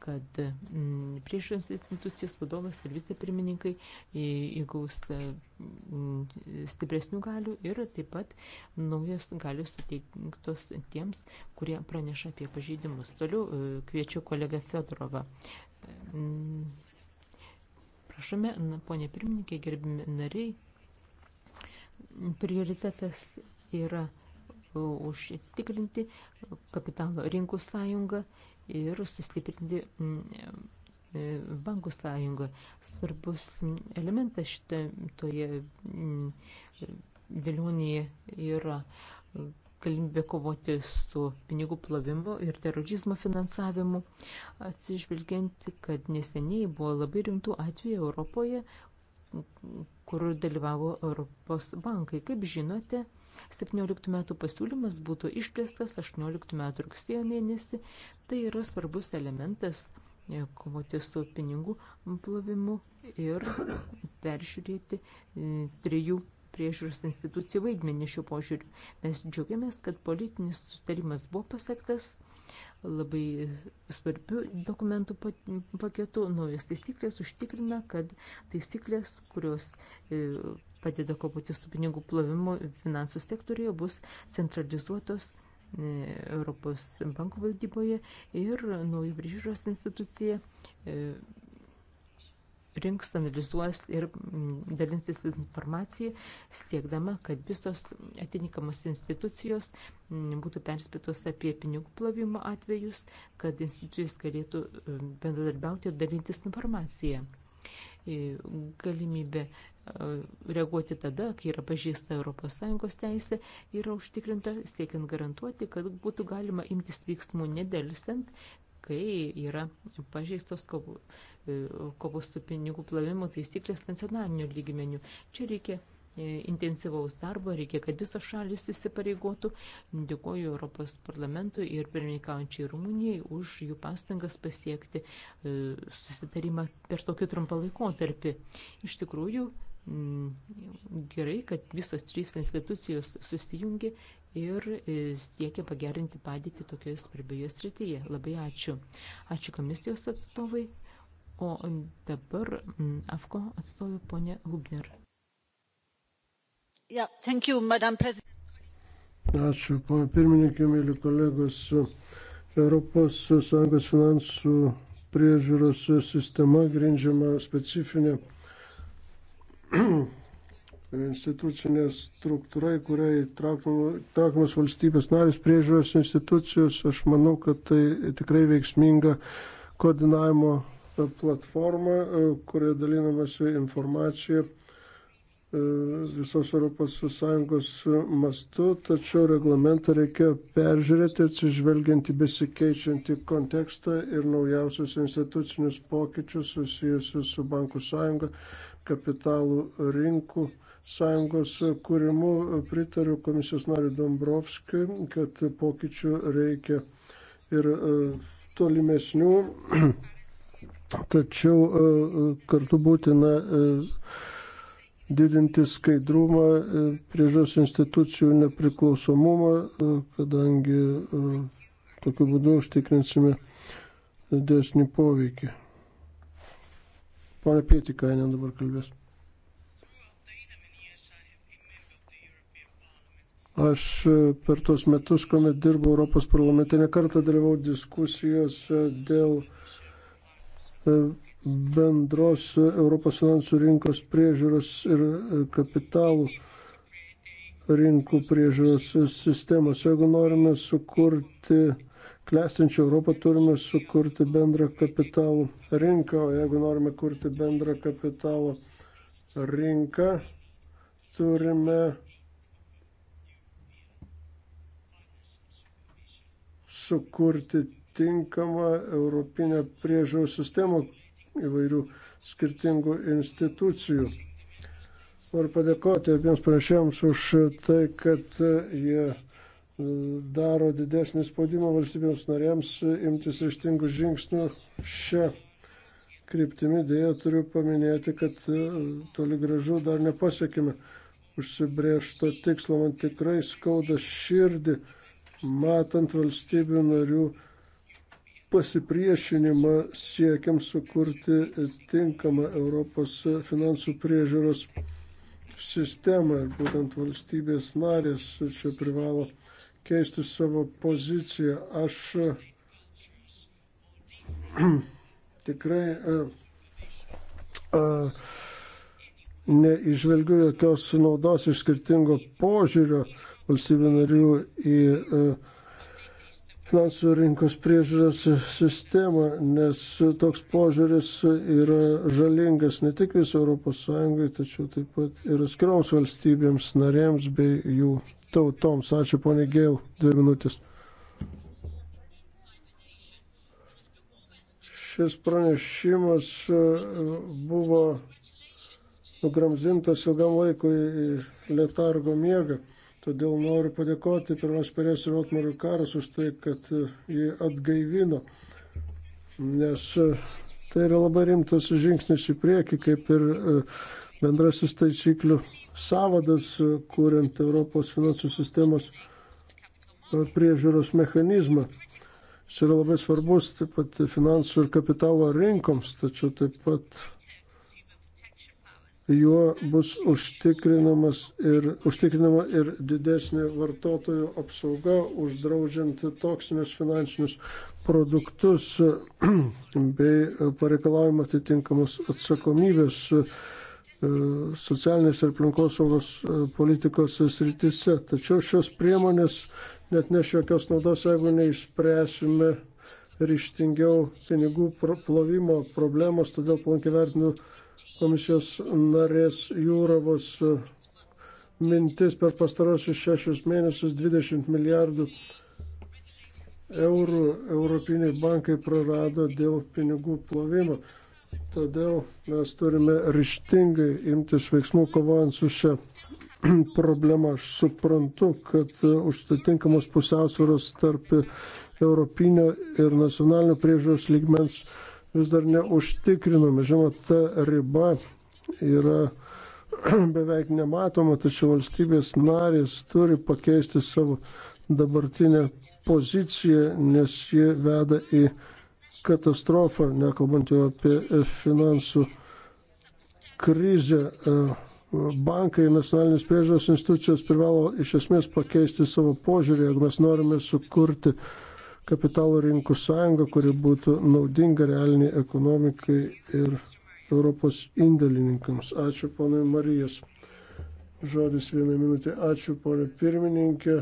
kad mm, priešos institucijos vadovas ir vicepirmininkai įgaus mm, stipresnių galių ir taip pat naujas galius suteiktos tiems, kurie praneša apie pažeidimus. Toliau e, kviečiu kolegą Fedorovą. Mm, prašome, ponė pirmininkė, gerbimi nariai, prioritetas yra e, užtikrinti kapitalo rinkų sąjungą ir sustiprinti mm, e, bankų sąjungą. Svarbus mm, elementas šitoje dėlionėje mm, yra galimybė kovoti su pinigų plovimu ir terorizmo finansavimu, atsižvelgianti, kad neseniai buvo labai rimtų atvejų Europoje, kur dalyvavo Europos bankai. Kaip žinote, 17 metų pasiūlymas būtų išplėstas 18 metų rugsėjo mėnesį. Tai yra svarbus elementas e, kovoti su pinigų plovimu ir peržiūrėti e, trijų priežiūros institucijų vaidmenį šiuo požiūriu. Mes džiaugiamės, kad politinis sutarimas buvo pasiektas labai svarbių dokumentų paketu. Naujas taisyklės užtikrina, kad taisyklės, kurios e, padeda kovoti su pinigų plovimu finansų sektoriuje, bus centralizuotos e, Europos bankų valdyboje ir naujų priežiūros institucija e, rinks, analizuos ir dalinsis informaciją, siekdama, kad visos atitinkamos institucijos būtų perspėtos apie pinigų plovimo atvejus, kad institucijos galėtų bendradarbiauti ir dalintis informaciją galimybė e, reaguoti tada, kai yra pažįsta ES teisė, yra užtikrinta siekiant garantuoti, kad būtų galima imtis veiksmų nedelsiant, kai yra pažeistos e, kovos su pinigų plavimu taisyklės nacionaliniu lygmeniu. Čia reikia E, intensyvaus darbo, reikia, kad visos šalis įsipareigotų. Dėkoju Europos parlamentui ir pirmininkaujančiai Rumunijai už jų pastangas pasiekti e, susitarimą per tokį trumpą laikotarpį. Iš tikrųjų, gerai, kad visos trys institucijos susijungi ir e, siekia pagerinti padėtį tokioje svarbioje srityje. Labai ačiū. Ačiū komisijos atstovai. O dabar AFKO atstovė ponė Hubner. Yeah, you, Ačiū, pana pirmininkė, mėly kolegos. Europos Sąjungos finansų priežiūros sistema grindžiama specifinė institucinė struktūra, į kurią įtraukiamas valstybės narės priežiūros institucijos. Aš manau, kad tai tikrai veiksminga koordinavimo platforma, kurioje dalinamasi informacija visos ES mastu, tačiau reglamentą reikėjo peržiūrėti atsižvelgiant į besikeičiantį kontekstą ir naujausius institucinius pokyčius susijusius su bankų sąjunga, kapitalų rinkų sąjungos kūrimu. Pritariu komisijos nariu Dombrovskiui, kad pokyčių reikia ir e, tolimesnių, tačiau e, kartu būtina e, didinti skaidrumą, e, priežos institucijų nepriklausomumą, e, kadangi e, tokiu būdu užtikrinsime didesnį poveikį. Pone Pietikainė dabar kalbės. Aš per tos metus, kuomet dirbau Europos parlamente, nekartą dalyvau diskusijose dėl bendros Europos finansų rinkos priežiūros ir e, kapitalų rinkų priežiūros sistemos. Jeigu norime sukurti klestinčią Europą, turime sukurti bendrą kapitalų rinką, o jeigu norime kurti bendrą kapitalų rinką, turime sukurti tinkamą europinę priežiūros sistemą, įvairių skirtingų institucijų. Noriu padėkoti abiems pranešėjams už tai, kad jie e, daro didesnį spaudimą valstybėms narėms imtis ryštingų žingsnių šią kryptimį. Dėja, turiu paminėti, kad e, toli gražu dar nepasiekime užsibriežto tikslo. Man tikrai skauda širdį, matant valstybių narių pasipriešinimą siekiam sukurti tinkamą Europos finansų priežiūros sistemą ir būtent valstybės narės čia privalo keisti savo poziciją. Aš tikrai a, e, a, e, neižvelgiu jokios naudos iš skirtingo požiūrio valstybių narių į a, e, finansų rinkos priežiūros sistemą, nes toks požiūris yra žalingas ne tik visą ES, tačiau taip pat ir atskiroms valstybėms narėms bei jų tautoms. Ačiū ponė Gėl, dvi minutės. Šis pranešimas e, buvo nugramzintas ilgam laikui į letargo miegą. Todėl noriu padėkoti pirmas perės ir Otmarui Karas už tai, kad e, jį atgaivino, nes e, tai yra labai rimtas žingsnis į priekį, kaip ir e, bendrasis taisyklių savadas, kuriant Europos finansų sistemos priežiūros mechanizmą. Jis yra labai svarbus taip pat finansų ir kapitalo rinkoms, tačiau taip pat Juo bus užtikrinamas ir, užtikrinama ir didesnė vartotojų apsauga, uždraudžiant toksinius finansinius produktus bei pareikalavimą atitinkamos atsakomybės e, socialinės ir aplinkosaugos e, politikos sritise. Tačiau šios priemonės net neš jokios naudos, jeigu neišspręsime ryštingiau pinigų plovimo problemos, todėl palankiai vertinu komisijos narės Jūrovos e, mintis per pastarosius šešius mėnesius 20 milijardų eurų europiniai bankai prarado dėl pinigų plovimo. Todėl mes turime ryštingai imtis veiksmų kovojant su šia problema. Aš suprantu, kad e, užtitinkamos pusiausvėros tarp europinio ir nacionalinio priežiūros lygmens vis dar neužtikrinami. Žinoma, ta riba yra beveik nematoma, tačiau valstybės narės turi pakeisti savo dabartinę poziciją, nes ji veda į katastrofą, nekalbant jau apie finansų krizę. E, bankai, nacionalinės priežiūros institucijos privalo iš esmės pakeisti savo požiūrį, jeigu mes norime sukurti uh, kapitalo rinkų sąjungą, kuri būtų naudinga realiniai ekonomikai ir Europos indėlininkams. Ačiū ponui Marijas. Žodis vieną minutę. Ačiū ponė pirmininkė.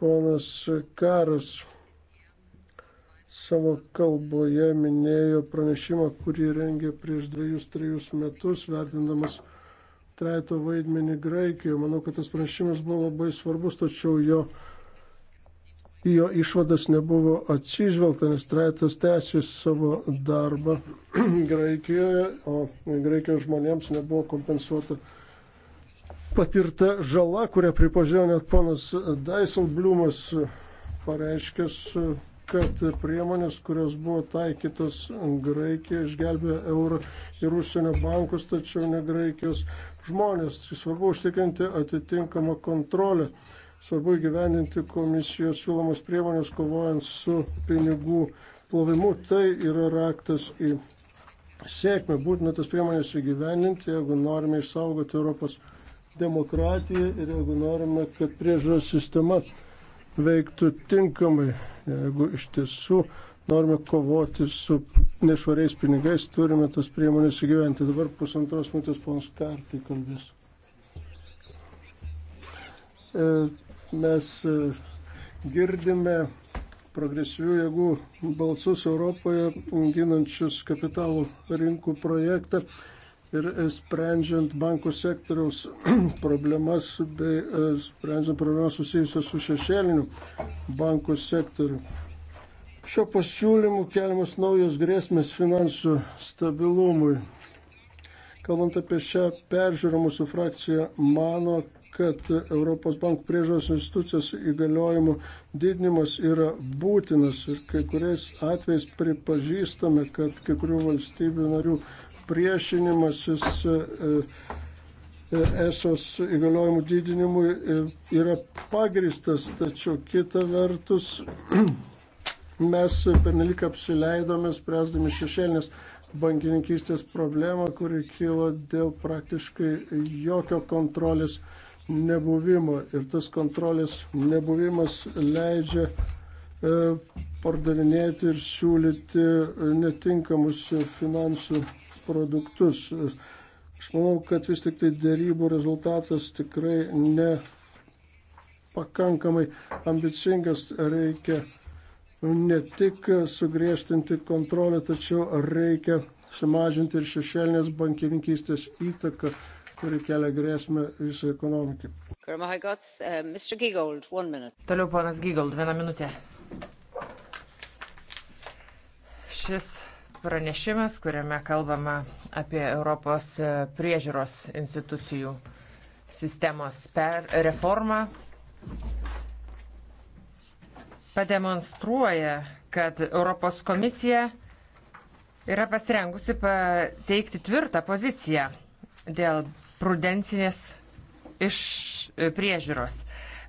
Ponas Karas savo kalboje minėjo pranešimą, kurį rengė prieš dviejus, trejus metus, vertindamas treito vaidmenį Graikijoje. Manau, kad tas pranešimas buvo labai svarbus, tačiau jo jo išvadas nebuvo atsižvelgta, nes trejatas tęsė savo darbą Graikijoje, o Graikijos žmonėms nebuvo kompensuota patirta žala, kurią pripažino net ponas Daiselbliumas, pareiškęs, kad priemonės, kurios buvo taikytos Graikijai, išgelbėjo eurą ir užsienio bankus, tačiau ne Graikijos žmonės. Svarbu užtikrinti atitinkamą kontrolę Svarbu įgyvendinti komisijos siūlomus priemonės kovojant su pinigų plovimu. Tai yra raktas į sėkmę. Būtina tas priemonės įgyvendinti, jeigu norime išsaugoti Europos demokratiją ir jeigu norime, kad priežiūros sistema veiktų tinkamai, jeigu iš tiesų norime kovoti su nešvariais pinigais, turime tas priemonės įgyventi. Dabar pusantros minutės pons kartai kalbės. E, Mes e, girdime progresyvių jėgų balsus Europoje, ginančius kapitalų rinkų projektą ir e, sprendžiant bankų sektoriaus problemas bei e, sprendžiant problemas susijusios su šešėliniu bankų sektoriu. Šio pasiūlymu keliamas naujos grėsmės finansų stabilumui. Kalbant apie šią peržiūrą, mūsų frakcija mano, kad Europos bankų priežos institucijos įgaliojimų didinimas yra būtinas ir kai kuriais atvejais pripažįstame, kad kai kurių valstybių narių priešinimasis e, e, esos įgaliojimų didinimui e, yra pagristas, tačiau kita vertus mes pernelik apsileidome spręsdami šešėlinės bankininkystės problemą, kuri kilo dėl praktiškai jokio kontrolės nebuvimo ir tas kontrolės nebuvimas leidžia e, pardavinėti ir siūlyti netinkamus finansų produktus. Aš manau, kad vis tik tai dėrybų rezultatas tikrai nepakankamai ambicingas. Reikia ne tik sugriežtinti kontrolę, tačiau reikia sumažinti ir šešėlinės bankininkystės įtaką kuri kelia grėsmę visai ekonomikai. Uh, Toliau ponas Gygold, vieną minutę. Šis pranešimas, kuriame kalbama apie Europos e, priežiūros institucijų sistemos per reformą, pademonstruoja, kad Europos komisija yra pasirengusi pateikti tvirtą poziciją dėl prudencinės iš e, priežiūros.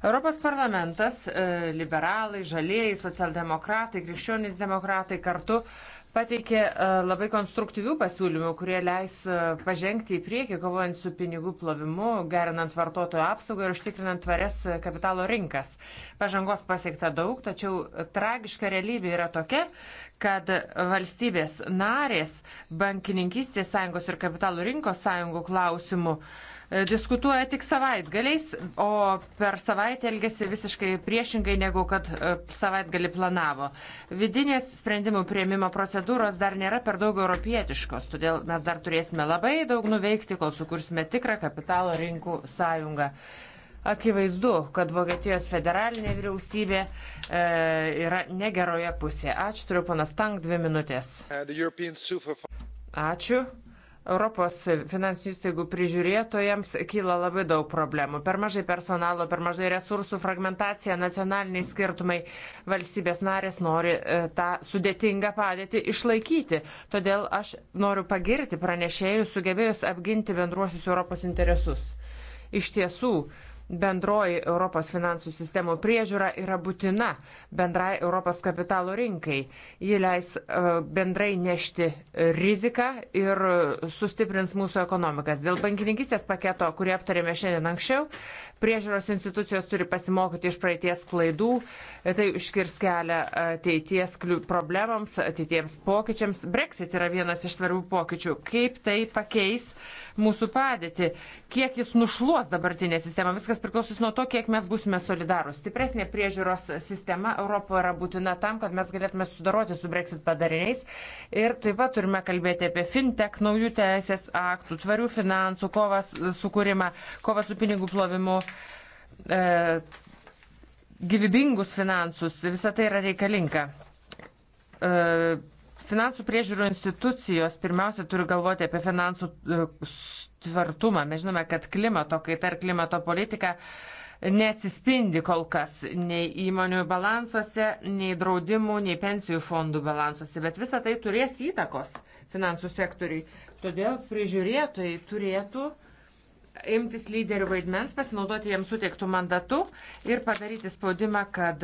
Europos parlamentas, e, liberalai, žalieji, socialdemokratai, krikščionys demokratai kartu pateikė e, labai konstruktyvių pasiūlymų, kurie leis e, pažengti į priekį, kovojant su pinigų plovimu, gerinant vartotojų apsaugą ir užtikrinant tvarias e, kapitalo rinkas. Pažangos pasiekta daug, tačiau tragiška realybė yra tokia, kad valstybės narės bankininkystės sąjungos ir kapitalų rinkos sąjungų klausimų uh, E, diskutuoja tik savaitgaliais, o per savaitę elgesi visiškai priešingai, negu kad e, savaitgali planavo. Vidinės sprendimų prieimimo procedūros dar nėra per daug europietiškos, todėl mes dar turėsime labai daug nuveikti, kol sukursime tikrą kapitalo rinkų sąjungą. Akivaizdu, kad Vokietijos federalinė vyriausybė e, yra negeroje pusėje. Ačiū, turiu panas Tank dvi minutės. Uh, Ačiū. Europos finansinių įstaigų prižiūrėtojams kyla labai daug problemų. Per mažai personalo, per mažai resursų, fragmentacija, nacionaliniai skirtumai. Valstybės narės nori e, tą sudėtingą padėtį išlaikyti. Todėl aš noriu pagirti pranešėjus sugebėjus apginti bendruosius Europos interesus. Iš tiesų, Bendroji Europos finansų sistemų priežiūra yra būtina bendrai Europos kapitalo rinkai. Ji leis e, bendrai nešti riziką ir sustiprins mūsų ekonomikas. Dėl bankininkistės paketo, kurį aptarėme šiandien anksčiau, priežiūros institucijos turi pasimokyti iš praeities klaidų, tai užkirs kelią ateities problemams, ateitiems pokyčiams. Brexit yra vienas iš svarbių pokyčių. Kaip tai pakeis? mūsų padėtį, kiek jis nušluos dabartinę sistemą. Viskas priklausys nuo to, kiek mes būsime solidarūs. Stipresnė priežiūros sistema Europoje yra būtina tam, kad mes galėtume sudaroti su Brexit padariniais. Ir taip pat turime kalbėti apie fintech, naujų teisės aktų, tvarių finansų, kovas sukūrimą, kovą su pinigų plovimu. E, gyvybingus finansus, visa tai yra reikalinga. E, Finansų priežiūrų institucijos pirmiausia turi galvoti apie finansų e, tvirtumą. Mes žinome, kad klimato kaita ir klimato politika neatsispindi kol kas nei įmonių balansuose, nei draudimų, nei pensijų fondų balansuose, bet visa tai turės įtakos finansų sektoriui. Todėl prižiūrėtojai turėtų uh, imtis lyderių vaidmens, pasinaudoti jiems suteiktų mandatų ir padaryti spaudimą, kad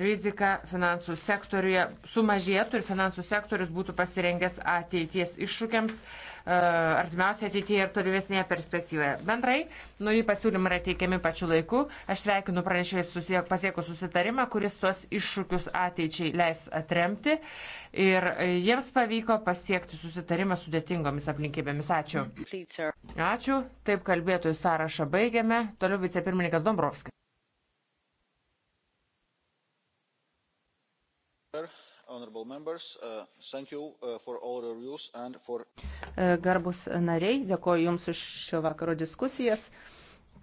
rizika finansų sektoriuje sumažėtų ir finansų sektorius būtų pasirengęs ateities iššūkiams Eh, artimiausioje ateityje ir tolimesnėje perspektyvoje. Bendrai, nauji pasiūlymai yra teikiami pačiu laiku. Aš sveikinu pranešėjus pasiekus susitarimą, kuris tuos iššūkius ateičiai leis atremti. Ir e, jiems pavyko pasiekti susitarimą sudėtingomis aplinkybėmis. Ačiū. Ačiū. Taip kalbėtojų sąrašą baigiame. Toliau vicepirmininkas Dombrovskis. honourable members, uh, thank you uh, for all your views and for. Uh, garbus nariai, dėkoju Jums už šio vakaro diskusijas.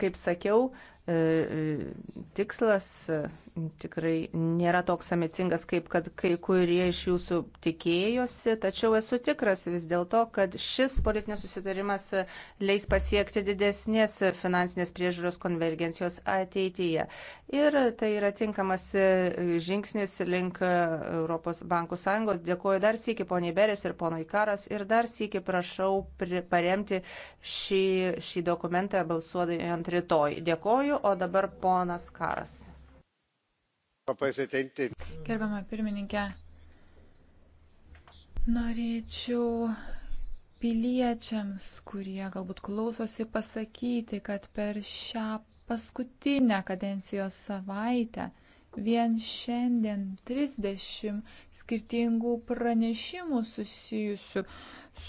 Kaip sakiau, E, e, tikslas e, tikrai nėra toks ambicingas, kaip kad kai kurie iš jūsų tikėjosi, tačiau esu tikras vis dėlto, kad šis politinis susitarimas leis pasiekti didesnės finansinės priežiūros konvergencijos ateityje. Ir tai yra tinkamas žingsnis link Europos bankų sąjungos. Dėkuoju dar sėki poniai Beres ir ponui Karas ir dar sėki prašau paremti šį, šį dokumentą balsuodami ant rytoj. Dėkuoju Dėkoju, o dabar ponas Karas. Gerbiama pirmininkė, norėčiau piliečiams, kurie galbūt klausosi pasakyti, kad per šią paskutinę kadencijos savaitę vien šiandien 30 skirtingų pranešimų susijusių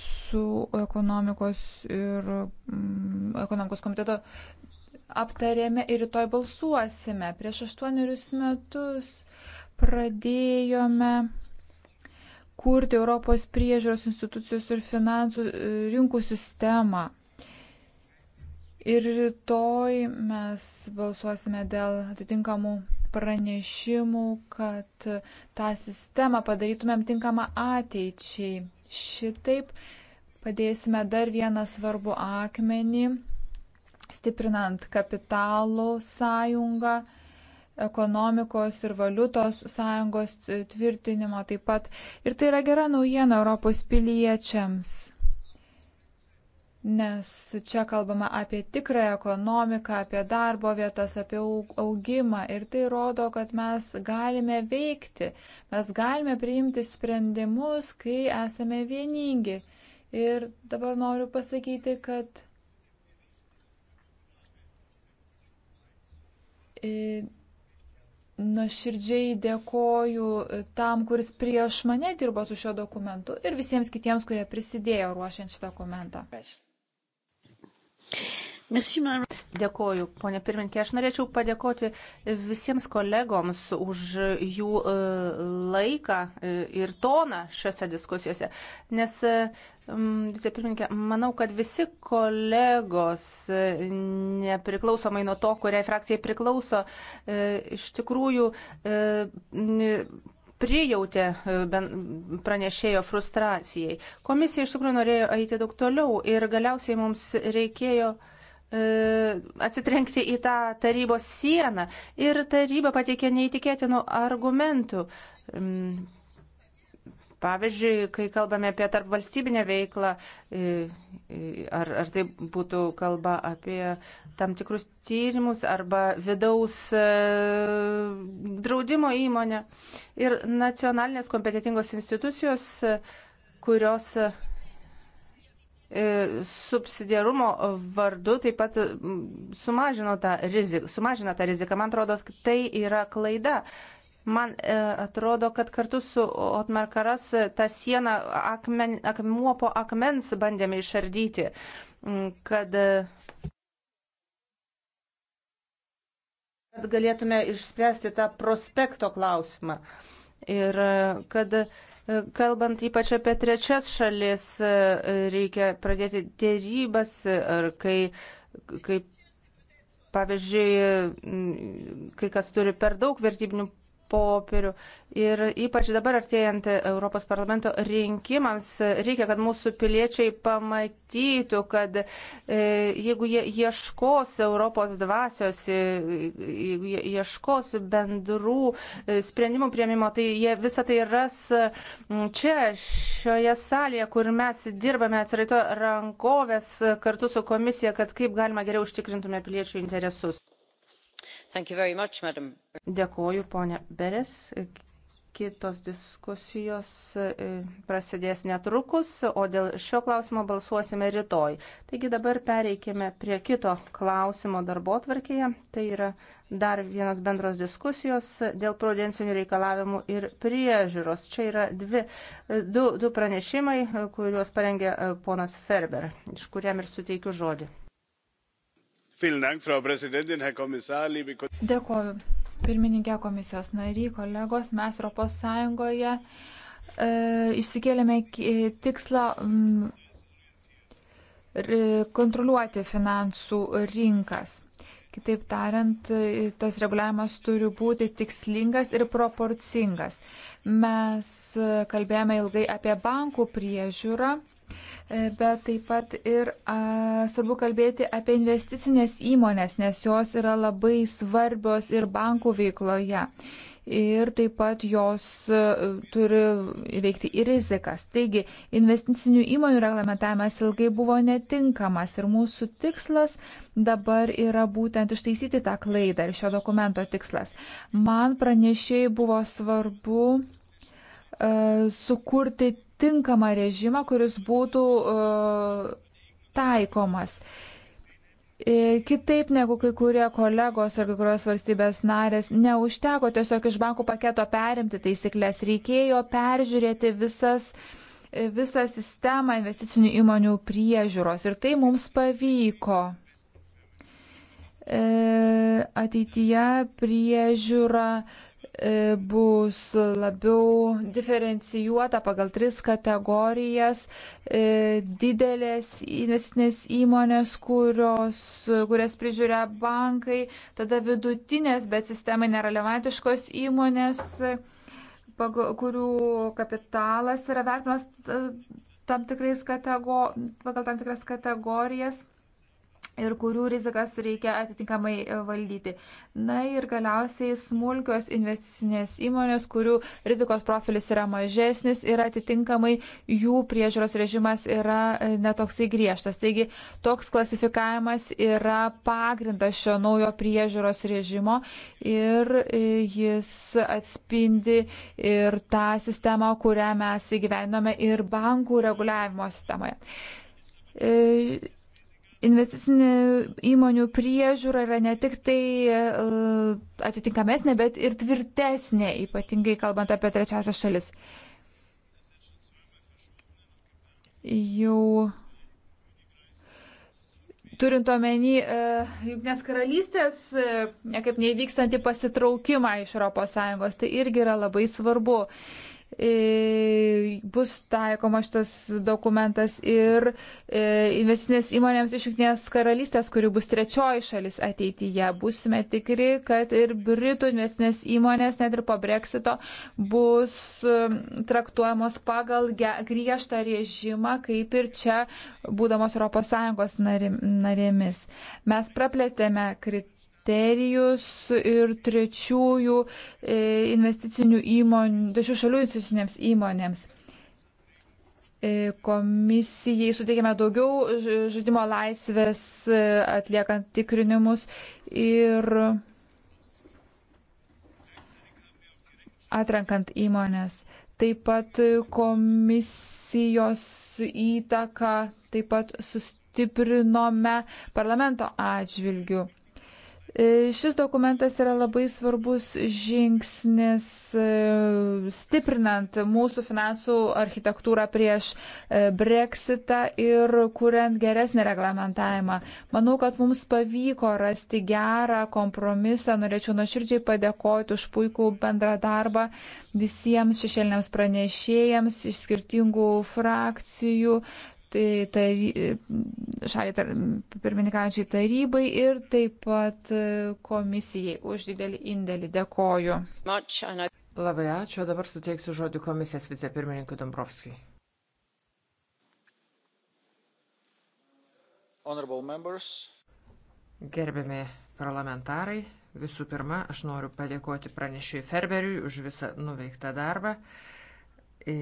su ekonomikos ir mm, ekonomikos komiteto aptarėme ir rytoj balsuosime. Prieš aštuonerius metus pradėjome kurti Europos priežiūros institucijos ir finansų e, rinkų sistemą. Ir rytoj mes balsuosime dėl atitinkamų pranešimų, kad tą sistemą padarytumėm tinkamą ateičiai. Šitaip padėsime dar vieną svarbų akmenį stiprinant kapitalų sąjungą, ekonomikos ir valiutos sąjungos tvirtinimo taip pat. Ir tai yra gera naujiena Europos piliečiams, nes čia kalbama apie tikrą ekonomiką, apie darbo vietas, apie augimą. Ir tai rodo, kad mes galime veikti, mes galime priimti sprendimus, kai esame vieningi. Ir dabar noriu pasakyti, kad nuoširdžiai dėkoju e, tam, kuris prieš mane dirbo su šiuo dokumentu ir visiems kitiems, kurie prisidėjo ruošiant šį dokumentą. Merci, man... Dėkoju, ponė pirmininkė. Aš norėčiau padėkoti visiems kolegoms už jų e, laiką e, ir toną šiose diskusijose, nes, e, vicepirmininkė, manau, kad visi kolegos, nepriklausomai nuo to, kuriai frakcijai priklauso, iš tikrųjų prijautė pranešėjo frustracijai. Komisija iš tikrųjų norėjo eiti daug toliau ir galiausiai mums reikėjo uh, E, atsitrenkti į tą tarybos sieną ir taryba pateikė neįtikėtinų argumentų. Mm, pavyzdžiui, kai kalbame apie tarp valstybinę veiklą, e, e, ar, ar tai būtų kalba apie tam tikrus tyrimus arba vidaus draudimo įmonę ir nacionalinės kompetitingos institucijos, kurios E, subsidiarumo vardu taip pat sumažino tą riziką, sumažina tą riziką. Man atrodo, tai yra klaida. Man e, atrodo, kad kartu su Otmerkaras tą sieną akmen, akmuo po akmens bandėme išardyti, kad, e, kad galėtume išspręsti tą prospekto klausimą. Ir e, kad Kalbant ypač apie trečias šalis, reikia pradėti dėrybas, ar kai, kaip, pavyzdžiui, kai kas turi per daug vertybinių popierių. Ir ypač dabar artėjant Europos parlamento rinkimams, reikia, kad mūsų piliečiai pamatytų, kad e, jeigu jie ieškos Europos dvasios, e, jeigu jie ieškos bendrų e, sprendimų prieimimo, tai jie visą tai ras čia, šioje salėje, kur mes dirbame atsiraito rankovės e, kartu su komisija, kad kaip galima geriau užtikrintume piliečių interesus. Much, Dėkoju, ponė Beres. Kitos diskusijos e, prasidės netrukus, o dėl šio klausimo balsuosime rytoj. Taigi dabar pereikime prie kito klausimo darbo tvarkėje. Tai yra dar vienos bendros diskusijos dėl prudencinių reikalavimų ir priežiūros. Čia yra dvi, du, du pranešimai, kuriuos parengė e, ponas Ferber, iš kuriam ir suteikiu žodį frau präsidentin herr kommissar liebe kolleginnen und kollegen! dėkoju pirmininke komisijos nary kolegos mes europos sąjungoje e, išsikėlėme tikslą m, mm, kontroliuoti finansų rinkas. Kitaip tariant, e, tas reguliavimas turi būti tikslingas ir proporcingas. Mes e, kalbėjome ilgai apie bankų priežiūrą bet taip pat ir a, svarbu kalbėti apie investicinės įmonės, nes jos yra labai svarbios ir bankų veikloje. Ir taip pat jos e, turi įveikti ir rizikas. Taigi, investicinių įmonių reglamentavimas ilgai buvo netinkamas ir mūsų tikslas dabar yra būtent ištaisyti tą klaidą ir šio dokumento tikslas. Man pranešėjai buvo svarbu uh, sukurti tinkamą režimą, kuris būtų e, taikomas. E, kitaip negu kai kurie kolegos ar kai kurios valstybės narės, neužteko tiesiog iš bankų paketo perimti taisyklės, reikėjo peržiūrėti visas, e, visą sistemą investicinių įmonių priežiūros ir tai mums pavyko. E, ateityje priežiūra e, E, bus labiau diferencijuota pagal tris kategorijas e, - didelės investicinės įmonės, kurios, kurias prižiūrė bankai, tada vidutinės, bet sistemai nerelevantiškos įmonės, pagal, kurių kapitalas yra vertinamas e, tam tikrais kategor, pagal tam tikras kategorijas ir kurių rizikas reikia atitinkamai e, valdyti. Na ir galiausiai smulkios investicinės įmonės, kurių rizikos profilis yra mažesnis ir atitinkamai jų priežiūros režimas yra e, netoksai griežtas. Taigi toks klasifikavimas yra pagrindas šio naujo priežiūros režimo ir e, jis atspindi ir tą sistemą, kurią mes įgyvendome ir bankų reguliavimo sistemoje investicinė įmonių priežiūra yra ne tik tai e, atitinkamesnė, bet ir tvirtesnė, ypatingai kalbant apie trečiasias šalis. Jau turint omeny e, Junknės karalystės e, nekaip neįvykstantį pasitraukimą iš ES, tai irgi yra labai svarbu. E, bus taikoma šitas dokumentas ir e, investicinės įmonėms iš Junktinės karalystės, kuri bus trečioji šalis ateityje. Būsime tikri, kad ir Britų investicinės įmonės, net ir po breksito, bus traktuojamos pagal griežtą režimą, kaip ir čia, būdamos ES narėmis. Mes praplėtėme kriterijus ministerijos ir trečiųjų e, investicinių įmonių, trečių šalių investicinėms įmonėms. E, komisijai suteikėme daugiau žaidimo laisvės e, atliekant tikrinimus ir atrenkant įmonės. Taip pat komisijos įtaką taip pat sustiprinome parlamento atžvilgių. E, šis dokumentas yra labai svarbus žingsnis e, stiprinant mūsų finansų architektūrą prieš e, breksitą ir kuriant geresnį reglamentavimą. Manau, kad mums pavyko rasti gerą kompromisą. Norėčiau nuoširdžiai padėkoti už puikų bendrą darbą visiems šešėliniams pranešėjams iš skirtingų frakcijų, tai, tar, šaliai tar, pirmininkaujančiai tarybai ir taip pat e, komisijai už didelį indėlį. Dėkoju. Labai ačiū, dabar suteiksiu žodį komisijos vicepirmininkui Dombrovskijai. Gerbiami parlamentarai, visų pirma, aš noriu padėkoti pranešiui Ferberiui už visą nuveiktą darbą. E,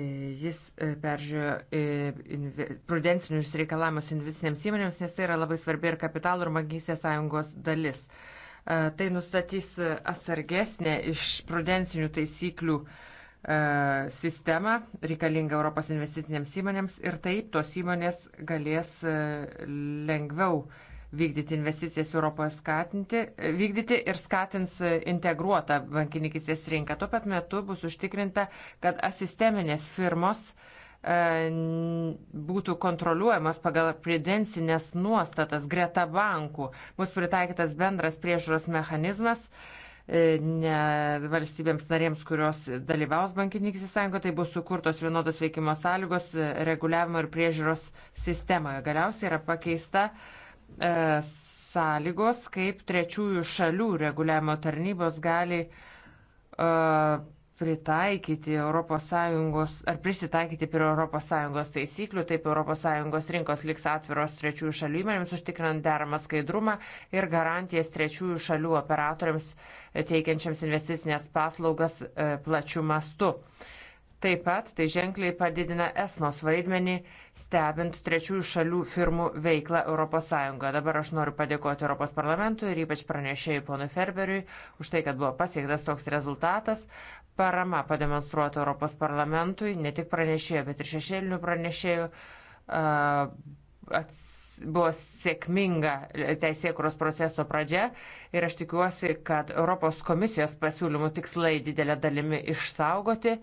jis e, peržiūrėjo e, prudencinius reikalavimus investicinėms įmonėms, nes tai yra labai svarbi ir kapitalų ir magistės sąjungos dalis. Tai nustatys atsargesnė iš prudencinių taisyklių sistemą reikalingą Europos investicinėms įmonėms ir taip tos įmonės galės lengviau uh, vykdyti investicijas Europoje skatinti, vykdyti ir skatins integruotą bankininkistės rinką. Tuo pat metu bus užtikrinta, kad asisteminės firmos e, būtų kontroliuojamas pagal prudencinės nuostatas greta bankų. Bus pritaikytas bendras priežiūros mechanizmas e, ne valstybėms narėms, kurios dalyvaus bankininkis įsąjungo, tai bus sukurtos vienodos veikimo sąlygos e, reguliavimo ir priežiūros sistemoje. Galiausiai yra pakeista uh, E, sąlygos, kaip trečiųjų šalių reguliavimo tarnybos gali e, pritaikyti ES ar prisitaikyti prie ES taisyklių, taip ES rinkos liks atviros trečiųjų šalių įmonėms, užtikrinant deramą skaidrumą ir garantijas trečiųjų šalių operatoriams teikiančiams investicinės paslaugas e, plačių mastų. Taip pat tai ženkliai padidina esmos vaidmenį, stebint trečiųjų šalių firmų veiklą ES. Dabar aš noriu padėkoti Europos parlamentui ir ypač pranešėjai ponui Ferberiui už tai, kad buvo pasiektas toks rezultatas. Parama pademonstruota Europos parlamentui, ne tik pranešėjų, bet ir šešėlinių pranešėjų. Uh, buvo sėkminga teisėkuros proceso pradžia ir aš tikiuosi, kad Europos komisijos pasiūlymų tikslai didelė dalimi išsaugoti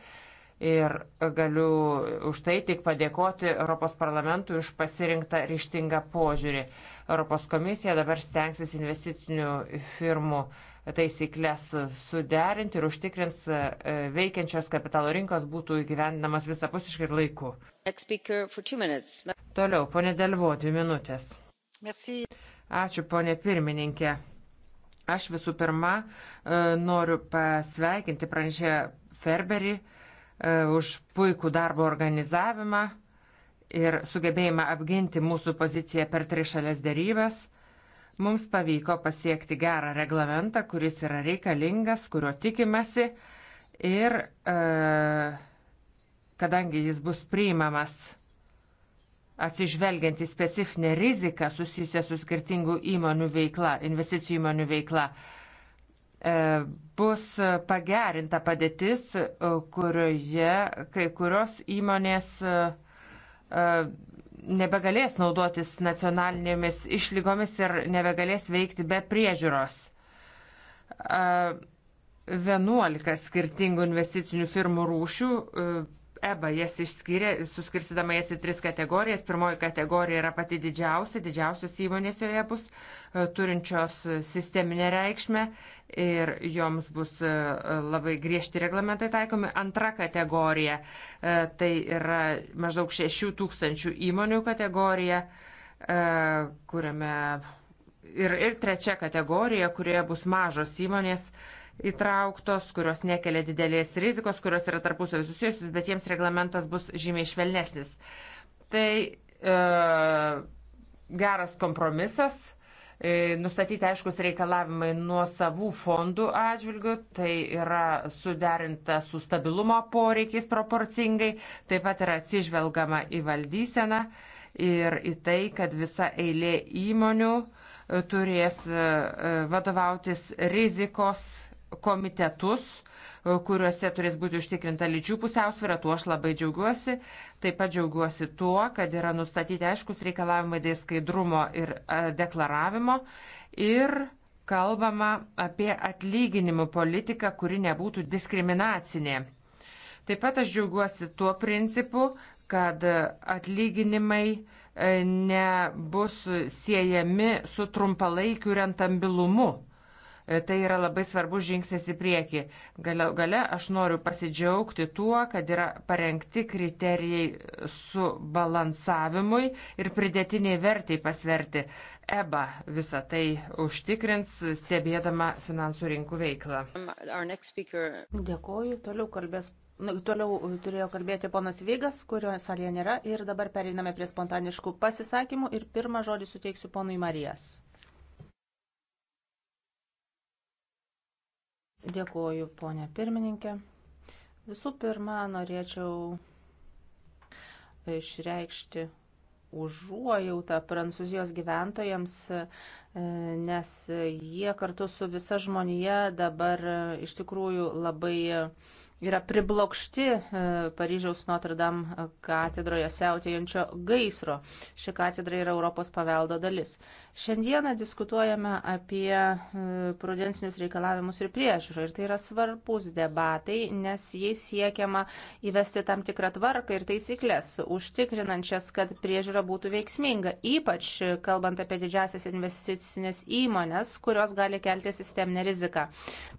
Ir galiu už tai tik padėkoti Europos parlamentui už pasirinktą ryštingą požiūrį. Europos komisija dabar stengsis investicinių firmų taisyklės suderinti ir užtikrins e, veikiančios kapitalo rinkos būtų įgyvendinamas visapusiškai ir laiku. Toliau, ponė Delvo, dvi minutės. Merci. Ačiū, ponė pirmininkė. Aš visų pirma e, noriu pasveikinti pranešę Ferberį E, už puikų darbo organizavimą ir sugebėjimą apginti mūsų poziciją per trišalės dėrybas. Mums pavyko pasiekti gerą reglamentą, kuris yra reikalingas, kurio tikimasi ir e, kadangi jis bus priimamas atsižvelgiant į specifinę riziką susijusią su skirtingų įmonių veikla, investicijų įmonių veikla, e, E, bus pagerinta padėtis, e, kurioje kai kurios įmonės e, nebegalės naudotis nacionalinėmis išlygomis ir nebegalės veikti be priežiūros. 11 skirtingų investicinių firmų rūšių EBA jas išskyrė, suskirsidama jas į tris kategorijas. Pirmoji kategorija yra pati didžiausia, didžiausios įmonės joje bus, turinčios sisteminę reikšmę ir joms bus e, labai griežti reglamentai taikomi. Antra kategorija e, - tai yra maždaug 6 tūkstančių įmonių kategorija, e, kuriame ir, ir trečia kategorija, kurioje bus mažos įmonės įtrauktos, kurios nekelia didelės rizikos, kurios yra tarpusavį susijusios, bet jiems reglamentas bus žymiai švelnesnis. Tai e, geras kompromisas, E, nustatyti aiškus reikalavimai nuo savų fondų atžvilgių, tai yra suderinta su stabilumo poreikiais proporcingai, taip pat yra atsižvelgama į valdyseną ir į tai, kad visa eilė įmonių e, turės e, vadovautis rizikos komitetus, kuriuose turės būti užtikrinta lyčių pusiausvyrą, tuo aš labai džiaugiuosi. Taip pat džiaugiuosi tuo, kad yra nustatyti aiškus reikalavimai dėl skaidrumo ir e, deklaravimo ir kalbama apie atlyginimų politiką, kuri nebūtų diskriminacinė. Taip pat aš džiaugiuosi tuo principu, kad atlyginimai e, nebus siejami su trumpalaikiu rentabilumu. E, tai yra labai svarbus žingsnis į priekį. Gale, gale aš noriu pasidžiaugti tuo, kad yra parengti kriterijai su balansavimui ir pridėtiniai vertai pasverti. EBA visą tai užtikrins, stebėdama finansų rinkų veiklą. Dėkoju, toliau kalbės nu, Toliau turėjo kalbėti ponas Vygas, kurio salėje nėra. Ir dabar pereiname prie spontaniškų pasisakymų. Ir pirmą žodį suteiksiu ponui Marijas. Dėkuoju, ponė pirmininkė. Visų pirma, norėčiau išreikšti užuojautą prancūzijos gyventojams, e, nes jie kartu su visa žmonija dabar e, iš tikrųjų labai yra priblokšti e, Paryžiaus Notre Dame e, katedroje siautėjančio gaisro. Ši katedra yra Europos paveldo dalis. Šiandieną diskutuojame apie e, prudencinius reikalavimus ir priežiūrą. Ir tai yra svarbus debatai, nes jais siekiama įvesti tam tikrą tvarką ir taisyklės, užtikrinančias, kad priežiūra būtų veiksminga. Ypač kalbant apie didžiasias investicinės įmonės, kurios gali kelti sisteminę riziką.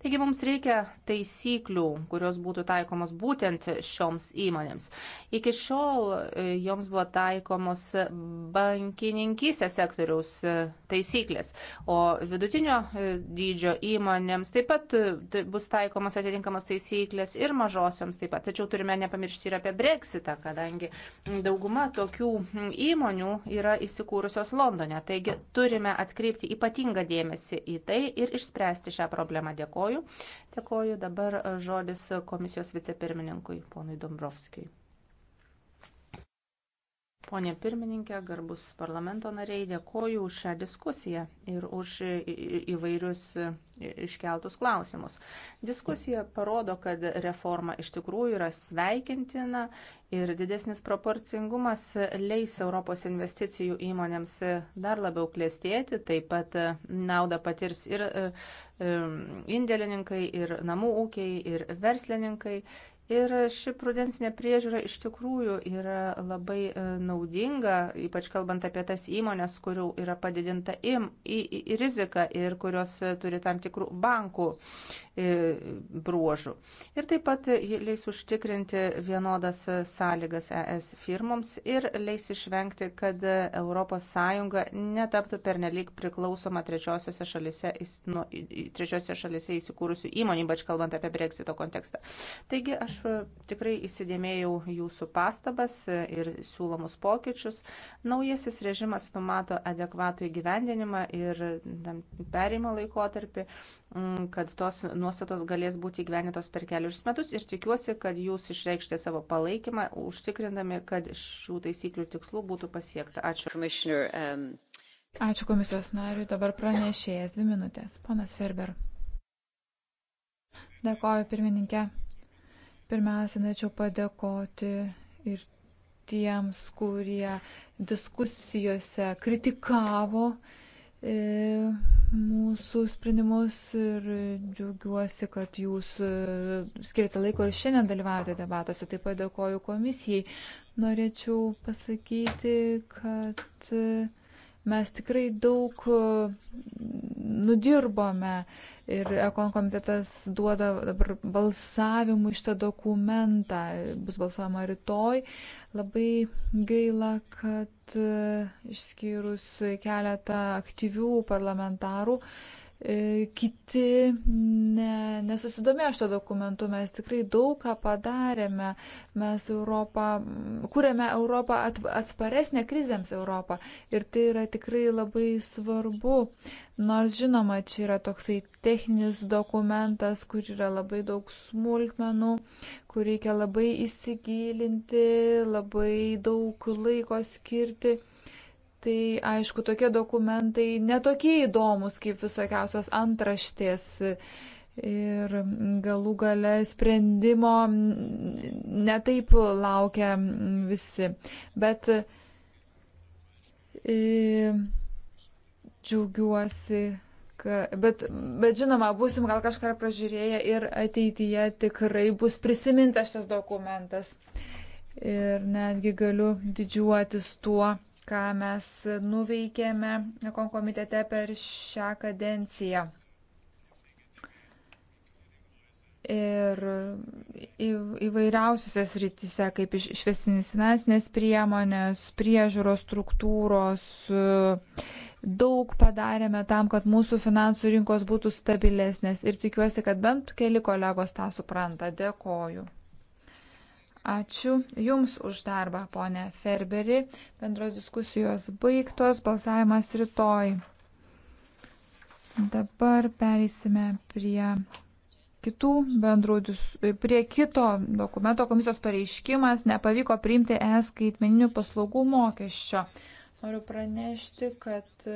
Taigi mums reikia taisyklių, kurios būtų būtų taikomos būtent šioms įmonėms. Iki šiol e, joms buvo taikomos bankininkysės sektoriaus e, taisyklės, o vidutinio e, dydžio įmonėms taip pat bus taikomos atitinkamos taisyklės ir mažosioms taip pat. Tačiau turime nepamiršti ir apie Brexitą, kadangi dauguma tokių įmonių yra įsikūrusios Londone. Taigi turime atkreipti ypatingą dėmesį į tai ir išspręsti šią problemą. Dėkoju. Dėkoju. Dabar žodis komisijos komisijos vicepirmininkui ponui Dombrovskijui. Pone pirmininkė, garbus parlamento nariai, dėkoju už šią diskusiją ir už įvairius iškeltus klausimus. Diskusija parodo, kad reforma iš tikrųjų yra sveikintina ir didesnis proporcingumas leis Europos investicijų įmonėms dar labiau klėstėti, taip pat naudą patirs ir e, e, indėlininkai, ir namų ūkiai, ir verslininkai. Ir ši prudencinė priežiūra iš tikrųjų yra labai e, naudinga, ypač kalbant apie tas įmonės, kurių yra padidinta im, i, i, rizika ir kurios e, turi tam tikrų bankų bruožų. Ir taip pat leis užtikrinti vienodas sąlygas ES firmoms ir leis išvengti, kad ES netaptų pernelyg priklausoma trečiosiose šalise, nu, trečiosiose šalise įsikūrusių įmonių, ypač kalbant apie Brexito kontekstą. Taigi aš tikrai įsidėmėjau jūsų pastabas ir siūlomus pokyčius. Naujasis režimas numato adekvatų įgyvendinimą ir perimo laikotarpį, Mm, kad tos nuostatos galės būti įgyvenintos per kelius metus ir tikiuosi, kad jūs išreikštė savo palaikymą, užtikrindami, kad šių taisyklių tikslų būtų pasiekta. Ačiū. Um, Ačiū komisijos nariui, dabar pranešėjas dvi minutės. Ponas Ferber. Dėkoju pirmininkė. Pirmiausia, norėčiau padėkoti ir tiems, kurie diskusijose kritikavo uh, E, mūsų sprendimus ir džiaugiuosi, kad jūs e, skirite laiko ir šiandien dalyvaujate debatuose. Taip pat dėkoju komisijai. Norėčiau pasakyti, kad e, Mes tikrai daug e, nudirbome ir Ekon komitetas duoda dabar balsavimų šitą dokumentą. Bus balsuojama rytoj. Labai gaila, kad e, išskyrus keletą aktyvių parlamentarų, E, kiti ne, nesusidomėjo šito dokumentu. Mes tikrai daug ką padarėme. Mes Europą, kūrėme Europą atsparesnę krizėms Europą. Ir tai yra tikrai labai svarbu. Nors žinoma, čia yra toksai techninis dokumentas, kur yra labai daug smulkmenų, kur reikia labai įsigilinti, labai daug laiko skirti. Tai aišku, tokie dokumentai netokie įdomus kaip visokiausios antraštės ir galų gale sprendimo netaip laukia visi. Bet e, džiaugiuosi bet, bet žinoma, būsim gal kažką pražiūrėję ir ateityje tikrai bus prisimintas šis dokumentas. Ir netgi galiu didžiuotis tuo, ką mes nuveikėme konkomitete per šią kadenciją. Ir įvairiausiose srityse, kaip išvesinis finansinės priemonės, priežiūros struktūros, daug padarėme tam, kad mūsų finansų rinkos būtų stabilesnės ir tikiuosi, kad bent keli kolegos tą supranta. Dėkoju. Ačiū Jums už darbą, ponė Ferberi. Bendros diskusijos baigtos, balsavimas rytoj. Dabar perėsime prie kitų bendrų, prie kito dokumento komisijos pareiškimas nepavyko priimti es skaitmeninių paslaugų mokesčio. Noriu pranešti, kad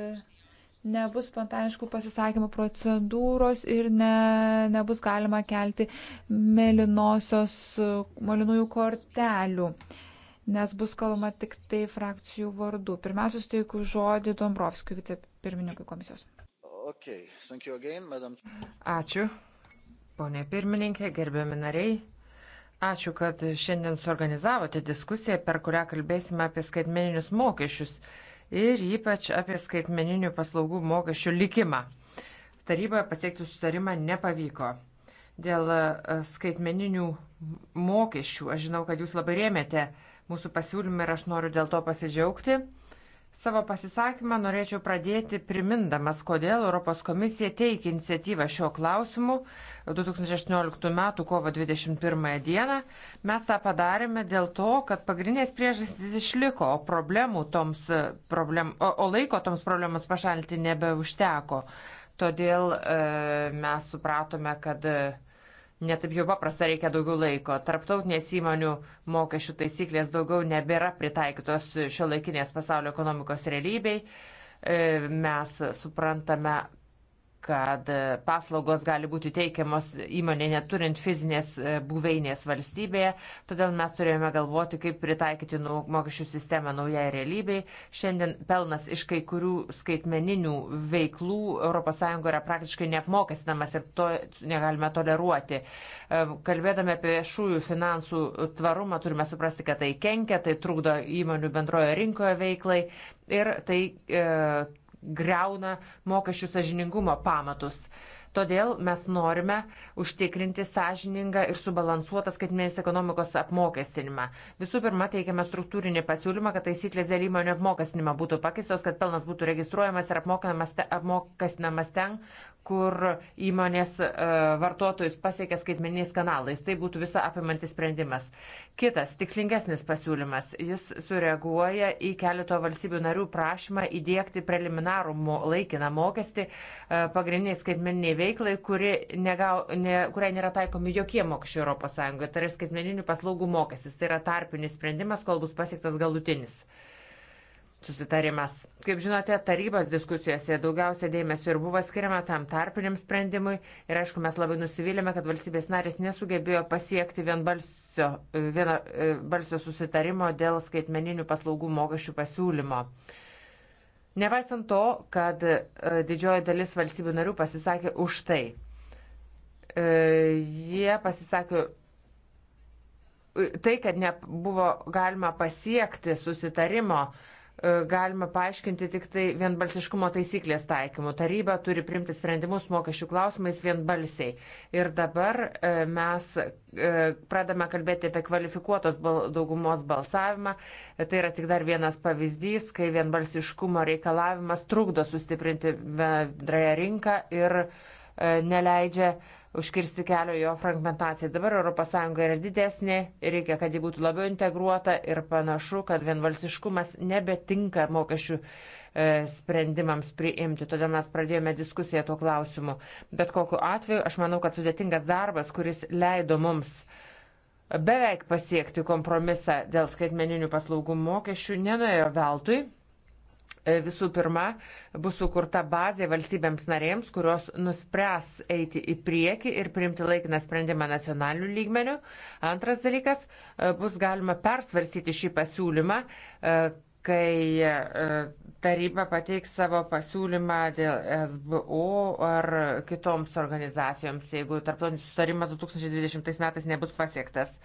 nebus spontaniškų pasisakymų procedūros ir ne, nebus galima kelti melinosios, melinųjų kortelių, nes bus kalbama tik tai frakcijų vardu. Pirmiausia, suteikiu žodį Dombrovskijui, vicepirmininkui komisijos. Okay. Again, madam. Ačiū, ponė pirmininkė, gerbiami nariai. Ačiū, kad šiandien suorganizavote diskusiją, per kurią kalbėsime apie skaitmeninius mokesčius ir ypač apie skaitmeninių paslaugų mokesčių likimą. Taryboje pasiekti sustarimą nepavyko. Dėl e, skaitmeninių mokesčių aš žinau, kad jūs labai rėmėte mūsų pasiūlymą ir aš noriu dėl to pasidžiaugti. Savo pasisakymą norėčiau pradėti primindamas, kodėl Europos komisija teikia iniciatyvą šio klausimu 2018 m. kovo 21 d. Mes tą padarėme dėl to, kad pagrindinės priežastys išliko, o, problemų toms problem, o, o laiko toms problemams pašalinti nebeužteko. Todėl e, mes supratome, kad e, Netaip jau paprasta reikia daugiau laiko. Tarptautinės įmonių mokesčių taisyklės daugiau nebėra pritaikytos šio laikinės pasaulio ekonomikos realybei. E, mes suprantame, kad e, paslaugos gali būti teikiamos įmonė neturint fizinės e, buveinės valstybėje, todėl mes turėjome galvoti, kaip pritaikyti mokesčių sistemą naujai realybei. Šiandien pelnas iš kai kurių skaitmeninių veiklų ES yra praktiškai neapmokestinamas ir to negalime toleruoti. E, kalbėdami apie viešųjų finansų tvarumą, turime suprasti, kad tai kenkia, tai trukdo įmonių bendrojo rinkoje veiklai ir tai e, greuna mokesčių sažiningumo pamatus. Todėl mes norime užtikrinti sąžiningą ir subalansuotą skaitmenės ekonomikos apmokestinimą. Visų pirma, teikiame struktūrinį pasiūlymą, kad taisyklės dėl įmonių apmokestinimą būtų pakeistos, kad pelnas būtų registruojamas ir apmokestinamas ten, kur įmonės e, vartotojus pasiekia skaitmeniniais kanalais. Tai būtų visa apimantis sprendimas. Kitas, tikslingesnis pasiūlymas, jis sureaguoja į keleto valstybių narių prašymą įdėkti preliminarų laikiną mokestį e, pagrindiniai skaitmeniniai veiklai, kuri negau, ne, kuriai nėra taikomi jokie mokesčiai ES. Tai yra skaitmeninių paslaugų mokestis. Tai yra tarpinis sprendimas, kol bus pasiektas galutinis susitarimas. Kaip žinote, tarybos diskusijose daugiausia dėmesio ir buvo skiriama tam tarpiniam sprendimui ir aišku, mes labai nusivylėme, kad valstybės narės nesugebėjo pasiekti vienbalsio, vienbalsio e, susitarimo dėl skaitmeninių paslaugų mokesčių pasiūlymo. Nepaisant to, kad e, didžioji dalis valstybių narių pasisakė už tai. E, jie pasisakė tai, kad nebuvo galima pasiekti susitarimo, E, galima paaiškinti tik tai vienbalsiškumo taisyklės taikymu. Taryba turi primti sprendimus mokesčių klausimais vienbalsiai. Ir dabar e, mes e, pradame kalbėti apie kvalifikuotos daugumos balsavimą. Tai yra tik dar vienas pavyzdys, kai vienbalsiškumo reikalavimas trukdo sustiprinti bendrąją rinką ir neleidžia užkirsti kelio jo fragmentacijai. Dabar ES yra didesnė, reikia, kad ji būtų labiau integruota ir panašu, kad vienvalsiškumas nebetinka mokesčių e, sprendimams priimti. Todėl mes pradėjome diskusiją tuo klausimu. Bet kokiu atveju, aš manau, kad sudėtingas darbas, kuris leido mums beveik pasiekti kompromisą dėl skaitmeninių paslaugų mokesčių, nenuėjo veltui visų pirma bus sukurta bazė valstybėms narėms, kurios nuspręs eiti į priekį ir priimti laikiną sprendimą nacionaliniu lygmeniu. Antras dalykas, e, bus galima persvarsyti šį pasiūlymą, e, kai e, taryba pateiks savo pasiūlymą dėl SBO ar kitoms organizacijoms, jeigu tarptautinis sustarimas 2020 metais nebus pasiektas.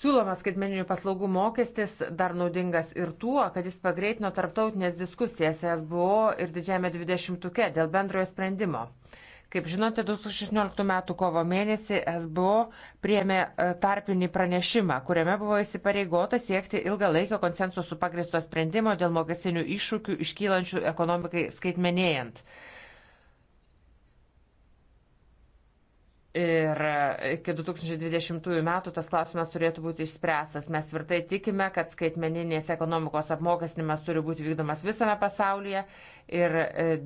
Siūlomas skaitmeninių paslaugų mokestis dar naudingas ir tuo, kad jis pagreitino tarptautinės diskusijas SBO ir didžiame 20-uke dėl bendrojo sprendimo. Kaip žinote, 2016 m. kovo mėnesį SBO priemė e, tarpinį pranešimą, kuriame buvo įsipareigota siekti ilgalaikio konsensusų pagristo sprendimo dėl mokesinių iššūkių iškylančių ekonomikai skaitmenėjant. Ir iki 2020 metų tas klausimas turėtų būti išspręstas. Mes tvirtai tikime, kad skaitmeninės ekonomikos apmokestinimas turi būti vykdomas visame pasaulyje. Ir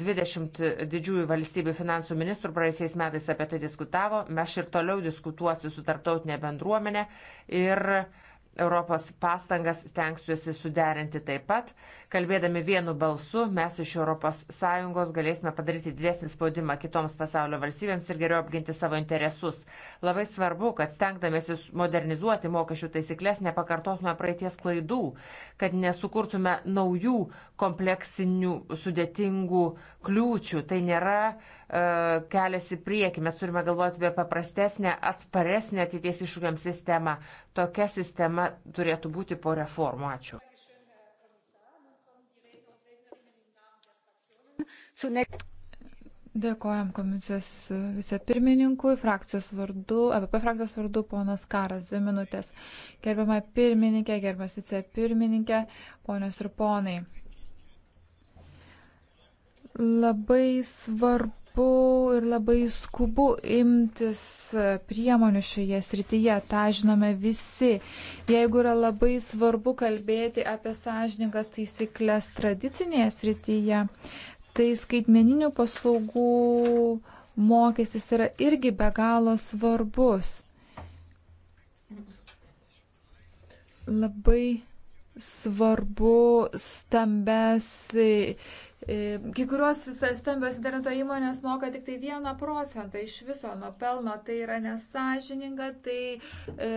20 e, didžiųjų valstybių finansų ministrų praeisiais metais apie tai diskutavo. Mes ir toliau diskutuosiu su tarptautinė bendruomenė. Ir uh, Europos pastangas stengsiuosi suderinti taip pat. Kalbėdami vienu balsu, mes iš ES galėsime padaryti didesnį spaudimą kitoms pasaulio valstybėms ir geriau apginti savo interesus. Labai svarbu, kad stengdamėsi modernizuoti mokesčių taisyklės, nepakartotume praeities klaidų, kad nesukurtume naujų kompleksinių sudėtingų kliūčių. Tai nėra uh, E, keliasi prieki. Mes turime galvoti apie paprastesnę, atsparesnę ateities iššūkiams sistemą. Tokia sistema turėtų būti po reformų. Ačiū. Dėkojam komisijos vicepirmininkui, frakcijos vardu, APP frakcijos vardu, ponas Karas, dvi minutės. Gerbiama pirmininkė, gerbiamas vicepirmininkė, ponios ir ponai. Labai svarbu ir labai skubu imtis priemonių šioje srityje, tą žinome visi. Jeigu yra labai svarbu kalbėti apie sąžininkas taisyklės tradicinėje srityje, tai skaitmeninių paslaugų mokestis yra irgi be galo svarbus. Labai svarbu stambes E, kai kurios stambios interneto įmonės moka tik tai vieną procentą iš viso nuo pelno, tai yra nesažininga, tai e,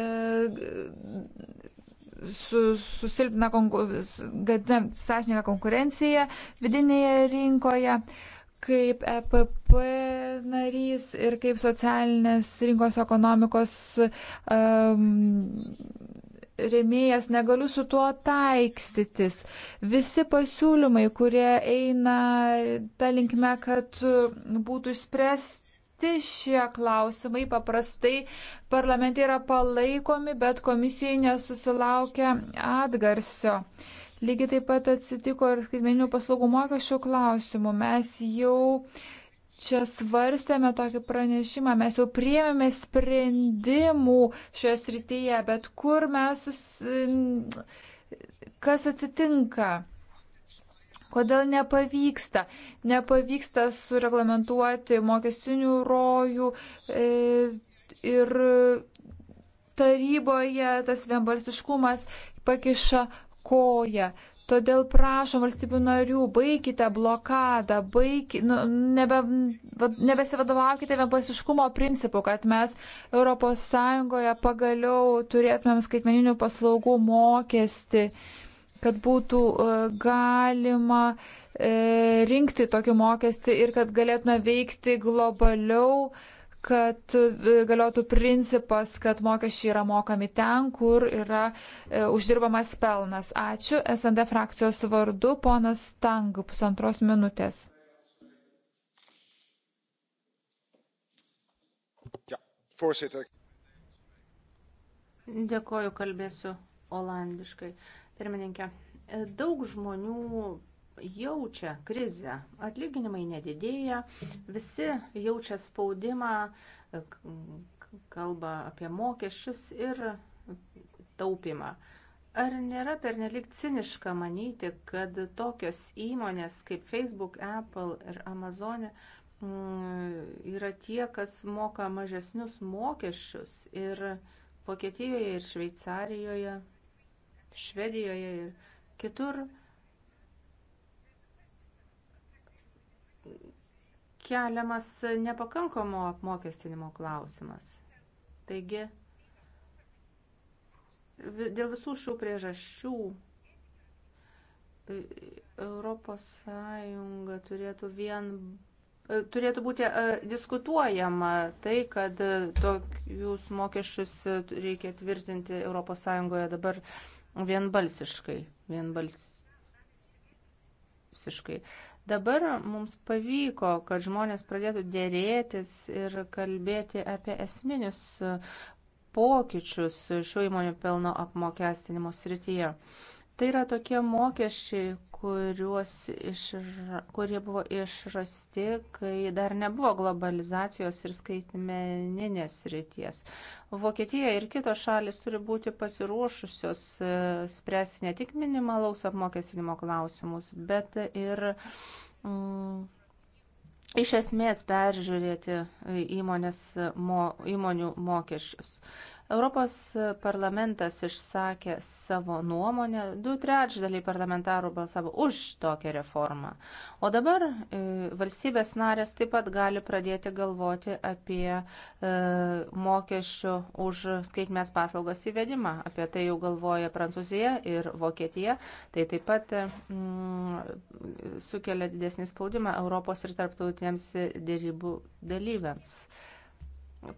susilpna konku, sąžininką konkurenciją vidinėje rinkoje. Kaip EPP narys ir kaip socialinės rinkos ekonomikos um, remėjas, negaliu su tuo taikstytis. Visi pasiūlymai, kurie eina tą linkme, kad būtų išspręsti kiti šie klausimai paprastai parlamentai yra palaikomi, bet komisijai nesusilaukia atgarsio. Lygiai taip pat atsitiko ir skaitmeninių paslaugų mokesčių klausimų. Mes jau čia svarstėme tokį pranešimą, mes jau priemėme sprendimų šioje srityje, bet kur mes, sus... kas atsitinka, kodėl nepavyksta, nepavyksta sureglamentuoti mokestinių rojų e, ir taryboje tas vienbalsiškumas pakiša koją. Todėl prašom valstybių narių, baikite blokadą, baigi, nu, nebe, nebesivadovaukite vienpasiškumo principu, kad mes ES pagaliau turėtumėm skaitmeninių paslaugų mokestį, kad būtų e, galima e, rinkti tokį mokestį ir kad galėtume veikti globaliau kad e, galiotų principas, kad mokesčiai yra mokami ten, kur yra e, uždirbamas pelnas. Ačiū. SND frakcijos vardu ponas Tang, pusantros minutės. Ja, Dėkoju, kalbėsiu olandiškai. Pirmininkė, daug žmonių jaučia krizę, atlyginimai nedidėja, visi jaučia spaudimą, kalba apie mokesčius ir taupimą. Ar nėra pernelik ciniška manyti, kad tokios įmonės kaip Facebook, Apple ir Amazon mm, yra tie, kas moka mažesnius mokesčius ir Vokietijoje ir Šveicarijoje, Švedijoje ir kitur keliamas nepakankamo apmokestinimo klausimas. Taigi, dėl visų šių priežasčių e, Europos Sąjunga turėtų vien e, turėtų būti e, diskutuojama tai, kad tokius mokesčius reikia tvirtinti Europos Sąjungoje dabar vienbalsiškai. vienbalsiškai. Dabar mums pavyko, kad žmonės pradėtų dėrėtis ir kalbėti apie esminius pokyčius šių įmonių pelno apmokestinimo srityje. Tai yra tokie mokesčiai, iš, kurie buvo išrasti, kai dar nebuvo globalizacijos ir skaitmeninės ryties. Vokietija ir kitos šalis turi būti pasiruošusios e, spręsti ne tik minimalaus apmokestinimo klausimus, bet ir mm, iš esmės peržiūrėti įmonės, mo, įmonių mokesčius. Europos parlamentas išsakė savo nuomonę, du trečdaliai parlamentarų balsavo už tokią reformą. O dabar e, valstybės narės taip pat gali pradėti galvoti apie e, mokesčių už skaitmės paslaugas įvedimą. Apie tai jau galvoja Prancūzija ir Vokietija. Tai taip pat mm, sukelia didesnį spaudimą Europos ir tarptautiniams dėrybų dalyviams.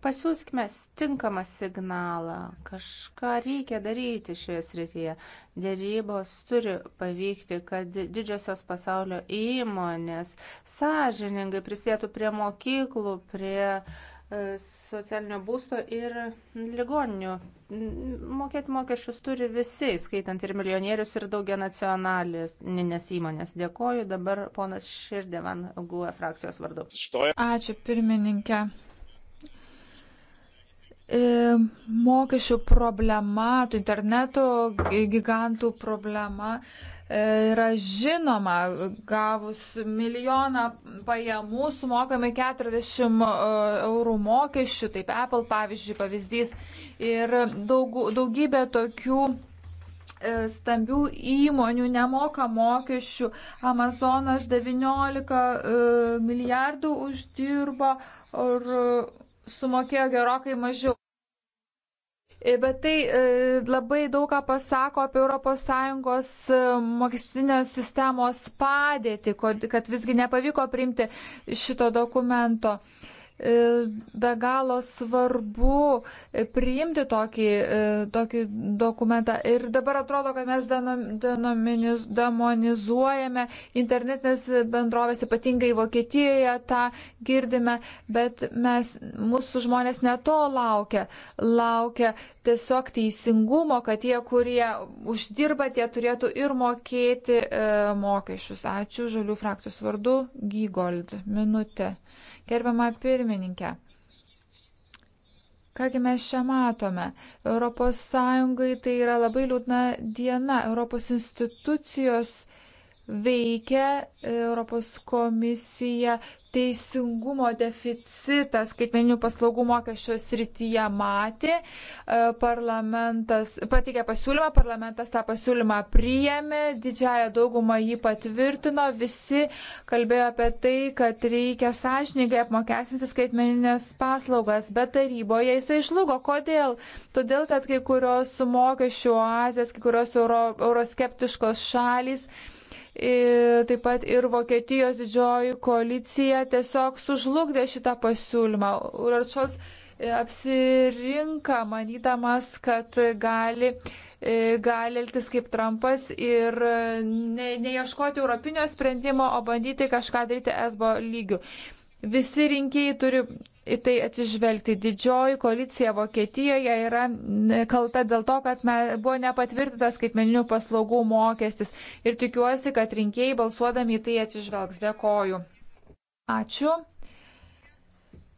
Pasiūskime tinkamą signalą, kažką reikia daryti šioje srityje. Dėrybos turi pavykti, kad didžiosios pasaulio įmonės sąžiningai prisėtų prie mokyklų, prie e, socialinio būsto ir ligoninių. Mokėti mokesčius turi visi, skaitant ir milijonierius, ir daugia nacionalinės įmonės. Dėkoju dabar ponas Širdevan GUE frakcijos vardu. Ačiū pirmininkė. E, mokesčių problema, tų interneto gigantų problema e, yra žinoma. Gavus milijoną pajamų sumokame 40 e, eurų mokesčių, taip Apple pavyzdžiui pavyzdys. Ir daug, daugybė tokių stambių įmonių nemoka mokesčių. Amazonas 19 milijardų uždirbo ir sumokėjo gerokai mažiau. E, bet tai e, labai daug ką pasako apie ES e, mokestinės sistemos padėtį, kad visgi nepavyko priimti šito dokumento. E, be galo svarbu priimti tokį, e, tokį dokumentą. Ir dabar atrodo, kad mes demonizuojame internetinės bendrovės, ypatingai Vokietijoje tą girdime, bet mes, mūsų žmonės neto laukia. Laukia tiesiog teisingumo, kad tie, kurie uždirba, tie turėtų ir mokėti e, mokesčius. Ačiū Žalių frakcijos vardu. Gygold. Minutė. Gerbiama pirmininkė. Kągi mes čia matome? Europos Sąjungai tai yra labai liūdna diena. Europos institucijos veikia Europos komisija teisingumo deficitas skaitmeninių paslaugų mokesčio srityje matė. E, parlamentas pateikė pasiūlymą, parlamentas tą pasiūlymą priėmė, didžiają daugumą jį patvirtino, visi kalbėjo apie tai, kad reikia sąžininkai apmokestinti skaitmeninės paslaugas, bet taryboje jisai išlugo. Kodėl? Todėl, kad kai kurios mokesčių oazės, kai kurios euro, euroskeptiškos šalys, taip pat ir Vokietijos didžioji koalicija tiesiog sužlugdė šitą pasiūlymą. Urarčos e, apsirinka, manydamas, kad gali, e, gali elgtis kaip Trumpas ir e, ne, neieškoti europinio sprendimo, o bandyti kažką daryti esbo lygių. Visi rinkėjai turi į tai atsižvelgti. Didžioji koalicija Vokietijoje yra kalta dėl to, kad buvo nepatvirtintas skaitmeninių paslaugų mokestis. Ir tikiuosi, kad rinkėjai balsuodami į tai atsižvelgs. Dėkoju. Ačiū.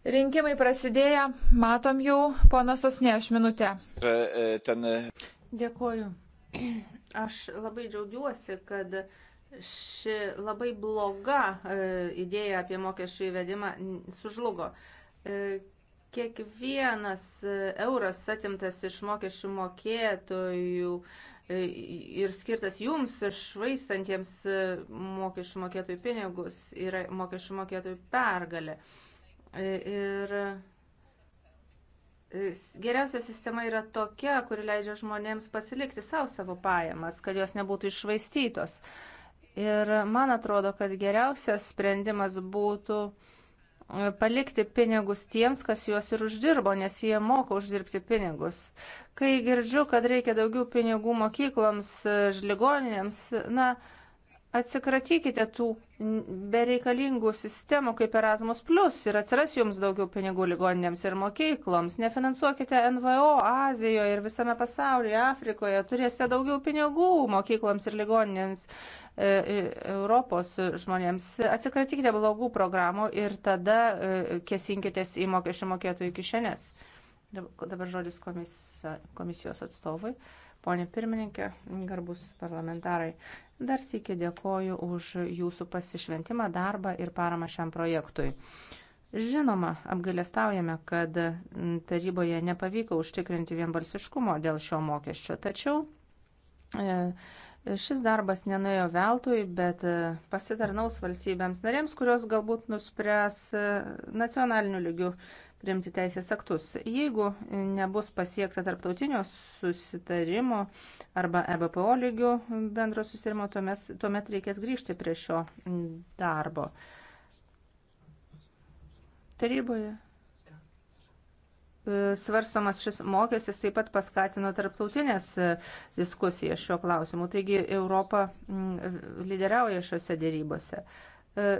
Rinkimai prasidėję, matom jau ponas Osnieš minutę. E, e, Dėkoju. Aš labai džiaugiuosi, kad ši labai bloga e, idėja apie mokesčių įvedimą sužlugo. E, kiekvienas euras atimtas iš mokesčių mokėtojų e, ir skirtas jums švaistantiems mokesčių mokėtojų pinigus yra mokesčių mokėtojų pergalė. E, ir geriausia sistema yra tokia, kuri leidžia žmonėms pasilikti savo savo pajamas, kad jos nebūtų išvaistytos. Ir man atrodo, kad geriausias sprendimas būtų uh, palikti pinigus tiems, kas juos ir uždirbo, nes jie moka uždirbti pinigus. Kai girdžiu, kad reikia daugiau pinigų mokykloms, ligoninėms, na, Atsikratykite tų bereikalingų sistemų kaip Erasmus Plus ir atsiras jums daugiau pinigų ligoninėms ir mokykloms. Nefinansuokite NVO Azijoje ir visame pasaulyje, Afrikoje. Turėsite daugiau pinigų mokykloms ir ligoninėms e, e, Europos žmonėms. Atsikratykite blogų programų ir tada e, kėsinkitės į mokesčių mokėtojų kišenės. Dabar žodis komis, komisijos atstovui. Pone pirmininkė, garbus parlamentarai, Dar sėkiu dėkoju už jūsų pasišventimą, darbą ir paramą šiam projektui. Žinoma, apgailestaujame, kad taryboje nepavyko užtikrinti vienbalsiškumo dėl šio mokesčio, tačiau e, šis darbas nenuėjo veltui, bet e, pasitarnaus valstybėms narėms, kurios galbūt nuspręs e, nacionaliniu lygiu priimti teisės aktus. Jeigu nebus pasiekta tarptautinio susitarimo arba EBPO lygių bendro susitarimo, tuomet, tuomet reikės grįžti prie šio darbo. Taryboje e, svarstomas šis mokestis taip pat paskatino tarptautinės e, diskusijas šiuo klausimu. Taigi Europa lyderiauja šiuose dėrybose.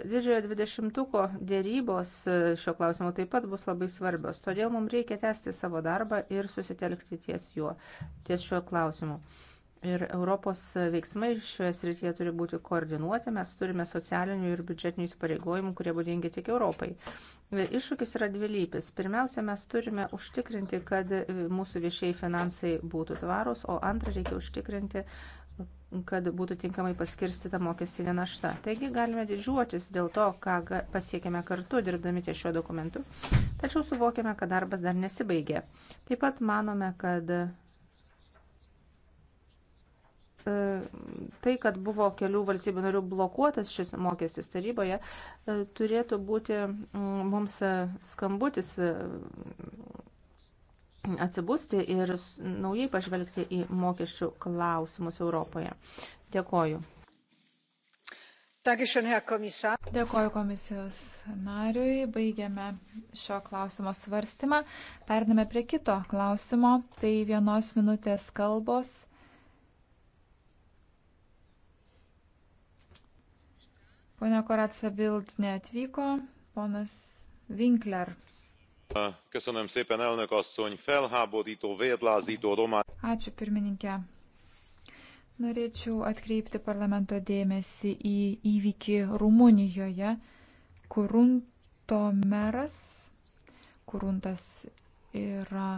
Didžiojo dvidešimtuko dėrybos šio klausimu taip pat bus labai svarbios, todėl mums reikia tęsti savo darbą ir susitelkti ties juo, ties šiuo klausimu. Ir Europos veiksmai šioje srityje turi būti koordinuoti, mes turime socialinių ir biudžetinių įsipareigojimų, kurie būdingi tik Europai. Iššūkis yra dvilypis. Pirmiausia, mes turime užtikrinti, kad mūsų viešiai finansai būtų tvarus, o antra, reikia užtikrinti, kad būtų tinkamai paskirstyta mokestinė našta. Taigi galime didžiuotis dėl to, ką pasiekėme kartu dirbdami ties šiuo dokumentu, tačiau suvokėme, kad darbas dar nesibaigė. Taip pat manome, kad e, tai, kad buvo kelių valstybių narių blokuotas šis mokestis taryboje, e, turėtų būti mums e, skambutis atsibusti ir naujai pažvelgti į mokesčių klausimus Europoje. Dėkoju. Dėkoju komisijos nariui. Baigiame šio klausimo svarstymą. Perdame prie kito klausimo. Tai vienos minutės kalbos. Pone Koratsa Bild neatvyko. Ponas Winkler. Ačiū pirmininkė. Norėčiau atkreipti parlamento dėmesį į įvykį Rumunijoje. Kurunto meras, kuruntas yra e,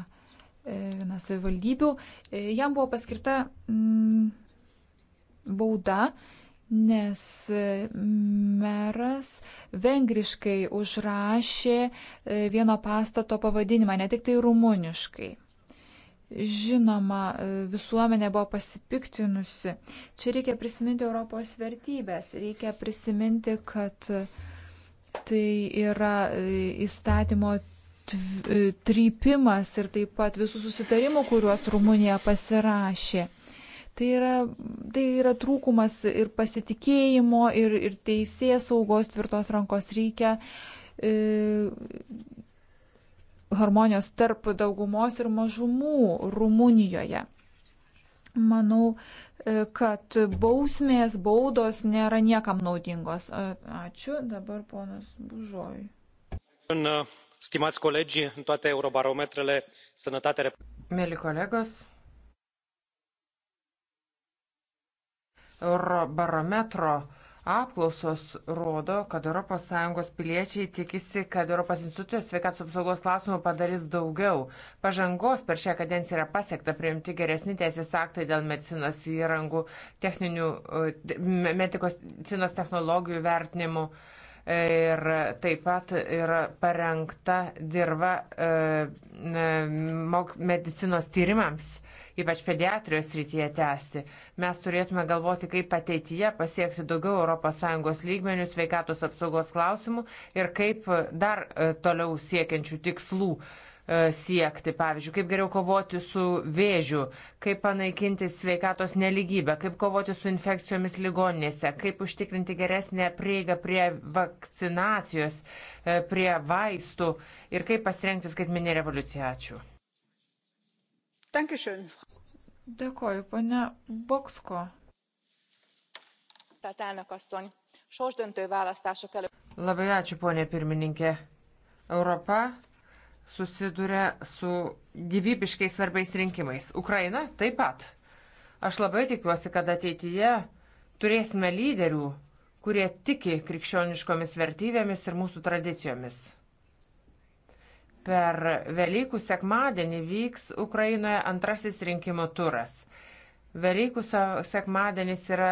vienas savivaldybių, e, jam buvo paskirta mm, bauda nes e, meras vengriškai užrašė e, vieno pastato pavadinimą, ne tik tai rumuniškai. Žinoma, e, visuomenė buvo pasipiktinusi. Čia reikia prisiminti Europos vertybės, reikia prisiminti, kad tai yra įstatymo trypimas ir taip pat visų susitarimų, kuriuos Rumunija pasirašė. Tai yra, tai yra trūkumas ir pasitikėjimo, ir, ir teisės saugos tvirtos rankos reikia e, harmonijos tarp daugumos ir mažumų Rumunijoje. Manau, e, kad bausmės, baudos nėra niekam naudingos. Ačiū. Dabar ponas Bužoj. Stimați colegi, în toate eurobarometrele sănătate. Mėly kolegos, Eurobarometro apklausos rodo, kad ES piliečiai tikisi, kad ES institucijos sveikatos apsaugos klausimų padarys daugiau. Pažangos per šią kadenciją yra pasiekta priimti geresni teisės aktai dėl medicinos įrangų, techninių, e, medicinos technologijų vertinimų. E, ir taip pat yra parengta dirba e, medicinos tyrimams ypač pediatrijos rytyje tęsti. Mes turėtume galvoti, kaip ateityje pasiekti daugiau ES lygmenių sveikatos apsaugos klausimų ir kaip dar e, toliau siekiančių tikslų e, siekti, pavyzdžiui, kaip geriau kovoti su vėžiu, kaip panaikinti sveikatos neligybę, kaip kovoti su infekcijomis ligoninėse, kaip užtikrinti geresnę prieigą prie vakcinacijos, e, prie vaistų ir kaip pasirengti skaitminį revoliuciją. Ačiū. Dėkoju, ponia Boksko. Labai ačiū, ponė pirmininkė. Europa susiduria su gyvybiškai svarbiais rinkimais. Ukraina taip pat. Aš labai tikiuosi, kad ateityje turėsime lyderių, kurie tiki krikščioniškomis vertybėmis ir mūsų tradicijomis. Per Velykų sekmadienį vyks Ukrainoje antrasis rinkimų turas. Velykų sekmadienis yra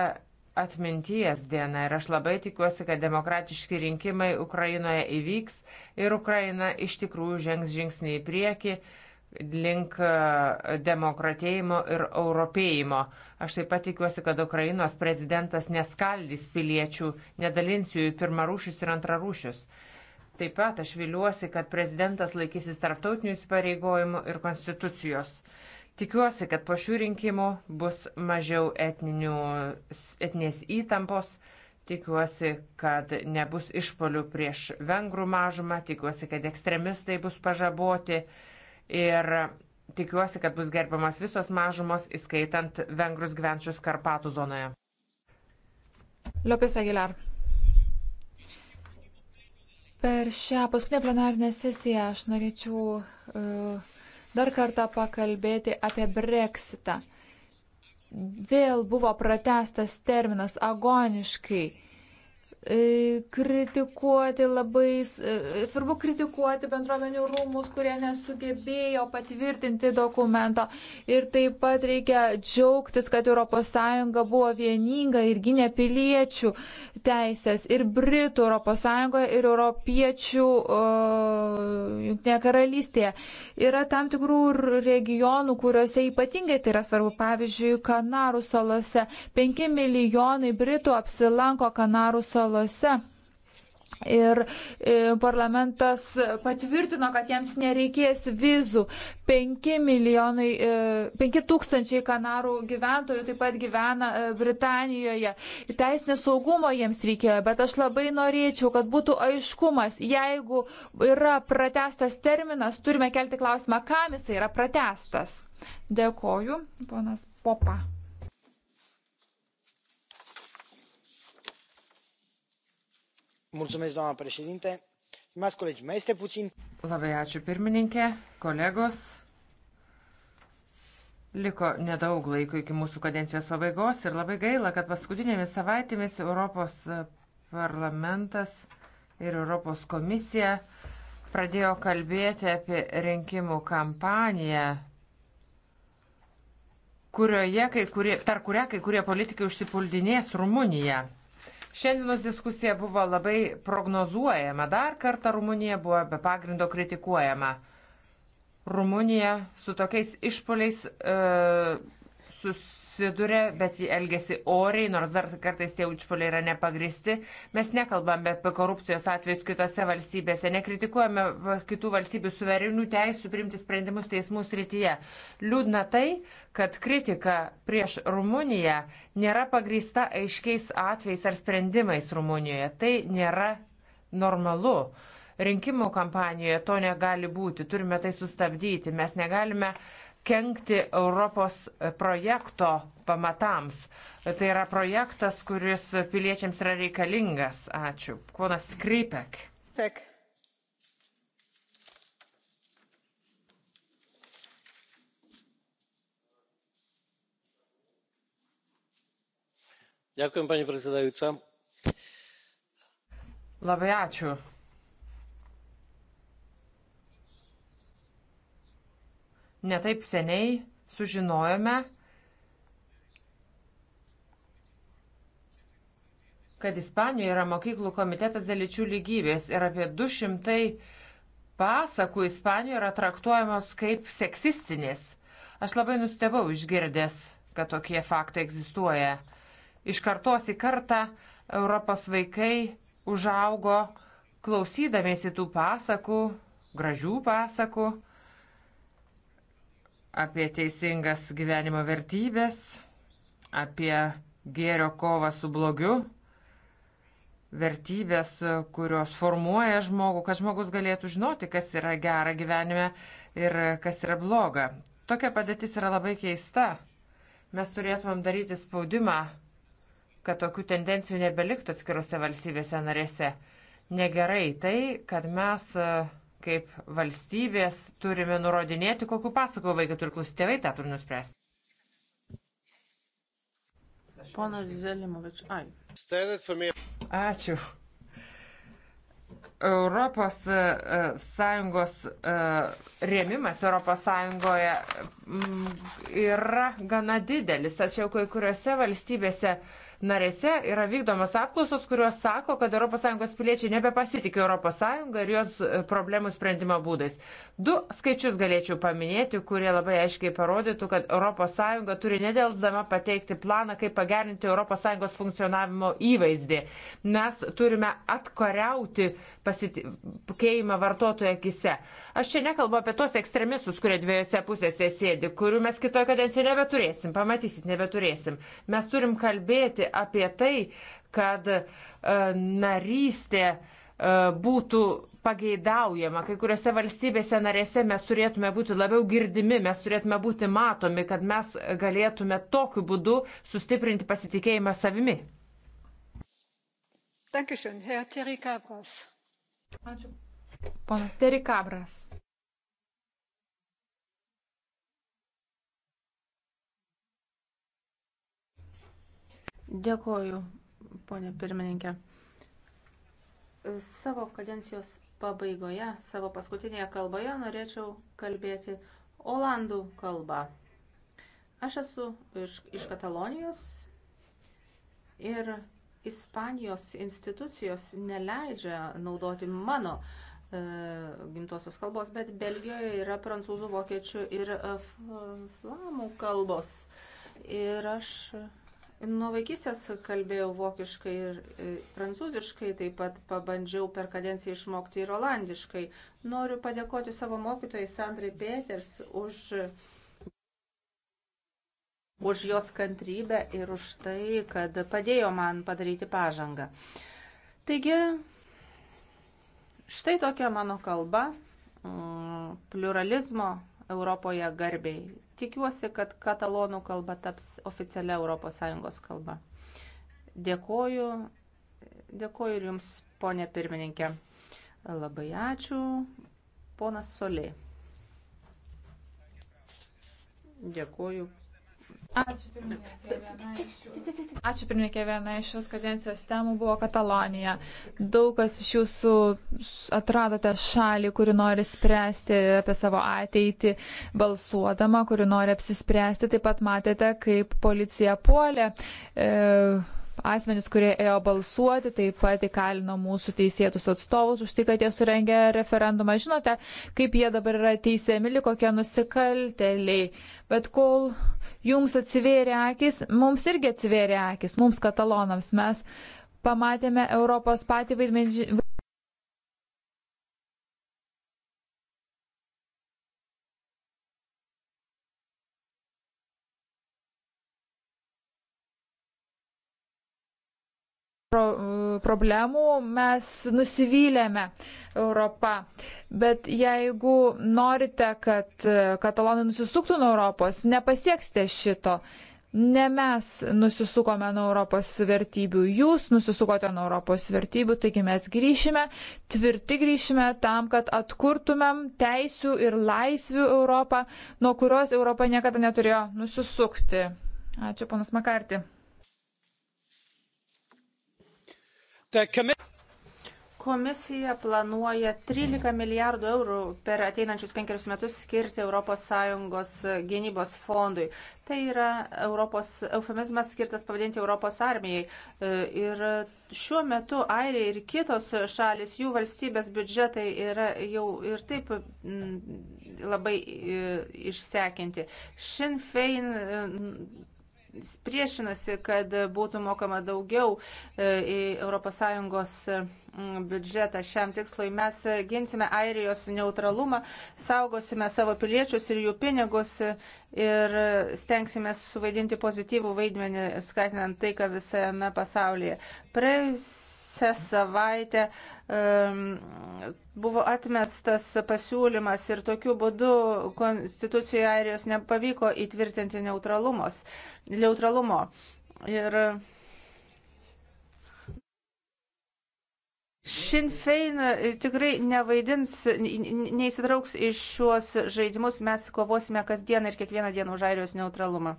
atminties diena ir aš labai tikiuosi, kad demokratiški rinkimai Ukrainoje įvyks ir Ukraina iš tikrųjų žengs žingsnį į priekį link e, demokratėjimo ir europėjimo. Aš taip pat tikiuosi, kad Ukrainos prezidentas neskaldys piliečių, nedalins jų į pirmarūšius ir antrarūšius. Taip pat aš viliuosi, kad prezidentas laikysis tarptautinių įsipareigojimų ir konstitucijos. Tikiuosi, kad po šių rinkimų bus mažiau etninių, etinės įtampos. Tikiuosi, kad nebus išpolių prieš vengrų mažumą. Tikiuosi, kad ekstremistai bus pažaboti. Ir tikiuosi, kad bus gerbiamas visos mažumos, įskaitant vengrus gyvenčius Karpatų zonoje. Lopes Aguilar. Per šią paskutinę plenarinę sesiją aš norėčiau uh, dar kartą pakalbėti apie breksitą. Vėl buvo pratestas terminas agoniškai E, kritikuoti labai, e, svarbu kritikuoti bendruomenių rūmus, kurie nesugebėjo patvirtinti dokumento. Ir taip pat reikia džiaugtis, kad ES buvo vieninga ir gynė piliečių teisės ir Britų ES ir Europiečių Junktinėje karalystėje. Yra tam tikrų regionų, kuriuose ypatingai tai yra svarbu. Pavyzdžiui, Kanarų salose 5 milijonai Britų apsilanko Kanarų salose bylose. Ir e, parlamentas patvirtino, kad jiems nereikės vizų. 5 milijonai, 5 e, tūkstančiai kanarų gyventojų taip pat gyvena e, Britanijoje. Teisinė saugumo jiems reikėjo, bet aš labai norėčiau, kad būtų aiškumas. Jeigu yra pratestas terminas, turime kelti klausimą, kam jisai yra pratestas. Dėkoju, ponas Popa. doamnă președintă stimați colegi mai este puțin. labai ačiū pirmininke kolegos liko nedaug laiko iki mūsų kadencijos pabaigos ir labai gaila kad paskutinėmis savaitėmis europos parlamentas ir europos komisija pradėjo kalbėti apie rinkimų kampaniją kurioje kai kurie, per kurią kai kurie politikai užsipuldinės Rumuniją. Šiandienos diskusija buvo labai prognozuojama. Dar kartą Rumunija buvo be pagrindo kritikuojama. Rumunija su tokiais išpoliais e, sus, susiduria, bet jie elgesi oriai, nors dar kartais tie užpoliai yra nepagristi. Mes nekalbame apie korupcijos atvejus kitose valstybėse, nekritikuojame kitų valstybių suverenių teisų priimti sprendimus teismų srityje. Liūdna tai, kad kritika prieš Rumuniją nėra pagrįsta aiškiais atvejais ar sprendimais Rumunijoje. Tai nėra normalu rinkimų kampanijoje to negali būti, turime tai sustabdyti, mes negalime uh, kenkti Europos projekto pamatams. Tai yra projektas, kuris piliečiams yra reikalingas. Ačiū. Ponas Krypek. Pek. Dėkui, pani prezidentė. Labai ačiū. netaip seniai sužinojome, kad Ispanijoje yra mokyklų komitetas dėl lyčių lygybės ir apie 200 pasakų Ispanijoje yra traktuojamos kaip seksistinės. Aš labai nustebau išgirdęs, kad tokie faktai egzistuoja. Iš kartos į kartą Europos vaikai užaugo klausydamėsi tų pasakų, gražių pasakų apie teisingas gyvenimo vertybės, apie gėrio kovą su blogiu, vertybės, kurios formuoja žmogų, kad žmogus galėtų žinoti, kas yra gera gyvenime ir kas yra bloga. Tokia padėtis yra labai keista. Mes turėtumėm daryti spaudimą, kad tokių tendencijų nebeliktų atskirose valstybėse narėse. Negerai tai, kad mes uh, kaip valstybės turime nurodinėti, kokiu pasakoju vaikai turi klausyti tėvai, tą turi nuspręsti. Ponas Zelimovič, ai. Ačiū. Europos e, e, Sąjungos e, rėmimas Europos Sąjungoje yra gana didelis, tačiau kai kuriuose valstybėse uh, narėse yra vykdomas apklausos, kurios sako, kad ES piliečiai nebepasitikė ES ir jos e, problemų sprendimo būdais. Du skaičius galėčiau paminėti, kurie labai aiškiai parodytų, kad ES turi nedelsdama pateikti planą, kaip pagerinti ES funkcionavimo įvaizdį. Mes turime atkariauti pasitikėjimą vartotojų akise. Aš čia nekalbu apie tos ekstremistus, kurie dviejose pusėse sėdi, kurių mes kitoje kadencijoje nebeturėsim, pamatysit, nebeturėsim. Mes turim kalbėti kalbėti apie tai, kad e, narystė e, būtų pageidaujama. Kai kuriuose valstybėse narėse mes turėtume būti labiau girdimi, mes turėtume būti matomi, kad mes galėtume tokiu būdu sustiprinti pasitikėjimą savimi. Dankeschön, Herr Terry Cabras. Ačiū. Ponas Terry Cabras. Dėkoju, ponė pirmininkė. Savo kadencijos pabaigoje, savo paskutinėje kalboje norėčiau kalbėti olandų kalbą. Aš esu iš, iš Katalonijos ir Ispanijos institucijos neleidžia naudoti mano e, gimtosios kalbos, bet Belgijoje yra prancūzų, vokiečių ir e, flamų kalbos. Ir aš Nuo vaikystės kalbėjau vokiškai ir e, prancūziškai, taip pat pabandžiau per kadenciją išmokti ir olandiškai. Noriu padėkoti savo mokytojai Sandrai Peters už, už jos kantrybę ir už tai, kad padėjo man padaryti pažangą. Taigi, štai tokia mano kalba mm, pluralizmo Europoje garbiai. Tikiuosi, kad katalonų kalba taps oficialia ES kalba. Dėkoju, dėkoju ir jums, ponė pirmininkė. Labai ačiū, ponas Soliai. Dėkoju, Ačiū pirmininkė. Ačiū pirmininkė. Viena iš šios kadencijos temų buvo Katalonija. Daug kas iš jūsų atradote šalį, kuri nori spręsti apie savo ateitį balsuodama, kuri nori apsispręsti. Taip pat matėte, kaip policija puolė. E, asmenys, kurie ėjo balsuoti, taip pat įkalino mūsų teisėtus atstovus už tai, kad jie surengė referendumą. Žinote, kaip jie dabar yra teisėmi, kokie nusikalteliai. Bet kol jums atsivėrė akis, mums irgi atsivėrė akis, mums katalonams, mes pamatėme Europos patį vaidmenį pro, problemų, mes nusivylėme Europą. Bet jeigu norite, kad e, katalonai nusisuktų nuo Europos, nepasieksite šito. Ne mes nusisukome nuo Europos vertybių, jūs nusisukote nuo Europos vertybių, taigi mes grįšime, tvirti grįšime tam, kad atkurtumėm teisių ir laisvių Europą, nuo kurios Europa niekada neturėjo nusisukti. Ačiū, ponas Makarti. Komisija planuoja 13 milijardų eurų per ateinančius penkerius metus skirti ES gynybos fondui. Tai yra Europos, eufemizmas skirtas pavadinti Europos armijai. E, ir šiuo metu Airija ir kitos šalis, jų valstybės biudžetai yra jau ir taip mm, labai e, išsekinti. Sinn Fein priešinasi, kad būtų mokama daugiau e, į ES biudžetą šiam tikslui. Mes ginsime Airijos neutralumą, saugosime savo piliečius ir jų pinigus ir stengsime suvaidinti pozityvų vaidmenį, skatinant taiką visame pasaulyje. Praėjus praėjusią savaitę buvo atmestas pasiūlymas ir tokiu būdu Konstitucijoje Airijos nepavyko įtvirtinti neutralumo. Ir Sinn Fein tikrai nevaidins, neįsitrauks iš šiuos žaidimus, mes kovosime kasdieną ir kiekvieną dieną už Airijos neutralumą.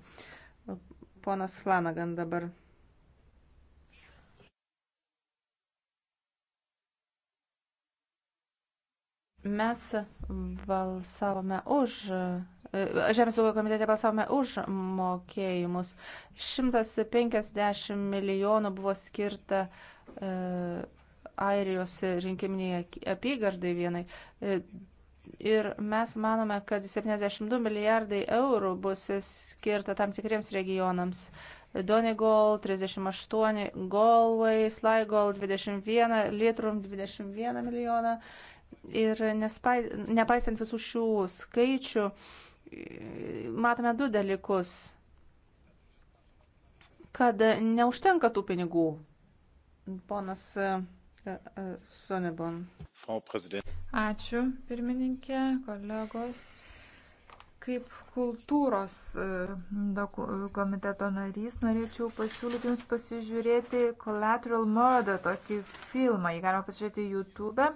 Ponas Flanagan dabar. Mes balsavome už, e, Žemės ūkio komitete balsavome už mokėjimus. 150 milijonų buvo skirta e, Airijos rinkiminiai apygardai vienai. E, ir mes manome, kad 72 milijardai eurų bus skirta tam tikriems regionams. Donegal 38, Galway, Sligo 21, Litrum 21 milijoną Ir nespai, nepaisant visų šių skaičių, matome du dalykus. Kad neužtenka tų pinigų. Ponas e, e, Sonebon. Ačiū, pirmininkė, kolegos. Kaip kultūros e, komiteto narys norėčiau pasiūlyti Jums pasižiūrėti Collateral Murder, tokį filmą. Jį galima pasižiūrėti YouTube. E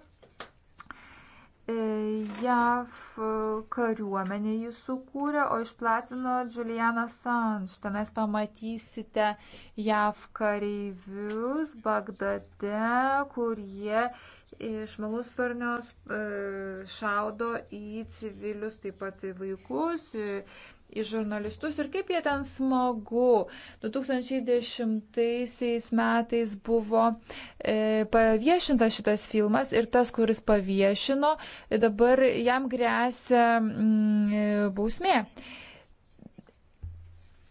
E, JAV e, kariuomenė jį sukūrė, o išplatino Juliana Sanž. Tenais pamatysite JAV kareivius Bagdade, kurie iš malusparnios e, šaudo į civilius, taip pat į vaikus, į žurnalistus ir kaip jie ten smagu. 2010 metais buvo e, paviešintas šitas filmas ir tas, kuris paviešino, dabar jam grėsia mm, e, bausmė.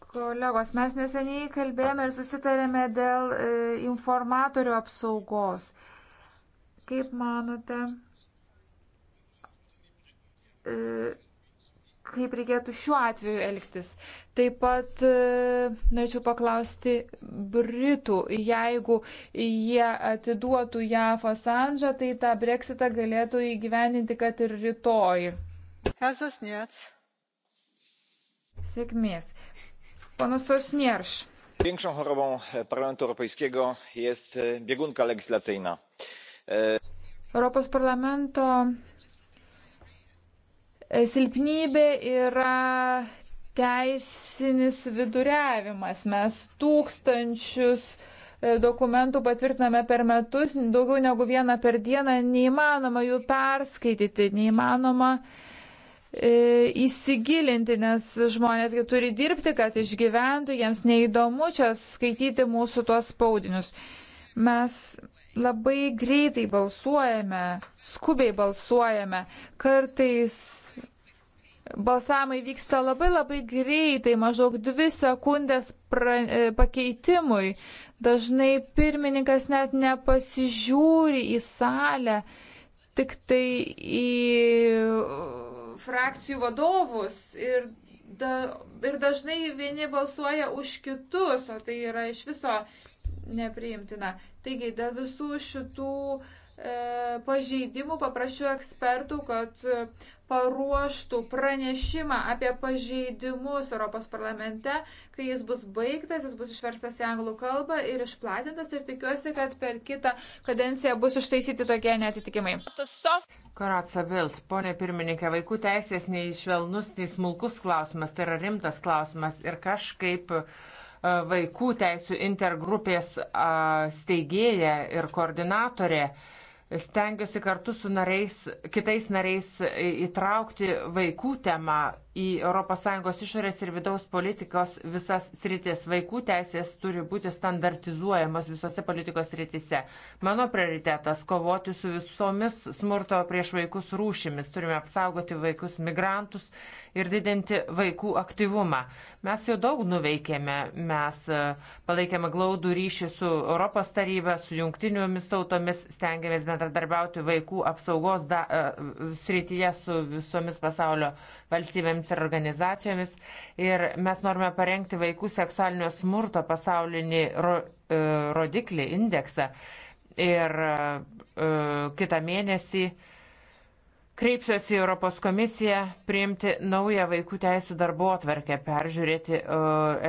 Kolegos, mes neseniai kalbėjome ir susitarėme dėl e, informatorių apsaugos. Kaip manote? E, kaip reikėtų šiuo atveju elgtis. Taip pat e, norėčiau paklausti Britų, jeigu jie atiduotų JAF Assange'ą, tai tą Brexitą galėtų įgyveninti, kad ir rytoj. Hezas Niec. Sėkmės. Panas Osnierš. Większą chorobą e, Parlamentu Europejskiego jest e, biegunka legislacyjna. Europos parlamento E, silpnybė yra teisinis viduriavimas. Mes tūkstančius e, dokumentų patvirtiname per metus, daugiau negu vieną per dieną, neįmanoma jų perskaityti, neįmanoma e, įsigilinti, nes žmonėsgi turi dirbti, kad išgyventų, jiems neįdomu čia skaityti mūsų tuos spaudinius. Mes labai greitai balsuojame, skubiai balsuojame, kartais Balsavimai vyksta labai labai greitai, maždaug dvi sekundės pra, e, pakeitimui. Dažnai pirmininkas net nepasižiūri į salę, tik tai į frakcijų vadovus. Ir, da, ir dažnai vieni balsuoja už kitus, o tai yra iš viso nepriimtina. Taigi, dėl visų šitų e, pažeidimų paprašiau ekspertų, kad paruoštų pranešimą apie pažeidimus Europos parlamente. Kai jis bus baigtas, jis bus išverstas į anglų kalbą ir išplatintas ir tikiuosi, kad per kitą kadenciją bus ištaisyti tokie netitikimai. Karatsa Bild, ponė pirmininkė, vaikų teisės nei švelnus, nei smulkus klausimas, tai yra rimtas klausimas ir kažkaip e, vaikų teisų intergrupės steigėja ir koordinatorė Stengiuosi kartu su nariais, kitais nariais įtraukti vaikų temą į ES išorės ir vidaus politikos visas sritis. Vaikų teisės turi būti standartizuojamos visose politikos sritise. Mano prioritetas - kovoti su visomis smurto prieš vaikus rūšimis. Turime apsaugoti vaikus migrantus ir didinti vaikų aktyvumą. Mes jau daug nuveikėme. Mes e, palaikėme glaudų ryšį su Europos taryba, su jungtiniomis tautomis, stengiamės bendradarbiauti vaikų apsaugos da, e, srityje su visomis pasaulio valstybėmis institucijoms ir organizacijomis. Ir mes norime parengti vaikų seksualinio smurto pasaulinį ro, e, rodiklį, indeksą. Ir e, kitą mėnesį kreipsiuosi į Europos komisiją priimti naują vaikų teisų darbo atvarkę, peržiūrėti e,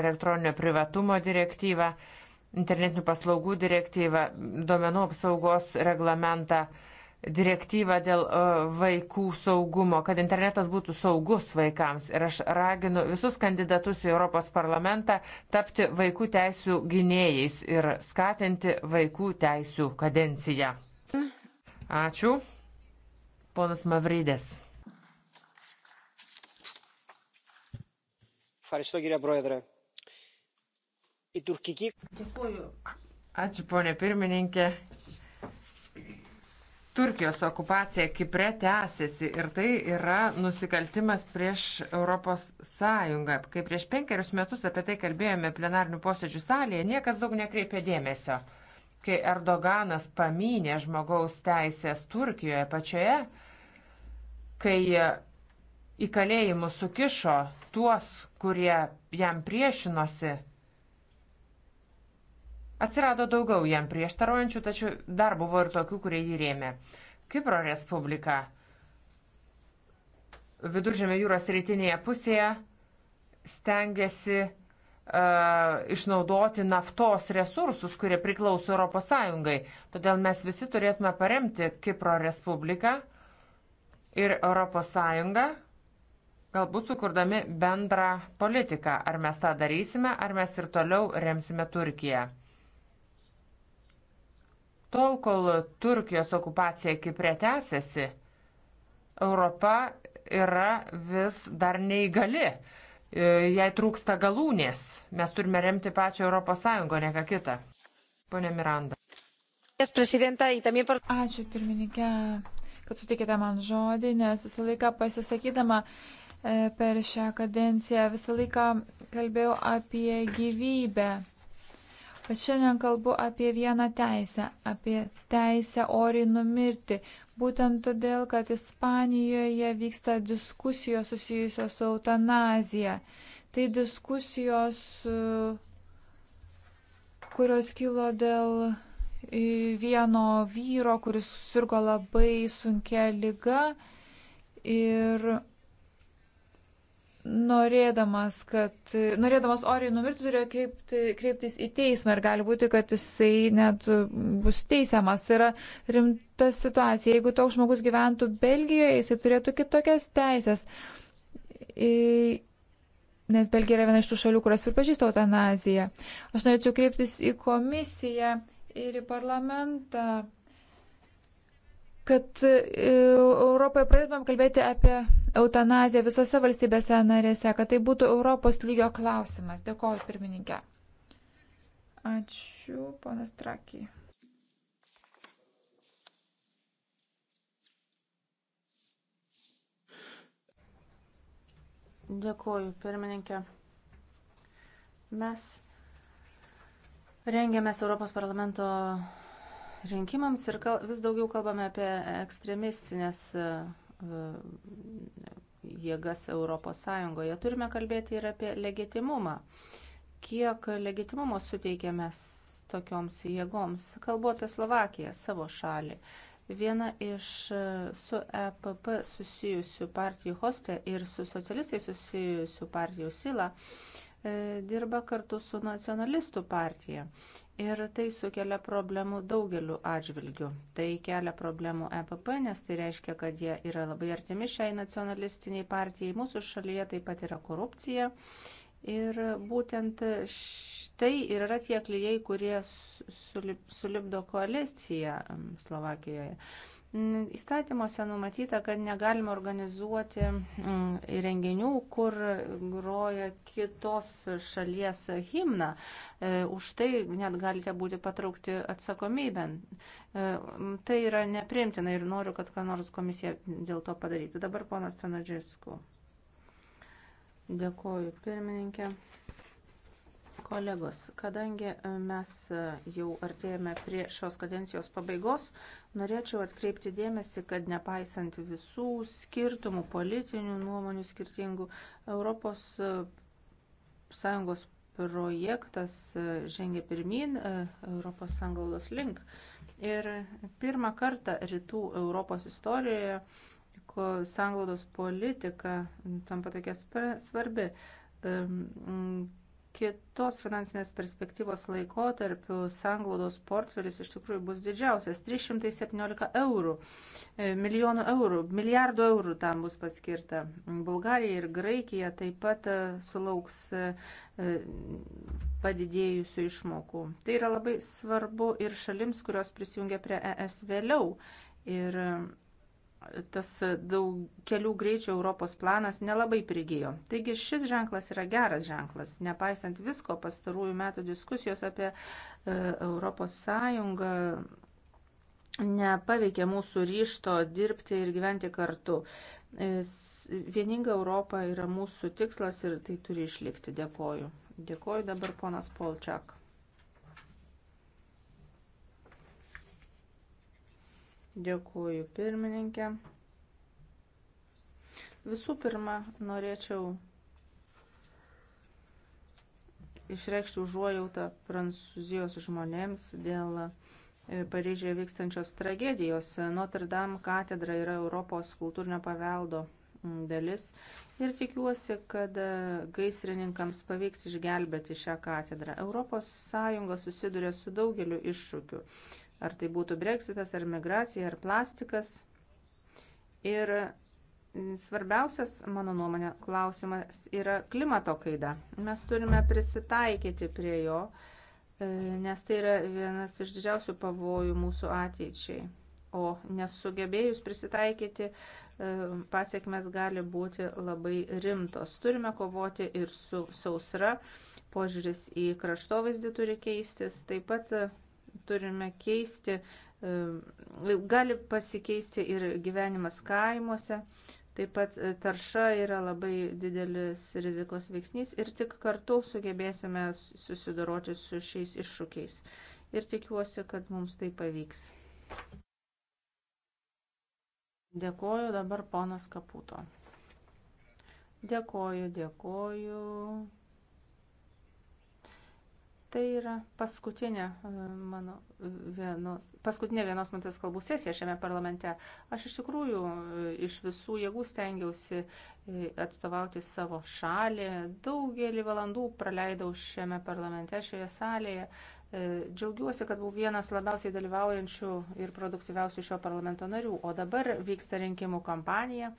elektroninio privatumo direktyvą, internetinių paslaugų direktyvą, duomenų apsaugos reglamentą. E, direktyvą dėl e, vaikų saugumo, kad internetas būtų saugus vaikams. Ir aš raginu visus kandidatus į Europos parlamentą tapti vaikų teisų gynėjais ir skatinti vaikų teisų kadenciją. Ačiū. Ponas Mavrydės. Ačiū, ponė pirmininkė. Turkijos okupacija Kipre tęsiasi ir tai yra nusikaltimas prieš Europos Sąjungą. Kai prieš penkerius metus apie tai kalbėjome plenarnių posėdžių salėje, niekas daug nekreipė dėmesio. Kai Erdoganas paminė žmogaus teisės Turkijoje pačioje, kai į kalėjimus sukišo tuos, kurie jam priešinosi, Atsirado daugiau jam prieštarojančių, tačiau dar buvo ir tokių, kurie jį rėmė. Kipro Respublika viduržėmio jūros rytinėje pusėje stengiasi uh, išnaudoti naftos resursus, kurie priklauso ES. Todėl mes visi turėtume paremti Kipro Respubliką ir ES, galbūt sukurdami bendrą politiką. Ar mes tą darysime, ar mes ir toliau remsime Turkiją. Tol, kol Turkijos okupacija Kiprė tęsiasi, Europa yra vis dar neįgali. E, Jei trūksta galūnės, mes turime remti pačią ES, ne ką kitą. Pone Miranda. Ačiū pirmininkė, kad sutikėte man žodį, nes visą laiką pasisakydama e, per šią kadenciją visą laiką kalbėjau apie gyvybę kad šiandien kalbu apie vieną teisę, apie teisę oriai numirti. Būtent todėl, kad Ispanijoje vyksta diskusijos susijusios su eutanazija. Tai diskusijos, e, kurios kilo dėl e, vieno vyro, kuris sirgo labai sunkia lyga ir norėdamas, kad, norėdamas oriai numirti, turėjo kreipti, kreiptis į teismą ir gali būti, kad jisai net bus teisiamas. Yra rimta situacija. Jeigu toks žmogus gyventų Belgijoje, jisai turėtų kitokias teisės. Nes Belgija yra viena iš tų šalių, kurios pripažįsta eutanaziją. Aš norėčiau kreiptis į komisiją ir į parlamentą, kad e, Europoje pradėtumėm kalbėti apie eutanaziją visose valstybėse narėse, kad tai būtų Europos lygio klausimas. Dėkoju, pirmininkė. Ačiū, ponas Trakiai. Dėkuoju, pirmininkė. Mes rengiamės Europos parlamento rinkimams ir vis daugiau kalbame apie ekstremistinės E, jėgas Europos Sąjungoje. Turime kalbėti ir apie legitimumą. Kiek legitimumo suteikiame tokioms jėgoms? Kalbu apie Slovakiją, savo šalį. Viena iš e, su EPP susijusių partijų Hoste ir su socialistai susijusių partijų Sila E, dirba kartu su nacionalistų partija. Ir tai sukelia problemų daugeliu atžvilgių. Tai kelia problemų EPP, nes tai reiškia, kad jie yra labai artimi šiai nacionalistiniai partijai. Mūsų šalyje taip pat yra korupcija. Ir būtent tai yra tie klyjei, kurie sulipdo koaliciją Slovakijoje. Įstatymuose numatyta, kad negalima organizuoti mm, renginių, kur groja kitos šalies himna. E, už tai net galite būti patraukti atsakomybėn. E, tai yra neprimtina ir noriu, kad ką nors komisija dėl to padarytų. Dabar ponas Tanadžisku. Dėkoju pirmininkė. Kolegos, kadangi e, mes e, jau artėjame prie šios kadencijos pabaigos, norėčiau atkreipti dėmesį, kad nepaisant visų skirtumų, politinių nuomonių skirtingų, Europos e, Sąjungos projektas žengia pirmin Europos Sąjungos link. Ir pirmą kartą rytų Europos istorijoje sanglaudos politika tampa tokia svarbi kitos finansinės perspektyvos laikotarpiu sanglaudos portfelis iš tikrųjų bus didžiausias - 317 eurų, e, milijonų eurų, milijardų eurų tam bus paskirta. Bulgarija ir Graikija taip pat e, sulauks e, padidėjusių išmokų. Tai yra labai svarbu ir šalims, kurios prisijungia prie ES vėliau. Ir tas daug kelių greičių Europos planas nelabai prigijo. Taigi šis ženklas yra geras ženklas, nepaisant visko pastarųjų metų diskusijos apie e, Europos Sąjungą nepaveikė mūsų ryšto dirbti ir gyventi kartu. Vieninga Europa yra mūsų tikslas ir tai turi išlikti. Dėkoju. Dėkoju dabar ponas Polčiak. Dėkuoju pirmininkė. Visų pirma, norėčiau išreikšti užuojautą prancūzijos žmonėms dėl e, Paryžioje vykstančios tragedijos. Notre Dame katedra yra Europos kultūrinio paveldo dalis ir tikiuosi, kad e, gaisrininkams pavyks išgelbėti šią katedrą. ES susiduria su daugeliu iššūkių ar tai būtų breksitas, ar migracija, ar plastikas. Ir svarbiausias, mano nuomonė, klausimas yra klimato kaida. Mes turime prisitaikyti prie jo, e, nes tai yra vienas iš didžiausių pavojų mūsų ateičiai. O nesugebėjus prisitaikyti, e, pasiekmes gali būti labai rimtos. Turime kovoti ir su sausra, požiūris į kraštovaizdį turi keistis, taip pat turime keisti, e, gali pasikeisti ir gyvenimas kaimuose, taip pat e, tarša yra labai didelis rizikos veiksnys ir tik kartu sugebėsime susidoroti su šiais iššūkiais. Ir tikiuosi, kad mums tai pavyks. Dėkoju dabar ponas Kaputo. Dėkoju, dėkoju. Tai yra paskutinė e, mano e, vienos, paskutinė vienos minutės kalbų sesija šiame parlamente. Aš iš tikrųjų e, iš visų jėgų stengiausi atstovauti savo šalį. Daugelį valandų praleidau šiame parlamente, šioje salėje. Džiaugiuosi, kad buvau vienas labiausiai dalyvaujančių ir produktyviausių šio parlamento narių, o dabar vyksta rinkimų kampanija.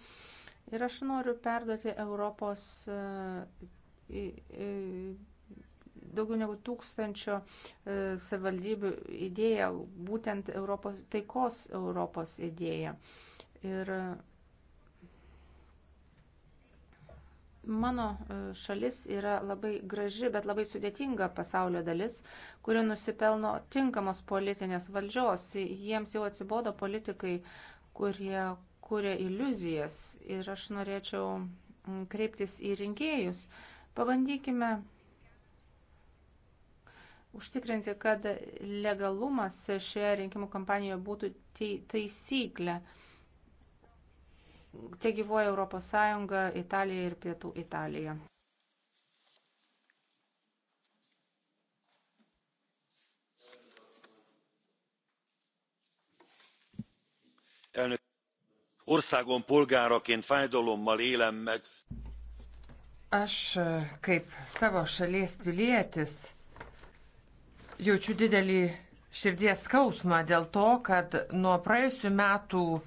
Ir aš noriu perduoti Europos daugiau negu tūkstančio e, savivaldybių idėja, būtent Europos, taikos Europos idėja. Ir e, Mano e, šalis yra labai graži, bet labai sudėtinga pasaulio dalis, kuri nusipelno tinkamos politinės valdžios. Jiems jau atsibodo politikai, kurie kuria iliuzijas. Ir aš norėčiau kreiptis į rinkėjus. Pabandykime užtikrinti, kad legalumas šioje rinkimų kampanijoje būtų tai, taisyklė. Tie gyvuoja Europos Sąjunga, Italija ir Pietų Italija. Országom polgáraként fájdalommal élem meg. Aš e, kaip savo šalies pilietis jaučiu didelį širdies skausmą dėl to, kad nuo praėjusių metų e,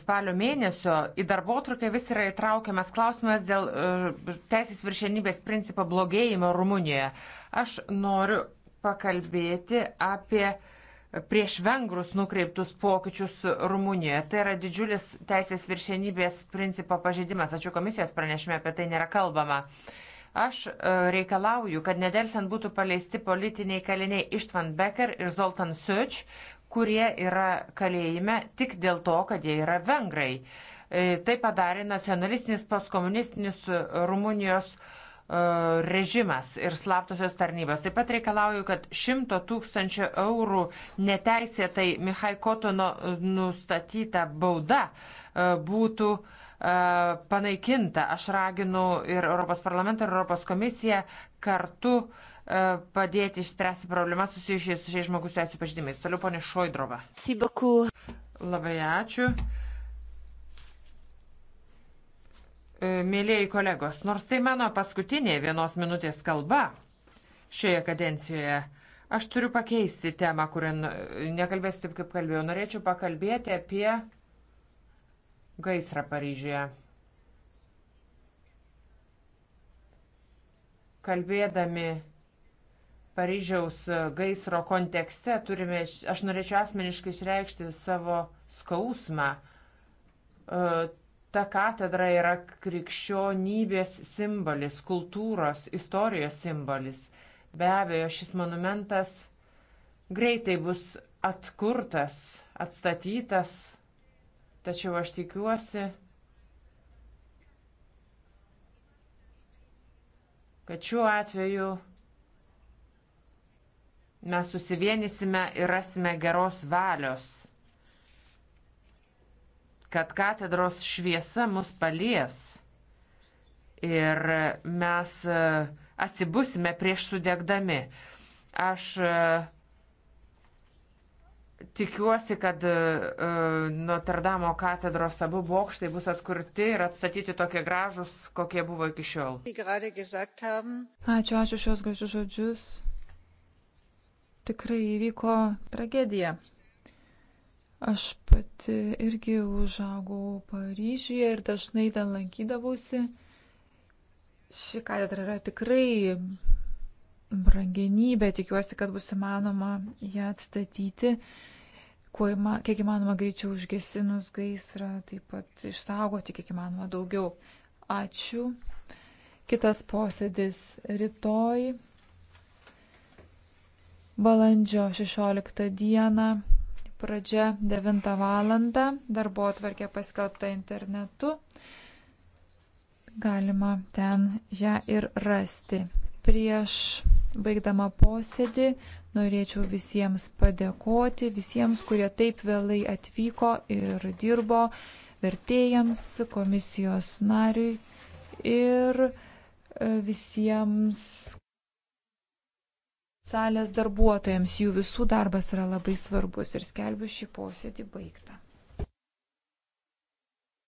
spalio mėnesio į darbo trukę vis yra įtraukiamas klausimas dėl e, teisės viršenybės principo blogėjimo Rumunijoje. Aš noriu pakalbėti apie prieš vengrus nukreiptus pokyčius Rumunijoje. Tai yra didžiulis teisės viršenybės principo pažeidimas. Ačiū komisijos pranešime, apie tai nėra kalbama. Uh, Aš e, reikalauju, kad nedelsiant būtų paleisti politiniai kaliniai Ištvan Becker ir Zoltan Suč, kurie yra kalėjime tik dėl to, kad jie yra vengrai. E, tai padarė nacionalistinis postkomunistinis e, Rumunijos režimas ir slaptosios tarnybos. Taip pat reikalauju, kad 100 tūkstančių eurų neteisėtai Mihai Kotono nustatyta bauda būtų uh, panaikinta. Aš raginu ir Europos parlamentą, ir Europos komisiją kartu padėti išspręsti problemas susijusiai su šiais žmogus teisų pažydimais. Toliau ponė Šoidrova. Sibaku. Labai ačiū. E, Mėlėjai kolegos, nors tai mano paskutinė vienos minutės kalba šioje kadencijoje, aš turiu pakeisti temą, kurią nekalbėsiu taip, kaip kalbėjau. Norėčiau pakalbėti apie gaisrą Paryžiuje. Kalbėdami Paryžiaus gaisro kontekste turime, aš norėčiau asmeniškai išreikšti savo skausmą. E, ta katedra yra krikščionybės simbolis, kultūros, istorijos simbolis. Be abejo, šis monumentas greitai bus atkurtas, atstatytas, Tačiau aš tikiuosi, kad šiuo atveju mes susivienysime ir rasime geros valios, kad katedros šviesa mus palies ir mes e, atsibusime prieš sudėgdami. Aš e, Tikiuosi, kad e, e, Notre Dame katedros abu bokštai bus atkurti ir atstatyti tokie gražus, kokie buvo iki šiol. Ačiū, ačiū šios gražius žodžius. Tikrai įvyko tragedija. Aš pati irgi užaugau Paryžiuje ir dažnai ten lankydavausi. Ši katedra yra tikrai brangenybė, tikiuosi, kad bus įmanoma ją atstatyti kuo įma, kiek įmanoma greičiau užgesinus gaisrą, taip pat išsaugoti kiek įmanoma daugiau. Ačiū. Kitas posėdis rytoj, balandžio 16 dieną, pradžia 9 val. darbo atvarkė paskelbta internetu. Galima ten ją ir rasti. Prieš baigdama posėdį Norėčiau visiems padėkoti, visiems, kurie taip vėlai atvyko ir dirbo, vertėjams, komisijos nariui ir e, visiems salės darbuotojams. Jų visų darbas yra labai svarbus ir skelbiu šį posėdį baigtą.